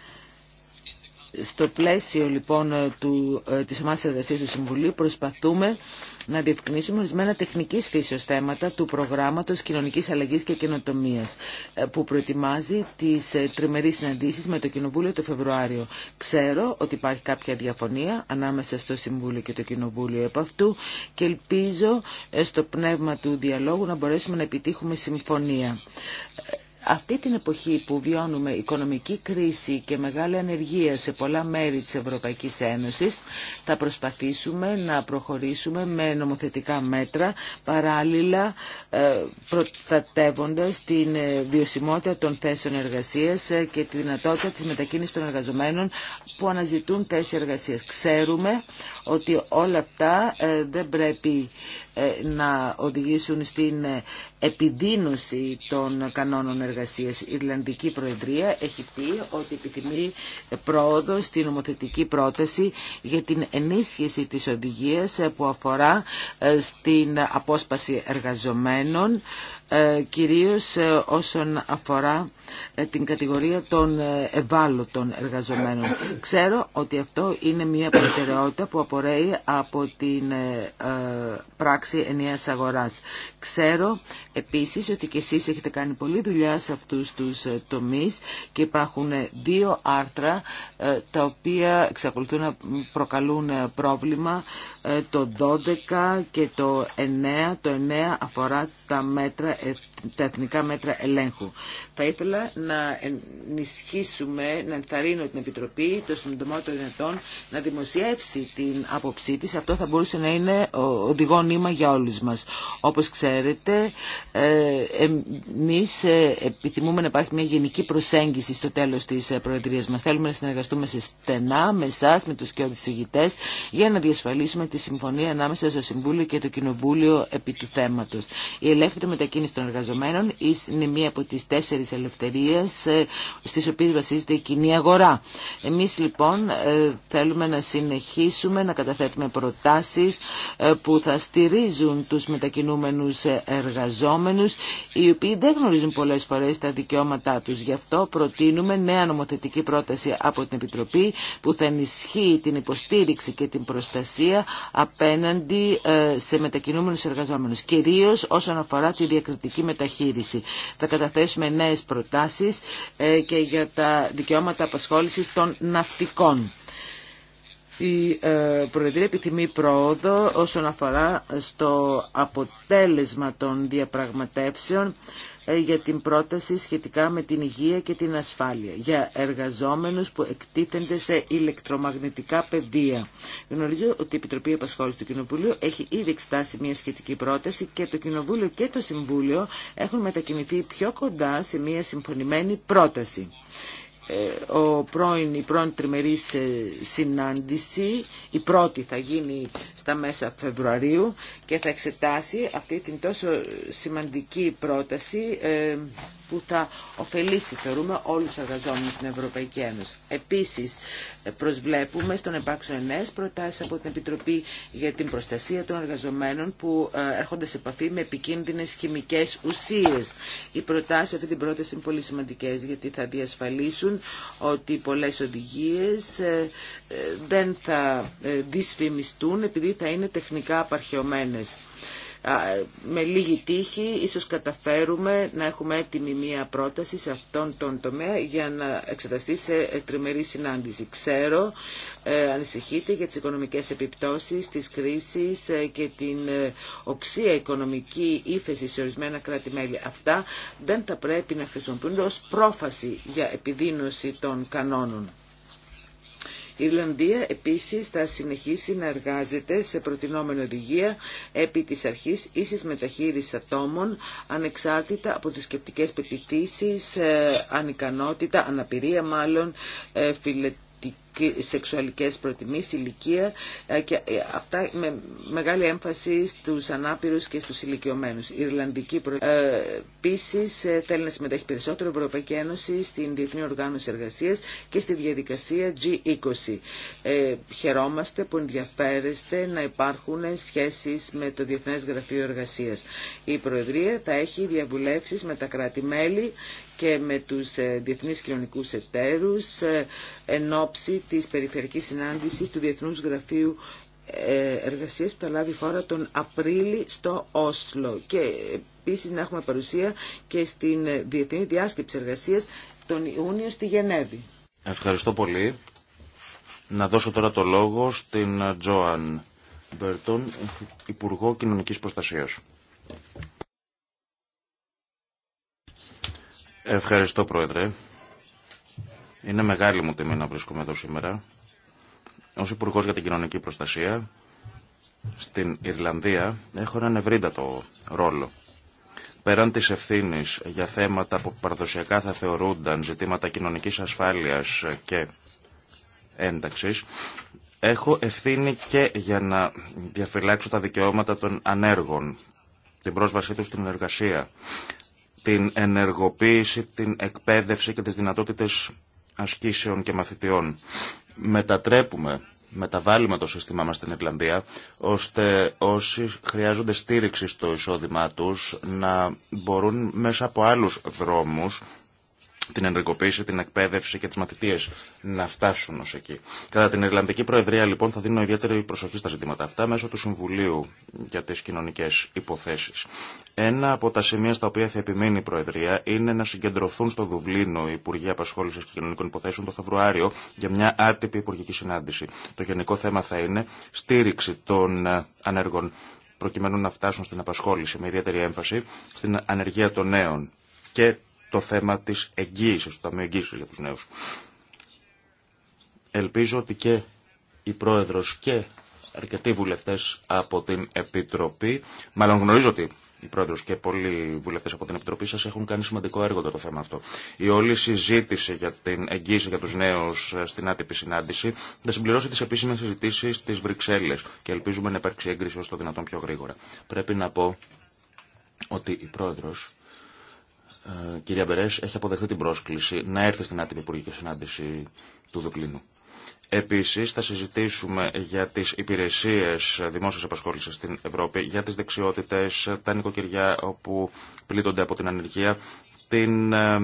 D: στο πλαίσιο λοιπόν ε, του, ε, της ομάδας εργασίας του Συμβουλίου προσπαθούμε να διευκρινίσουμε ορισμένα τεχνικής φύσεως θέματα του προγράμματος κοινωνικής αλλαγής και καινοτομίας ε, που προετοιμάζει τις τριμερείς συναντήσεις με το Κοινοβούλιο το Φεβρουάριο. Ξέρω ότι υπάρχει κάποια διαφωνία ανάμεσα στο Συμβούλιο και το Κοινοβούλιο επ' αυτού και ελπίζω στο πνεύμα του διαλόγου να μπορέσουμε να επιτύχουμε συμφωνία. Αυτή την εποχή που βιώνουμε οικονομική κρίση και μεγάλη ανεργία σε πολλά μέρη της Ευρωπαϊκής Ένωσης θα προσπαθήσουμε να προχωρήσουμε με νομοθετικά μέτρα παράλληλα ε, προστατεύοντας την ε, βιωσιμότητα των θέσεων εργασίας ε, και τη δυνατότητα της μετακίνησης των εργαζομένων που αναζητούν θέσεις εργασίας. Ξέρουμε ότι όλα αυτά δεν πρέπει να οδηγήσουν στην επιδίνωση των κανόνων εργασίας. Η Ιρλανδική Προεδρία έχει πει ότι επιθυμεί πρόοδο στην νομοθετική πρόταση για την ενίσχυση της οδηγίας που αφορά ε, στην απόσπαση εργαζομένων ε, κυρίως ε, όσον αφορά ε, την κατηγορία των ευάλωτων εργαζομένων. Ξέρω ότι αυτό είναι μια προτεραιότητα που απορρέει από την πράξη ενιαίας αγοράς. Ξέρω επίσης ότι και εσείς έχετε κάνει πολλή δουλειά σε αυτούς τους τομείς και υπάρχουν δύο άρθρα τα οποία εξακολουθούν να προκαλούν πρόβλημα το 12 και το 9. Το 9 αφορά τα μέτρα ετών τα εθνικά μέτρα ελέγχου. Θα ήθελα να ενισχύσουμε, να ενθαρρύνω την Επιτροπή των των Ενετών να δημοσιεύσει την άποψή τη. Αυτό θα μπορούσε να είναι οδηγό νήμα για όλου μα. Όπω ξέρετε, ε, εμεί ε, επιθυμούμε να υπάρχει μια γενική προσέγγιση στο τέλο τη ε, Προεδρίας μα. Θέλουμε να συνεργαστούμε σε στενά με εσά, με του και ηγητέ, για να διασφαλίσουμε τη συμφωνία ανάμεσα στο Συμβούλιο και το Κοινοβούλιο επί του θέματο. Η ελεύθερη μετακίνηση των εργαζομένων εργαζομένων είναι μία από τις τέσσερις ελευθερίες ε, στις οποίες βασίζεται η κοινή αγορά. Εμείς λοιπόν ε, θέλουμε να συνεχίσουμε να καταθέτουμε προτάσεις ε, που θα στηρίζουν τους μετακινούμενους εργαζόμενους οι οποίοι δεν γνωρίζουν πολλές φορές τα δικαιώματά τους. Γι' αυτό προτείνουμε νέα νομοθετική πρόταση από την Επιτροπή που θα ενισχύει την υποστήριξη και την προστασία απέναντι σε μετακινούμενους εργαζόμενους, κυρίως όσον αφορά τη διακριτική μεταχείριση. Θα καταθέσουμε νέες προτάσεις ε, και για τα δικαιώματα απασχόλησης των ναυτικών. Η ε, Προεδρία επιθυμεί πρόοδο όσον αφορά στο αποτέλεσμα των διαπραγματεύσεων ε, για την πρόταση σχετικά με την υγεία και την ασφάλεια για εργαζόμενους που εκτίθενται σε ηλεκτρομαγνητικά πεδία. Γνωρίζω ότι η Επιτροπή Επασχόληση του Κοινοβουλίου έχει ήδη εξτάσει μια σχετική πρόταση και το Κοινοβούλιο και το Συμβούλιο έχουν μετακινηθεί πιο κοντά σε μια συμφωνημένη πρόταση. Ε, ο πρώην, η πρώην τριμερής ε, συνάντηση, η πρώτη θα γίνει στα μέσα Φεβρουαρίου και θα εξετάσει αυτή την τόσο σημαντική πρόταση ε, που θα ωφελήσει, θεωρούμε, όλους τους εργαζόμενους στην Ευρωπαϊκή Ένωση. Επίσης, προσβλέπουμε στον επάξιο ΕΝΕΣ προτάσεις από την Επιτροπή για την Προστασία των Εργαζομένων που έρχονται σε επαφή με επικίνδυνες χημικές ουσίες. Οι προτάσεις αυτή την πρόταση είναι πολύ σημαντικές γιατί θα διασφαλίσουν ότι πολλές οδηγίες ε, ε, δεν θα ε, δυσφημιστούν επειδή θα είναι τεχνικά απαρχαιωμένες με λίγη τύχη ίσως καταφέρουμε να έχουμε έτοιμη μία πρόταση σε αυτόν τον τομέα για να εξεταστεί σε τριμερή συνάντηση. Ξέρω, ε, ανησυχείτε για τις οικονομικές επιπτώσεις της κρίσης ε, και την ε, οξία οικονομική ύφεση σε ορισμένα κράτη-μέλη. Αυτά δεν θα πρέπει να χρησιμοποιούνται ως πρόφαση για επιδίνωση των κανόνων. Η Ιρλανδία επίσης θα συνεχίσει να εργάζεται σε προτινόμενη οδηγία επί της αρχής ίσης μεταχείρισης ατόμων ανεξάρτητα από τις σκεπτικές πεπιθήσεις, ε, ανικανότητα, αναπηρία μάλλον, ε, φιλετική σεξουαλικές προτιμήσεις, ηλικία ε, και ε, αυτά με μεγάλη έμφαση στους ανάπηρους και στους ηλικιωμένους. Η Ιρλανδική ε, επίση θέλει να συμμετέχει περισσότερο η Ευρωπαϊκή Ένωση στην Διεθνή Οργάνωση Εργασίας και στη διαδικασία G20. χαιρόμαστε που ενδιαφέρεστε να υπάρχουν σχέσεις με το Διεθνές Γραφείο Εργασίας. Η Προεδρία θα έχει διαβουλεύσεις με τα κράτη-μέλη και με τους ε, διεθνείς κοινωνικούς εταίρους ε, εν ώψη της περιφερικής συνάντησης του Διεθνούς Γραφείου ε, Εργασίας που θα λάβει τον Απρίλη στο Όσλο και επίσης να έχουμε παρουσία και στην Διεθνή Διάσκεψη Εργασίας τον Ιούνιο στη Γενέβη.
B: Ευχαριστώ πολύ. Να δώσω τώρα το λόγο στην Τζόαν Μπερτον, Υπουργό Κοινωνικής Προστασίας. Ευχαριστώ, Πρόεδρε. Είναι μεγάλη μου τιμή να βρίσκομαι εδώ σήμερα. Ως Υπουργός για την Κοινωνική Προστασία στην Ιρλανδία έχω έναν ευρύντατο ρόλο. Πέραν τη ευθύνη για θέματα που παραδοσιακά θα θεωρούνταν ζητήματα κοινωνικής ασφάλειας και ένταξης, έχω ευθύνη και για να διαφυλάξω τα δικαιώματα των ανέργων, την πρόσβασή τους στην εργασία, την ενεργοποίηση, την εκπαίδευση και τις δυνατότητες ασκήσεων και μαθητιών. Μετατρέπουμε, μεταβάλλουμε το σύστημά μας στην Ιρλανδία, ώστε όσοι χρειάζονται στήριξη στο εισόδημά τους να μπορούν μέσα από άλλους δρόμους την ενεργοποίηση, την εκπαίδευση και τι μαθητείε να φτάσουν ω εκεί. Κατά την Ιρλανδική Προεδρία, λοιπόν, θα δίνω ιδιαίτερη προσοχή στα ζητήματα αυτά μέσω του Συμβουλίου για τι Κοινωνικέ Υποθέσει. Ένα από τα σημεία στα οποία θα επιμείνει η Προεδρία είναι να συγκεντρωθούν στο Δουβλίνο οι Υπουργοί Απασχόληση και Κοινωνικών Υποθέσεων το Φεβρουάριο για μια άτυπη υπουργική συνάντηση. Το γενικό θέμα θα είναι στήριξη των ε, ανέργων προκειμένου να φτάσουν στην απασχόληση με ιδιαίτερη έμφαση στην ανεργία των νέων και το θέμα της εγγύησης, του Ταμείου Εγγύησης για τους νέους. Ελπίζω ότι και η Πρόεδρος και αρκετοί βουλευτές από την Επιτροπή, μάλλον γνωρίζω ότι οι Πρόεδρος και πολλοί βουλευτές από την Επιτροπή σας έχουν κάνει σημαντικό έργο για το θέμα αυτό. Η όλη συζήτηση για την εγγύηση για τους νέους ε, στην άτυπη συνάντηση θα συμπληρώσει τις επίσημες συζητήσει τη Βρυξέλλες και ελπίζουμε να υπάρξει έγκριση όσο το δυνατόν πιο γρήγορα. Πρέπει να πω ότι η πρόεδρο ε, κυρία Μπερές, έχει αποδεχθεί την πρόσκληση να έρθει στην άτυπη υπουργική συνάντηση του Δουκλίνου. Επίσης θα συζητήσουμε για τις υπηρεσίες δημόσιας απασχόλησης στην Ευρώπη, για τις δεξιότητες, τα νοικοκυριά όπου πλήττονται από την ανεργία, την ε,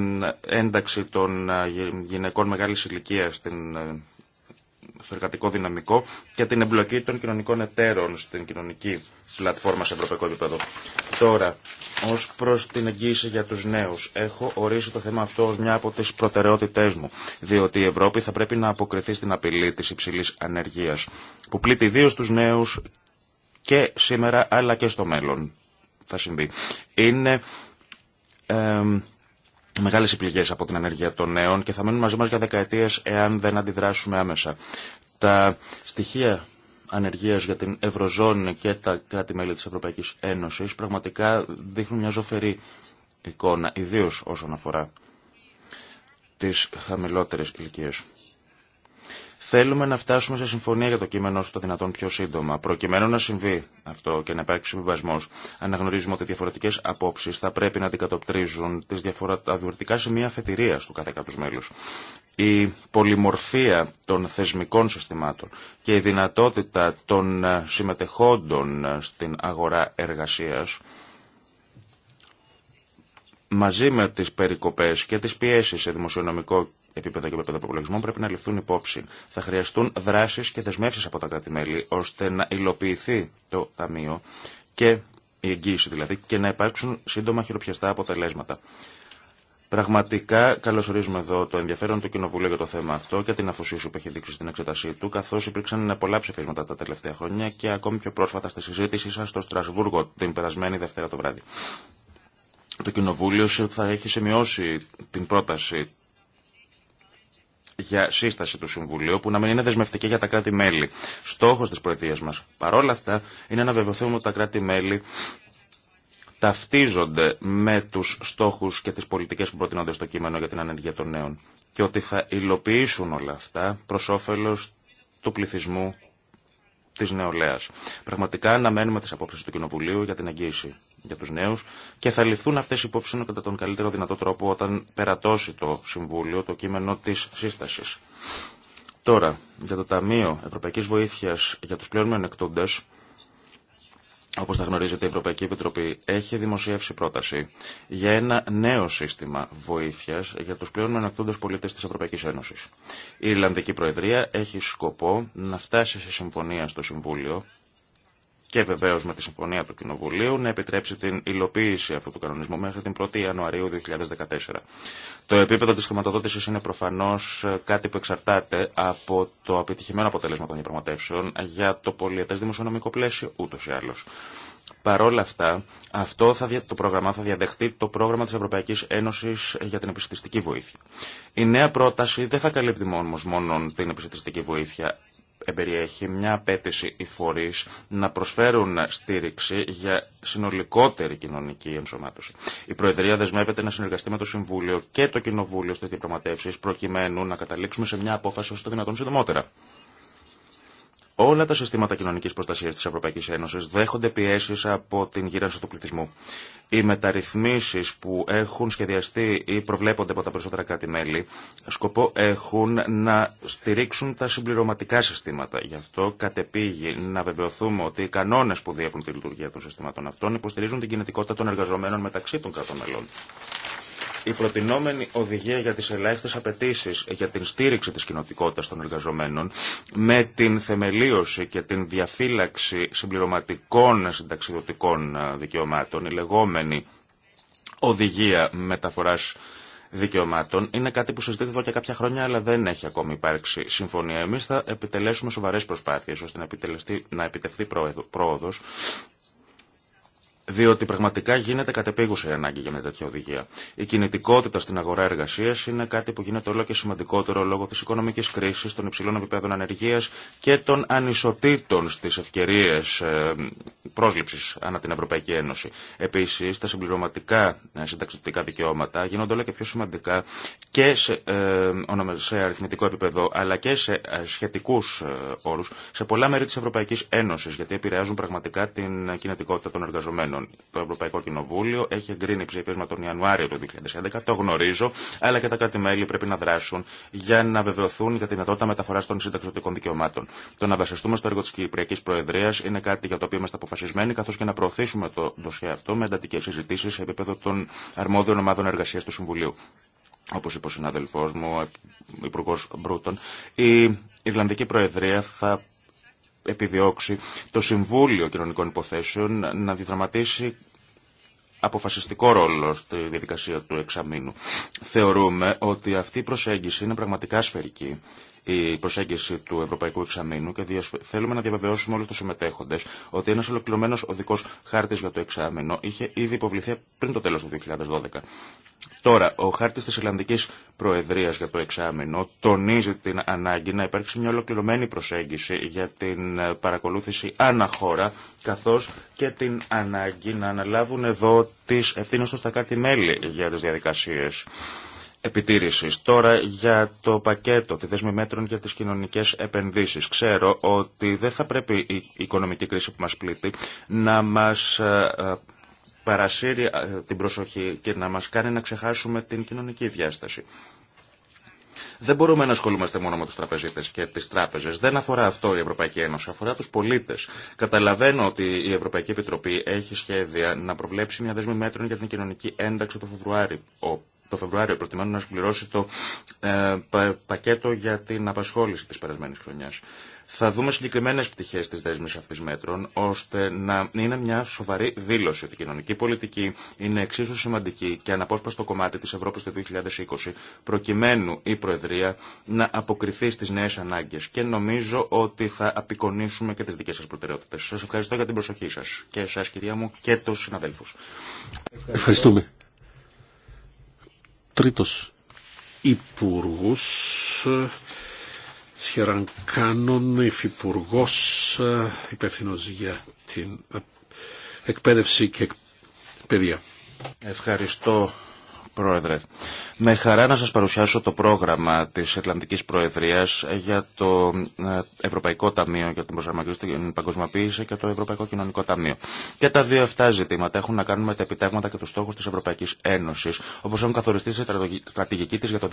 B: ένταξη των ε, γυναικών μεγάλης ηλικίας στην στο εργατικό δυναμικό και την εμπλοκή των κοινωνικών εταίρων στην κοινωνική πλατφόρμα σε ευρωπαϊκό επίπεδο. Τώρα, ω προ την εγγύηση για του νέου, έχω ορίσει το θέμα αυτό ω μια από τι προτεραιότητέ μου, διότι η Ευρώπη θα πρέπει να αποκριθεί στην απειλή τη υψηλή ανεργία, που πλήττει ιδίω του νέου και σήμερα αλλά και στο μέλλον. Θα συμβεί. Είναι μεγάλες επιλογές από την ανεργία των νέων και θα μείνουν μαζί μας για δεκαετίες εάν δεν αντιδράσουμε άμεσα. Τα στοιχεία ανεργίας για την Ευρωζώνη και τα κράτη-μέλη της Ευρωπαϊκής Ένωσης πραγματικά δείχνουν μια ζωφερή εικόνα, ιδίως όσον αφορά τις χαμηλότερες ηλικίες. Θέλουμε να φτάσουμε σε συμφωνία για το κείμενο όσο το δυνατόν πιο σύντομα, προκειμένου να συμβεί αυτό και να υπάρξει συμβιβασμό. Αναγνωρίζουμε ότι διαφορετικέ απόψει θα πρέπει να αντικατοπτρίζουν τι διαφορετικά σημεία αφετηρία του κάθε κράτου μέλου. Η πολυμορφία των θεσμικών συστημάτων και η δυνατότητα των ε, συμμετεχόντων ε, στην αγορά εργασία μαζί με τι περικοπέ και τι πιέσει σε δημοσιονομικό επίπεδο και επίπεδο προπολογισμών πρέπει να ληφθούν υπόψη. Θα χρειαστούν δράσει και δεσμεύσει από τα κράτη-μέλη ώστε να υλοποιηθεί το Ταμείο και η εγγύηση δηλαδή και να υπάρξουν σύντομα χειροπιαστά αποτελέσματα. Πραγματικά καλωσορίζουμε εδώ το ενδιαφέρον του Κοινοβουλίου για το θέμα αυτό και την αφοσίωση που έχει δείξει στην εξετασή του, καθώ υπήρξαν πολλά ψηφίσματα τα τελευταία χρόνια και ακόμη πιο πρόσφατα στη συζήτησή σα στο Στρασβούργο την περασμένη Δευτέρα το βράδυ. Το Κοινοβούλιο θα έχει σημειώσει την πρόταση για σύσταση του Συμβουλίου που να μην είναι δεσμευτική για τα κράτη-μέλη. Στόχος της προεδρίας μας παρόλα αυτά είναι να βεβαιωθούμε ότι τα κράτη-μέλη ταυτίζονται με τους στόχους και τις πολιτικές που προτείνονται στο κείμενο για την ανεργία των νέων και ότι θα υλοποιήσουν όλα αυτά προς όφελος του πληθυσμού της νεολαίας. Πραγματικά αναμένουμε τις απόψεις του Κοινοβουλίου για την εγγύηση για τους νέους και θα ληφθούν αυτές οι υπόψεις κατά τον καλύτερο δυνατό τρόπο όταν περατώσει το Συμβούλιο το κείμενο της σύστασης. Τώρα, για το Ταμείο Ευρωπαϊκής Βοήθειας για τους πλέον μειονεκτούντες, Όπω θα γνωρίζετε η Ευρωπαϊκή Επιτροπή έχει δημοσιεύσει πρόταση για ένα νέο σύστημα βοήθειας για τους πλέον μενακτούντες πολίτε της Ευρωπαϊκής Ένωση. Η Ιρλανδική Προεδρία έχει σκοπό να φτάσει σε συμφωνία στο Συμβούλιο και βεβαίω με τη συμφωνία του Κοινοβουλίου να επιτρέψει την υλοποίηση αυτού του κανονισμού μέχρι την 1η Ιανουαρίου 2014. Το επίπεδο τη χρηματοδότηση είναι προφανώ ε, κάτι που εξαρτάται από το επιτυχημένο αποτέλεσμα των διαπραγματεύσεων για το πολιετέ δημοσιονομικό πλαίσιο ούτω ή άλλω. Παρ' όλα αυτά, αυτό θα, το πρόγραμμα θα διαδεχτεί το πρόγραμμα τη Ευρωπαϊκή Ένωση για την επιστημιστική βοήθεια. Η νέα πρόταση δεν θα καλύπτει μόνο, μόνο την επιστημιστική βοήθεια, εμπεριέχει μια απέτηση οι φορεί να προσφέρουν στήριξη για συνολικότερη κοινωνική ενσωμάτωση. Η Προεδρία δεσμεύεται να συνεργαστεί με το Συμβούλιο και το Κοινοβούλιο στι διαπραγματεύσει προκειμένου να καταλήξουμε σε μια απόφαση όσο το δυνατόν συντομότερα. Όλα τα συστήματα κοινωνική προστασία τη Ευρωπαϊκή Ένωση δέχονται πιέσει από την γύρανση του πληθυσμού. Οι μεταρρυθμίσεις που έχουν σχεδιαστεί ή προβλέπονται από τα περισσότερα κράτη-μέλη σκοπό έχουν να στηρίξουν τα συμπληρωματικά συστήματα. Γι' αυτό κατεπήγει να βεβαιωθούμε ότι οι κανόνε που διέπουν τη λειτουργία των συστήματων αυτών υποστηρίζουν την κινητικότητα των εργαζομένων μεταξύ των κρατών μελών. Η προτινόμενη οδηγία για τις ελάχιστες απαιτήσει για την στήριξη της κοινοτικότητας των εργαζομένων με την θεμελίωση και την διαφύλαξη συμπληρωματικών συνταξιδοτικών δικαιωμάτων, η λεγόμενη οδηγία μεταφοράς δικαιωμάτων. Είναι κάτι που συζητείται εδώ και κάποια χρόνια, αλλά δεν έχει ακόμη υπάρξει συμφωνία. Εμεί θα επιτελέσουμε σοβαρέ προσπάθειε ώστε να, επιτευχθεί πρόοδο διότι πραγματικά γίνεται κατεπίγουσα η ανάγκη για μια τέτοια οδηγία. Η κινητικότητα στην αγορά εργασία είναι κάτι που γίνεται όλο και σημαντικότερο λόγω τη οικονομική κρίση, των υψηλών επιπέδων ανεργία και των ανισοτήτων στι ευκαιρίε πρόσληψη ανά την Ευρωπαϊκή Ένωση. Επίση, τα συμπληρωματικά ε, συνταξιδοτικά δικαιώματα γίνονται όλο και πιο σημαντικά και σε, ε, σε αριθμητικό επίπεδο, αλλά και σε ε, σχετικού όρου σε πολλά μέρη τη Ευρωπαϊκή Ένωση, γιατί επηρεάζουν πραγματικά την κινητικότητα των εργαζομένων. Το Ευρωπαϊκό Κοινοβούλιο έχει εγκρίνει ψήφισμα τον Ιανουάριο του 2011, το γνωρίζω, αλλά και τα κράτη-μέλη πρέπει να δράσουν για να βεβαιωθούν για τη δυνατότητα μεταφορά των συνταξιωτικών δικαιωμάτων. Το να βασιστούμε στο έργο τη Κυπριακή Προεδρία είναι κάτι για το οποίο είμαστε αποφασισμένοι, καθώ και να προωθήσουμε το ντοσιά αυτό με εντατικέ συζητήσει σε επίπεδο των αρμόδιων ομάδων εργασία του Συμβουλίου. Όπω είπε ο συνάδελφό μου, ο Υπουργό Μπρούτον, η Ιρλανδική Προεδρία θα επιδιώξει το Συμβούλιο Κοινωνικών Υποθέσεων να διδραματίσει αποφασιστικό ρόλο στη διαδικασία του εξαμήνου. Θεωρούμε ότι αυτή η προσέγγιση είναι πραγματικά σφαιρική η προσέγγιση του Ευρωπαϊκού Εξαμήνου και θέλουμε να διαβεβαιώσουμε όλου του συμμετέχοντε ότι ένα ολοκληρωμένο οδικό χάρτη για το εξάμεινο είχε ήδη υποβληθεί πριν το τέλο του 2012. Τώρα, ο χάρτη τη Ιρλανδική Προεδρία για το εξάμεινο τονίζει την ανάγκη να υπάρξει μια ολοκληρωμένη προσέγγιση για την ε, παρακολούθηση αναχώρα, καθώ και την ανάγκη να αναλάβουν εδώ τι ευθύνε του στα κάτι μέλη για τι διαδικασίε επιτήρησης. Τώρα για το πακέτο, τη δέσμη μέτρων για τις κοινωνικές επενδύσεις. Ξέρω ότι δεν θα πρέπει η οικονομική κρίση που μας πλήττει να μας ε, ε, παρασύρει ε, την προσοχή και να μας κάνει να ξεχάσουμε την κοινωνική διάσταση. Δεν μπορούμε να ασχολούμαστε μόνο με του τραπεζίτε και τι τράπεζε. Δεν αφορά αυτό η Ευρωπαϊκή Ένωση, αφορά του πολίτε. Καταλαβαίνω ότι η Ευρωπαϊκή Επιτροπή έχει σχέδια να προβλέψει μια δέσμη μέτρων για την κοινωνική ένταξη το Φεβρουάριο το Φεβρουάριο προτιμάνω να συμπληρώσει το ε, πακέτο για την απασχόληση της περασμένης χρονιάς. Θα δούμε συγκεκριμένε πτυχέ τη δέσμη αυτή μέτρων, ώστε να είναι μια σοβαρή δήλωση ότι η κοινωνική πολιτική είναι εξίσου σημαντική και αναπόσπαστο κομμάτι τη Ευρώπη του 2020, προκειμένου η Προεδρία να αποκριθεί στι νέε ανάγκε. Και νομίζω ότι θα απεικονίσουμε και τι δικέ σα προτεραιότητε. Σα ευχαριστώ για την προσοχή σα και εσά, κυρία μου, και του συναδέλφου.
A: Ευχαριστούμε τρίτος υπουργός, Σχεραν Κάνων, υφυπουργός, υπεύθυνος για την εκπαίδευση και
B: παιδεία. Ευχαριστώ Πρόεδρε, με χαρά να σας παρουσιάσω το πρόγραμμα της Ατλαντικής Προεδρίας για το ε, Ευρωπαϊκό Ταμείο για την Προσαρμογή στην Παγκοσμιοποίηση και το Ευρωπαϊκό Κοινωνικό Ταμείο. Και τα δύο αυτά ζητήματα έχουν να κάνουν με τα επιτεύγματα και τους στόχους της Ευρωπαϊκής Ένωσης, όπως έχουν καθοριστεί σε στρατηγική της για το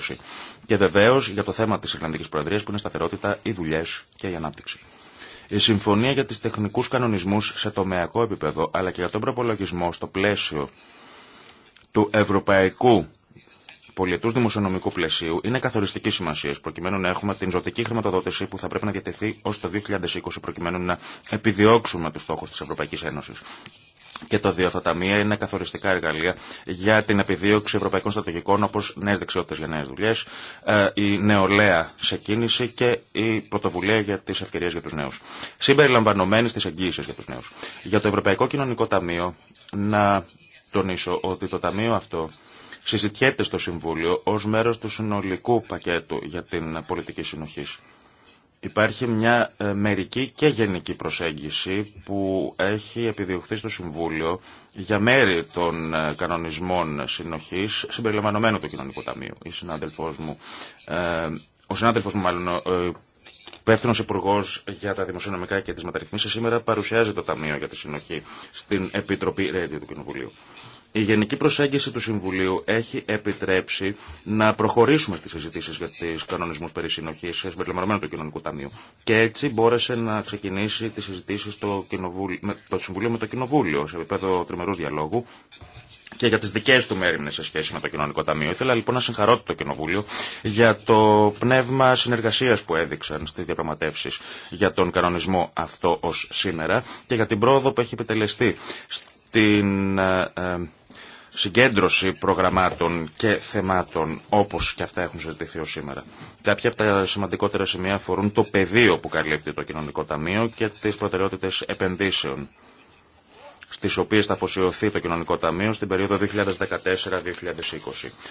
B: 2020. Και βεβαίως για το θέμα της Ατλαντικής Προεδρίας που είναι σταθερότητα, οι δουλειέ και η ανάπτυξη. Η συμφωνία για τις τεχνικούς κανονισμούς σε τομεακό επίπεδο, αλλά και για τον προπολογισμό στο πλαίσιο του ευρωπαϊκού Πολιτού δημοσιονομικού πλαισίου είναι καθοριστική σημασία προκειμένου να έχουμε την ζωτική χρηματοδότηση που θα πρέπει να διατεθεί ω το 2020 προκειμένου να επιδιώξουμε του στόχου τη Ευρωπαϊκή Ένωση. Και το δύο αυτά ταμεία είναι καθοριστικά εργαλεία για την επιδίωξη ευρωπαϊκών στρατηγικών όπω νέε δεξιότητε για νέε δουλειέ, ε, η νεολαία σε κίνηση και η πρωτοβουλία για τι ευκαιρίε για του νέου. Συμπεριλαμβανομένη για του νέου. Για το Ευρωπαϊκό Κοινωνικό Ταμείο να τονίσω ότι το Ταμείο αυτό συζητιέται στο Συμβούλιο ως μέρος του συνολικού πακέτου για την πολιτική συνοχή. Υπάρχει μια ε, μερική και γενική προσέγγιση που έχει επιδιωχθεί στο Συμβούλιο για μέρη των ε, κανονισμών συνοχής συμπεριλαμβανομένου του Κοινωνικού Ταμείου. Η συνάδελφός μου, ε, ο συνάδελφος μου μάλλον, υπεύθυνο υπουργό για τα δημοσιονομικά και τι μεταρρυθμίσει, σήμερα παρουσιάζει το Ταμείο για τη Συνοχή στην Επιτροπή Ρέντιο του Κοινοβουλίου. Η γενική προσέγγιση του Συμβουλίου έχει επιτρέψει να προχωρήσουμε στι συζητήσει για του κανονισμού περί συνοχή, συμπεριλαμβανομένου του Κοινωνικού Ταμείου. Και έτσι μπόρεσε να ξεκινήσει τι συζητήσει το, το Συμβουλίο με το Κοινοβούλιο σε επίπεδο τριμερού διαλόγου και για τι δικέ του μέρημνε σε σχέση με το Κοινωνικό Ταμείο. Ήθελα λοιπόν να συγχαρώ το Κοινοβούλιο για το πνεύμα συνεργασία που έδειξαν στι διαπραγματεύσει για τον κανονισμό αυτό ω σήμερα και για την πρόοδο που έχει επιτελεστεί στην ε, ε, συγκέντρωση προγραμμάτων και θεμάτων όπως και αυτά έχουν συζητηθεί ως σήμερα. Κάποια από τα σημαντικότερα σημεία αφορούν το πεδίο που καλύπτει το Κοινωνικό Ταμείο και τις προτεραιότητες επενδύσεων στις οποίες θα αφοσιωθεί το Κοινωνικό Ταμείο στην περίοδο 2014-2020.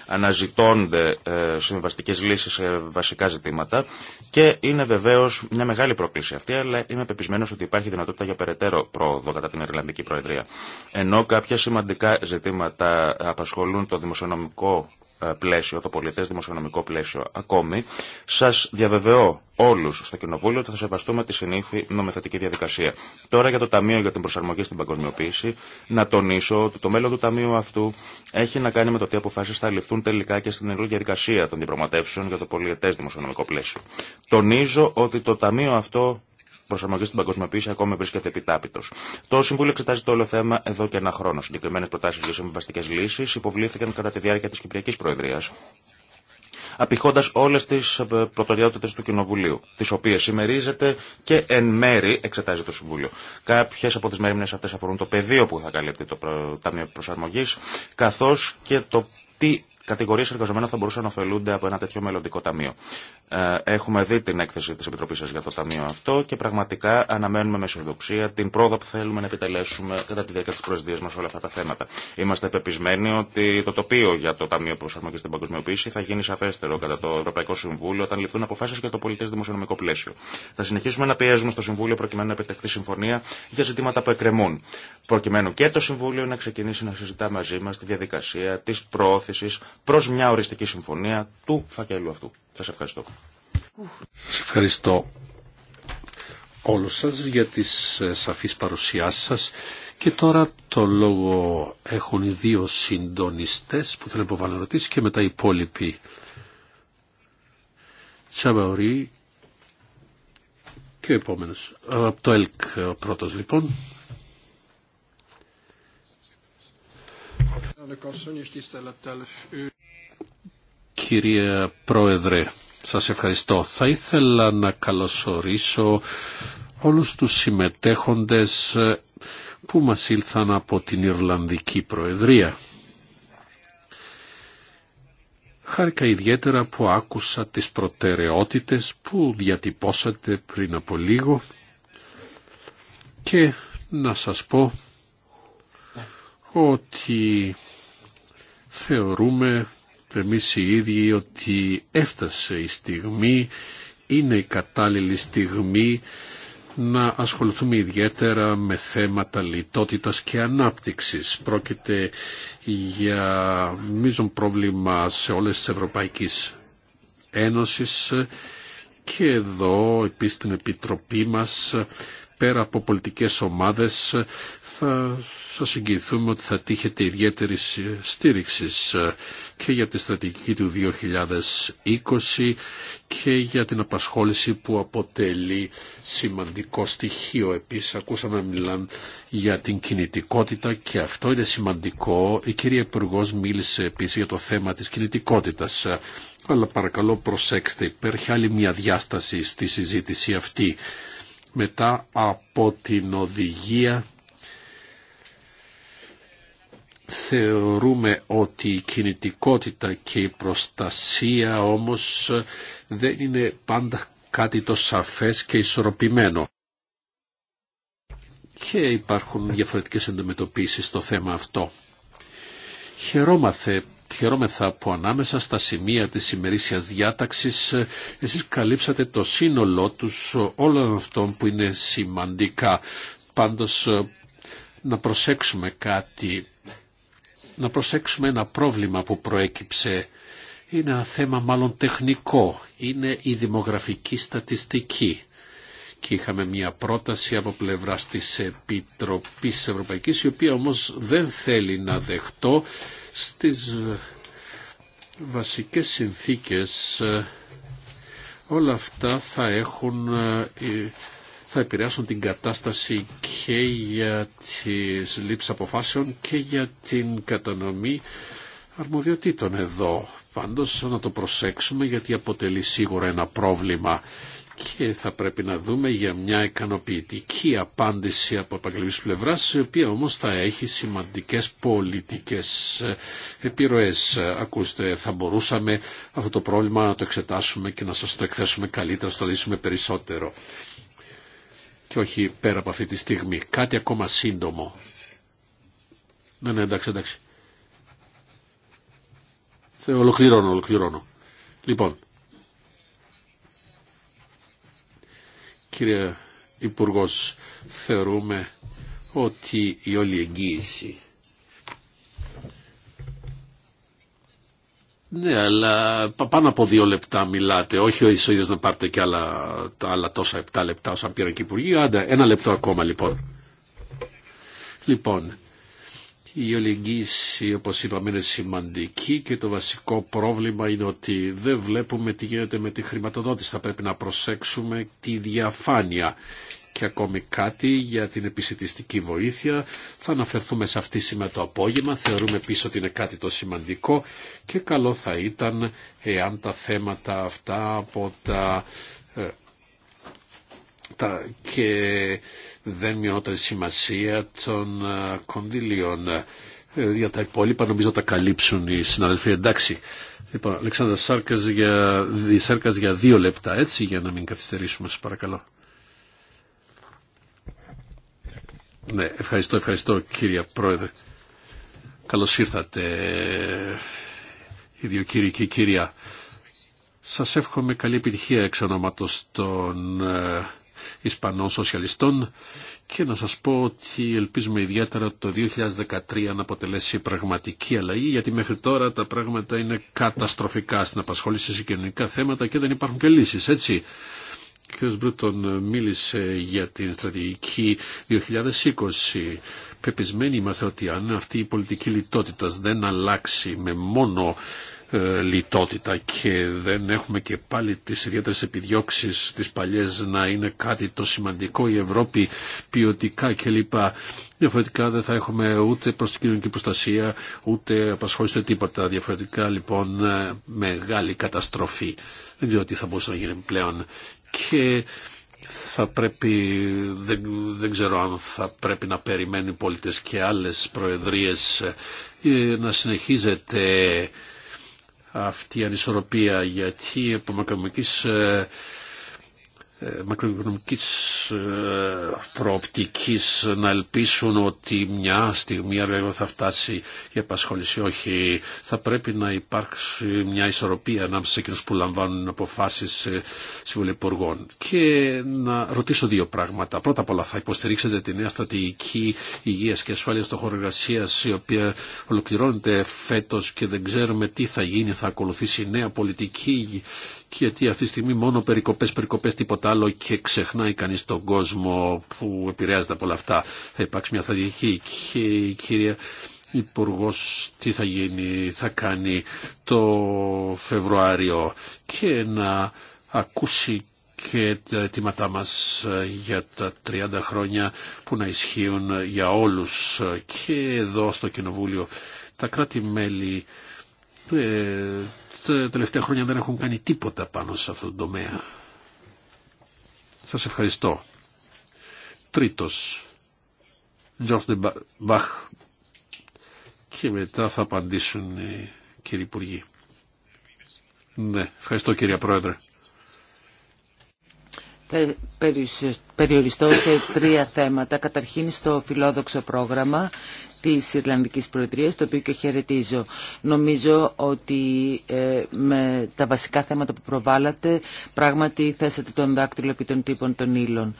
B: Αναζητώνται ε, συμβαστικές λύσεις σε βασικά ζητήματα και είναι βεβαίως μια μεγάλη πρόκληση αυτή, αλλά είμαι πεπισμένο ότι υπάρχει δυνατότητα για περαιτέρω πρόοδο κατά την Ιρλανδική Προεδρία. Ενώ κάποια σημαντικά ζητήματα απασχολούν το δημοσιονομικό πλαίσιο, το πολιτές δημοσιονομικό πλαίσιο. Ακόμη, σας διαβεβαιώ όλους στο Κοινοβούλιο ότι θα σεβαστούμε τη συνήθι νομοθετική διαδικασία. Τώρα για το Ταμείο για την Προσαρμογή στην Παγκοσμιοποίηση, να τονίσω ότι το μέλλον του Ταμείου αυτού έχει να κάνει με το τι αποφάσει θα ληφθούν τελικά και στην ενεργή διαδικασία των διαπραγματεύσεων για το πολιτές δημοσιονομικό πλαίσιο. Τονίζω ότι το Ταμείο αυτό προσαρμογή στην παγκοσμιοποίηση ακόμη βρίσκεται επιτάπητο. Το Συμβούλιο εξετάζει το όλο θέμα εδώ και ένα χρόνο. Συγκεκριμένε προτάσει για συμβαστικέ λύσει υποβλήθηκαν κατά τη διάρκεια τη Κυπριακή Προεδρία απηχώντα όλε τι ε, προτεραιότητε του Κοινοβουλίου, τι οποίε ημερίζεται και εν μέρη εξετάζει το Συμβούλιο. Κάποιε από τι μέρημνε αυτέ αφορούν το πεδίο που θα καλύπτει το Ταμείο Προσαρμογή, καθώ και το τι κατηγορίε εργαζομένων θα μπορούσαν να ωφελούνται από ένα τέτοιο μελλοντικό ταμείο. Ε, έχουμε δει την έκθεση τη Επιτροπή σα για το ταμείο αυτό και πραγματικά αναμένουμε με αισιοδοξία την πρόοδο που θέλουμε να επιτελέσουμε κατά τη διάρκεια τη προεσδία μα όλα αυτά τα θέματα. Είμαστε πεπισμένοι ότι το τοπίο για το Ταμείο Προσαρμογή στην Παγκοσμιοποίηση θα γίνει σαφέστερο κατά το Ευρωπαϊκό Συμβούλιο όταν ληφθούν αποφάσει για το πολιτέ δημοσιονομικό πλαίσιο. Θα συνεχίσουμε να πιέζουμε στο Συμβούλιο προκειμένου να επιτευχθεί συμφωνία για ζητήματα που εκκρεμούν. Προκειμένου και το Συμβούλιο να ξεκινήσει να συζητά μαζί μα τη διαδικασία τη προώθηση προς μια οριστική συμφωνία
A: του φακέλου αυτού. Σα ευχαριστώ. Ευχαριστώ όλου σα για τι ε, σαφεί παρουσιάσει σα. Και τώρα το λόγο έχουν οι δύο συντονιστέ που θέλουν να υποβάλουν ερωτήσει και μετά οι υπόλοιποι. Τσαβαωρή και ο επόμενος. Από το ΕΛΚ ο πρώτος λοιπόν. Κύριε Πρόεδρε, σας ευχαριστώ. Θα ήθελα να καλωσορίσω όλους τους συμμετέχοντες που μας ήλθαν από την Ιρλανδική Προεδρία. Χάρηκα ιδιαίτερα που άκουσα τις προτεραιότητες που διατυπώσατε πριν από λίγο και να σας πω ότι θεωρούμε εμείς οι ίδιοι ότι έφτασε η στιγμή, είναι η κατάλληλη στιγμή να ασχοληθούμε ιδιαίτερα με θέματα λιτότητας και ανάπτυξης. Πρόκειται για μείζον πρόβλημα σε όλες τις Ευρωπαϊκές Ένωσης και εδώ επίσης την Επιτροπή μας πέρα από πολιτικές ομάδες θα σας εγγυηθούμε ότι θα τύχετε ιδιαίτερη στήριξη ε, και για τη στρατηγική του 2020 και για την απασχόληση που αποτελεί σημαντικό στοιχείο. Επίσης ακούσαμε να μιλάνε για την κινητικότητα και αυτό είναι σημαντικό. Η κυρία Υπουργό μίλησε επίσης για το θέμα της κινητικότητας. Ε, αλλά παρακαλώ προσέξτε, υπέρχει άλλη μια διάσταση στη συζήτηση αυτή μετά από την οδηγία Θεωρούμε ότι η κινητικότητα και η προστασία όμως δεν είναι πάντα κάτι το σαφές και ισορροπημένο. Και υπάρχουν διαφορετικές αντιμετωπίσεις στο θέμα αυτό. Χαιρόμαθε χαιρόμεθα που ανάμεσα στα σημεία της ημερήσιας διάταξης εσείς καλύψατε το σύνολό τους όλων αυτών που είναι σημαντικά. Πάντως να προσέξουμε κάτι να προσέξουμε ένα πρόβλημα που προέκυψε. Είναι ένα θέμα μάλλον τεχνικό. Είναι η δημογραφική στατιστική. Και είχαμε μια πρόταση από πλευρά της Επιτροπής Ευρωπαϊκής, η οποία όμως δεν θέλει να δεχτώ στις ε, βασικές συνθήκες ε, όλα αυτά θα έχουν ε, θα επηρεάσουν την κατάσταση και για τις λήψεις αποφάσεων και για την κατανομή αρμοδιοτήτων εδώ. Πάντως να το προσέξουμε γιατί αποτελεί σίγουρα ένα πρόβλημα και θα πρέπει να δούμε για μια ικανοποιητική απάντηση από επαγγελμής πλευρά, η οποία όμως θα έχει σημαντικές πολιτικές επιρροές. Ακούστε, θα μπορούσαμε αυτό το πρόβλημα να το εξετάσουμε και να σας το εκθέσουμε καλύτερα, να το δείσουμε περισσότερο και όχι πέρα από αυτή τη στιγμή. Κάτι ακόμα σύντομο. Ναι, ναι, εντάξει, εντάξει. Ολοκληρώνω, ολοκληρώνω. Λοιπόν, κύριε Υπουργός, θεωρούμε ότι η όλη εγγύηση Ναι, αλλά πάνω από δύο λεπτά μιλάτε. Όχι ο ίδιο να πάρετε και άλλα, τόσα επτά λεπτά όσα πήραν και οι υπουργοί. Άντε, ένα λεπτό ακόμα λοιπόν. Λοιπόν, η ολιγγύηση όπως είπαμε είναι σημαντική και το βασικό πρόβλημα είναι ότι δεν βλέπουμε τι γίνεται με τη χρηματοδότηση. Θα πρέπει να προσέξουμε τη διαφάνεια και ακόμη κάτι για την επισητιστική βοήθεια. Θα αναφερθούμε σε αυτή σήμερα το απόγευμα. Θεωρούμε πίσω ότι είναι κάτι το σημαντικό και καλό θα ήταν εάν τα θέματα αυτά από τα, ε, και δεν μειωνόταν η σημασία των ε, κονδύλιων. Ε, για τα υπόλοιπα νομίζω τα καλύψουν οι συναδελφοί. Εντάξει. Λοιπόν, Αλεξάνδρα Σάρκας για, Σάρκας για δύο λεπτά, έτσι, για να μην καθυστερήσουμε, σας παρακαλώ. Ναι, ευχαριστώ, ευχαριστώ κύριε Πρόεδρε. Καλώς ήρθατε οι δύο κύριοι και η κυρία. Σας εύχομαι καλή επιτυχία εξ ονόματος των ε, Ισπανών Σοσιαλιστών και να σας πω ότι ελπίζουμε ιδιαίτερα το 2013 να αποτελέσει πραγματική αλλαγή γιατί μέχρι τώρα τα πράγματα είναι καταστροφικά στην απασχόληση σε κοινωνικά θέματα και δεν υπάρχουν και λύσεις, έτσι κ. Μπρούτον ε, μίλησε για την στρατηγική 2020. Πεπισμένοι είμαστε ότι αν αυτή η πολιτική λιτότητα δεν αλλάξει με μόνο ε, λιτότητα και δεν έχουμε και πάλι τις ιδιαίτερες επιδιώξεις τις παλιές να είναι κάτι το σημαντικό η Ευρώπη ποιοτικά κλπ. Διαφορετικά δεν θα έχουμε ούτε προς την κοινωνική προστασία ούτε απασχόληση τίποτα. Διαφορετικά λοιπόν ε, μεγάλη καταστροφή. Δεν ξέρω τι θα μπορούσε να γίνει πλέον και θα πρέπει, δεν, ξέρω αν θα πρέπει να περιμένουν οι πολίτες και άλλες προεδρίες ε, να συνεχίζεται αυτή η ανισορροπία γιατί από ε, μακροοικονομικής ε, προοπτικής να ελπίσουν ότι μια στιγμή αργότερα θα φτάσει η επασχόληση Όχι, θα πρέπει να υπάρξει μια ισορροπία ανάμεσα σε εκείνους που λαμβάνουν αποφάσεις ε, συμβουλευτικών. Και να ρωτήσω δύο πράγματα. Πρώτα απ' όλα θα υποστηρίξετε τη νέα στρατηγική υγείας και ασφάλειας στο χώρο η οποία ολοκληρώνεται φέτος και δεν ξέρουμε τι θα γίνει, θα ακολουθήσει η νέα πολιτική γιατί αυτή τη στιγμή μόνο περικοπές, περικοπές, τίποτα άλλο και ξεχνάει κανείς τον κόσμο που επηρεάζεται από όλα αυτά. Θα υπάρξει μια στρατηγική και η κυρία Υπουργό τι θα γίνει, θα κάνει το Φεβρουάριο και να ακούσει και τα αιτήματά μας για τα 30 χρόνια που να ισχύουν για όλους και εδώ στο Κοινοβούλιο. Τα κράτη-μέλη ε, τα τελευταία χρόνια δεν έχουν κάνει τίποτα πάνω σε αυτό το τομέα. Σας ευχαριστώ. Τρίτος, Τζόρντε Μπαχ και μετά θα απαντήσουν οι κύριοι Υπουργοί. Ναι, ευχαριστώ κύριε Πρόεδρε.
D: Θα περιοριστώ σε τρία θέματα. Καταρχήν στο φιλόδοξο πρόγραμμα της Ιρλανδικής Προεδρίας, το οποίο και χαιρετίζω. Νομίζω ότι ε, με τα βασικά θέματα που προβάλλατε, πράγματι θέσατε τον δάκτυλο επί των τύπων των ύλων.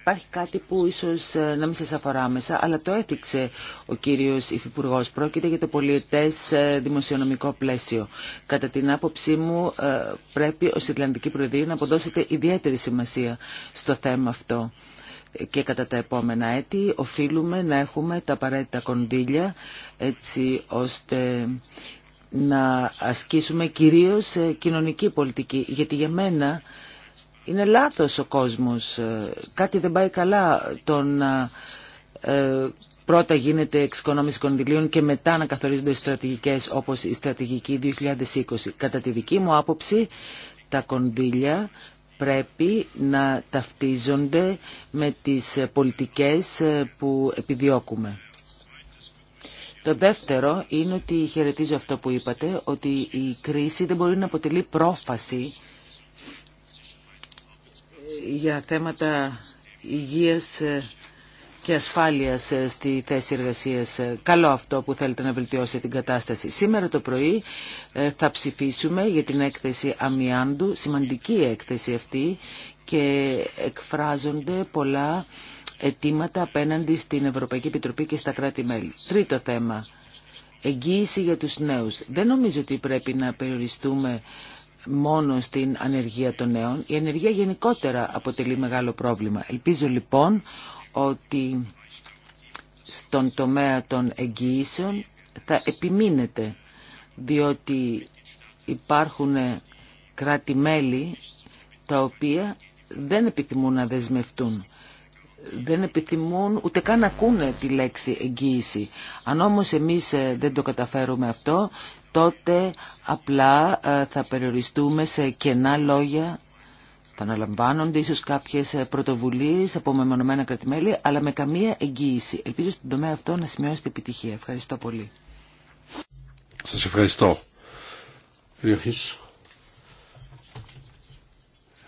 D: Υπάρχει κάτι που ίσως ε, να μην σας αφορά άμεσα, αλλά το έθιξε ο κύριος Υφυπουργό. Πρόκειται για το πολιετές ε, δημοσιονομικό πλαίσιο. Κατά την άποψή μου πρέπει ως Ιρλανδική Προεδρία να αποδώσετε ιδιαίτερη σημασία στο θέμα αυτό και κατά τα επόμενα έτη οφείλουμε να έχουμε τα απαραίτητα κονδύλια έτσι ώστε να ασκήσουμε κυρίως ε, κοινωνική πολιτική. Γιατί για μένα είναι λάθος ο κόσμος. Ε, κάτι δεν πάει καλά το να ε, πρώτα γίνεται εξοικονόμηση κονδυλίων και μετά να καθορίζονται οι στρατηγικές όπως η στρατηγική 2020. Κατά τη δική μου άποψη τα κονδύλια πρέπει να ταυτίζονται με τις πολιτικές που επιδιώκουμε. Το δεύτερο είναι ότι χαιρετίζω αυτό που είπατε, ότι η κρίση δεν μπορεί να αποτελεί πρόφαση για θέματα υγείας και ασφάλεια ε, στη θέση εργασία. Ε, καλό αυτό που θέλετε να βελτιώσετε την κατάσταση. Σήμερα το πρωί ε, θα ψηφίσουμε για την έκθεση Αμιάντου, σημαντική έκθεση αυτή και εκφράζονται πολλά αιτήματα απέναντι στην Ευρωπαϊκή Επιτροπή και στα κράτη-μέλη. Τρίτο θέμα, εγγύηση για τους νέους. Δεν νομίζω ότι πρέπει να περιοριστούμε μόνο στην ανεργία των νέων. Η ανεργία γενικότερα αποτελεί μεγάλο πρόβλημα. Ελπίζω λοιπόν ότι στον τομέα των εγγυήσεων θα επιμείνετε, διότι υπάρχουν κράτη-μέλη τα οποία δεν επιθυμούν να δεσμευτούν. Δεν επιθυμούν ούτε καν να ακούνε τη λέξη εγγύηση. Αν όμως εμείς ε, δεν το καταφέρουμε αυτό, τότε απλά ε, θα περιοριστούμε σε κενά λόγια θα αναλαμβάνονται ίσως κάποιες ε, πρωτοβουλίες από μεμονωμένα κρατημέλη, αλλά με καμία εγγύηση. Ελπίζω στον τομέα αυτό να σημειώσετε επιτυχία. Ευχαριστώ πολύ.
A: Σας ευχαριστώ.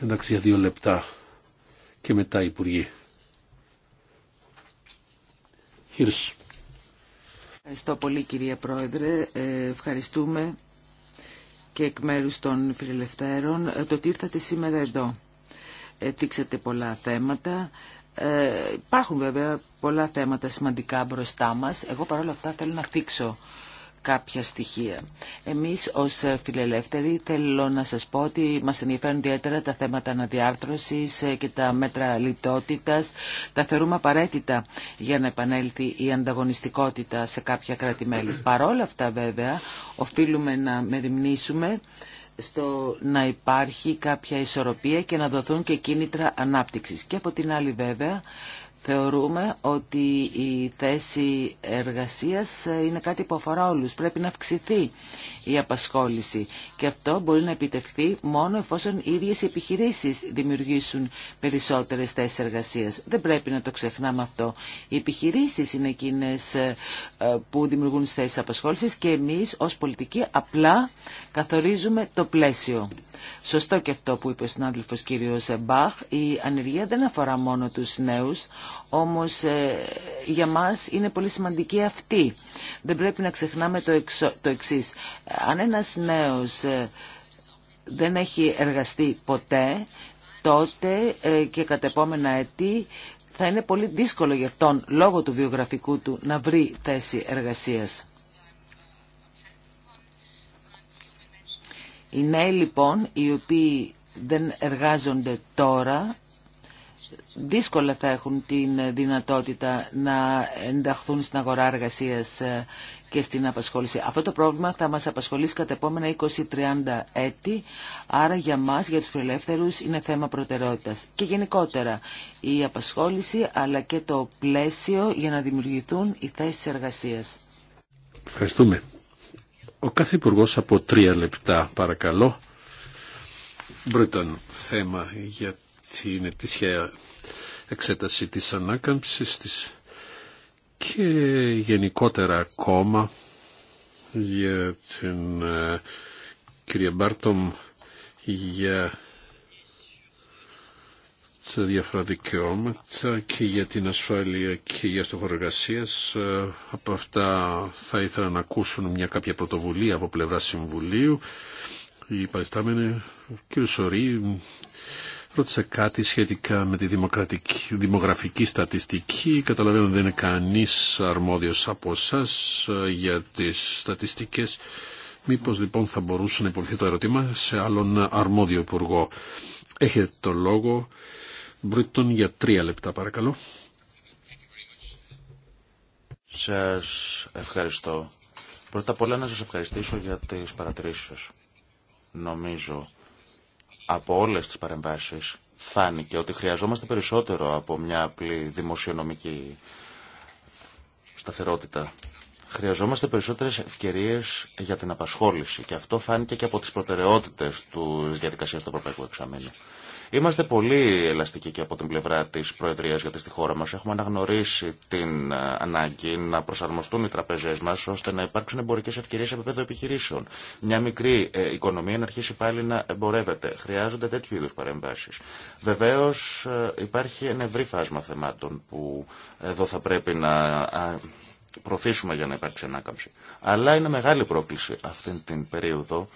A: Εντάξει για δύο λεπτά και μετά Υπουργή. Χίρς.
D: Ευχαριστώ πολύ κυρία Πρόεδρε. Ε, ευχαριστούμε και εκ μέρους των φιλελευθέρων ε, το ότι ήρθατε σήμερα εδώ. Δείξατε πολλά θέματα. Ε, υπάρχουν βέβαια πολλά θέματα σημαντικά μπροστά μας. Εγώ παρόλα αυτά θέλω να θίξω κάποια στοιχεία. Εμείς ως φιλελεύθεροι θέλω να σας πω ότι μας ενδιαφέρουν ιδιαίτερα τα θέματα αναδιάρθρωσης και τα μέτρα λιτότητας. Τα θεωρούμε απαραίτητα για να επανέλθει η ανταγωνιστικότητα σε κάποια <clears throat> Παρόλα αυτά βέβαια οφείλουμε να μεριμνήσουμε στο να υπάρχει κάποια ισορροπία και να δοθούν και κίνητρα ανάπτυξης. Και από την άλλη βέβαια Θεωρούμε ότι η θέση εργασίας είναι κάτι που αφορά όλους. Πρέπει να αυξηθεί η απασχόληση και αυτό μπορεί να επιτευχθεί μόνο εφόσον οι ίδιες οι επιχειρήσεις δημιουργήσουν περισσότερες θέσεις εργασίας. Δεν πρέπει να το ξεχνάμε αυτό. Οι επιχειρήσεις είναι εκείνες ε, που δημιουργούν τις θέσεις απασχόλησης και εμείς ως πολιτικοί απλά καθορίζουμε το πλαίσιο. Σωστό και αυτό που είπε ο συνάδελφος κύριος Μπαχ, η ανεργία δεν αφορά μόνο τους νέους, όμως ε, για μας είναι πολύ σημαντική αυτή. Δεν πρέπει να ξεχνάμε το, εξο... το εξής. Αν ένας νέος ε, δεν έχει εργαστεί ποτέ, τότε ε, και κατά επόμενα έτη θα είναι πολύ δύσκολο για τον λόγω του βιογραφικού του, να βρει θέση εργασίας. Οι νέοι λοιπόν, οι οποίοι δεν εργάζονται τώρα, δύσκολα θα έχουν την δυνατότητα να ενταχθούν στην αγορά εργασίας ε, και στην απασχόληση. Αυτό το πρόβλημα θα μας απασχολήσει κατά επόμενα 20-30 έτη, άρα για μας, για τους φιλελεύθερους, είναι θέμα προτεραιότητας. Και γενικότερα η απασχόληση αλλά και το πλαίσιο για να δημιουργηθούν οι θέσεις εργασίας.
A: Ευχαριστούμε. Ο κάθε υπουργό από τρία λεπτά παρακαλώ. θέμα για την εξέταση της ανάκαμψης της και γενικότερα ακόμα για την ε, κυρία Μπάρτομ για τα διάφορα δικαιώματα και για την ασφάλεια και για το ε, Από αυτά θα ήθελα να ακούσουν μια κάποια πρωτοβουλία από πλευρά Συμβουλίου. Η παριστάμενοι, κύριο Σωρή, ρώτησα κάτι σχετικά με τη δημογραφική στατιστική. Καταλαβαίνω δεν είναι κανείς αρμόδιος από εσά ε, για τις στατιστικές. Μήπως λοιπόν θα μπορούσε να υποβληθεί το ερώτημα σε άλλον αρμόδιο υπουργό. Έχετε το λόγο. Μπρίτον για τρία λεπτά παρακαλώ.
B: Σας ευχαριστώ. Πρώτα απ' όλα να σας ευχαριστήσω για τις παρατηρήσεις σας. Νομίζω από όλες τις παρεμβάσεις φάνηκε ότι χρειαζόμαστε περισσότερο από μια απλή δημοσιονομική σταθερότητα. Χρειαζόμαστε περισσότερες ευκαιρίες για την απασχόληση και αυτό φάνηκε και από τις προτεραιότητες του διαδικασίας του Ευρωπαϊκού Εξαμήνου. Είμαστε πολύ ελαστικοί και από την πλευρά τη Προεδρία, γιατί στη χώρα μα έχουμε αναγνωρίσει την ε, ανάγκη να προσαρμοστούν οι τραπεζέ μα ώστε να υπάρξουν εμπορικέ ευκαιρίε σε επίπεδο επιχειρήσεων. Μια μικρή ε, οικονομία να αρχίσει πάλι να εμπορεύεται. Χρειάζονται τέτοιου είδου παρεμβάσει. Βεβαίω ε, υπάρχει ένα ευρύ φάσμα θεμάτων που εδώ θα πρέπει να προωθήσουμε για να υπάρξει ανάκαμψη. Αλλά είναι μεγάλη πρόκληση αυτή την περίοδο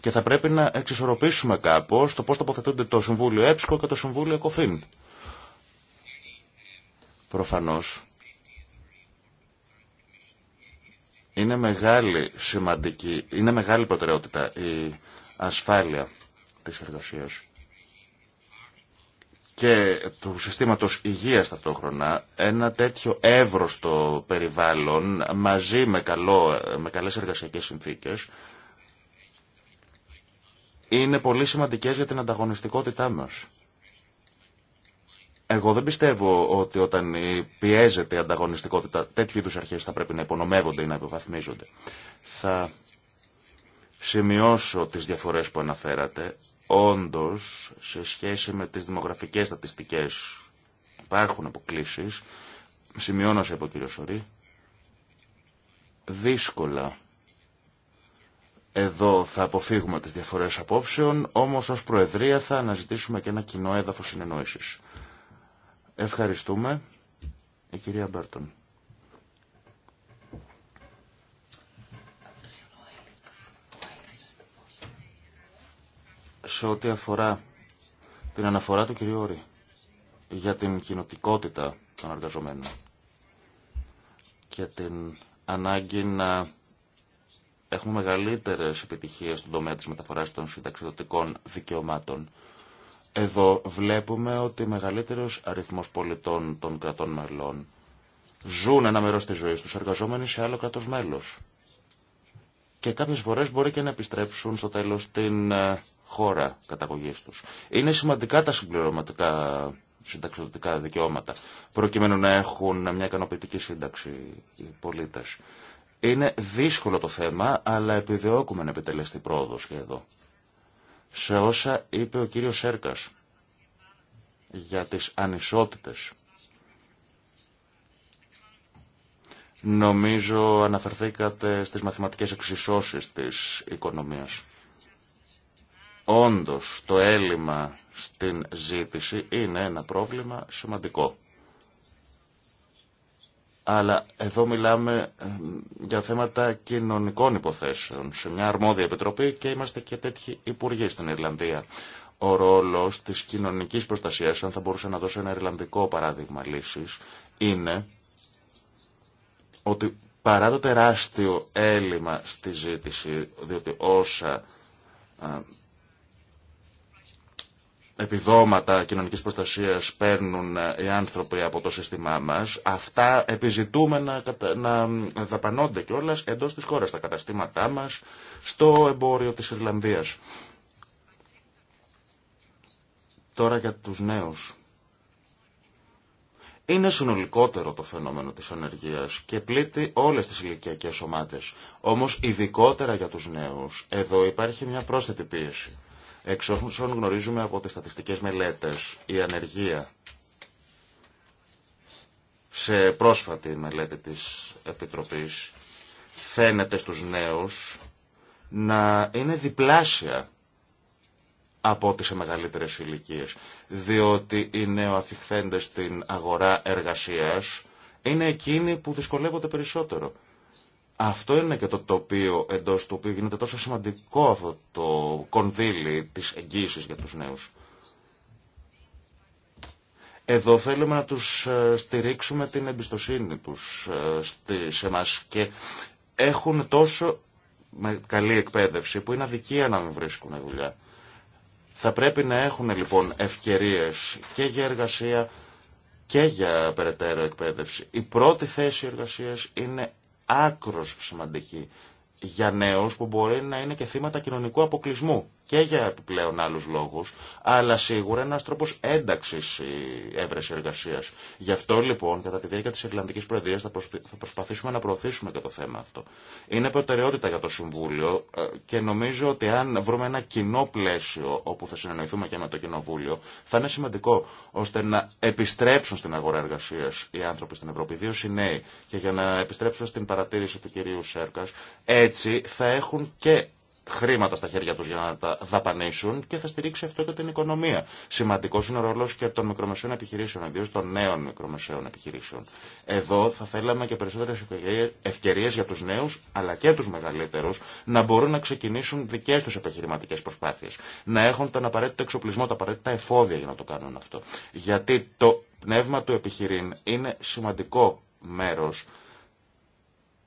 B: και θα πρέπει να εξισορροπήσουμε κάπως το πώς τοποθετούνται το Συμβούλιο ΕΠΣΚΟ και το Συμβούλιο ΕΚΟΦΗΝ. Προφανώς. Είναι μεγάλη σημαντική, είναι μεγάλη προτεραιότητα η ασφάλεια της εργασίας και του συστήματος υγείας ταυτόχρονα ένα τέτοιο εύρωστο περιβάλλον μαζί με, καλό, με καλές εργασιακές συνθήκες είναι πολύ σημαντικές για την ανταγωνιστικότητά μας. Εγώ δεν πιστεύω ότι όταν πιέζεται η ανταγωνιστικότητα τέτοιου είδους αρχές θα πρέπει να υπονομεύονται ή να υποβαθμίζονται. Θα σημειώσω τις διαφορές που αναφέρατε. Όντως, σε σχέση με τις δημογραφικές στατιστικές υπάρχουν αποκλήσεις. Σημειώνω σε από κύριο Σωρή. Δύσκολα εδώ θα αποφύγουμε τις διαφορές απόψεων, όμως ως Προεδρία θα αναζητήσουμε και ένα κοινό έδαφος συνεννόησης. Ευχαριστούμε. Η κυρία Μπέρτον. Σε ό,τι αφορά την αναφορά του κυρίου Ωρη για την κοινοτικότητα των εργαζομένων και την ανάγκη να έχουμε μεγαλύτερε επιτυχίες στον τομέα της μεταφοράς των συνταξιδοτικών δικαιωμάτων. Εδώ βλέπουμε ότι μεγαλύτερος αριθμός πολιτών των κρατών μελών ζουν ένα μέρο τη ζωή του, εργαζόμενοι σε άλλο κρατό μέλο. Και κάποιε φορέ μπορεί και να επιστρέψουν στο τέλο στην ε, χώρα καταγωγής τους. Είναι σημαντικά τα συμπληρωματικά συνταξιδοτικά δικαιώματα, προκειμένου να έχουν μια ικανοποιητική σύνταξη οι πολίτες. Είναι δύσκολο το θέμα, αλλά επιδιώκουμε να επιτελεστεί πρόοδο και εδώ. Σε όσα είπε ο κύριος Σέρκας για τις ανισότητες. Νομίζω αναφερθήκατε στις μαθηματικές εξισώσεις της οικονομίας. Όντως, το έλλειμμα στην ζήτηση είναι ένα πρόβλημα σημαντικό. Αλλά εδώ μιλάμε ε, για θέματα κοινωνικών υποθέσεων σε μια αρμόδια επιτροπή και είμαστε και τέτοιοι υπουργοί στην Ιρλανδία. Ο ρόλο τη κοινωνική προστασία, αν θα μπορούσα να δώσω ένα Ιρλανδικό παράδειγμα λύση, είναι ότι παρά το τεράστιο έλλειμμα στη ζήτηση, διότι όσα ε, επιδόματα κοινωνικής προστασίας παίρνουν ε, οι άνθρωποι από το σύστημά μας, αυτά επιζητούμε να, να δαπανώνται κιόλα εντός της χώρας, στα καταστήματά μας, στο εμπόριο της Ιρλανδίας. Τώρα για τους νέους. Είναι συνολικότερο το φαινόμενο της ανεργίας και πλήττει όλες τις ηλικιακές ομάδες. Όμως ειδικότερα για τους νέους, εδώ υπάρχει μια πρόσθετη πίεση Εξ όσων γνωρίζουμε από τις στατιστικές μελέτες, η ανεργία σε πρόσφατη μελέτη της Επιτροπής φαίνεται στους νέους να είναι διπλάσια από ό,τι σε μεγαλύτερες ηλικίε. Διότι οι νεοαθιχθέντες στην αγορά εργασίας είναι εκείνοι που δυσκολεύονται περισσότερο. Αυτό είναι και το τοπίο εντό του οποίου γίνεται τόσο σημαντικό αυτό το κονδύλι της εγγύηση για τους νέους. Εδώ θέλουμε να τους ε, στηρίξουμε την εμπιστοσύνη τους ε, σε εμάς και έχουν τόσο καλή εκπαίδευση που είναι αδικία να μην βρίσκουν δουλειά. Θα πρέπει να έχουν λοιπόν ευκαιρίες και για εργασία και για περαιτέρω εκπαίδευση. Η πρώτη θέση εργασίας είναι άκρος σημαντική για νέους που μπορεί να είναι και θύματα κοινωνικού αποκλεισμού και για επιπλέον άλλους λόγους, αλλά σίγουρα ένας τρόπος ένταξης η έβρεση εργασίας. Γι' αυτό λοιπόν κατά τη διάρκεια της Ιρλανδικής Προεδρίας θα, προσπαθήσουμε να προωθήσουμε και το θέμα αυτό. Είναι προτεραιότητα για το Συμβούλιο ε, και νομίζω ότι αν βρούμε ένα κοινό πλαίσιο όπου θα συνεννοηθούμε και με το Κοινοβούλιο, θα είναι σημαντικό ώστε να επιστρέψουν στην αγορά εργασίας οι άνθρωποι στην Ευρώπη, ιδίω οι νέοι. Και για να επιστρέψουν στην παρατήρηση του κυρίου Σέρκας, έτσι θα έχουν και χρήματα στα χέρια του για να τα δαπανίσουν και θα στηρίξει αυτό και την οικονομία. Σημαντικό είναι ο ρόλο και των μικρομεσαίων επιχειρήσεων, ιδίω των νέων μικρομεσαίων επιχειρήσεων. Εδώ θα θέλαμε και περισσότερε ευκαιρίε για του νέου, αλλά και του μεγαλύτερου, να μπορούν να ξεκινήσουν δικέ του επιχειρηματικέ προσπάθειες. Να έχουν τον απαραίτητο εξοπλισμό, τα απαραίτητα εφόδια για να το κάνουν αυτό. Γιατί το πνεύμα του επιχειρήν είναι σημαντικό μέρο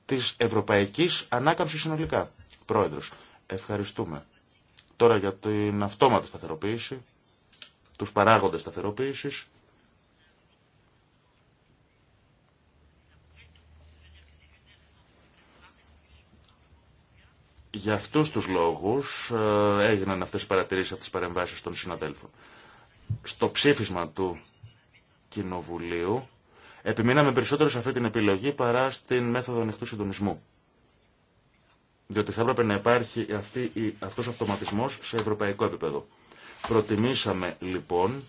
B: τη Ευρωπαϊκή ανάκαμψη συνολικά. Πρόεδρος, ευχαριστούμε. Τώρα για την αυτόματη σταθεροποίηση, τους παράγοντες σταθεροποίησης. Για αυτούς τους λόγους ε, έγιναν αυτές οι παρατηρήσεις από τις παρεμβάσεις των συναδέλφων. Στο ψήφισμα του Κοινοβουλίου επιμείναμε περισσότερο σε αυτή την επιλογή παρά στην μέθοδο ανοιχτού συντονισμού διότι θα έπρεπε να υπάρχει αυτή, αυτός ο αυτοματισμός σε ευρωπαϊκό επίπεδο. Προτιμήσαμε λοιπόν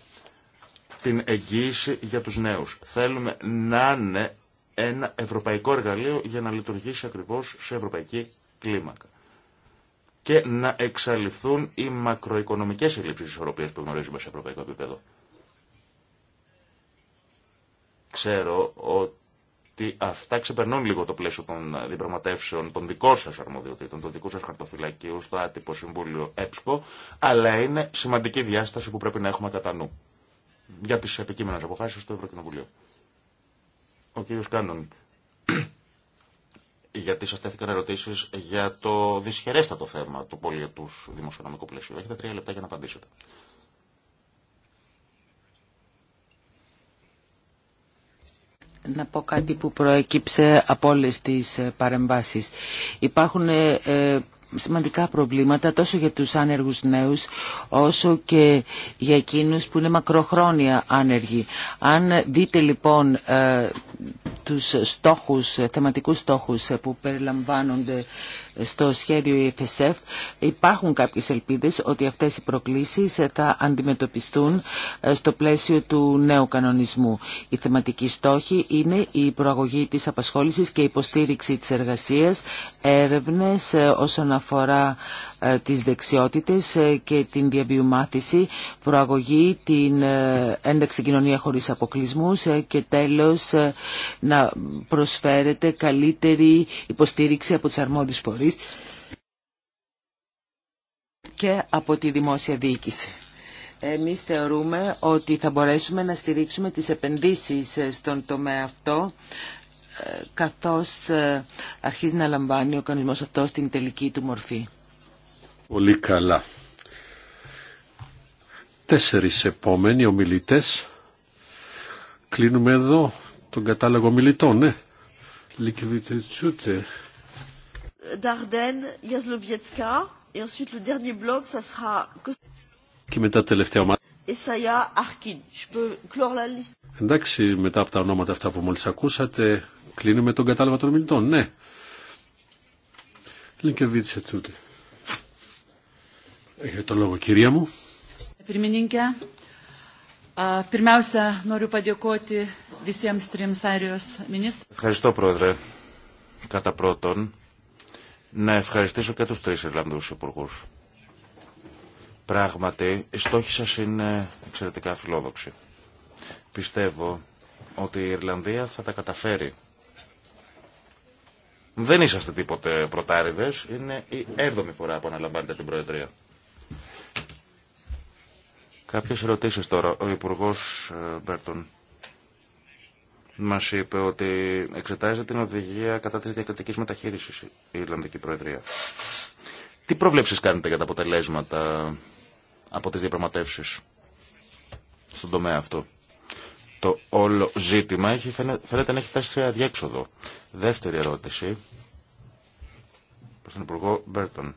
B: την εγγύηση για τους νέους. Θέλουμε να είναι ένα ευρωπαϊκό εργαλείο για να λειτουργήσει ακριβώς σε ευρωπαϊκή κλίμακα και να εξαλειφθούν οι μακροοικονομικές ελλείψεις ισορροπίας που γνωρίζουμε σε ευρωπαϊκό επίπεδο. Ξέρω ότι ότι αυτά ξεπερνούν λίγο το πλαίσιο των διπραγματεύσεων, των δικών σα αρμοδιοτήτων, των δικού σα χαρτοφυλακίου στο άτυπο Συμβούλιο ΕΠΣΚΟ, αλλά είναι σημαντική διάσταση που πρέπει να έχουμε κατά νου για τι επικείμενε αποφάσει του Ευρωκοινοβουλίου. Ο κύριο Κάνων, γιατί σα τέθηκαν ερωτήσει για το δυσχερέστατο θέμα του πολιετού δημοσιονομικού πλαισίου. Έχετε τρία λεπτά για να απαντήσετε.
D: να πω κάτι που προέκυψε από όλε τις ε, παρεμβάσεις. Υπάρχουν ε, ε, σημαντικά προβλήματα τόσο για τους άνεργους νέους όσο και για εκείνους που είναι μακροχρόνια άνεργοι. Αν δείτε λοιπόν τους στόχους, θεματικούς στόχους που περιλαμβάνονται στο σχέδιο EFSF υπάρχουν κάποιες ελπίδες ότι αυτές οι προκλήσεις ε, θα αντιμετωπιστούν ε, στο πλαίσιο του νέου κανονισμού. Η θεματική στόχη είναι η προαγωγή της απασχόλησης και η υποστήριξη της εργασίας, έρευνες ε, όσον αφορά τις δεξιότητες και την διαβιουμάθηση, προαγωγή, την ένταξη κοινωνία χωρίς αποκλεισμούς και τέλος να προσφέρεται καλύτερη υποστήριξη από τους αρμόδιους φορείς και από τη δημόσια διοίκηση. Εμείς θεωρούμε ότι θα μπορέσουμε να στηρίξουμε τις επενδύσεις στον τομέα αυτό ε, καθώς ε, αρχίζει να λαμβάνει ο κανονισμός αυτό στην τελική του μορφή.
A: Πολύ καλά. Τέσσερις επόμενοι ομιλητές. Κλείνουμε εδώ τον κατάλογο ομιλητών, ναι. τσούτε.
B: Νταρντέν, Ιασλοβιετσκά et ensuite le dernier bloc, ça sera
A: και μετά τελευταία ομάδα.
B: Εσάια Αρκίν.
A: Εντάξει, μετά από τα ονόματα αυτά που μόλις ακούσατε, κλείνουμε τον κατάλογο των μιλητών. Ναι. Λίνκεβίτσε τούτη. Έχετε το λόγο, κυρία μου.
D: Πυρμηνίνκια, πριμάουσα νόριου παντιοκότη, δυσιαμ στριμ
B: Ευχαριστώ, Πρόεδρε. Κατά πρώτον, να ευχαριστήσω και τους τρεις Ιρλανδούς υπουργούς. Πράγματι, οι στόχοι σας είναι εξαιρετικά φιλόδοξοι. Πιστεύω ότι η Ιρλανδία θα τα καταφέρει. Δεν είσαστε τίποτε πρωτάριδες, είναι η έβδομη φορά που αναλαμβάνετε την Προεδρία. Κάποιες ερωτήσεις τώρα. Ο Υπουργός ε, Μπέρτον Μα είπε ότι εξετάζεται την οδηγία κατά της διακριτική μεταχείρισης η Ιρλανδική Προεδρία. Τι προβλέψεις κάνετε για τα αποτελέσματα από τις διαπραγματεύσεις στον τομέα αυτό. Το όλο ζήτημα έχει, φαίνεται να έχει φτάσει σε αδιέξοδο. Δεύτερη ερώτηση προ τον Υπουργό Μπέρτον.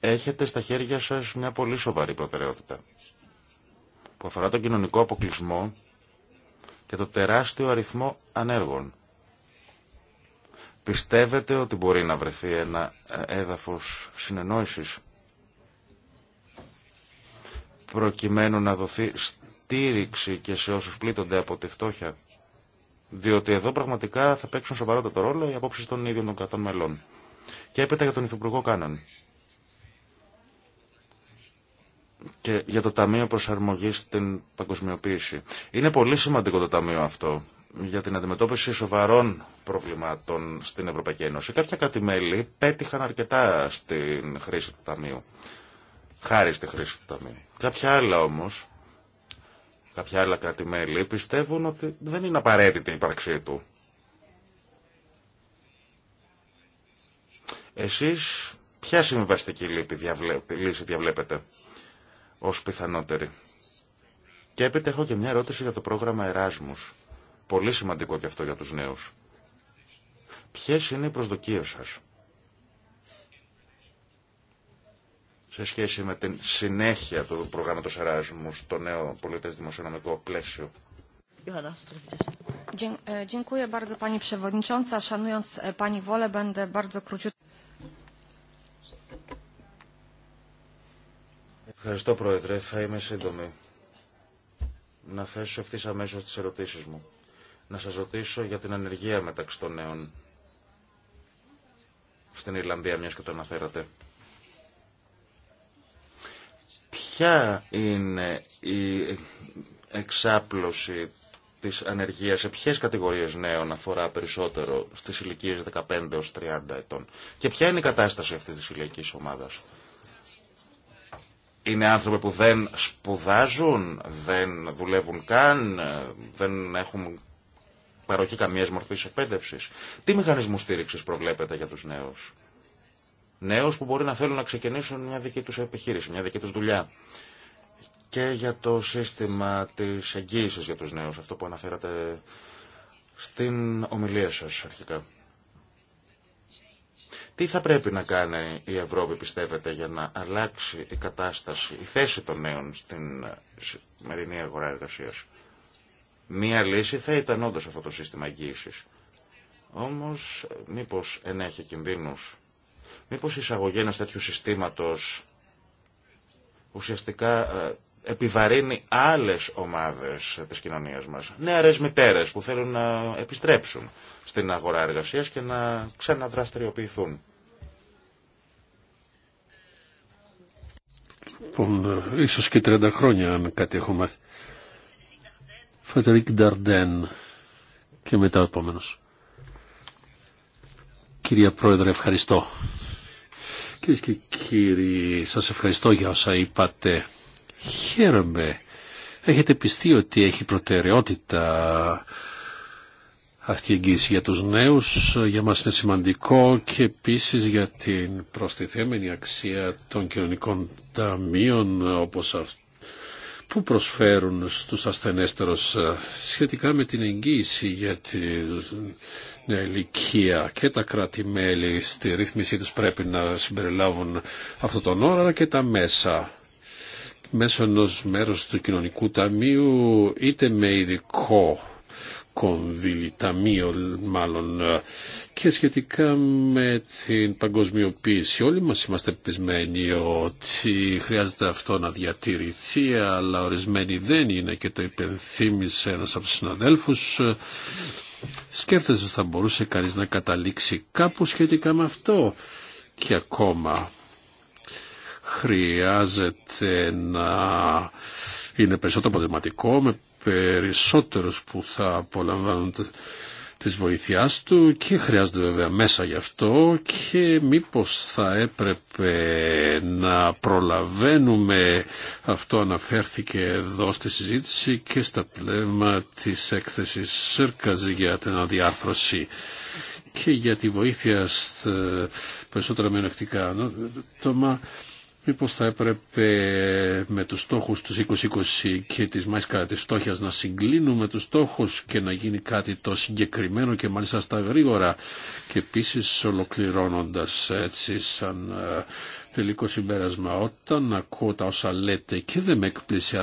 B: έχετε στα χέρια σας μια πολύ σοβαρή προτεραιότητα που αφορά τον κοινωνικό αποκλεισμό και το τεράστιο αριθμό ανέργων. Πιστεύετε ότι μπορεί να βρεθεί ένα ε, έδαφος συνεννόησης προκειμένου να δοθεί στήριξη και σε όσους πλήττονται από τη φτώχεια. Διότι εδώ πραγματικά θα παίξουν σοβαρότατο ρόλο οι απόψεις των ίδιων των κρατών μελών. Και έπειτα για τον Υφυπουργό Κάναν και για το Ταμείο Προσαρμογής στην Παγκοσμιοποίηση. Είναι πολύ σημαντικό το Ταμείο αυτό για την αντιμετώπιση σοβαρών προβλημάτων στην Ευρωπαϊκή Ένωση. Κάποια πέτυχαν αρκετά στην χρήση του Ταμείου. Χάρη στη χρήση του Ταμείου. Κάποια άλλα όμως, κάποια άλλα πιστεύουν ότι δεν είναι απαραίτητη η ύπαρξή του. Εσείς ποια συμβαστική λύση διαβλέπετε ως πιθανότερη. Και έπειτα έχω και μια ερώτηση για το πρόγραμμα Εράσμους. Πολύ σημαντικό και αυτό για τους νέους. Ποιες είναι οι προσδοκίες σας σε σχέση με την συνέχεια του προγράμματος Εράσμου στο νέο πολιτές δημοσιονομικό πλαίσιο. Ευχαριστώ, Πρόεδρε. Θα είμαι σύντομη. Να θέσω ευθύ αμέσω τι ερωτήσει μου. Να σα ρωτήσω για την ανεργία μεταξύ των νέων. Στην Ιρλανδία, μια και το αναφέρατε. Ποια είναι η εξάπλωση της ανεργίας, σε ποιες κατηγορίες νέων αφορά περισσότερο στις ηλικίες 15 έως 30 ετών και ποια είναι η κατάσταση αυτής της ηλικία ομάδας είναι άνθρωποι που δεν σπουδάζουν, δεν δουλεύουν καν, δεν έχουν παροχή καμία μορφή εκπαίδευση. Τι μηχανισμού στήριξη προβλέπετε για του νέου, Νέου που μπορεί να θέλουν να ξεκινήσουν μια δική του επιχείρηση, μια δική του δουλειά. Και για το σύστημα τη εγγύηση για του νέου, αυτό που αναφέρατε στην ομιλία σα αρχικά. Τι θα πρέπει να κάνει η Ευρώπη, πιστεύετε, για να αλλάξει η κατάσταση, η θέση των νέων στην σημερινή αγορά εργασία. Μία λύση θα ήταν όντω αυτό το σύστημα εγγύηση. Όμω, μήπω ενέχει κινδύνου, μήπω η εισαγωγή ενό τέτοιου συστήματο ουσιαστικά ε, επιβαρύνει άλλε ομάδε τη κοινωνία μα. Νεαρέ μητέρε που θέλουν να επιστρέψουν στην αγορά εργασία και να ξαναδραστηριοποιηθούν.
A: Λοιπόν, ίσως και 30 χρόνια αν κάτι έχω μάθει. Φρεντερίκ Νταρντέν και μετά ο επόμενο. Κυρία Πρόεδρε, ευχαριστώ. Κυρίε και κύριοι, σας ευχαριστώ για όσα είπατε Χαίρομαι. Έχετε πιστεί ότι έχει προτεραιότητα αυτή η εγγύηση για τους νέους. Για μας είναι σημαντικό και επίσης για την προστιθέμενη αξία των κοινωνικών ταμείων όπως αυτό που προσφέρουν στους ασθενέστερους ε, σχετικά με την εγγύηση για την ηλικία και τα κράτη-μέλη στη ρύθμιση τους πρέπει να συμπεριλάβουν αυτόν τον όρο και τα μέσα μέσω ενό μέρους του κοινωνικού ταμείου είτε με ειδικό κονδύλι, ταμείο μάλλον ε, και σχετικά με την παγκοσμιοποίηση. Όλοι μας είμαστε πεισμένοι ότι χρειάζεται αυτό να διατηρηθεί αλλά ορισμένοι δεν είναι και το υπενθύμησε ένας από τους συναδέλφους σκέφτεσαι ότι θα μπορούσε κανείς να καταλήξει κάπου σχετικά με αυτό και ακόμα χρειάζεται να είναι περισσότερο αποτελεσματικό με περισσότερους που θα απολαμβάνουν της βοήθειάς του και χρειάζεται βέβαια μέσα γι' αυτό και μήπως θα έπρεπε να προλαβαίνουμε αυτό αναφέρθηκε εδώ στη συζήτηση και στα πλέμα της έκθεσης Σύρκαζη για την αδιάρθρωση και για τη βοήθεια στα περισσότερα μειονεκτικά άτομα Μήπως θα έπρεπε με τους στόχους τους 2020 και της μάσκα της φτώχειας να συγκλίνουμε τους στόχους και να γίνει κάτι το συγκεκριμένο και μάλιστα στα γρήγορα και επίσης ολοκληρώνοντας έτσι σαν ε, τελικό συμπέρασμα όταν ακούω τα όσα λέτε και δεν με εκπλήσει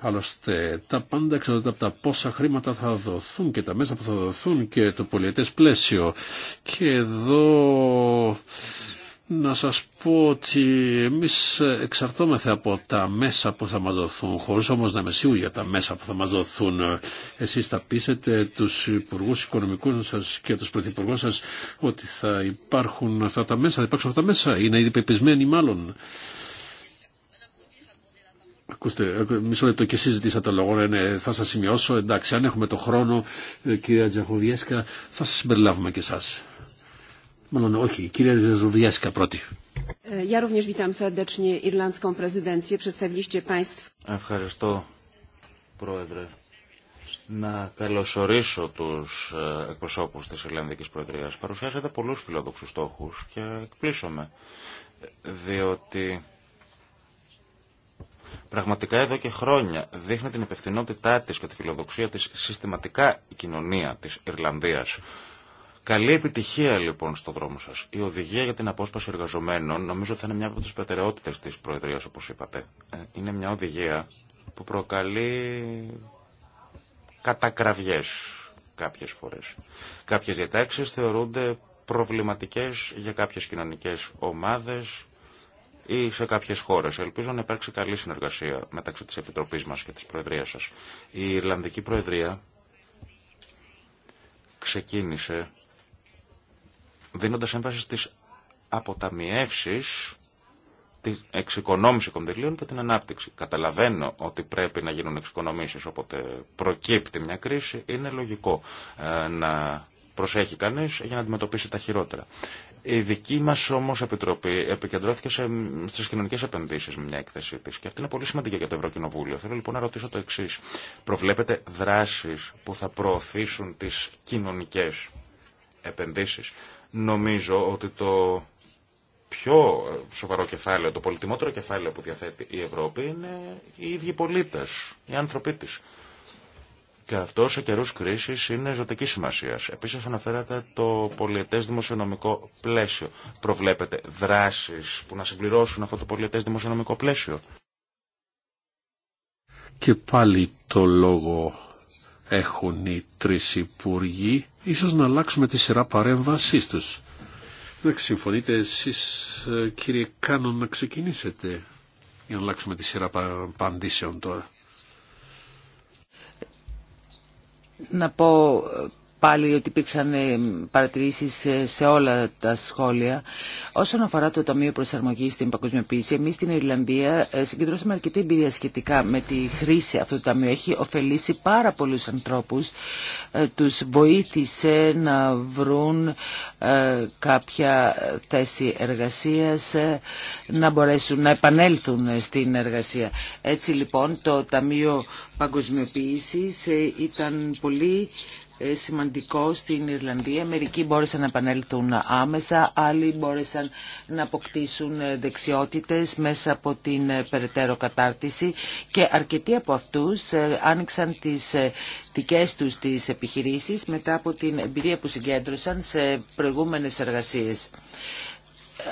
A: Άλλωστε, τα πάντα εξαρτάται από τα πόσα χρήματα θα δοθούν και τα μέσα που θα δοθούν και το πολιετές πλαίσιο. Και εδώ να σας πω ότι εμείς εξαρτώμεθα από τα μέσα που θα μας δοθούν, χωρίς όμως να είμαι σίγουροι για τα μέσα που θα μας δοθούν. Εσείς θα πείσετε τους υπουργού οικονομικού σας και τους πρωθυπουργού σας ότι θα υπάρχουν αυτά τα μέσα, θα υπάρξουν αυτά τα μέσα. Είναι ήδη πεπισμένοι μάλλον. Ακούστε, μισό λεπτό και εσείς ζητήσατε λόγο, ναι, ναι θα σας σημειώσω, εντάξει, αν έχουμε το χρόνο, ε, κυρία Τζαχουδιέσκα, θα σας συμπεριλάβουμε και εσάς. Μάλλον όχι. Ευχαριστώ,
B: Πρόεδρε. Να καλωσορίσω του ε, εκπροσώπου τη Ιρλανδική Προεδρία. Παρουσιάζεται πολλού φιλοδοξού στόχου και εκπλήσωμαι, διότι πραγματικά εδώ και χρόνια δείχνει την υπευθυνότητά τη και τη φιλοδοξία τη συστηματικά η κοινωνία τη Ιρλανδία. Καλή επιτυχία λοιπόν στο δρόμο σας. Η οδηγία για την απόσπαση εργαζομένων νομίζω θα είναι μια από τις πετεραιότητε της Προεδρίας όπως είπατε. Ε, είναι μια οδηγία που προκαλεί κατακραυγές κάποιες φορές. Κάποιες διατάξεις θεωρούνται προβληματικές για κάποιες κοινωνικές ομάδες ή σε κάποιες χώρες. Ελπίζω να υπάρξει καλή συνεργασία μεταξύ της Επιτροπής μας και της Προεδρίας σας. Η Ιρλανδική Προεδρία ξεκίνησε δίνοντας έμφαση στις αποταμιεύσεις της εξοικονόμηση κονδυλίων και την ανάπτυξη. Καταλαβαίνω ότι πρέπει να γίνουν εξοικονομήσεις όποτε προκύπτει μια κρίση. Είναι λογικό ε, να προσέχει κανείς για να αντιμετωπίσει τα χειρότερα. Η δική μα όμω επιτροπή επικεντρώθηκε στι κοινωνικέ επενδύσει με μια έκθεσή τη. Και αυτή είναι πολύ σημαντική για το Ευρωκοινοβούλιο. Θέλω λοιπόν να ρωτήσω το εξή. Προβλέπετε δράσει που θα προωθήσουν τι κοινωνικέ επενδύσει. Νομίζω ότι το πιο σοβαρό κεφάλαιο, το πολυτιμότερο κεφάλαιο που διαθέτει η Ευρώπη είναι οι ίδιοι πολίτε, οι άνθρωποι τη. Και αυτό σε καιρού κρίση είναι ζωτική σημασία. Επίση, αναφέρατε το πολιετέ δημοσιονομικό πλαίσιο. Προβλέπετε δράσει που να συμπληρώσουν αυτό το πολιετέ δημοσιονομικό πλαίσιο.
A: Και πάλι το λόγο έχουν οι τρεις υπουργοί, ίσως να αλλάξουμε τη σειρά παρέμβασής τους. Να συμφωνείτε εσείς ε, κύριε Κάνον να ξεκινήσετε για να αλλάξουμε τη σειρά απαντήσεων τώρα.
D: Να πω πάλι ότι υπήρξαν ε, παρατηρήσεις ε, σε όλα τα σχόλια. Όσον αφορά το Ταμείο Προσαρμογής στην Παγκοσμιοποίηση, εμεί στην Ιρλανδία ε, συγκεντρώσαμε αρκετή εμπειρία σχετικά με τη χρήση αυτού του Ταμείου. Έχει ωφελήσει πάρα πολλού ανθρώπους. Τους βοήθησε να βρουν κάποια θέση εργασία, να μπορέσουν να επανέλθουν στην εργασία. Έτσι λοιπόν το Ταμείο παγκοσμιοποίηση ήταν πολύ ε, σημαντικό στην Ιρλανδία. Μερικοί μπόρεσαν να επανέλθουν άμεσα, άλλοι μπόρεσαν να αποκτήσουν ε, δεξιότητες μέσα από την ε, περαιτέρω κατάρτιση και αρκετοί από αυτούς άνοιξαν τις δικές τους τις επιχειρήσεις μετά από την εμπειρία που συγκέντρωσαν σε προηγούμενες εργασίες.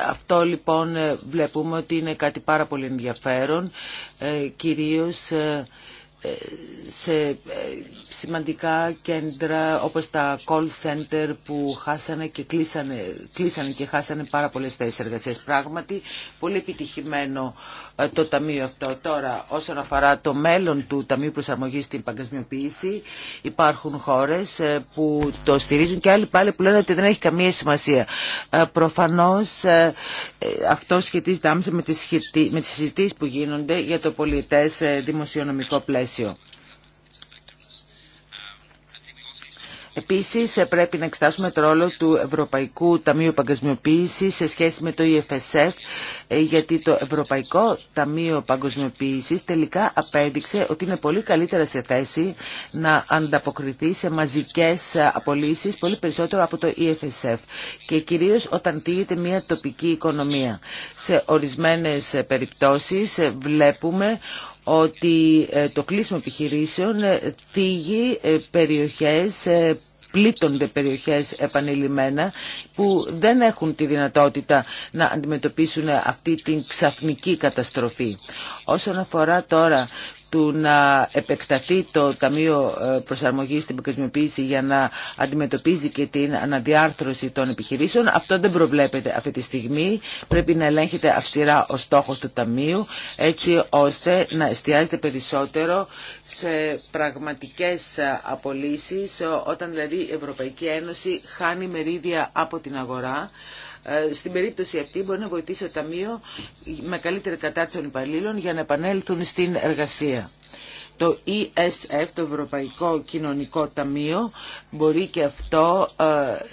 D: Αυτό λοιπόν βλέπουμε ότι είναι κάτι πάρα πολύ ενδιαφέρον, κυρίως σε ε, σημαντικά κέντρα όπως τα call center που χάσανε και κλείσανε, κλείσανε και χάσανε πάρα πολλές θέσεις εργασίας. Πράγματι, πολύ επιτυχημένο ε, το Ταμείο αυτό. Τώρα, όσον αφορά το μέλλον του Ταμείου προσαρμογή στην Παγκοσμιοποίηση, υπάρχουν χώρε ε, που το στηρίζουν και άλλοι πάλι που λένε ότι δεν έχει καμία σημασία. Ε, Προφανώ, αυτό σχετίζεται άμεσα με τι συζητήσει που γίνονται για το πολιτέ δημοσιονομικό πλαίσιο. Επίσης ε, πρέπει να εξετάσουμε το ρόλο του Ευρωπαϊκού Ταμείου Παγκοσμιοποίησης σε σχέση με το EFSF ε, γιατί το Ευρωπαϊκό Ταμείο Παγκοσμιοποίησης τελικά απέδειξε ότι είναι πολύ καλύτερα σε θέση να ανταποκριθεί σε μαζικές ε, απολύσεις πολύ περισσότερο από το EFSF και κυρίως όταν τίγεται μια τοπική οικονομία. Σε ορισμένες περιπτώσεις βλέπουμε ότι το κλείσιμο επιχειρήσεων θίγει περιοχές πλήττονται περιοχές επανειλημμένα που δεν έχουν τη δυνατότητα να αντιμετωπίσουν αυτή την ξαφνική καταστροφή. Όσον αφορά τώρα του να επεκταθεί το Ταμείο ε, Προσαρμογής στην Παγκοσμιοποίηση για να αντιμετωπίζει και την αναδιάρθρωση των επιχειρήσεων. Αυτό δεν προβλέπεται αυτή τη στιγμή. Πρέπει να ελέγχεται αυστηρά ο στόχος του Ταμείου έτσι ώστε να εστιάζεται περισσότερο σε πραγματικές ε, απολύσεις όταν δηλαδή η Ευρωπαϊκή Ένωση χάνει μερίδια από την αγορά ε, στην περίπτωση αυτή μπορεί να βοηθήσει το Ταμείο με καλύτερη κατάρτιση των υπαλλήλων για να επανέλθουν στην εργασία. Το ESF, το Ευρωπαϊκό Κοινωνικό Ταμείο, μπορεί και αυτό ε,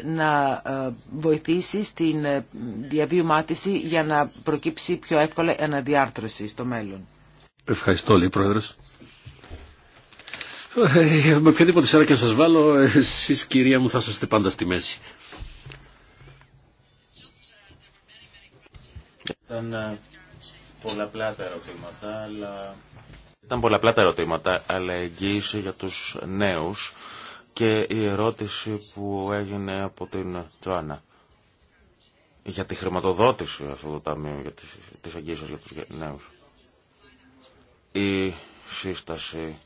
D: να ε, βοηθήσει στην ε, για να προκύψει πιο εύκολα αναδιάρθρωση στο μέλλον.
A: Ευχαριστώ, λέει Πρόεδρος. Με οποιαδήποτε σειρά και σας βάλω, εσείς κυρία μου θα είστε πάντα στη μέση.
B: Ήταν ε, πολλαπλά τα ερωτήματα, αλλά... Ήταν πολλαπλά τα αλλά εγγύηση για τους νέους και η ερώτηση που έγινε από την Τζοάννα για τη χρηματοδότηση αυτού του ταμείου για τις, τις για τους νέους. Η σύσταση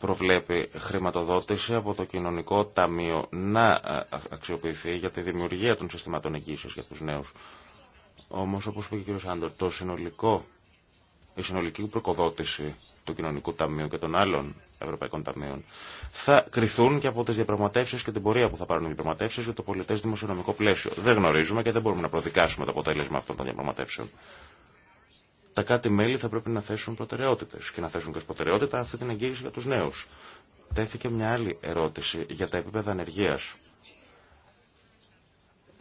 B: προβλέπει χρηματοδότηση από το Κοινωνικό Ταμείο να ε, αξιοποιηθεί για τη δημιουργία των συστημάτων εγγύησης για τους νέους. Όμως, όπως είπε και ο κ. Σάντορ, το συνολικό, η συνολική προκοδότηση του Κοινωνικού Ταμείου και των άλλων Ευρωπαϊκών Ταμείων θα κρυθούν και από τι διαπραγματεύσει και την πορεία που θα πάρουν οι διαπραγματεύσει για το πολιτέ δημοσιονομικό πλαίσιο. Δεν γνωρίζουμε και δεν μπορούμε να προδικάσουμε το αποτέλεσμα αυτών των διαπραγματεύσεων τα κάτι μέλη θα πρέπει να θέσουν προτεραιότητες και να θέσουν και ως προτεραιότητα αυτή την εγγύηση για τους νέους. Τέθηκε μια άλλη ερώτηση για τα επίπεδα ανεργία.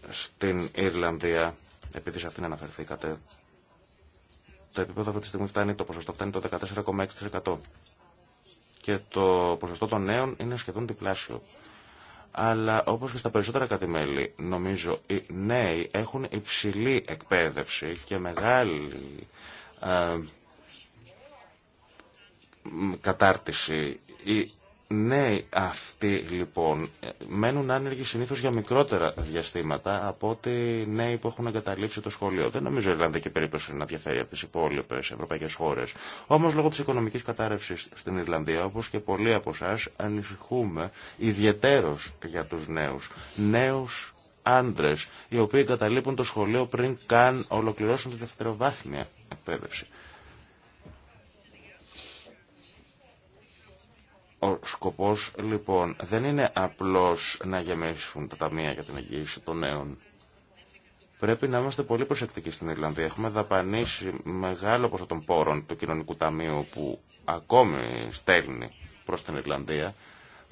B: στην Ιρλανδία, επειδή σε αυτήν αναφερθήκατε. Το επίπεδο αυτή τη στιγμή φτάνει, το ποσοστό φτάνει το 14,6% και το ποσοστό των νέων είναι σχεδόν διπλάσιο. Αλλά όπω και στα περισσότερα μέλη νομίζω οι νέοι έχουν υψηλή εκπαίδευση και μεγάλη ε, κατάρτιση. Οι νέοι αυτοί λοιπόν μένουν άνεργοι συνήθως για μικρότερα διαστήματα από ότι νέοι που έχουν εγκαταλείψει το σχολείο. Δεν νομίζω η Ιρλανδική περίπτωση να διαφέρει από τις υπόλοιπες ευρωπαϊκές χώρες. Όμως λόγω της οικονομικής κατάρρευσης στην Ιρλανδία, όπως και πολλοί από εσά ανησυχούμε ιδιαιτέρως για τους νέους. Νέους άντρε, οι οποίοι εγκαταλείπουν το σχολείο πριν καν ολοκληρώσουν τη δευτεροβάθμια εκπαίδευση. Ο σκοπός λοιπόν δεν είναι απλώς να γεμίσουν τα ταμεία για την εγγύηση των νέων. Πρέπει να είμαστε πολύ προσεκτικοί στην Ιρλανδία. Έχουμε δαπανίσει μεγάλο ποσό των πόρων του κοινωνικού ταμείου που ακόμη στέλνει προς την Ιρλανδία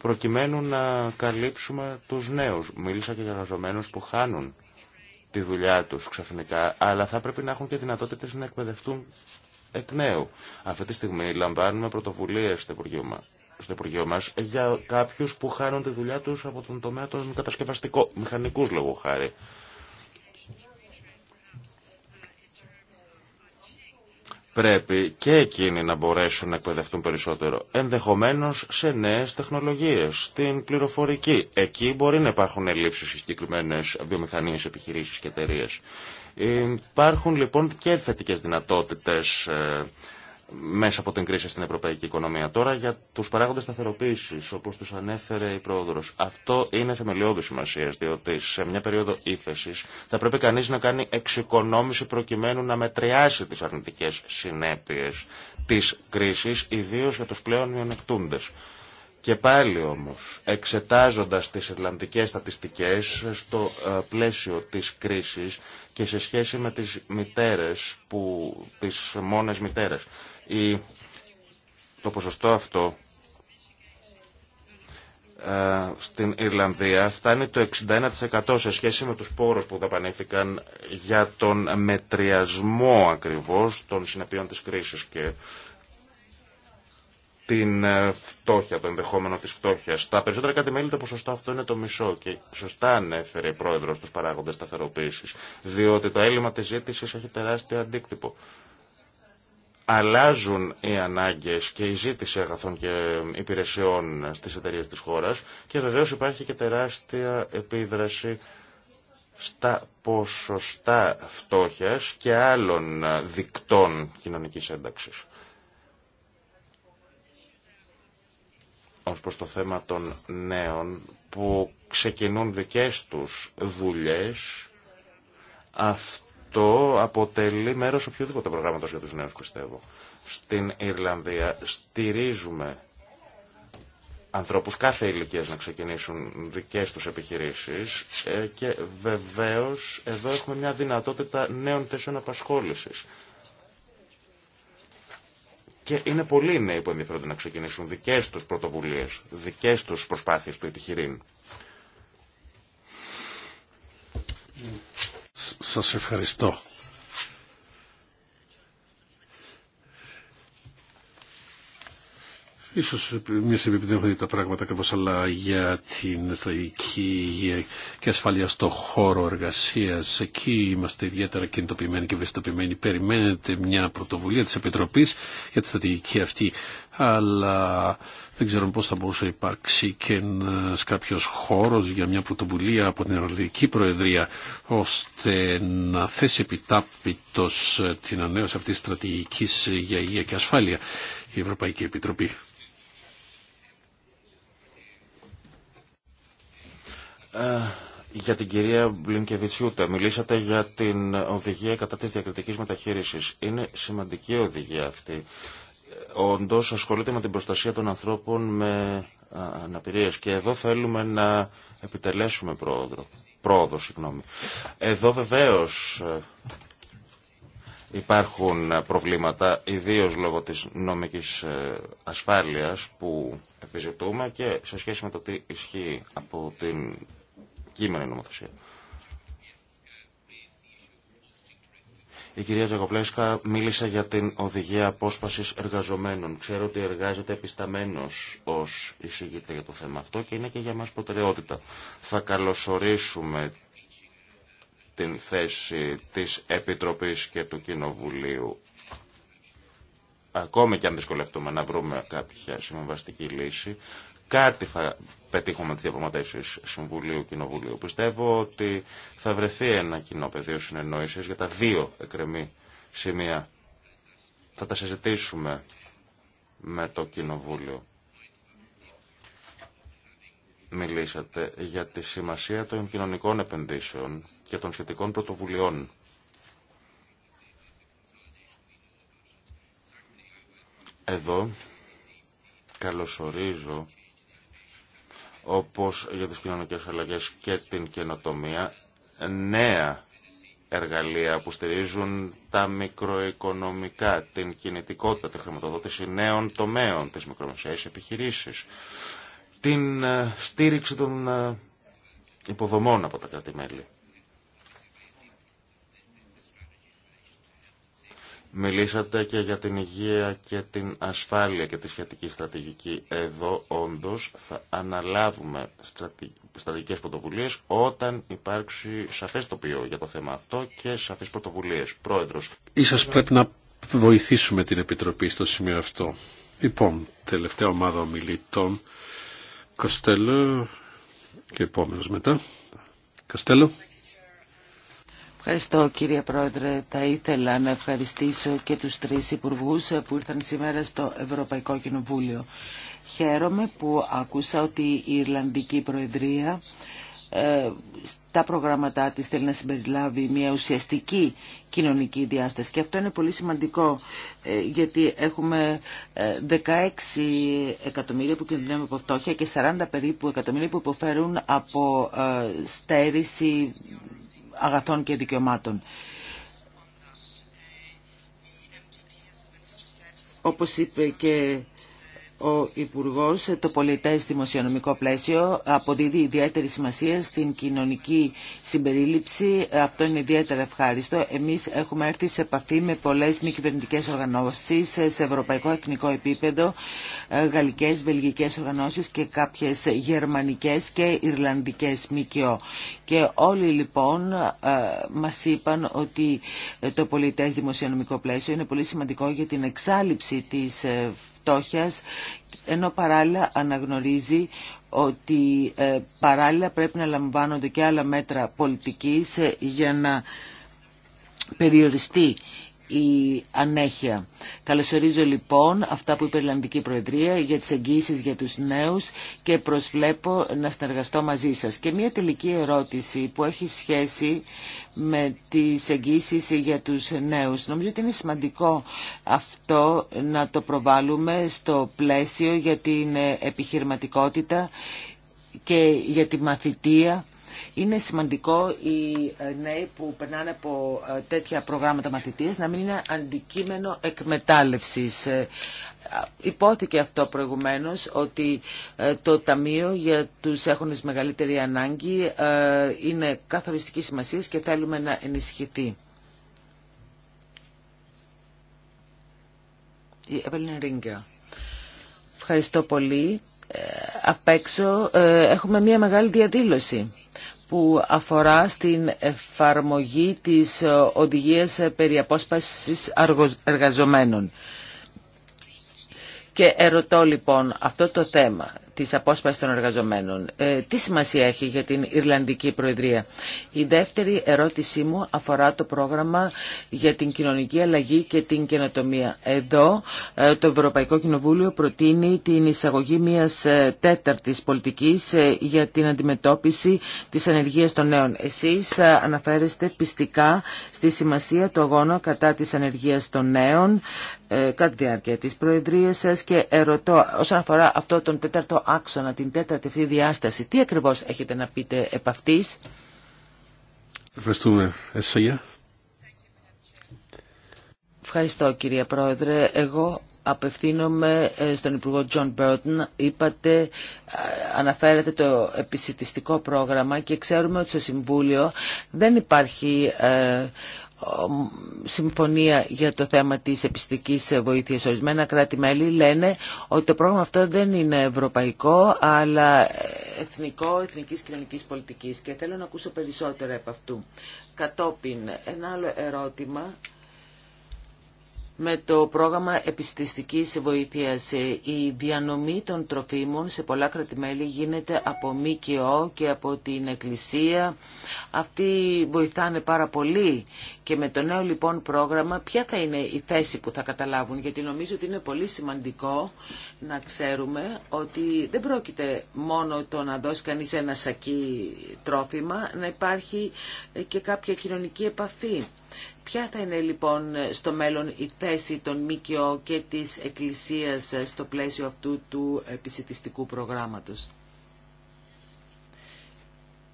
B: προκειμένου να καλύψουμε τους νέους. Μίλησα και για που χάνουν τη δουλειά του, ξαφνικά, αλλά θα πρέπει να έχουν και δυνατότητε να εκπαιδευτούν εκ νέου. Αυτή τη στιγμή λαμβάνουμε πρωτοβουλίε στο Υπουργείο στο Υπουργείο μα για κάποιου που χάνουν τη δουλειά του από τον τομέα των κατασκευαστικών, μηχανικού λόγω χάρη. πρέπει και εκείνοι να μπορέσουν να εκπαιδευτούν περισσότερο. Ενδεχομένως σε νέες τεχνολογίες, στην πληροφορική. Εκεί μπορεί να υπάρχουν ελλείψεις σε συγκεκριμένε βιομηχανίες, επιχειρήσεις και εταιρείε. Υπάρχουν λοιπόν και θετικές δυνατότητες ε, μέσα από την κρίση στην ευρωπαϊκή οικονομία. Τώρα για τους παράγοντες σταθεροποίηση, όπως τους ανέφερε η Πρόεδρος. Αυτό είναι θεμελιώδη σημασία, διότι σε μια περίοδο ύφεση θα πρέπει κανείς να κάνει εξοικονόμηση προκειμένου να μετριάσει τις αρνητικές συνέπειες της κρίσης, ιδίως για τους πλέον μειονεκτούντες. Και πάλι όμως, εξετάζοντας τις Ιρλανδικές στατιστικές στο ε, πλαίσιο της κρίσης και σε σχέση με τις μητέρες, που, τις μόνες μητέρες η, το ποσοστό αυτό ε, στην Ιρλανδία φτάνει το 61% σε σχέση με τους πόρους που δαπανήθηκαν για τον μετριασμό ακριβώς των συνεπειών της κρίσης και την ε, φτώχεια, το ενδεχόμενο της φτώχειας. Τα περισσότερα κατημέλη το ποσοστό αυτό είναι το μισό και σωστά ανέφερε η πρόεδρος τους παράγοντες σταθεροποίησης, διότι το έλλειμμα της ζήτησης έχει τεράστιο αντίκτυπο αλλάζουν οι ανάγκες και η ζήτηση αγαθών και υπηρεσιών στις εταιρείες της χώρας και βεβαίως υπάρχει και τεράστια επίδραση στα ποσοστά φτώχειας και άλλων δικτών κοινωνικής ένταξης. Ως προς το θέμα των νέων που ξεκινούν δικές τους δουλειές, το αποτελεί μέρος οποιοδήποτε προγράμματος για τους νέους, πιστεύω. Στην Ιρλανδία στηρίζουμε ανθρώπους κάθε ηλικία να ξεκινήσουν δικές τους επιχειρήσεις ε, και βεβαίως εδώ έχουμε μια δυνατότητα νέων θέσεων απασχόλησης. Και είναι πολλοί νέοι που ενδιαφέρονται να ξεκινήσουν δικές τους πρωτοβουλίες, δικές τους προσπάθειες του
A: επιχειρήν. Ναι. Σας ευχαριστώ. Ίσως μια στιγμή δεν δει τα πράγματα ακριβώ, αλλά για την στρατηγική υγεία και ασφάλεια στο χώρο εργασία. Εκεί είμαστε ιδιαίτερα κινητοποιημένοι και ευαισθητοποιημένοι. Περιμένετε μια πρωτοβουλία τη Επιτροπή για τη στρατηγική αυτή, αλλά δεν ξέρω πώ θα μπορούσε να υπάρξει και ένα κάποιο χώρο για μια πρωτοβουλία από την Ευρωπαϊκή Προεδρία, ώστε να θέσει επιτάπητο την ανέωση αυτή τη στρατηγική για υγεία και ασφάλεια η Ευρωπαϊκή Επιτροπή.
B: Ε, για την κυρία Μπλινκεβιτσιούτα. Μιλήσατε για την οδηγία κατά της διακριτικής μεταχείρισης. Είναι σημαντική οδηγία αυτή. Ε, όντως ασχολείται με την προστασία των ανθρώπων με αναπηρίες και εδώ θέλουμε να επιτελέσουμε πρόοδο. πρόοδο συγγνώμη. Εδώ βεβαίως ε, υπάρχουν προβλήματα, ιδίως λόγω της νομικής ασφάλειας που επιζητούμε και σε σχέση με το τι ισχύει από την η κυρία Ζαγοβλέσκα μίλησε για την οδηγία απόσπαση εργαζομένων. Ξέρω ότι εργάζεται επισταμένο ω εισηγήτρια για το θέμα αυτό και είναι και για μα προτεραιότητα. Θα καλωσορίσουμε την θέση της Επιτροπής και του Κοινοβουλίου. Ακόμη και αν δυσκολευτούμε να βρούμε κάποια συμβαστική λύση, κάτι θα πετύχουμε τι διαπραγματεύσει Συμβουλίου Κοινοβουλίου. Πιστεύω ότι θα βρεθεί ένα κοινό πεδίο συνεννόησης για τα δύο εκκρεμή σημεία. Θα τα συζητήσουμε με το Κοινοβούλιο. Μιλήσατε για τη σημασία των κοινωνικών επενδύσεων και των σχετικών πρωτοβουλειών. Εδώ καλωσορίζω όπως για τις κοινωνικές αλλαγές και την καινοτομία, νέα εργαλεία που στηρίζουν τα μικροοικονομικά, την κινητικότητα, τη χρηματοδότηση νέων τομέων, τις μικρομεσαίες επιχειρήσεις, την ε, στήριξη των ε, υποδομών από τα κράτη-μέλη. Μιλήσατε και για την υγεία και την ασφάλεια και τη σχετική στρατηγική. Εδώ όντως θα αναλάβουμε στρατηγικές πρωτοβουλίες όταν υπάρξει σαφές τοπίο για το θέμα αυτό
A: και σαφείς πρωτοβουλίες. Πρόεδρος. Ίσως πρέπει να βοηθήσουμε την Επιτροπή στο σημείο αυτό. Λοιπόν, τελευταία ομάδα ομιλητών. Καστέλο και επόμενος μετά. Καστέλο.
D: Ευχαριστώ κύριε Πρόεδρε. Θα ήθελα να ευχαριστήσω και τους τρεις υπουργούς που ήρθαν σήμερα στο Ευρωπαϊκό Κοινοβούλιο. Χαίρομαι που άκουσα ότι η Ιρλανδική Προεδρία ε, στα προγράμματά της θέλει να συμπεριλάβει μια ουσιαστική κοινωνική διάσταση και αυτό είναι πολύ σημαντικό ε, γιατί έχουμε 16 ε, εκατομμύρια που κινδυνεύουν από φτώχεια και 40 περίπου εκατομμύρια που υποφέρουν από στέρηση αγαθών και δικαιωμάτων. Όπως είπε και ο Υπουργό, ε, το πολιτέ δημοσιονομικό πλαίσιο αποδίδει ιδιαίτερη σημασία στην κοινωνική συμπερίληψη. Αυτό είναι ιδιαίτερα ευχάριστο. Εμεί έχουμε έρθει σε επαφή με πολλέ μη κυβερνητικέ οργανώσεις ε, σε ευρωπαϊκό εθνικό επίπεδο, ε, γαλλικέ, βελγικέ οργανώσει και κάποιε γερμανικέ και Ιρλανδικέ ΜΚΟ. Και όλοι λοιπόν μα είπαν ότι το πολιτέ δημοσιονομικό πλαίσιο είναι πολύ σημαντικό για την εξάλληψη τη φτώχειας ενώ παράλληλα αναγνωρίζει ότι ε, παράλληλα πρέπει να λαμβάνονται και άλλα μέτρα πολιτικής ε, για να περιοριστεί η ανέχεια. Καλωσορίζω λοιπόν αυτά που είπε η Ιρλανδική Προεδρία για τις εγγύησεις για τους νέους και προσβλέπω να συνεργαστώ μαζί σας. Και μια τελική ερώτηση που έχει σχέση με τις εγγύησει για τους νέους. Νομίζω ότι είναι σημαντικό αυτό να το προβάλλουμε στο πλαίσιο για την επιχειρηματικότητα και για τη μαθητεία είναι σημαντικό οι ε, νέοι που περνάνε από ε, τέτοια προγράμματα μαθητής να μην είναι αντικείμενο εκμετάλλευσης. Ε, υπόθηκε αυτό προηγουμένως ότι το Ταμείο για τους έχονες μεγαλύτερη ανάγκη είναι καθοριστική σημασία και θέλουμε να ενισχυθεί. Η Ευχαριστώ πολύ. Απ' έξω έχουμε μια μεγάλη διαδήλωση που αφορά στην εφαρμογή της οδηγίας περί απόσπασης εργαζομένων. Και ερωτώ λοιπόν αυτό το θέμα της απόσπασης των εργαζομένων. Ε, τι σημασία έχει για την Ιρλανδική Προεδρία. Η δεύτερη ερώτησή μου αφορά το πρόγραμμα για την κοινωνική αλλαγή και την καινοτομία. Εδώ ε, το Ευρωπαϊκό Κοινοβούλιο προτείνει την εισαγωγή μιας ε, τέταρτης πολιτικής για την αντιμετώπιση της ανεργίας των νέων. Εσείς αναφέρεστε πιστικά στη σημασία του αγώνα κατά της ανεργίας των νέων κατά τη διάρκεια της Προεδρίας σας και ερωτώ όσον αφορά αυτό τον τέταρτο άξονα, την τέταρτη αυτή διάσταση. Τι ακριβώς έχετε να πείτε επ' αυτής. Ευχαριστούμε. Ευχαριστώ κυρία Πρόεδρε. Εγώ απευθύνομαι ε, στον Υπουργό Τζον Μπέρτον. Είπατε, ε, αναφέρατε το επισητιστικό πρόγραμμα και ξέρουμε ότι στο Συμβούλιο δεν υπάρχει ε, συμφωνία για το θέμα της επιστικής βοήθειας. Ορισμένα κράτη-μέλη λένε ότι το πρόγραμμα αυτό δεν είναι ευρωπαϊκό, αλλά εθνικό, εθνικής κοινωνικής πολιτικής. Και θέλω να ακούσω περισσότερα από αυτού. Κατόπιν, ένα άλλο ερώτημα με το πρόγραμμα επιστηστικής βοήθειας. Η διανομή των τροφίμων σε πολλά κρατημέλη γίνεται από ΜΚΟ και από την Εκκλησία. Αυτοί βοηθάνε πάρα πολύ και με το νέο λοιπόν πρόγραμμα ποια θα είναι η θέση που θα καταλάβουν γιατί νομίζω ότι είναι πολύ σημαντικό να ξέρουμε ότι δεν πρόκειται μόνο το να δώσει κανείς ένα σακί τρόφιμα, να υπάρχει και κάποια κοινωνική επαφή. Ποια θα είναι λοιπόν στο μέλλον η θέση των ΜΚΟ και της Εκκλησίας στο πλαίσιο αυτού του επισητιστικού προγράμματος.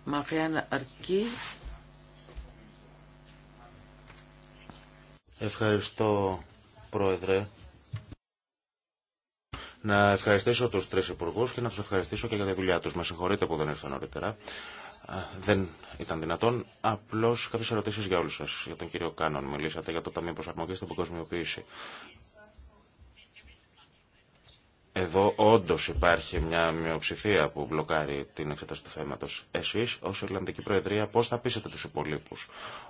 D: Μαχριάν Αρκή.
B: Ευχαριστώ Πρόεδρε. Να ευχαριστήσω τους τρεις υπουργού και να τους ευχαριστήσω και για τη δουλειά τους. Με συγχωρείτε που δεν ήρθα νωρίτερα. Δεν ήταν δυνατόν. Απλώ κάποιε ερωτήσει για όλου σα. Για τον κύριο Κάνον, μιλήσατε για το Ταμείο Προσαρμογή στην Παγκοσμιοποίηση. Εδώ όντω υπάρχει μια μειοψηφία που μπλοκάρει την εξέταση του θέματο. Εσεί, ω Ιρλανδική Προεδρία, πώ θα πείσετε του υπολείπου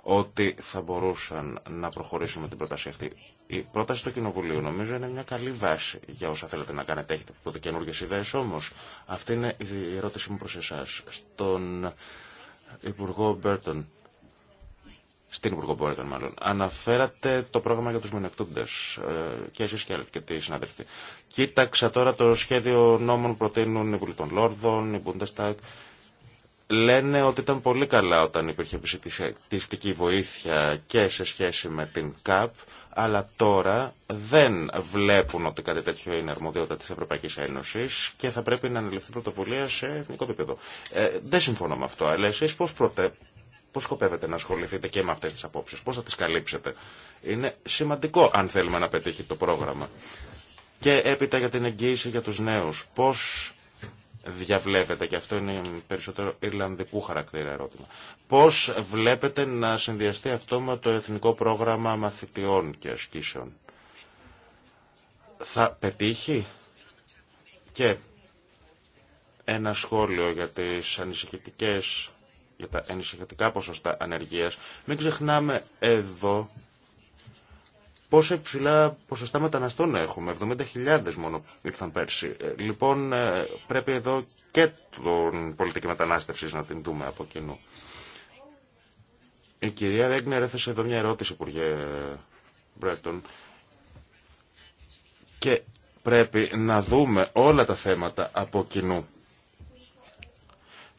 B: ότι θα μπορούσαν να προχωρήσουν με την πρόταση αυτή. Η πρόταση του Κοινοβουλίου νομίζω είναι μια καλή βάση για όσα θέλετε να κάνετε. Έχετε καινούργιε ιδέε όμω. Αυτή είναι η ερώτησή μου προ εσά. Στον Υπουργό Μπέρτον. Στην Υπουργό Μπέρτον, μάλλον. Αναφέρατε το πρόγραμμα για του μειονεκτούντε. Ε, και εσεί και άλλοι και τι συνάδελφοι. Κοίταξα τώρα το σχέδιο νόμων προτείνουν οι Βουλή των Λόρδων, η Bundestag. Λένε ότι ήταν πολύ καλά όταν υπήρχε επιστημιστική βοήθεια και σε σχέση με την ΚΑΠ αλλά τώρα δεν βλέπουν ότι κάτι τέτοιο είναι αρμοδιότητα της Ευρωπαϊκής Ένωσης και θα πρέπει να αναλυθεί πρωτοβουλία σε εθνικό επίπεδο. Ε, δεν συμφωνώ με αυτό, αλλά εσείς πώς, πώς σκοπεύετε να ασχοληθείτε και με αυτές τις απόψεις, πώς θα τις καλύψετε. Είναι σημαντικό αν θέλουμε να πετύχει το πρόγραμμα. Και έπειτα για την εγγύηση για τους νέους. Πώς διαβλέπετε, και αυτό είναι περισσότερο Ιρλανδικού χαρακτήρα ερώτημα, πώς βλέπετε να συνδυαστεί αυτό με το Εθνικό Πρόγραμμα Μαθητιών και Ασκήσεων. Θα πετύχει και ένα σχόλιο για τις ανησυχητικές για τα ενισχυτικά ποσοστά ανεργίας. Μην ξεχνάμε εδώ πόσα υψηλά ποσοστά μεταναστών έχουμε. 70.000 μόνο ήρθαν πέρσι. Ε, λοιπόν, ε, πρέπει εδώ και την πολιτική μετανάστευση να την δούμε από κοινού. Η κυρία Ρέγνερ έθεσε εδώ μια ερώτηση, Υπουργέ Μπρέτον. Και πρέπει να δούμε όλα τα θέματα από κοινού.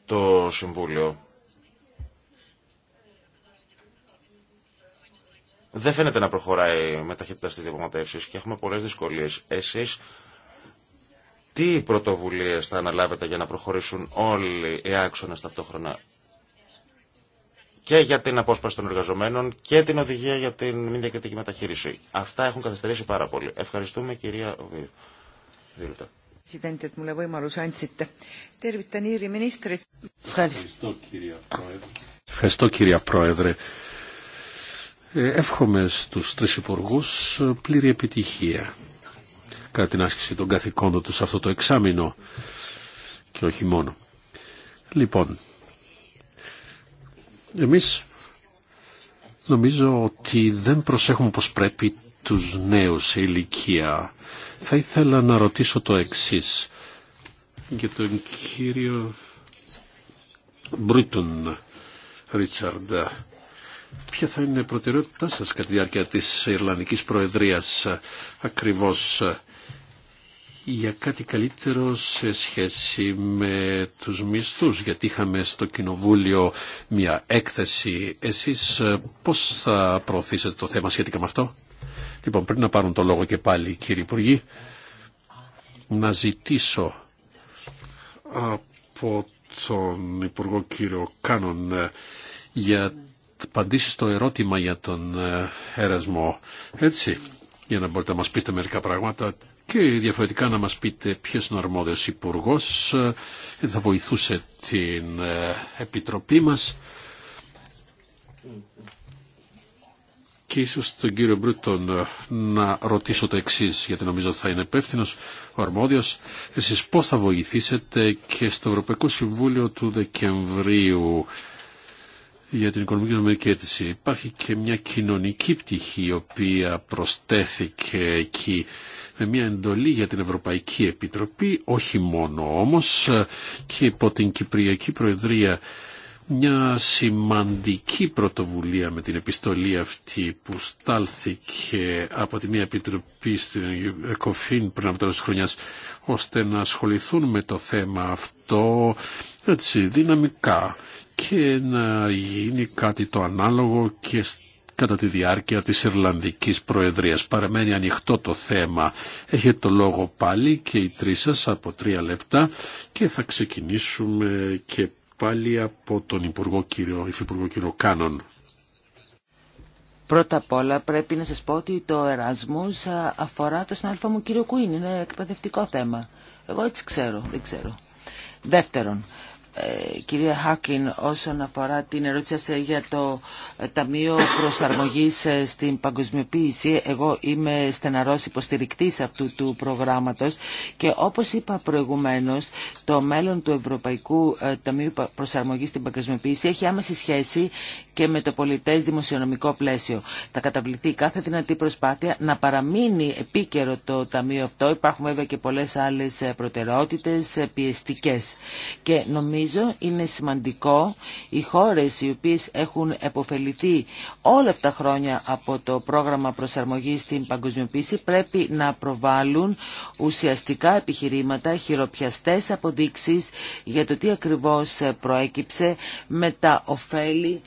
B: Το Συμβούλιο δεν φαίνεται να προχωράει με ταχύτητα στις διαπραγματεύσεις και έχουμε πολλές δυσκολίες. Εσείς τι πρωτοβουλίες θα αναλάβετε για να προχωρήσουν όλοι οι άξονες ταυτόχρονα και για την απόσπαση των εργαζομένων και την οδηγία για την μη διακριτική μεταχείριση. Αυτά έχουν καθυστερήσει πάρα πολύ. Ευχαριστούμε κυρία
D: Βίλτα.
A: Ευχαριστώ κυρία Πρόεδρε. Ε, εύχομαι στους τρεις υπουργούς πλήρη επιτυχία κατά την άσκηση των καθηκόντων τους αυτό το εξάμεινο και όχι μόνο. Λοιπόν, εμείς νομίζω ότι δεν προσέχουμε πως πρέπει τους νέους σε ηλικία. Θα ήθελα να ρωτήσω το εξής για τον κύριο Μπρίτον Ρίτσαρντ ποια θα είναι η προτεραιότητά σας κατά τη διάρκεια της Ιρλανδικής Προεδρίας ακριβώς για κάτι καλύτερο σε σχέση με τους μισθούς, γιατί είχαμε στο Κοινοβούλιο μια έκθεση. Εσείς πώς θα προωθήσετε το θέμα σχετικά με αυτό. Λοιπόν, πριν να πάρουν το λόγο και πάλι κύριοι Υπουργοί, να ζητήσω από τον Υπουργό κύριο Κάνον ε, για απαντήσει στο ερώτημα για τον ε, έρασμο. Έτσι, για να μπορείτε να μας πείτε μερικά πράγματα και διαφορετικά να μας πείτε ποιος είναι ο αρμόδιος υπουργός. Ε, θα βοηθούσε την ε, Επιτροπή μας. και ίσως τον κύριο Μπρούτον να ρωτήσω το εξή, γιατί νομίζω θα είναι υπεύθυνο ο αρμόδιος. Εσείς πώς θα βοηθήσετε και στο Ευρωπαϊκό Συμβούλιο του Δεκεμβρίου για την οικονομική νομική Υπάρχει και μια κοινωνική πτυχή η οποία προστέθηκε εκεί με μια εντολή για την Ευρωπαϊκή Επιτροπή, όχι μόνο όμως και υπό την Κυπριακή Προεδρία μια σημαντική πρωτοβουλία με την επιστολή αυτή που στάλθηκε από τη μία επιτροπή στην ΕΚΟΦΗΝ πριν από τέλος της χρονιάς ώστε να ασχοληθούν με το θέμα αυτό έτσι δυναμικά και να γίνει κάτι το ανάλογο και κατά τη διάρκεια της Ιρλανδικής Προεδρίας. Παραμένει ανοιχτό το θέμα. Έχετε το λόγο πάλι και οι τρεις σας από τρία λεπτά και θα ξεκινήσουμε και πάλι από τον Υπουργό κύριο, Υφυπουργό κύριο Κάνον.
D: Πρώτα απ' όλα πρέπει να σας πω ότι το Εράσμος
A: αφορά το συνάδελφο μου κύριο Κουίν.
D: Είναι εκπαιδευτικό θέμα. Εγώ έτσι ξέρω, δεν ξέρω. Δεύτερον, ε, κυρία Χάκιν όσον αφορά την ερώτηση σας για το ε, Ταμείο Προσαρμογής ε, στην Παγκοσμιοποίηση. Εγώ είμαι στεναρός υποστηρικτής αυτού του προγράμματος και όπως είπα προηγουμένως το μέλλον του Ευρωπαϊκού Ταμείου Προσαρμογής στην Παγκοσμιοποίηση έχει άμεση σχέση και με το πολιτές δημοσιονομικό πλαίσιο. Θα καταβληθεί κάθε δυνατή προσπάθεια να παραμείνει επίκαιρο το Ταμείο αυτό. Υπάρχουν βέβαια και πολλές άλλες προτεραιότητες πιεστικές. Και είναι σημαντικό οι χώρες οι οποίες έχουν επωφεληθεί όλα αυτά τα χρόνια από το πρόγραμμα προσαρμογής στην παγκοσμιοποίηση πρέπει να προβάλλουν ουσιαστικά επιχειρήματα, χειροπιαστές αποδείξεις για το τι ακριβώς προέκυψε με τα ωφέλη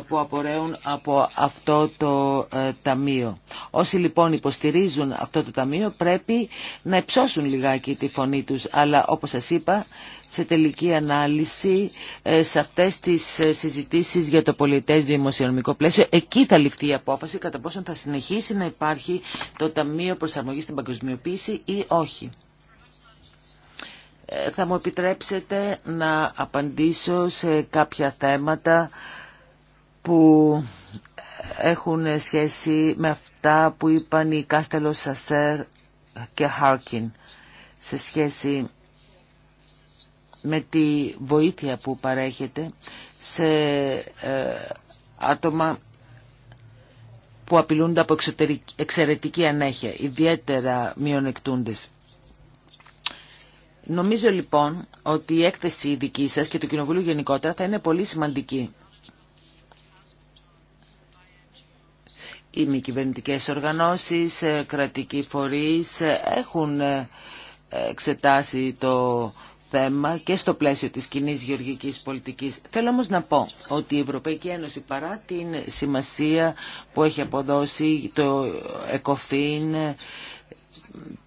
D: που απορρέουν από αυτό το ε, ταμείο. Όσοι λοιπόν υποστηρίζουν αυτό το ταμείο πρέπει να υψώσουν λιγάκι τη φωνή τους. Αλλά όπως σας είπα, σε τελική ανάλυση, ε, σε αυτές τις ε, συζητήσεις για το πολιτές δημοσιονομικό πλαίσιο, εκεί θα ληφθεί η απόφαση κατά πόσον θα συνεχίσει να υπάρχει το Ταμείο Προσαρμογής στην Παγκοσμιοποίηση ή όχι θα μου επιτρέψετε να απαντήσω σε κάποια θέματα που έχουν σχέση με αυτά που είπαν οι Κάστελο Σασέρ και Χάρκιν σε σχέση με τη βοήθεια που παρέχεται σε ε, άτομα που απειλούνται από εξαιρετική ανέχεια, ιδιαίτερα μειονεκτούντες. Νομίζω λοιπόν ότι η έκθεση δική σας και του Κοινοβουλίου γενικότερα θα είναι πολύ σημαντική οι μη κυβερνητικέ οργανώσεις, ε, κρατικοί φορείς ε, έχουν ε, εξετάσει το θέμα και στο πλαίσιο της κοινή γεωργικής πολιτικής. Θέλω όμως να πω ότι η Ευρωπαϊκή Ένωση παρά την σημασία που έχει αποδώσει το ΕΚΟΦΗΝ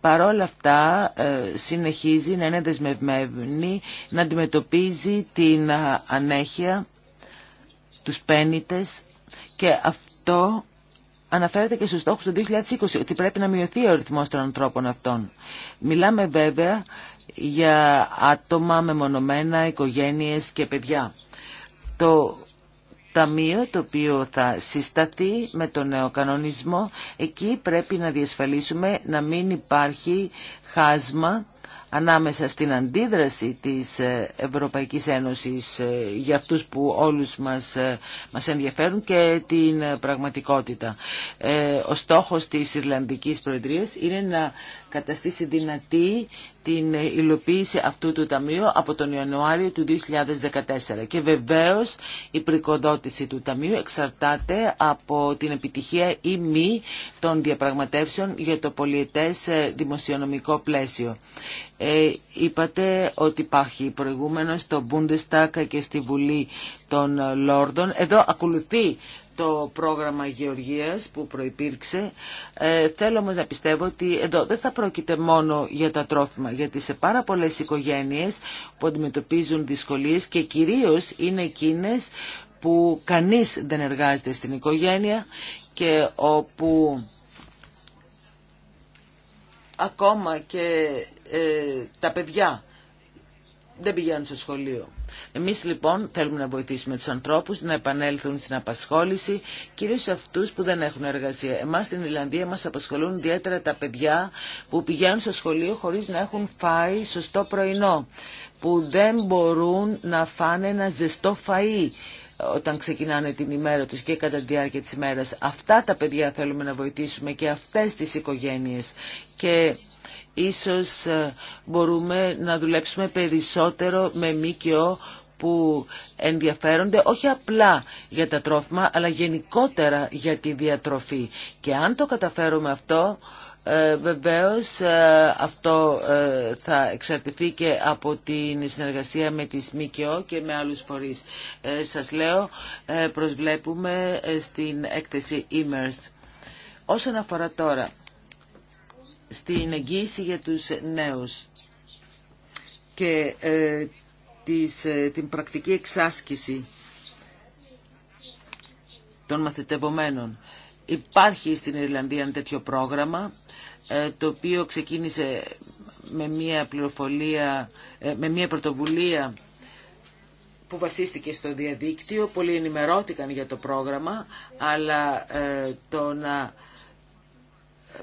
D: παρόλα αυτά συνεχίζει να είναι δεσμευμένη να αντιμετωπίζει την ανέχεια τους πένιτες και αυτό αναφέρεται και στους στόχους του 2020 ότι πρέπει να μειωθεί ο ρυθμός των ανθρώπων αυτών. Μιλάμε βέβαια για άτομα μεμονωμένα, οικογένειες και παιδιά. Το ταμείο το οποίο θα συσταθεί με τον νέο κανονισμό, εκεί πρέπει να διασφαλίσουμε να μην υπάρχει χάσμα ανάμεσα στην αντίδραση της ε, Ευρωπαϊκής Ένωσης ε, για αυτούς που όλους μας, ε, μας ενδιαφέρουν και την πραγματικότητα. Ο στόχος της Ιρλανδικής Προεδρίας είναι να καταστήσει δυνατή την υλοποίηση αυτού του Ταμείου από τον Ιανουάριο του 2014. Και βεβαίως η πρικοδότηση του Ταμείου εξαρτάται από την επιτυχία ή μη των διαπραγματεύσεων για το πολιετές ε, δημοσιονομικό πλαίσιο. Ε, είπατε ότι υπάρχει προηγούμενο στο Bundestag και στη Βουλή των Λόρδων. Εδώ ακολουθεί το πρόγραμμα γεωργίας που προϋπήρξε. Ε, θέλω όμως να πιστεύω ότι εδώ δεν θα πρόκειται μόνο για τα τρόφιμα, γιατί σε πάρα πολλές οικογένειες που αντιμετωπίζουν δυσκολίες και κυρίως είναι εκείνες που κανείς δεν εργάζεται στην οικογένεια και όπου ακόμα και ε, τα παιδιά δεν πηγαίνουν στο σχολείο. Εμείς λοιπόν θέλουμε να βοηθήσουμε τους ανθρώπους να επανέλθουν στην απασχόληση, κυρίως αυτούς που δεν έχουν εργασία. Εμάς στην Ιλλανδία μας απασχολούν ιδιαίτερα τα παιδιά που πηγαίνουν στο σχολείο χωρίς να έχουν φάει σωστό πρωινό, που δεν μπορούν να φάνε ένα ζεστό φαΐ όταν ξεκινάνε την ημέρα τους και κατά τη διάρκεια της ημέρας. Αυτά τα παιδιά θέλουμε να βοηθήσουμε και αυτές τις οικογένειες. Ίσως ε, μπορούμε να δουλέψουμε περισσότερο με ΜΚΟ που ενδιαφέρονται όχι απλά για τα τρόφιμα αλλά γενικότερα για τη διατροφή. Και αν το καταφέρουμε αυτό, ε, βεβαίως ε, αυτό ε, θα εξαρτηθεί και από την συνεργασία με τις ΜΚΟ και με άλλους φορείς. Σας λέω, προσβλέπουμε στην έκθεση e Όσον αφορά τώρα στην εγγύηση για τους νέους και ε, ε, την πρακτική εξάσκηση των μαθητευομένων. Υπάρχει στην Ιρλανδία ένα τέτοιο πρόγραμμα ε, το οποίο ξεκίνησε με μια, πληροφορία, με μια πρωτοβουλία που βασίστηκε στο διαδίκτυο. Πολλοί ενημερώθηκαν για το πρόγραμμα αλλά το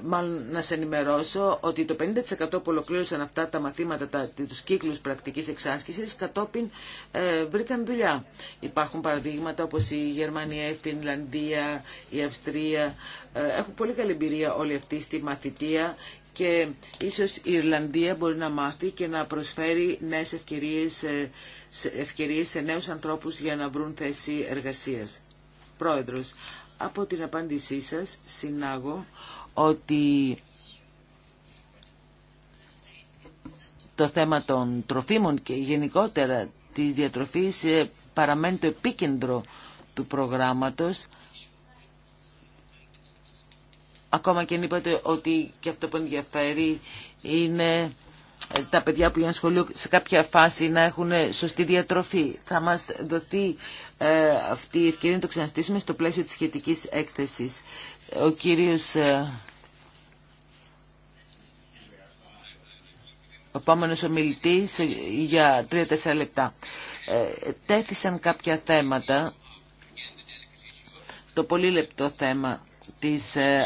D: μάλλον να σε ενημερώσω ότι το 50% που ολοκλήρωσαν αυτά τα μαθήματα, τα, τους κύκλους πρακτικής εξάσκησης, κατόπιν ε, βρήκαν δουλειά. Υπάρχουν παραδείγματα όπως η Γερμανία, η Φινλανδία, η Αυστρία. Ε, έχουν πολύ καλή εμπειρία όλη αυτή στη μαθητεία και ίσως η Ιρλανδία μπορεί να μάθει και να προσφέρει νέες ευκαιρίες, ε, ευκαιρίες σε νέους ανθρώπους για να βρουν θέση εργασίας. Πρόεδρος, από την απάντησή σας συνάγω ότι το θέμα των τροφίμων και γενικότερα της διατροφής ε, παραμένει το επίκεντρο του προγράμματος. Ακόμα και αν είπατε ότι και αυτό που ενδιαφέρει είναι ε, τα παιδιά που είναι σχολείο σε κάποια φάση να έχουν ε, σωστή διατροφή. Θα μας δοθεί αυτή η ευκαιρία να το ξαναστήσουμε στο πλαίσιο της σχετικής έκθεσης. Ο κύριος... Ε, ο επόμενος ομιλητής ε, για τρια τέσσερα. λεπτά. Ε, τέθησαν κάποια θέματα. Το πολύ λεπτό θέμα της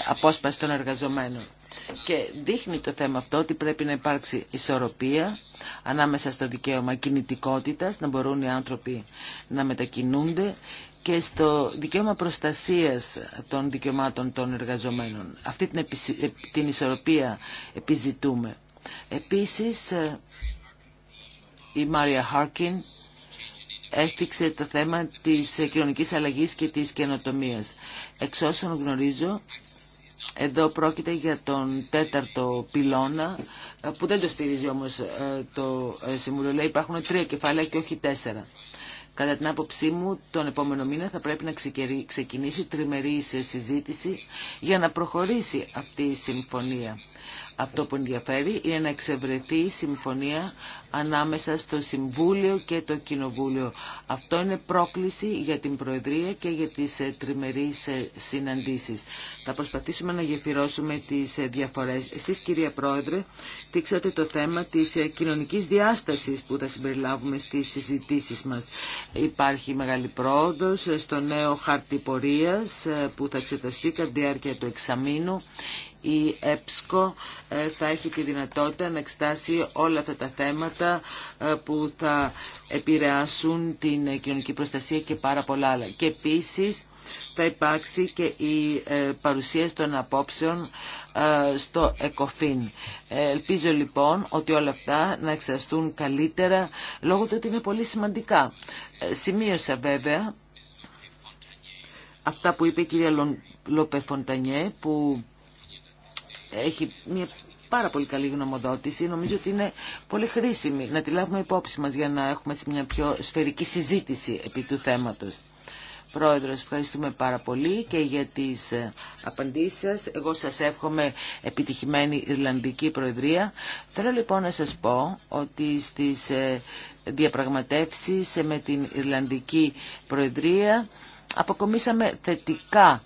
D: απόσπασης των εργαζομένων. Και δείχνει το θέμα αυτό ότι πρέπει να υπάρξει ισορροπία ανάμεσα στο δικαίωμα κινητικότητας, να μπορούν οι άνθρωποι να μετακινούνται και στο δικαίωμα προστασίας των δικαιωμάτων των εργαζομένων. Αυτή την, την ισορροπία επιζητούμε. Επίσης, ε, η Μάρια Χάρκιν έφτιαξε το θέμα της κοινωνικής αλλαγής και της καινοτομίας. Εξ όσων γνωρίζω, εδώ πρόκειται για τον τέταρτο πυλώνα, ε, που δεν το στηρίζει όμως ε, το Συμβουλίο. Λέει υπάρχουν τρία κεφάλαια και όχι τέσσερα. Κατά την άποψή μου, τον επόμενο μήνα θα πρέπει να ξεκινήσει τριμερή συζήτηση για να προχωρήσει αυτή η συμφωνία. Αυτό που ενδιαφέρει είναι να εξευρεθεί συμφωνία ανάμεσα στο Συμβούλιο και το Κοινοβούλιο. Αυτό είναι πρόκληση για την Προεδρία και για τις ε, τριμερείς ε, συναντήσεις. Θα προσπαθήσουμε να γεφυρώσουμε τις ε, διαφορές. Εσείς κυρία Πρόεδρε, τίξατε το θέμα της κοινωνικής διάστασης που θα συμπεριλάβουμε στις συζητήσεις μας. Υπάρχει μεγάλη πρόοδος στο νέο χάρτη που θα εξεταστεί κατά διάρκεια του εξαμήνου η ΕΠΣΚΟ θα έχει τη δυνατότητα να εξτάσει όλα αυτά τα θέματα ε, που θα επηρεάσουν την κοινωνική προστασία και πάρα πολλά άλλα. Και επίσης θα υπάρξει και η ε, παρουσίαση των απόψεων ε, στο ΕΚΟΦΗΝ. Ελπίζω λοιπόν ότι όλα αυτά να εξαστούν καλύτερα λόγω του ότι είναι πολύ σημαντικά. Σημείωσα βέβαια αυτά που είπε η κυρία Φοντανιέ που έχει μια πάρα πολύ καλή γνωμοδότηση. Νομίζω ότι είναι πολύ χρήσιμη να τη λάβουμε υπόψη μας για να έχουμε μια πιο σφαιρική συζήτηση επί του θέματος. Πρόεδρος, ευχαριστούμε πάρα πολύ και για τις ε, απαντήσεις σας. Εγώ σας εύχομαι επιτυχημένη Ιρλανδική Προεδρία. Θέλω λοιπόν να σας πω ότι στις ε, διαπραγματεύσεις με την Ιρλανδική Προεδρία αποκομίσαμε θετικά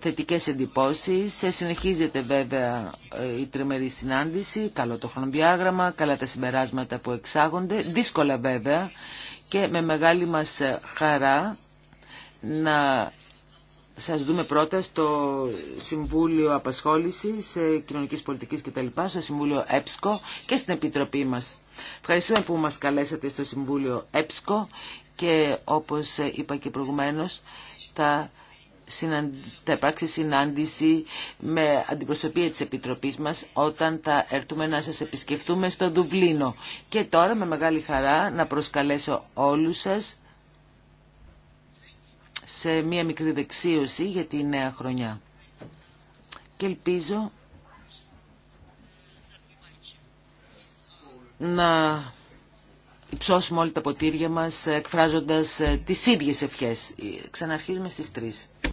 D: θετικές εντυπώσεις. Ε, συνεχίζεται βέβαια ε, η τριμερή συνάντηση, καλό το χρονοδιάγραμμα, καλά τα συμπεράσματα που εξάγονται, δύσκολα βέβαια και με μεγάλη μας χαρά να σας δούμε πρώτα στο Συμβούλιο Απασχόλησης, ε, Κοινωνικής Πολιτικής κτλ, στο Συμβούλιο ΕΠΣΚΟ και στην Επιτροπή μας. Ευχαριστούμε που μας καλέσατε στο Συμβούλιο ΕΠΣΚΟ και όπως είπα και προηγουμένως θα υπάρξει συνάντηση με αντιπροσωπεία της Επιτροπής μας όταν θα έρθουμε να σας επισκεφτούμε στο Δουβλίνο. Και τώρα με μεγάλη χαρά να προσκαλέσω όλους σας σε μία μικρή δεξίωση για τη νέα χρονιά. Και ελπίζω να Υψώσουμε όλοι τα ποτήρια μας ε, εκφράζοντας ε, τις ίδιες ευχές. Ε, ξαναρχίζουμε στις 3.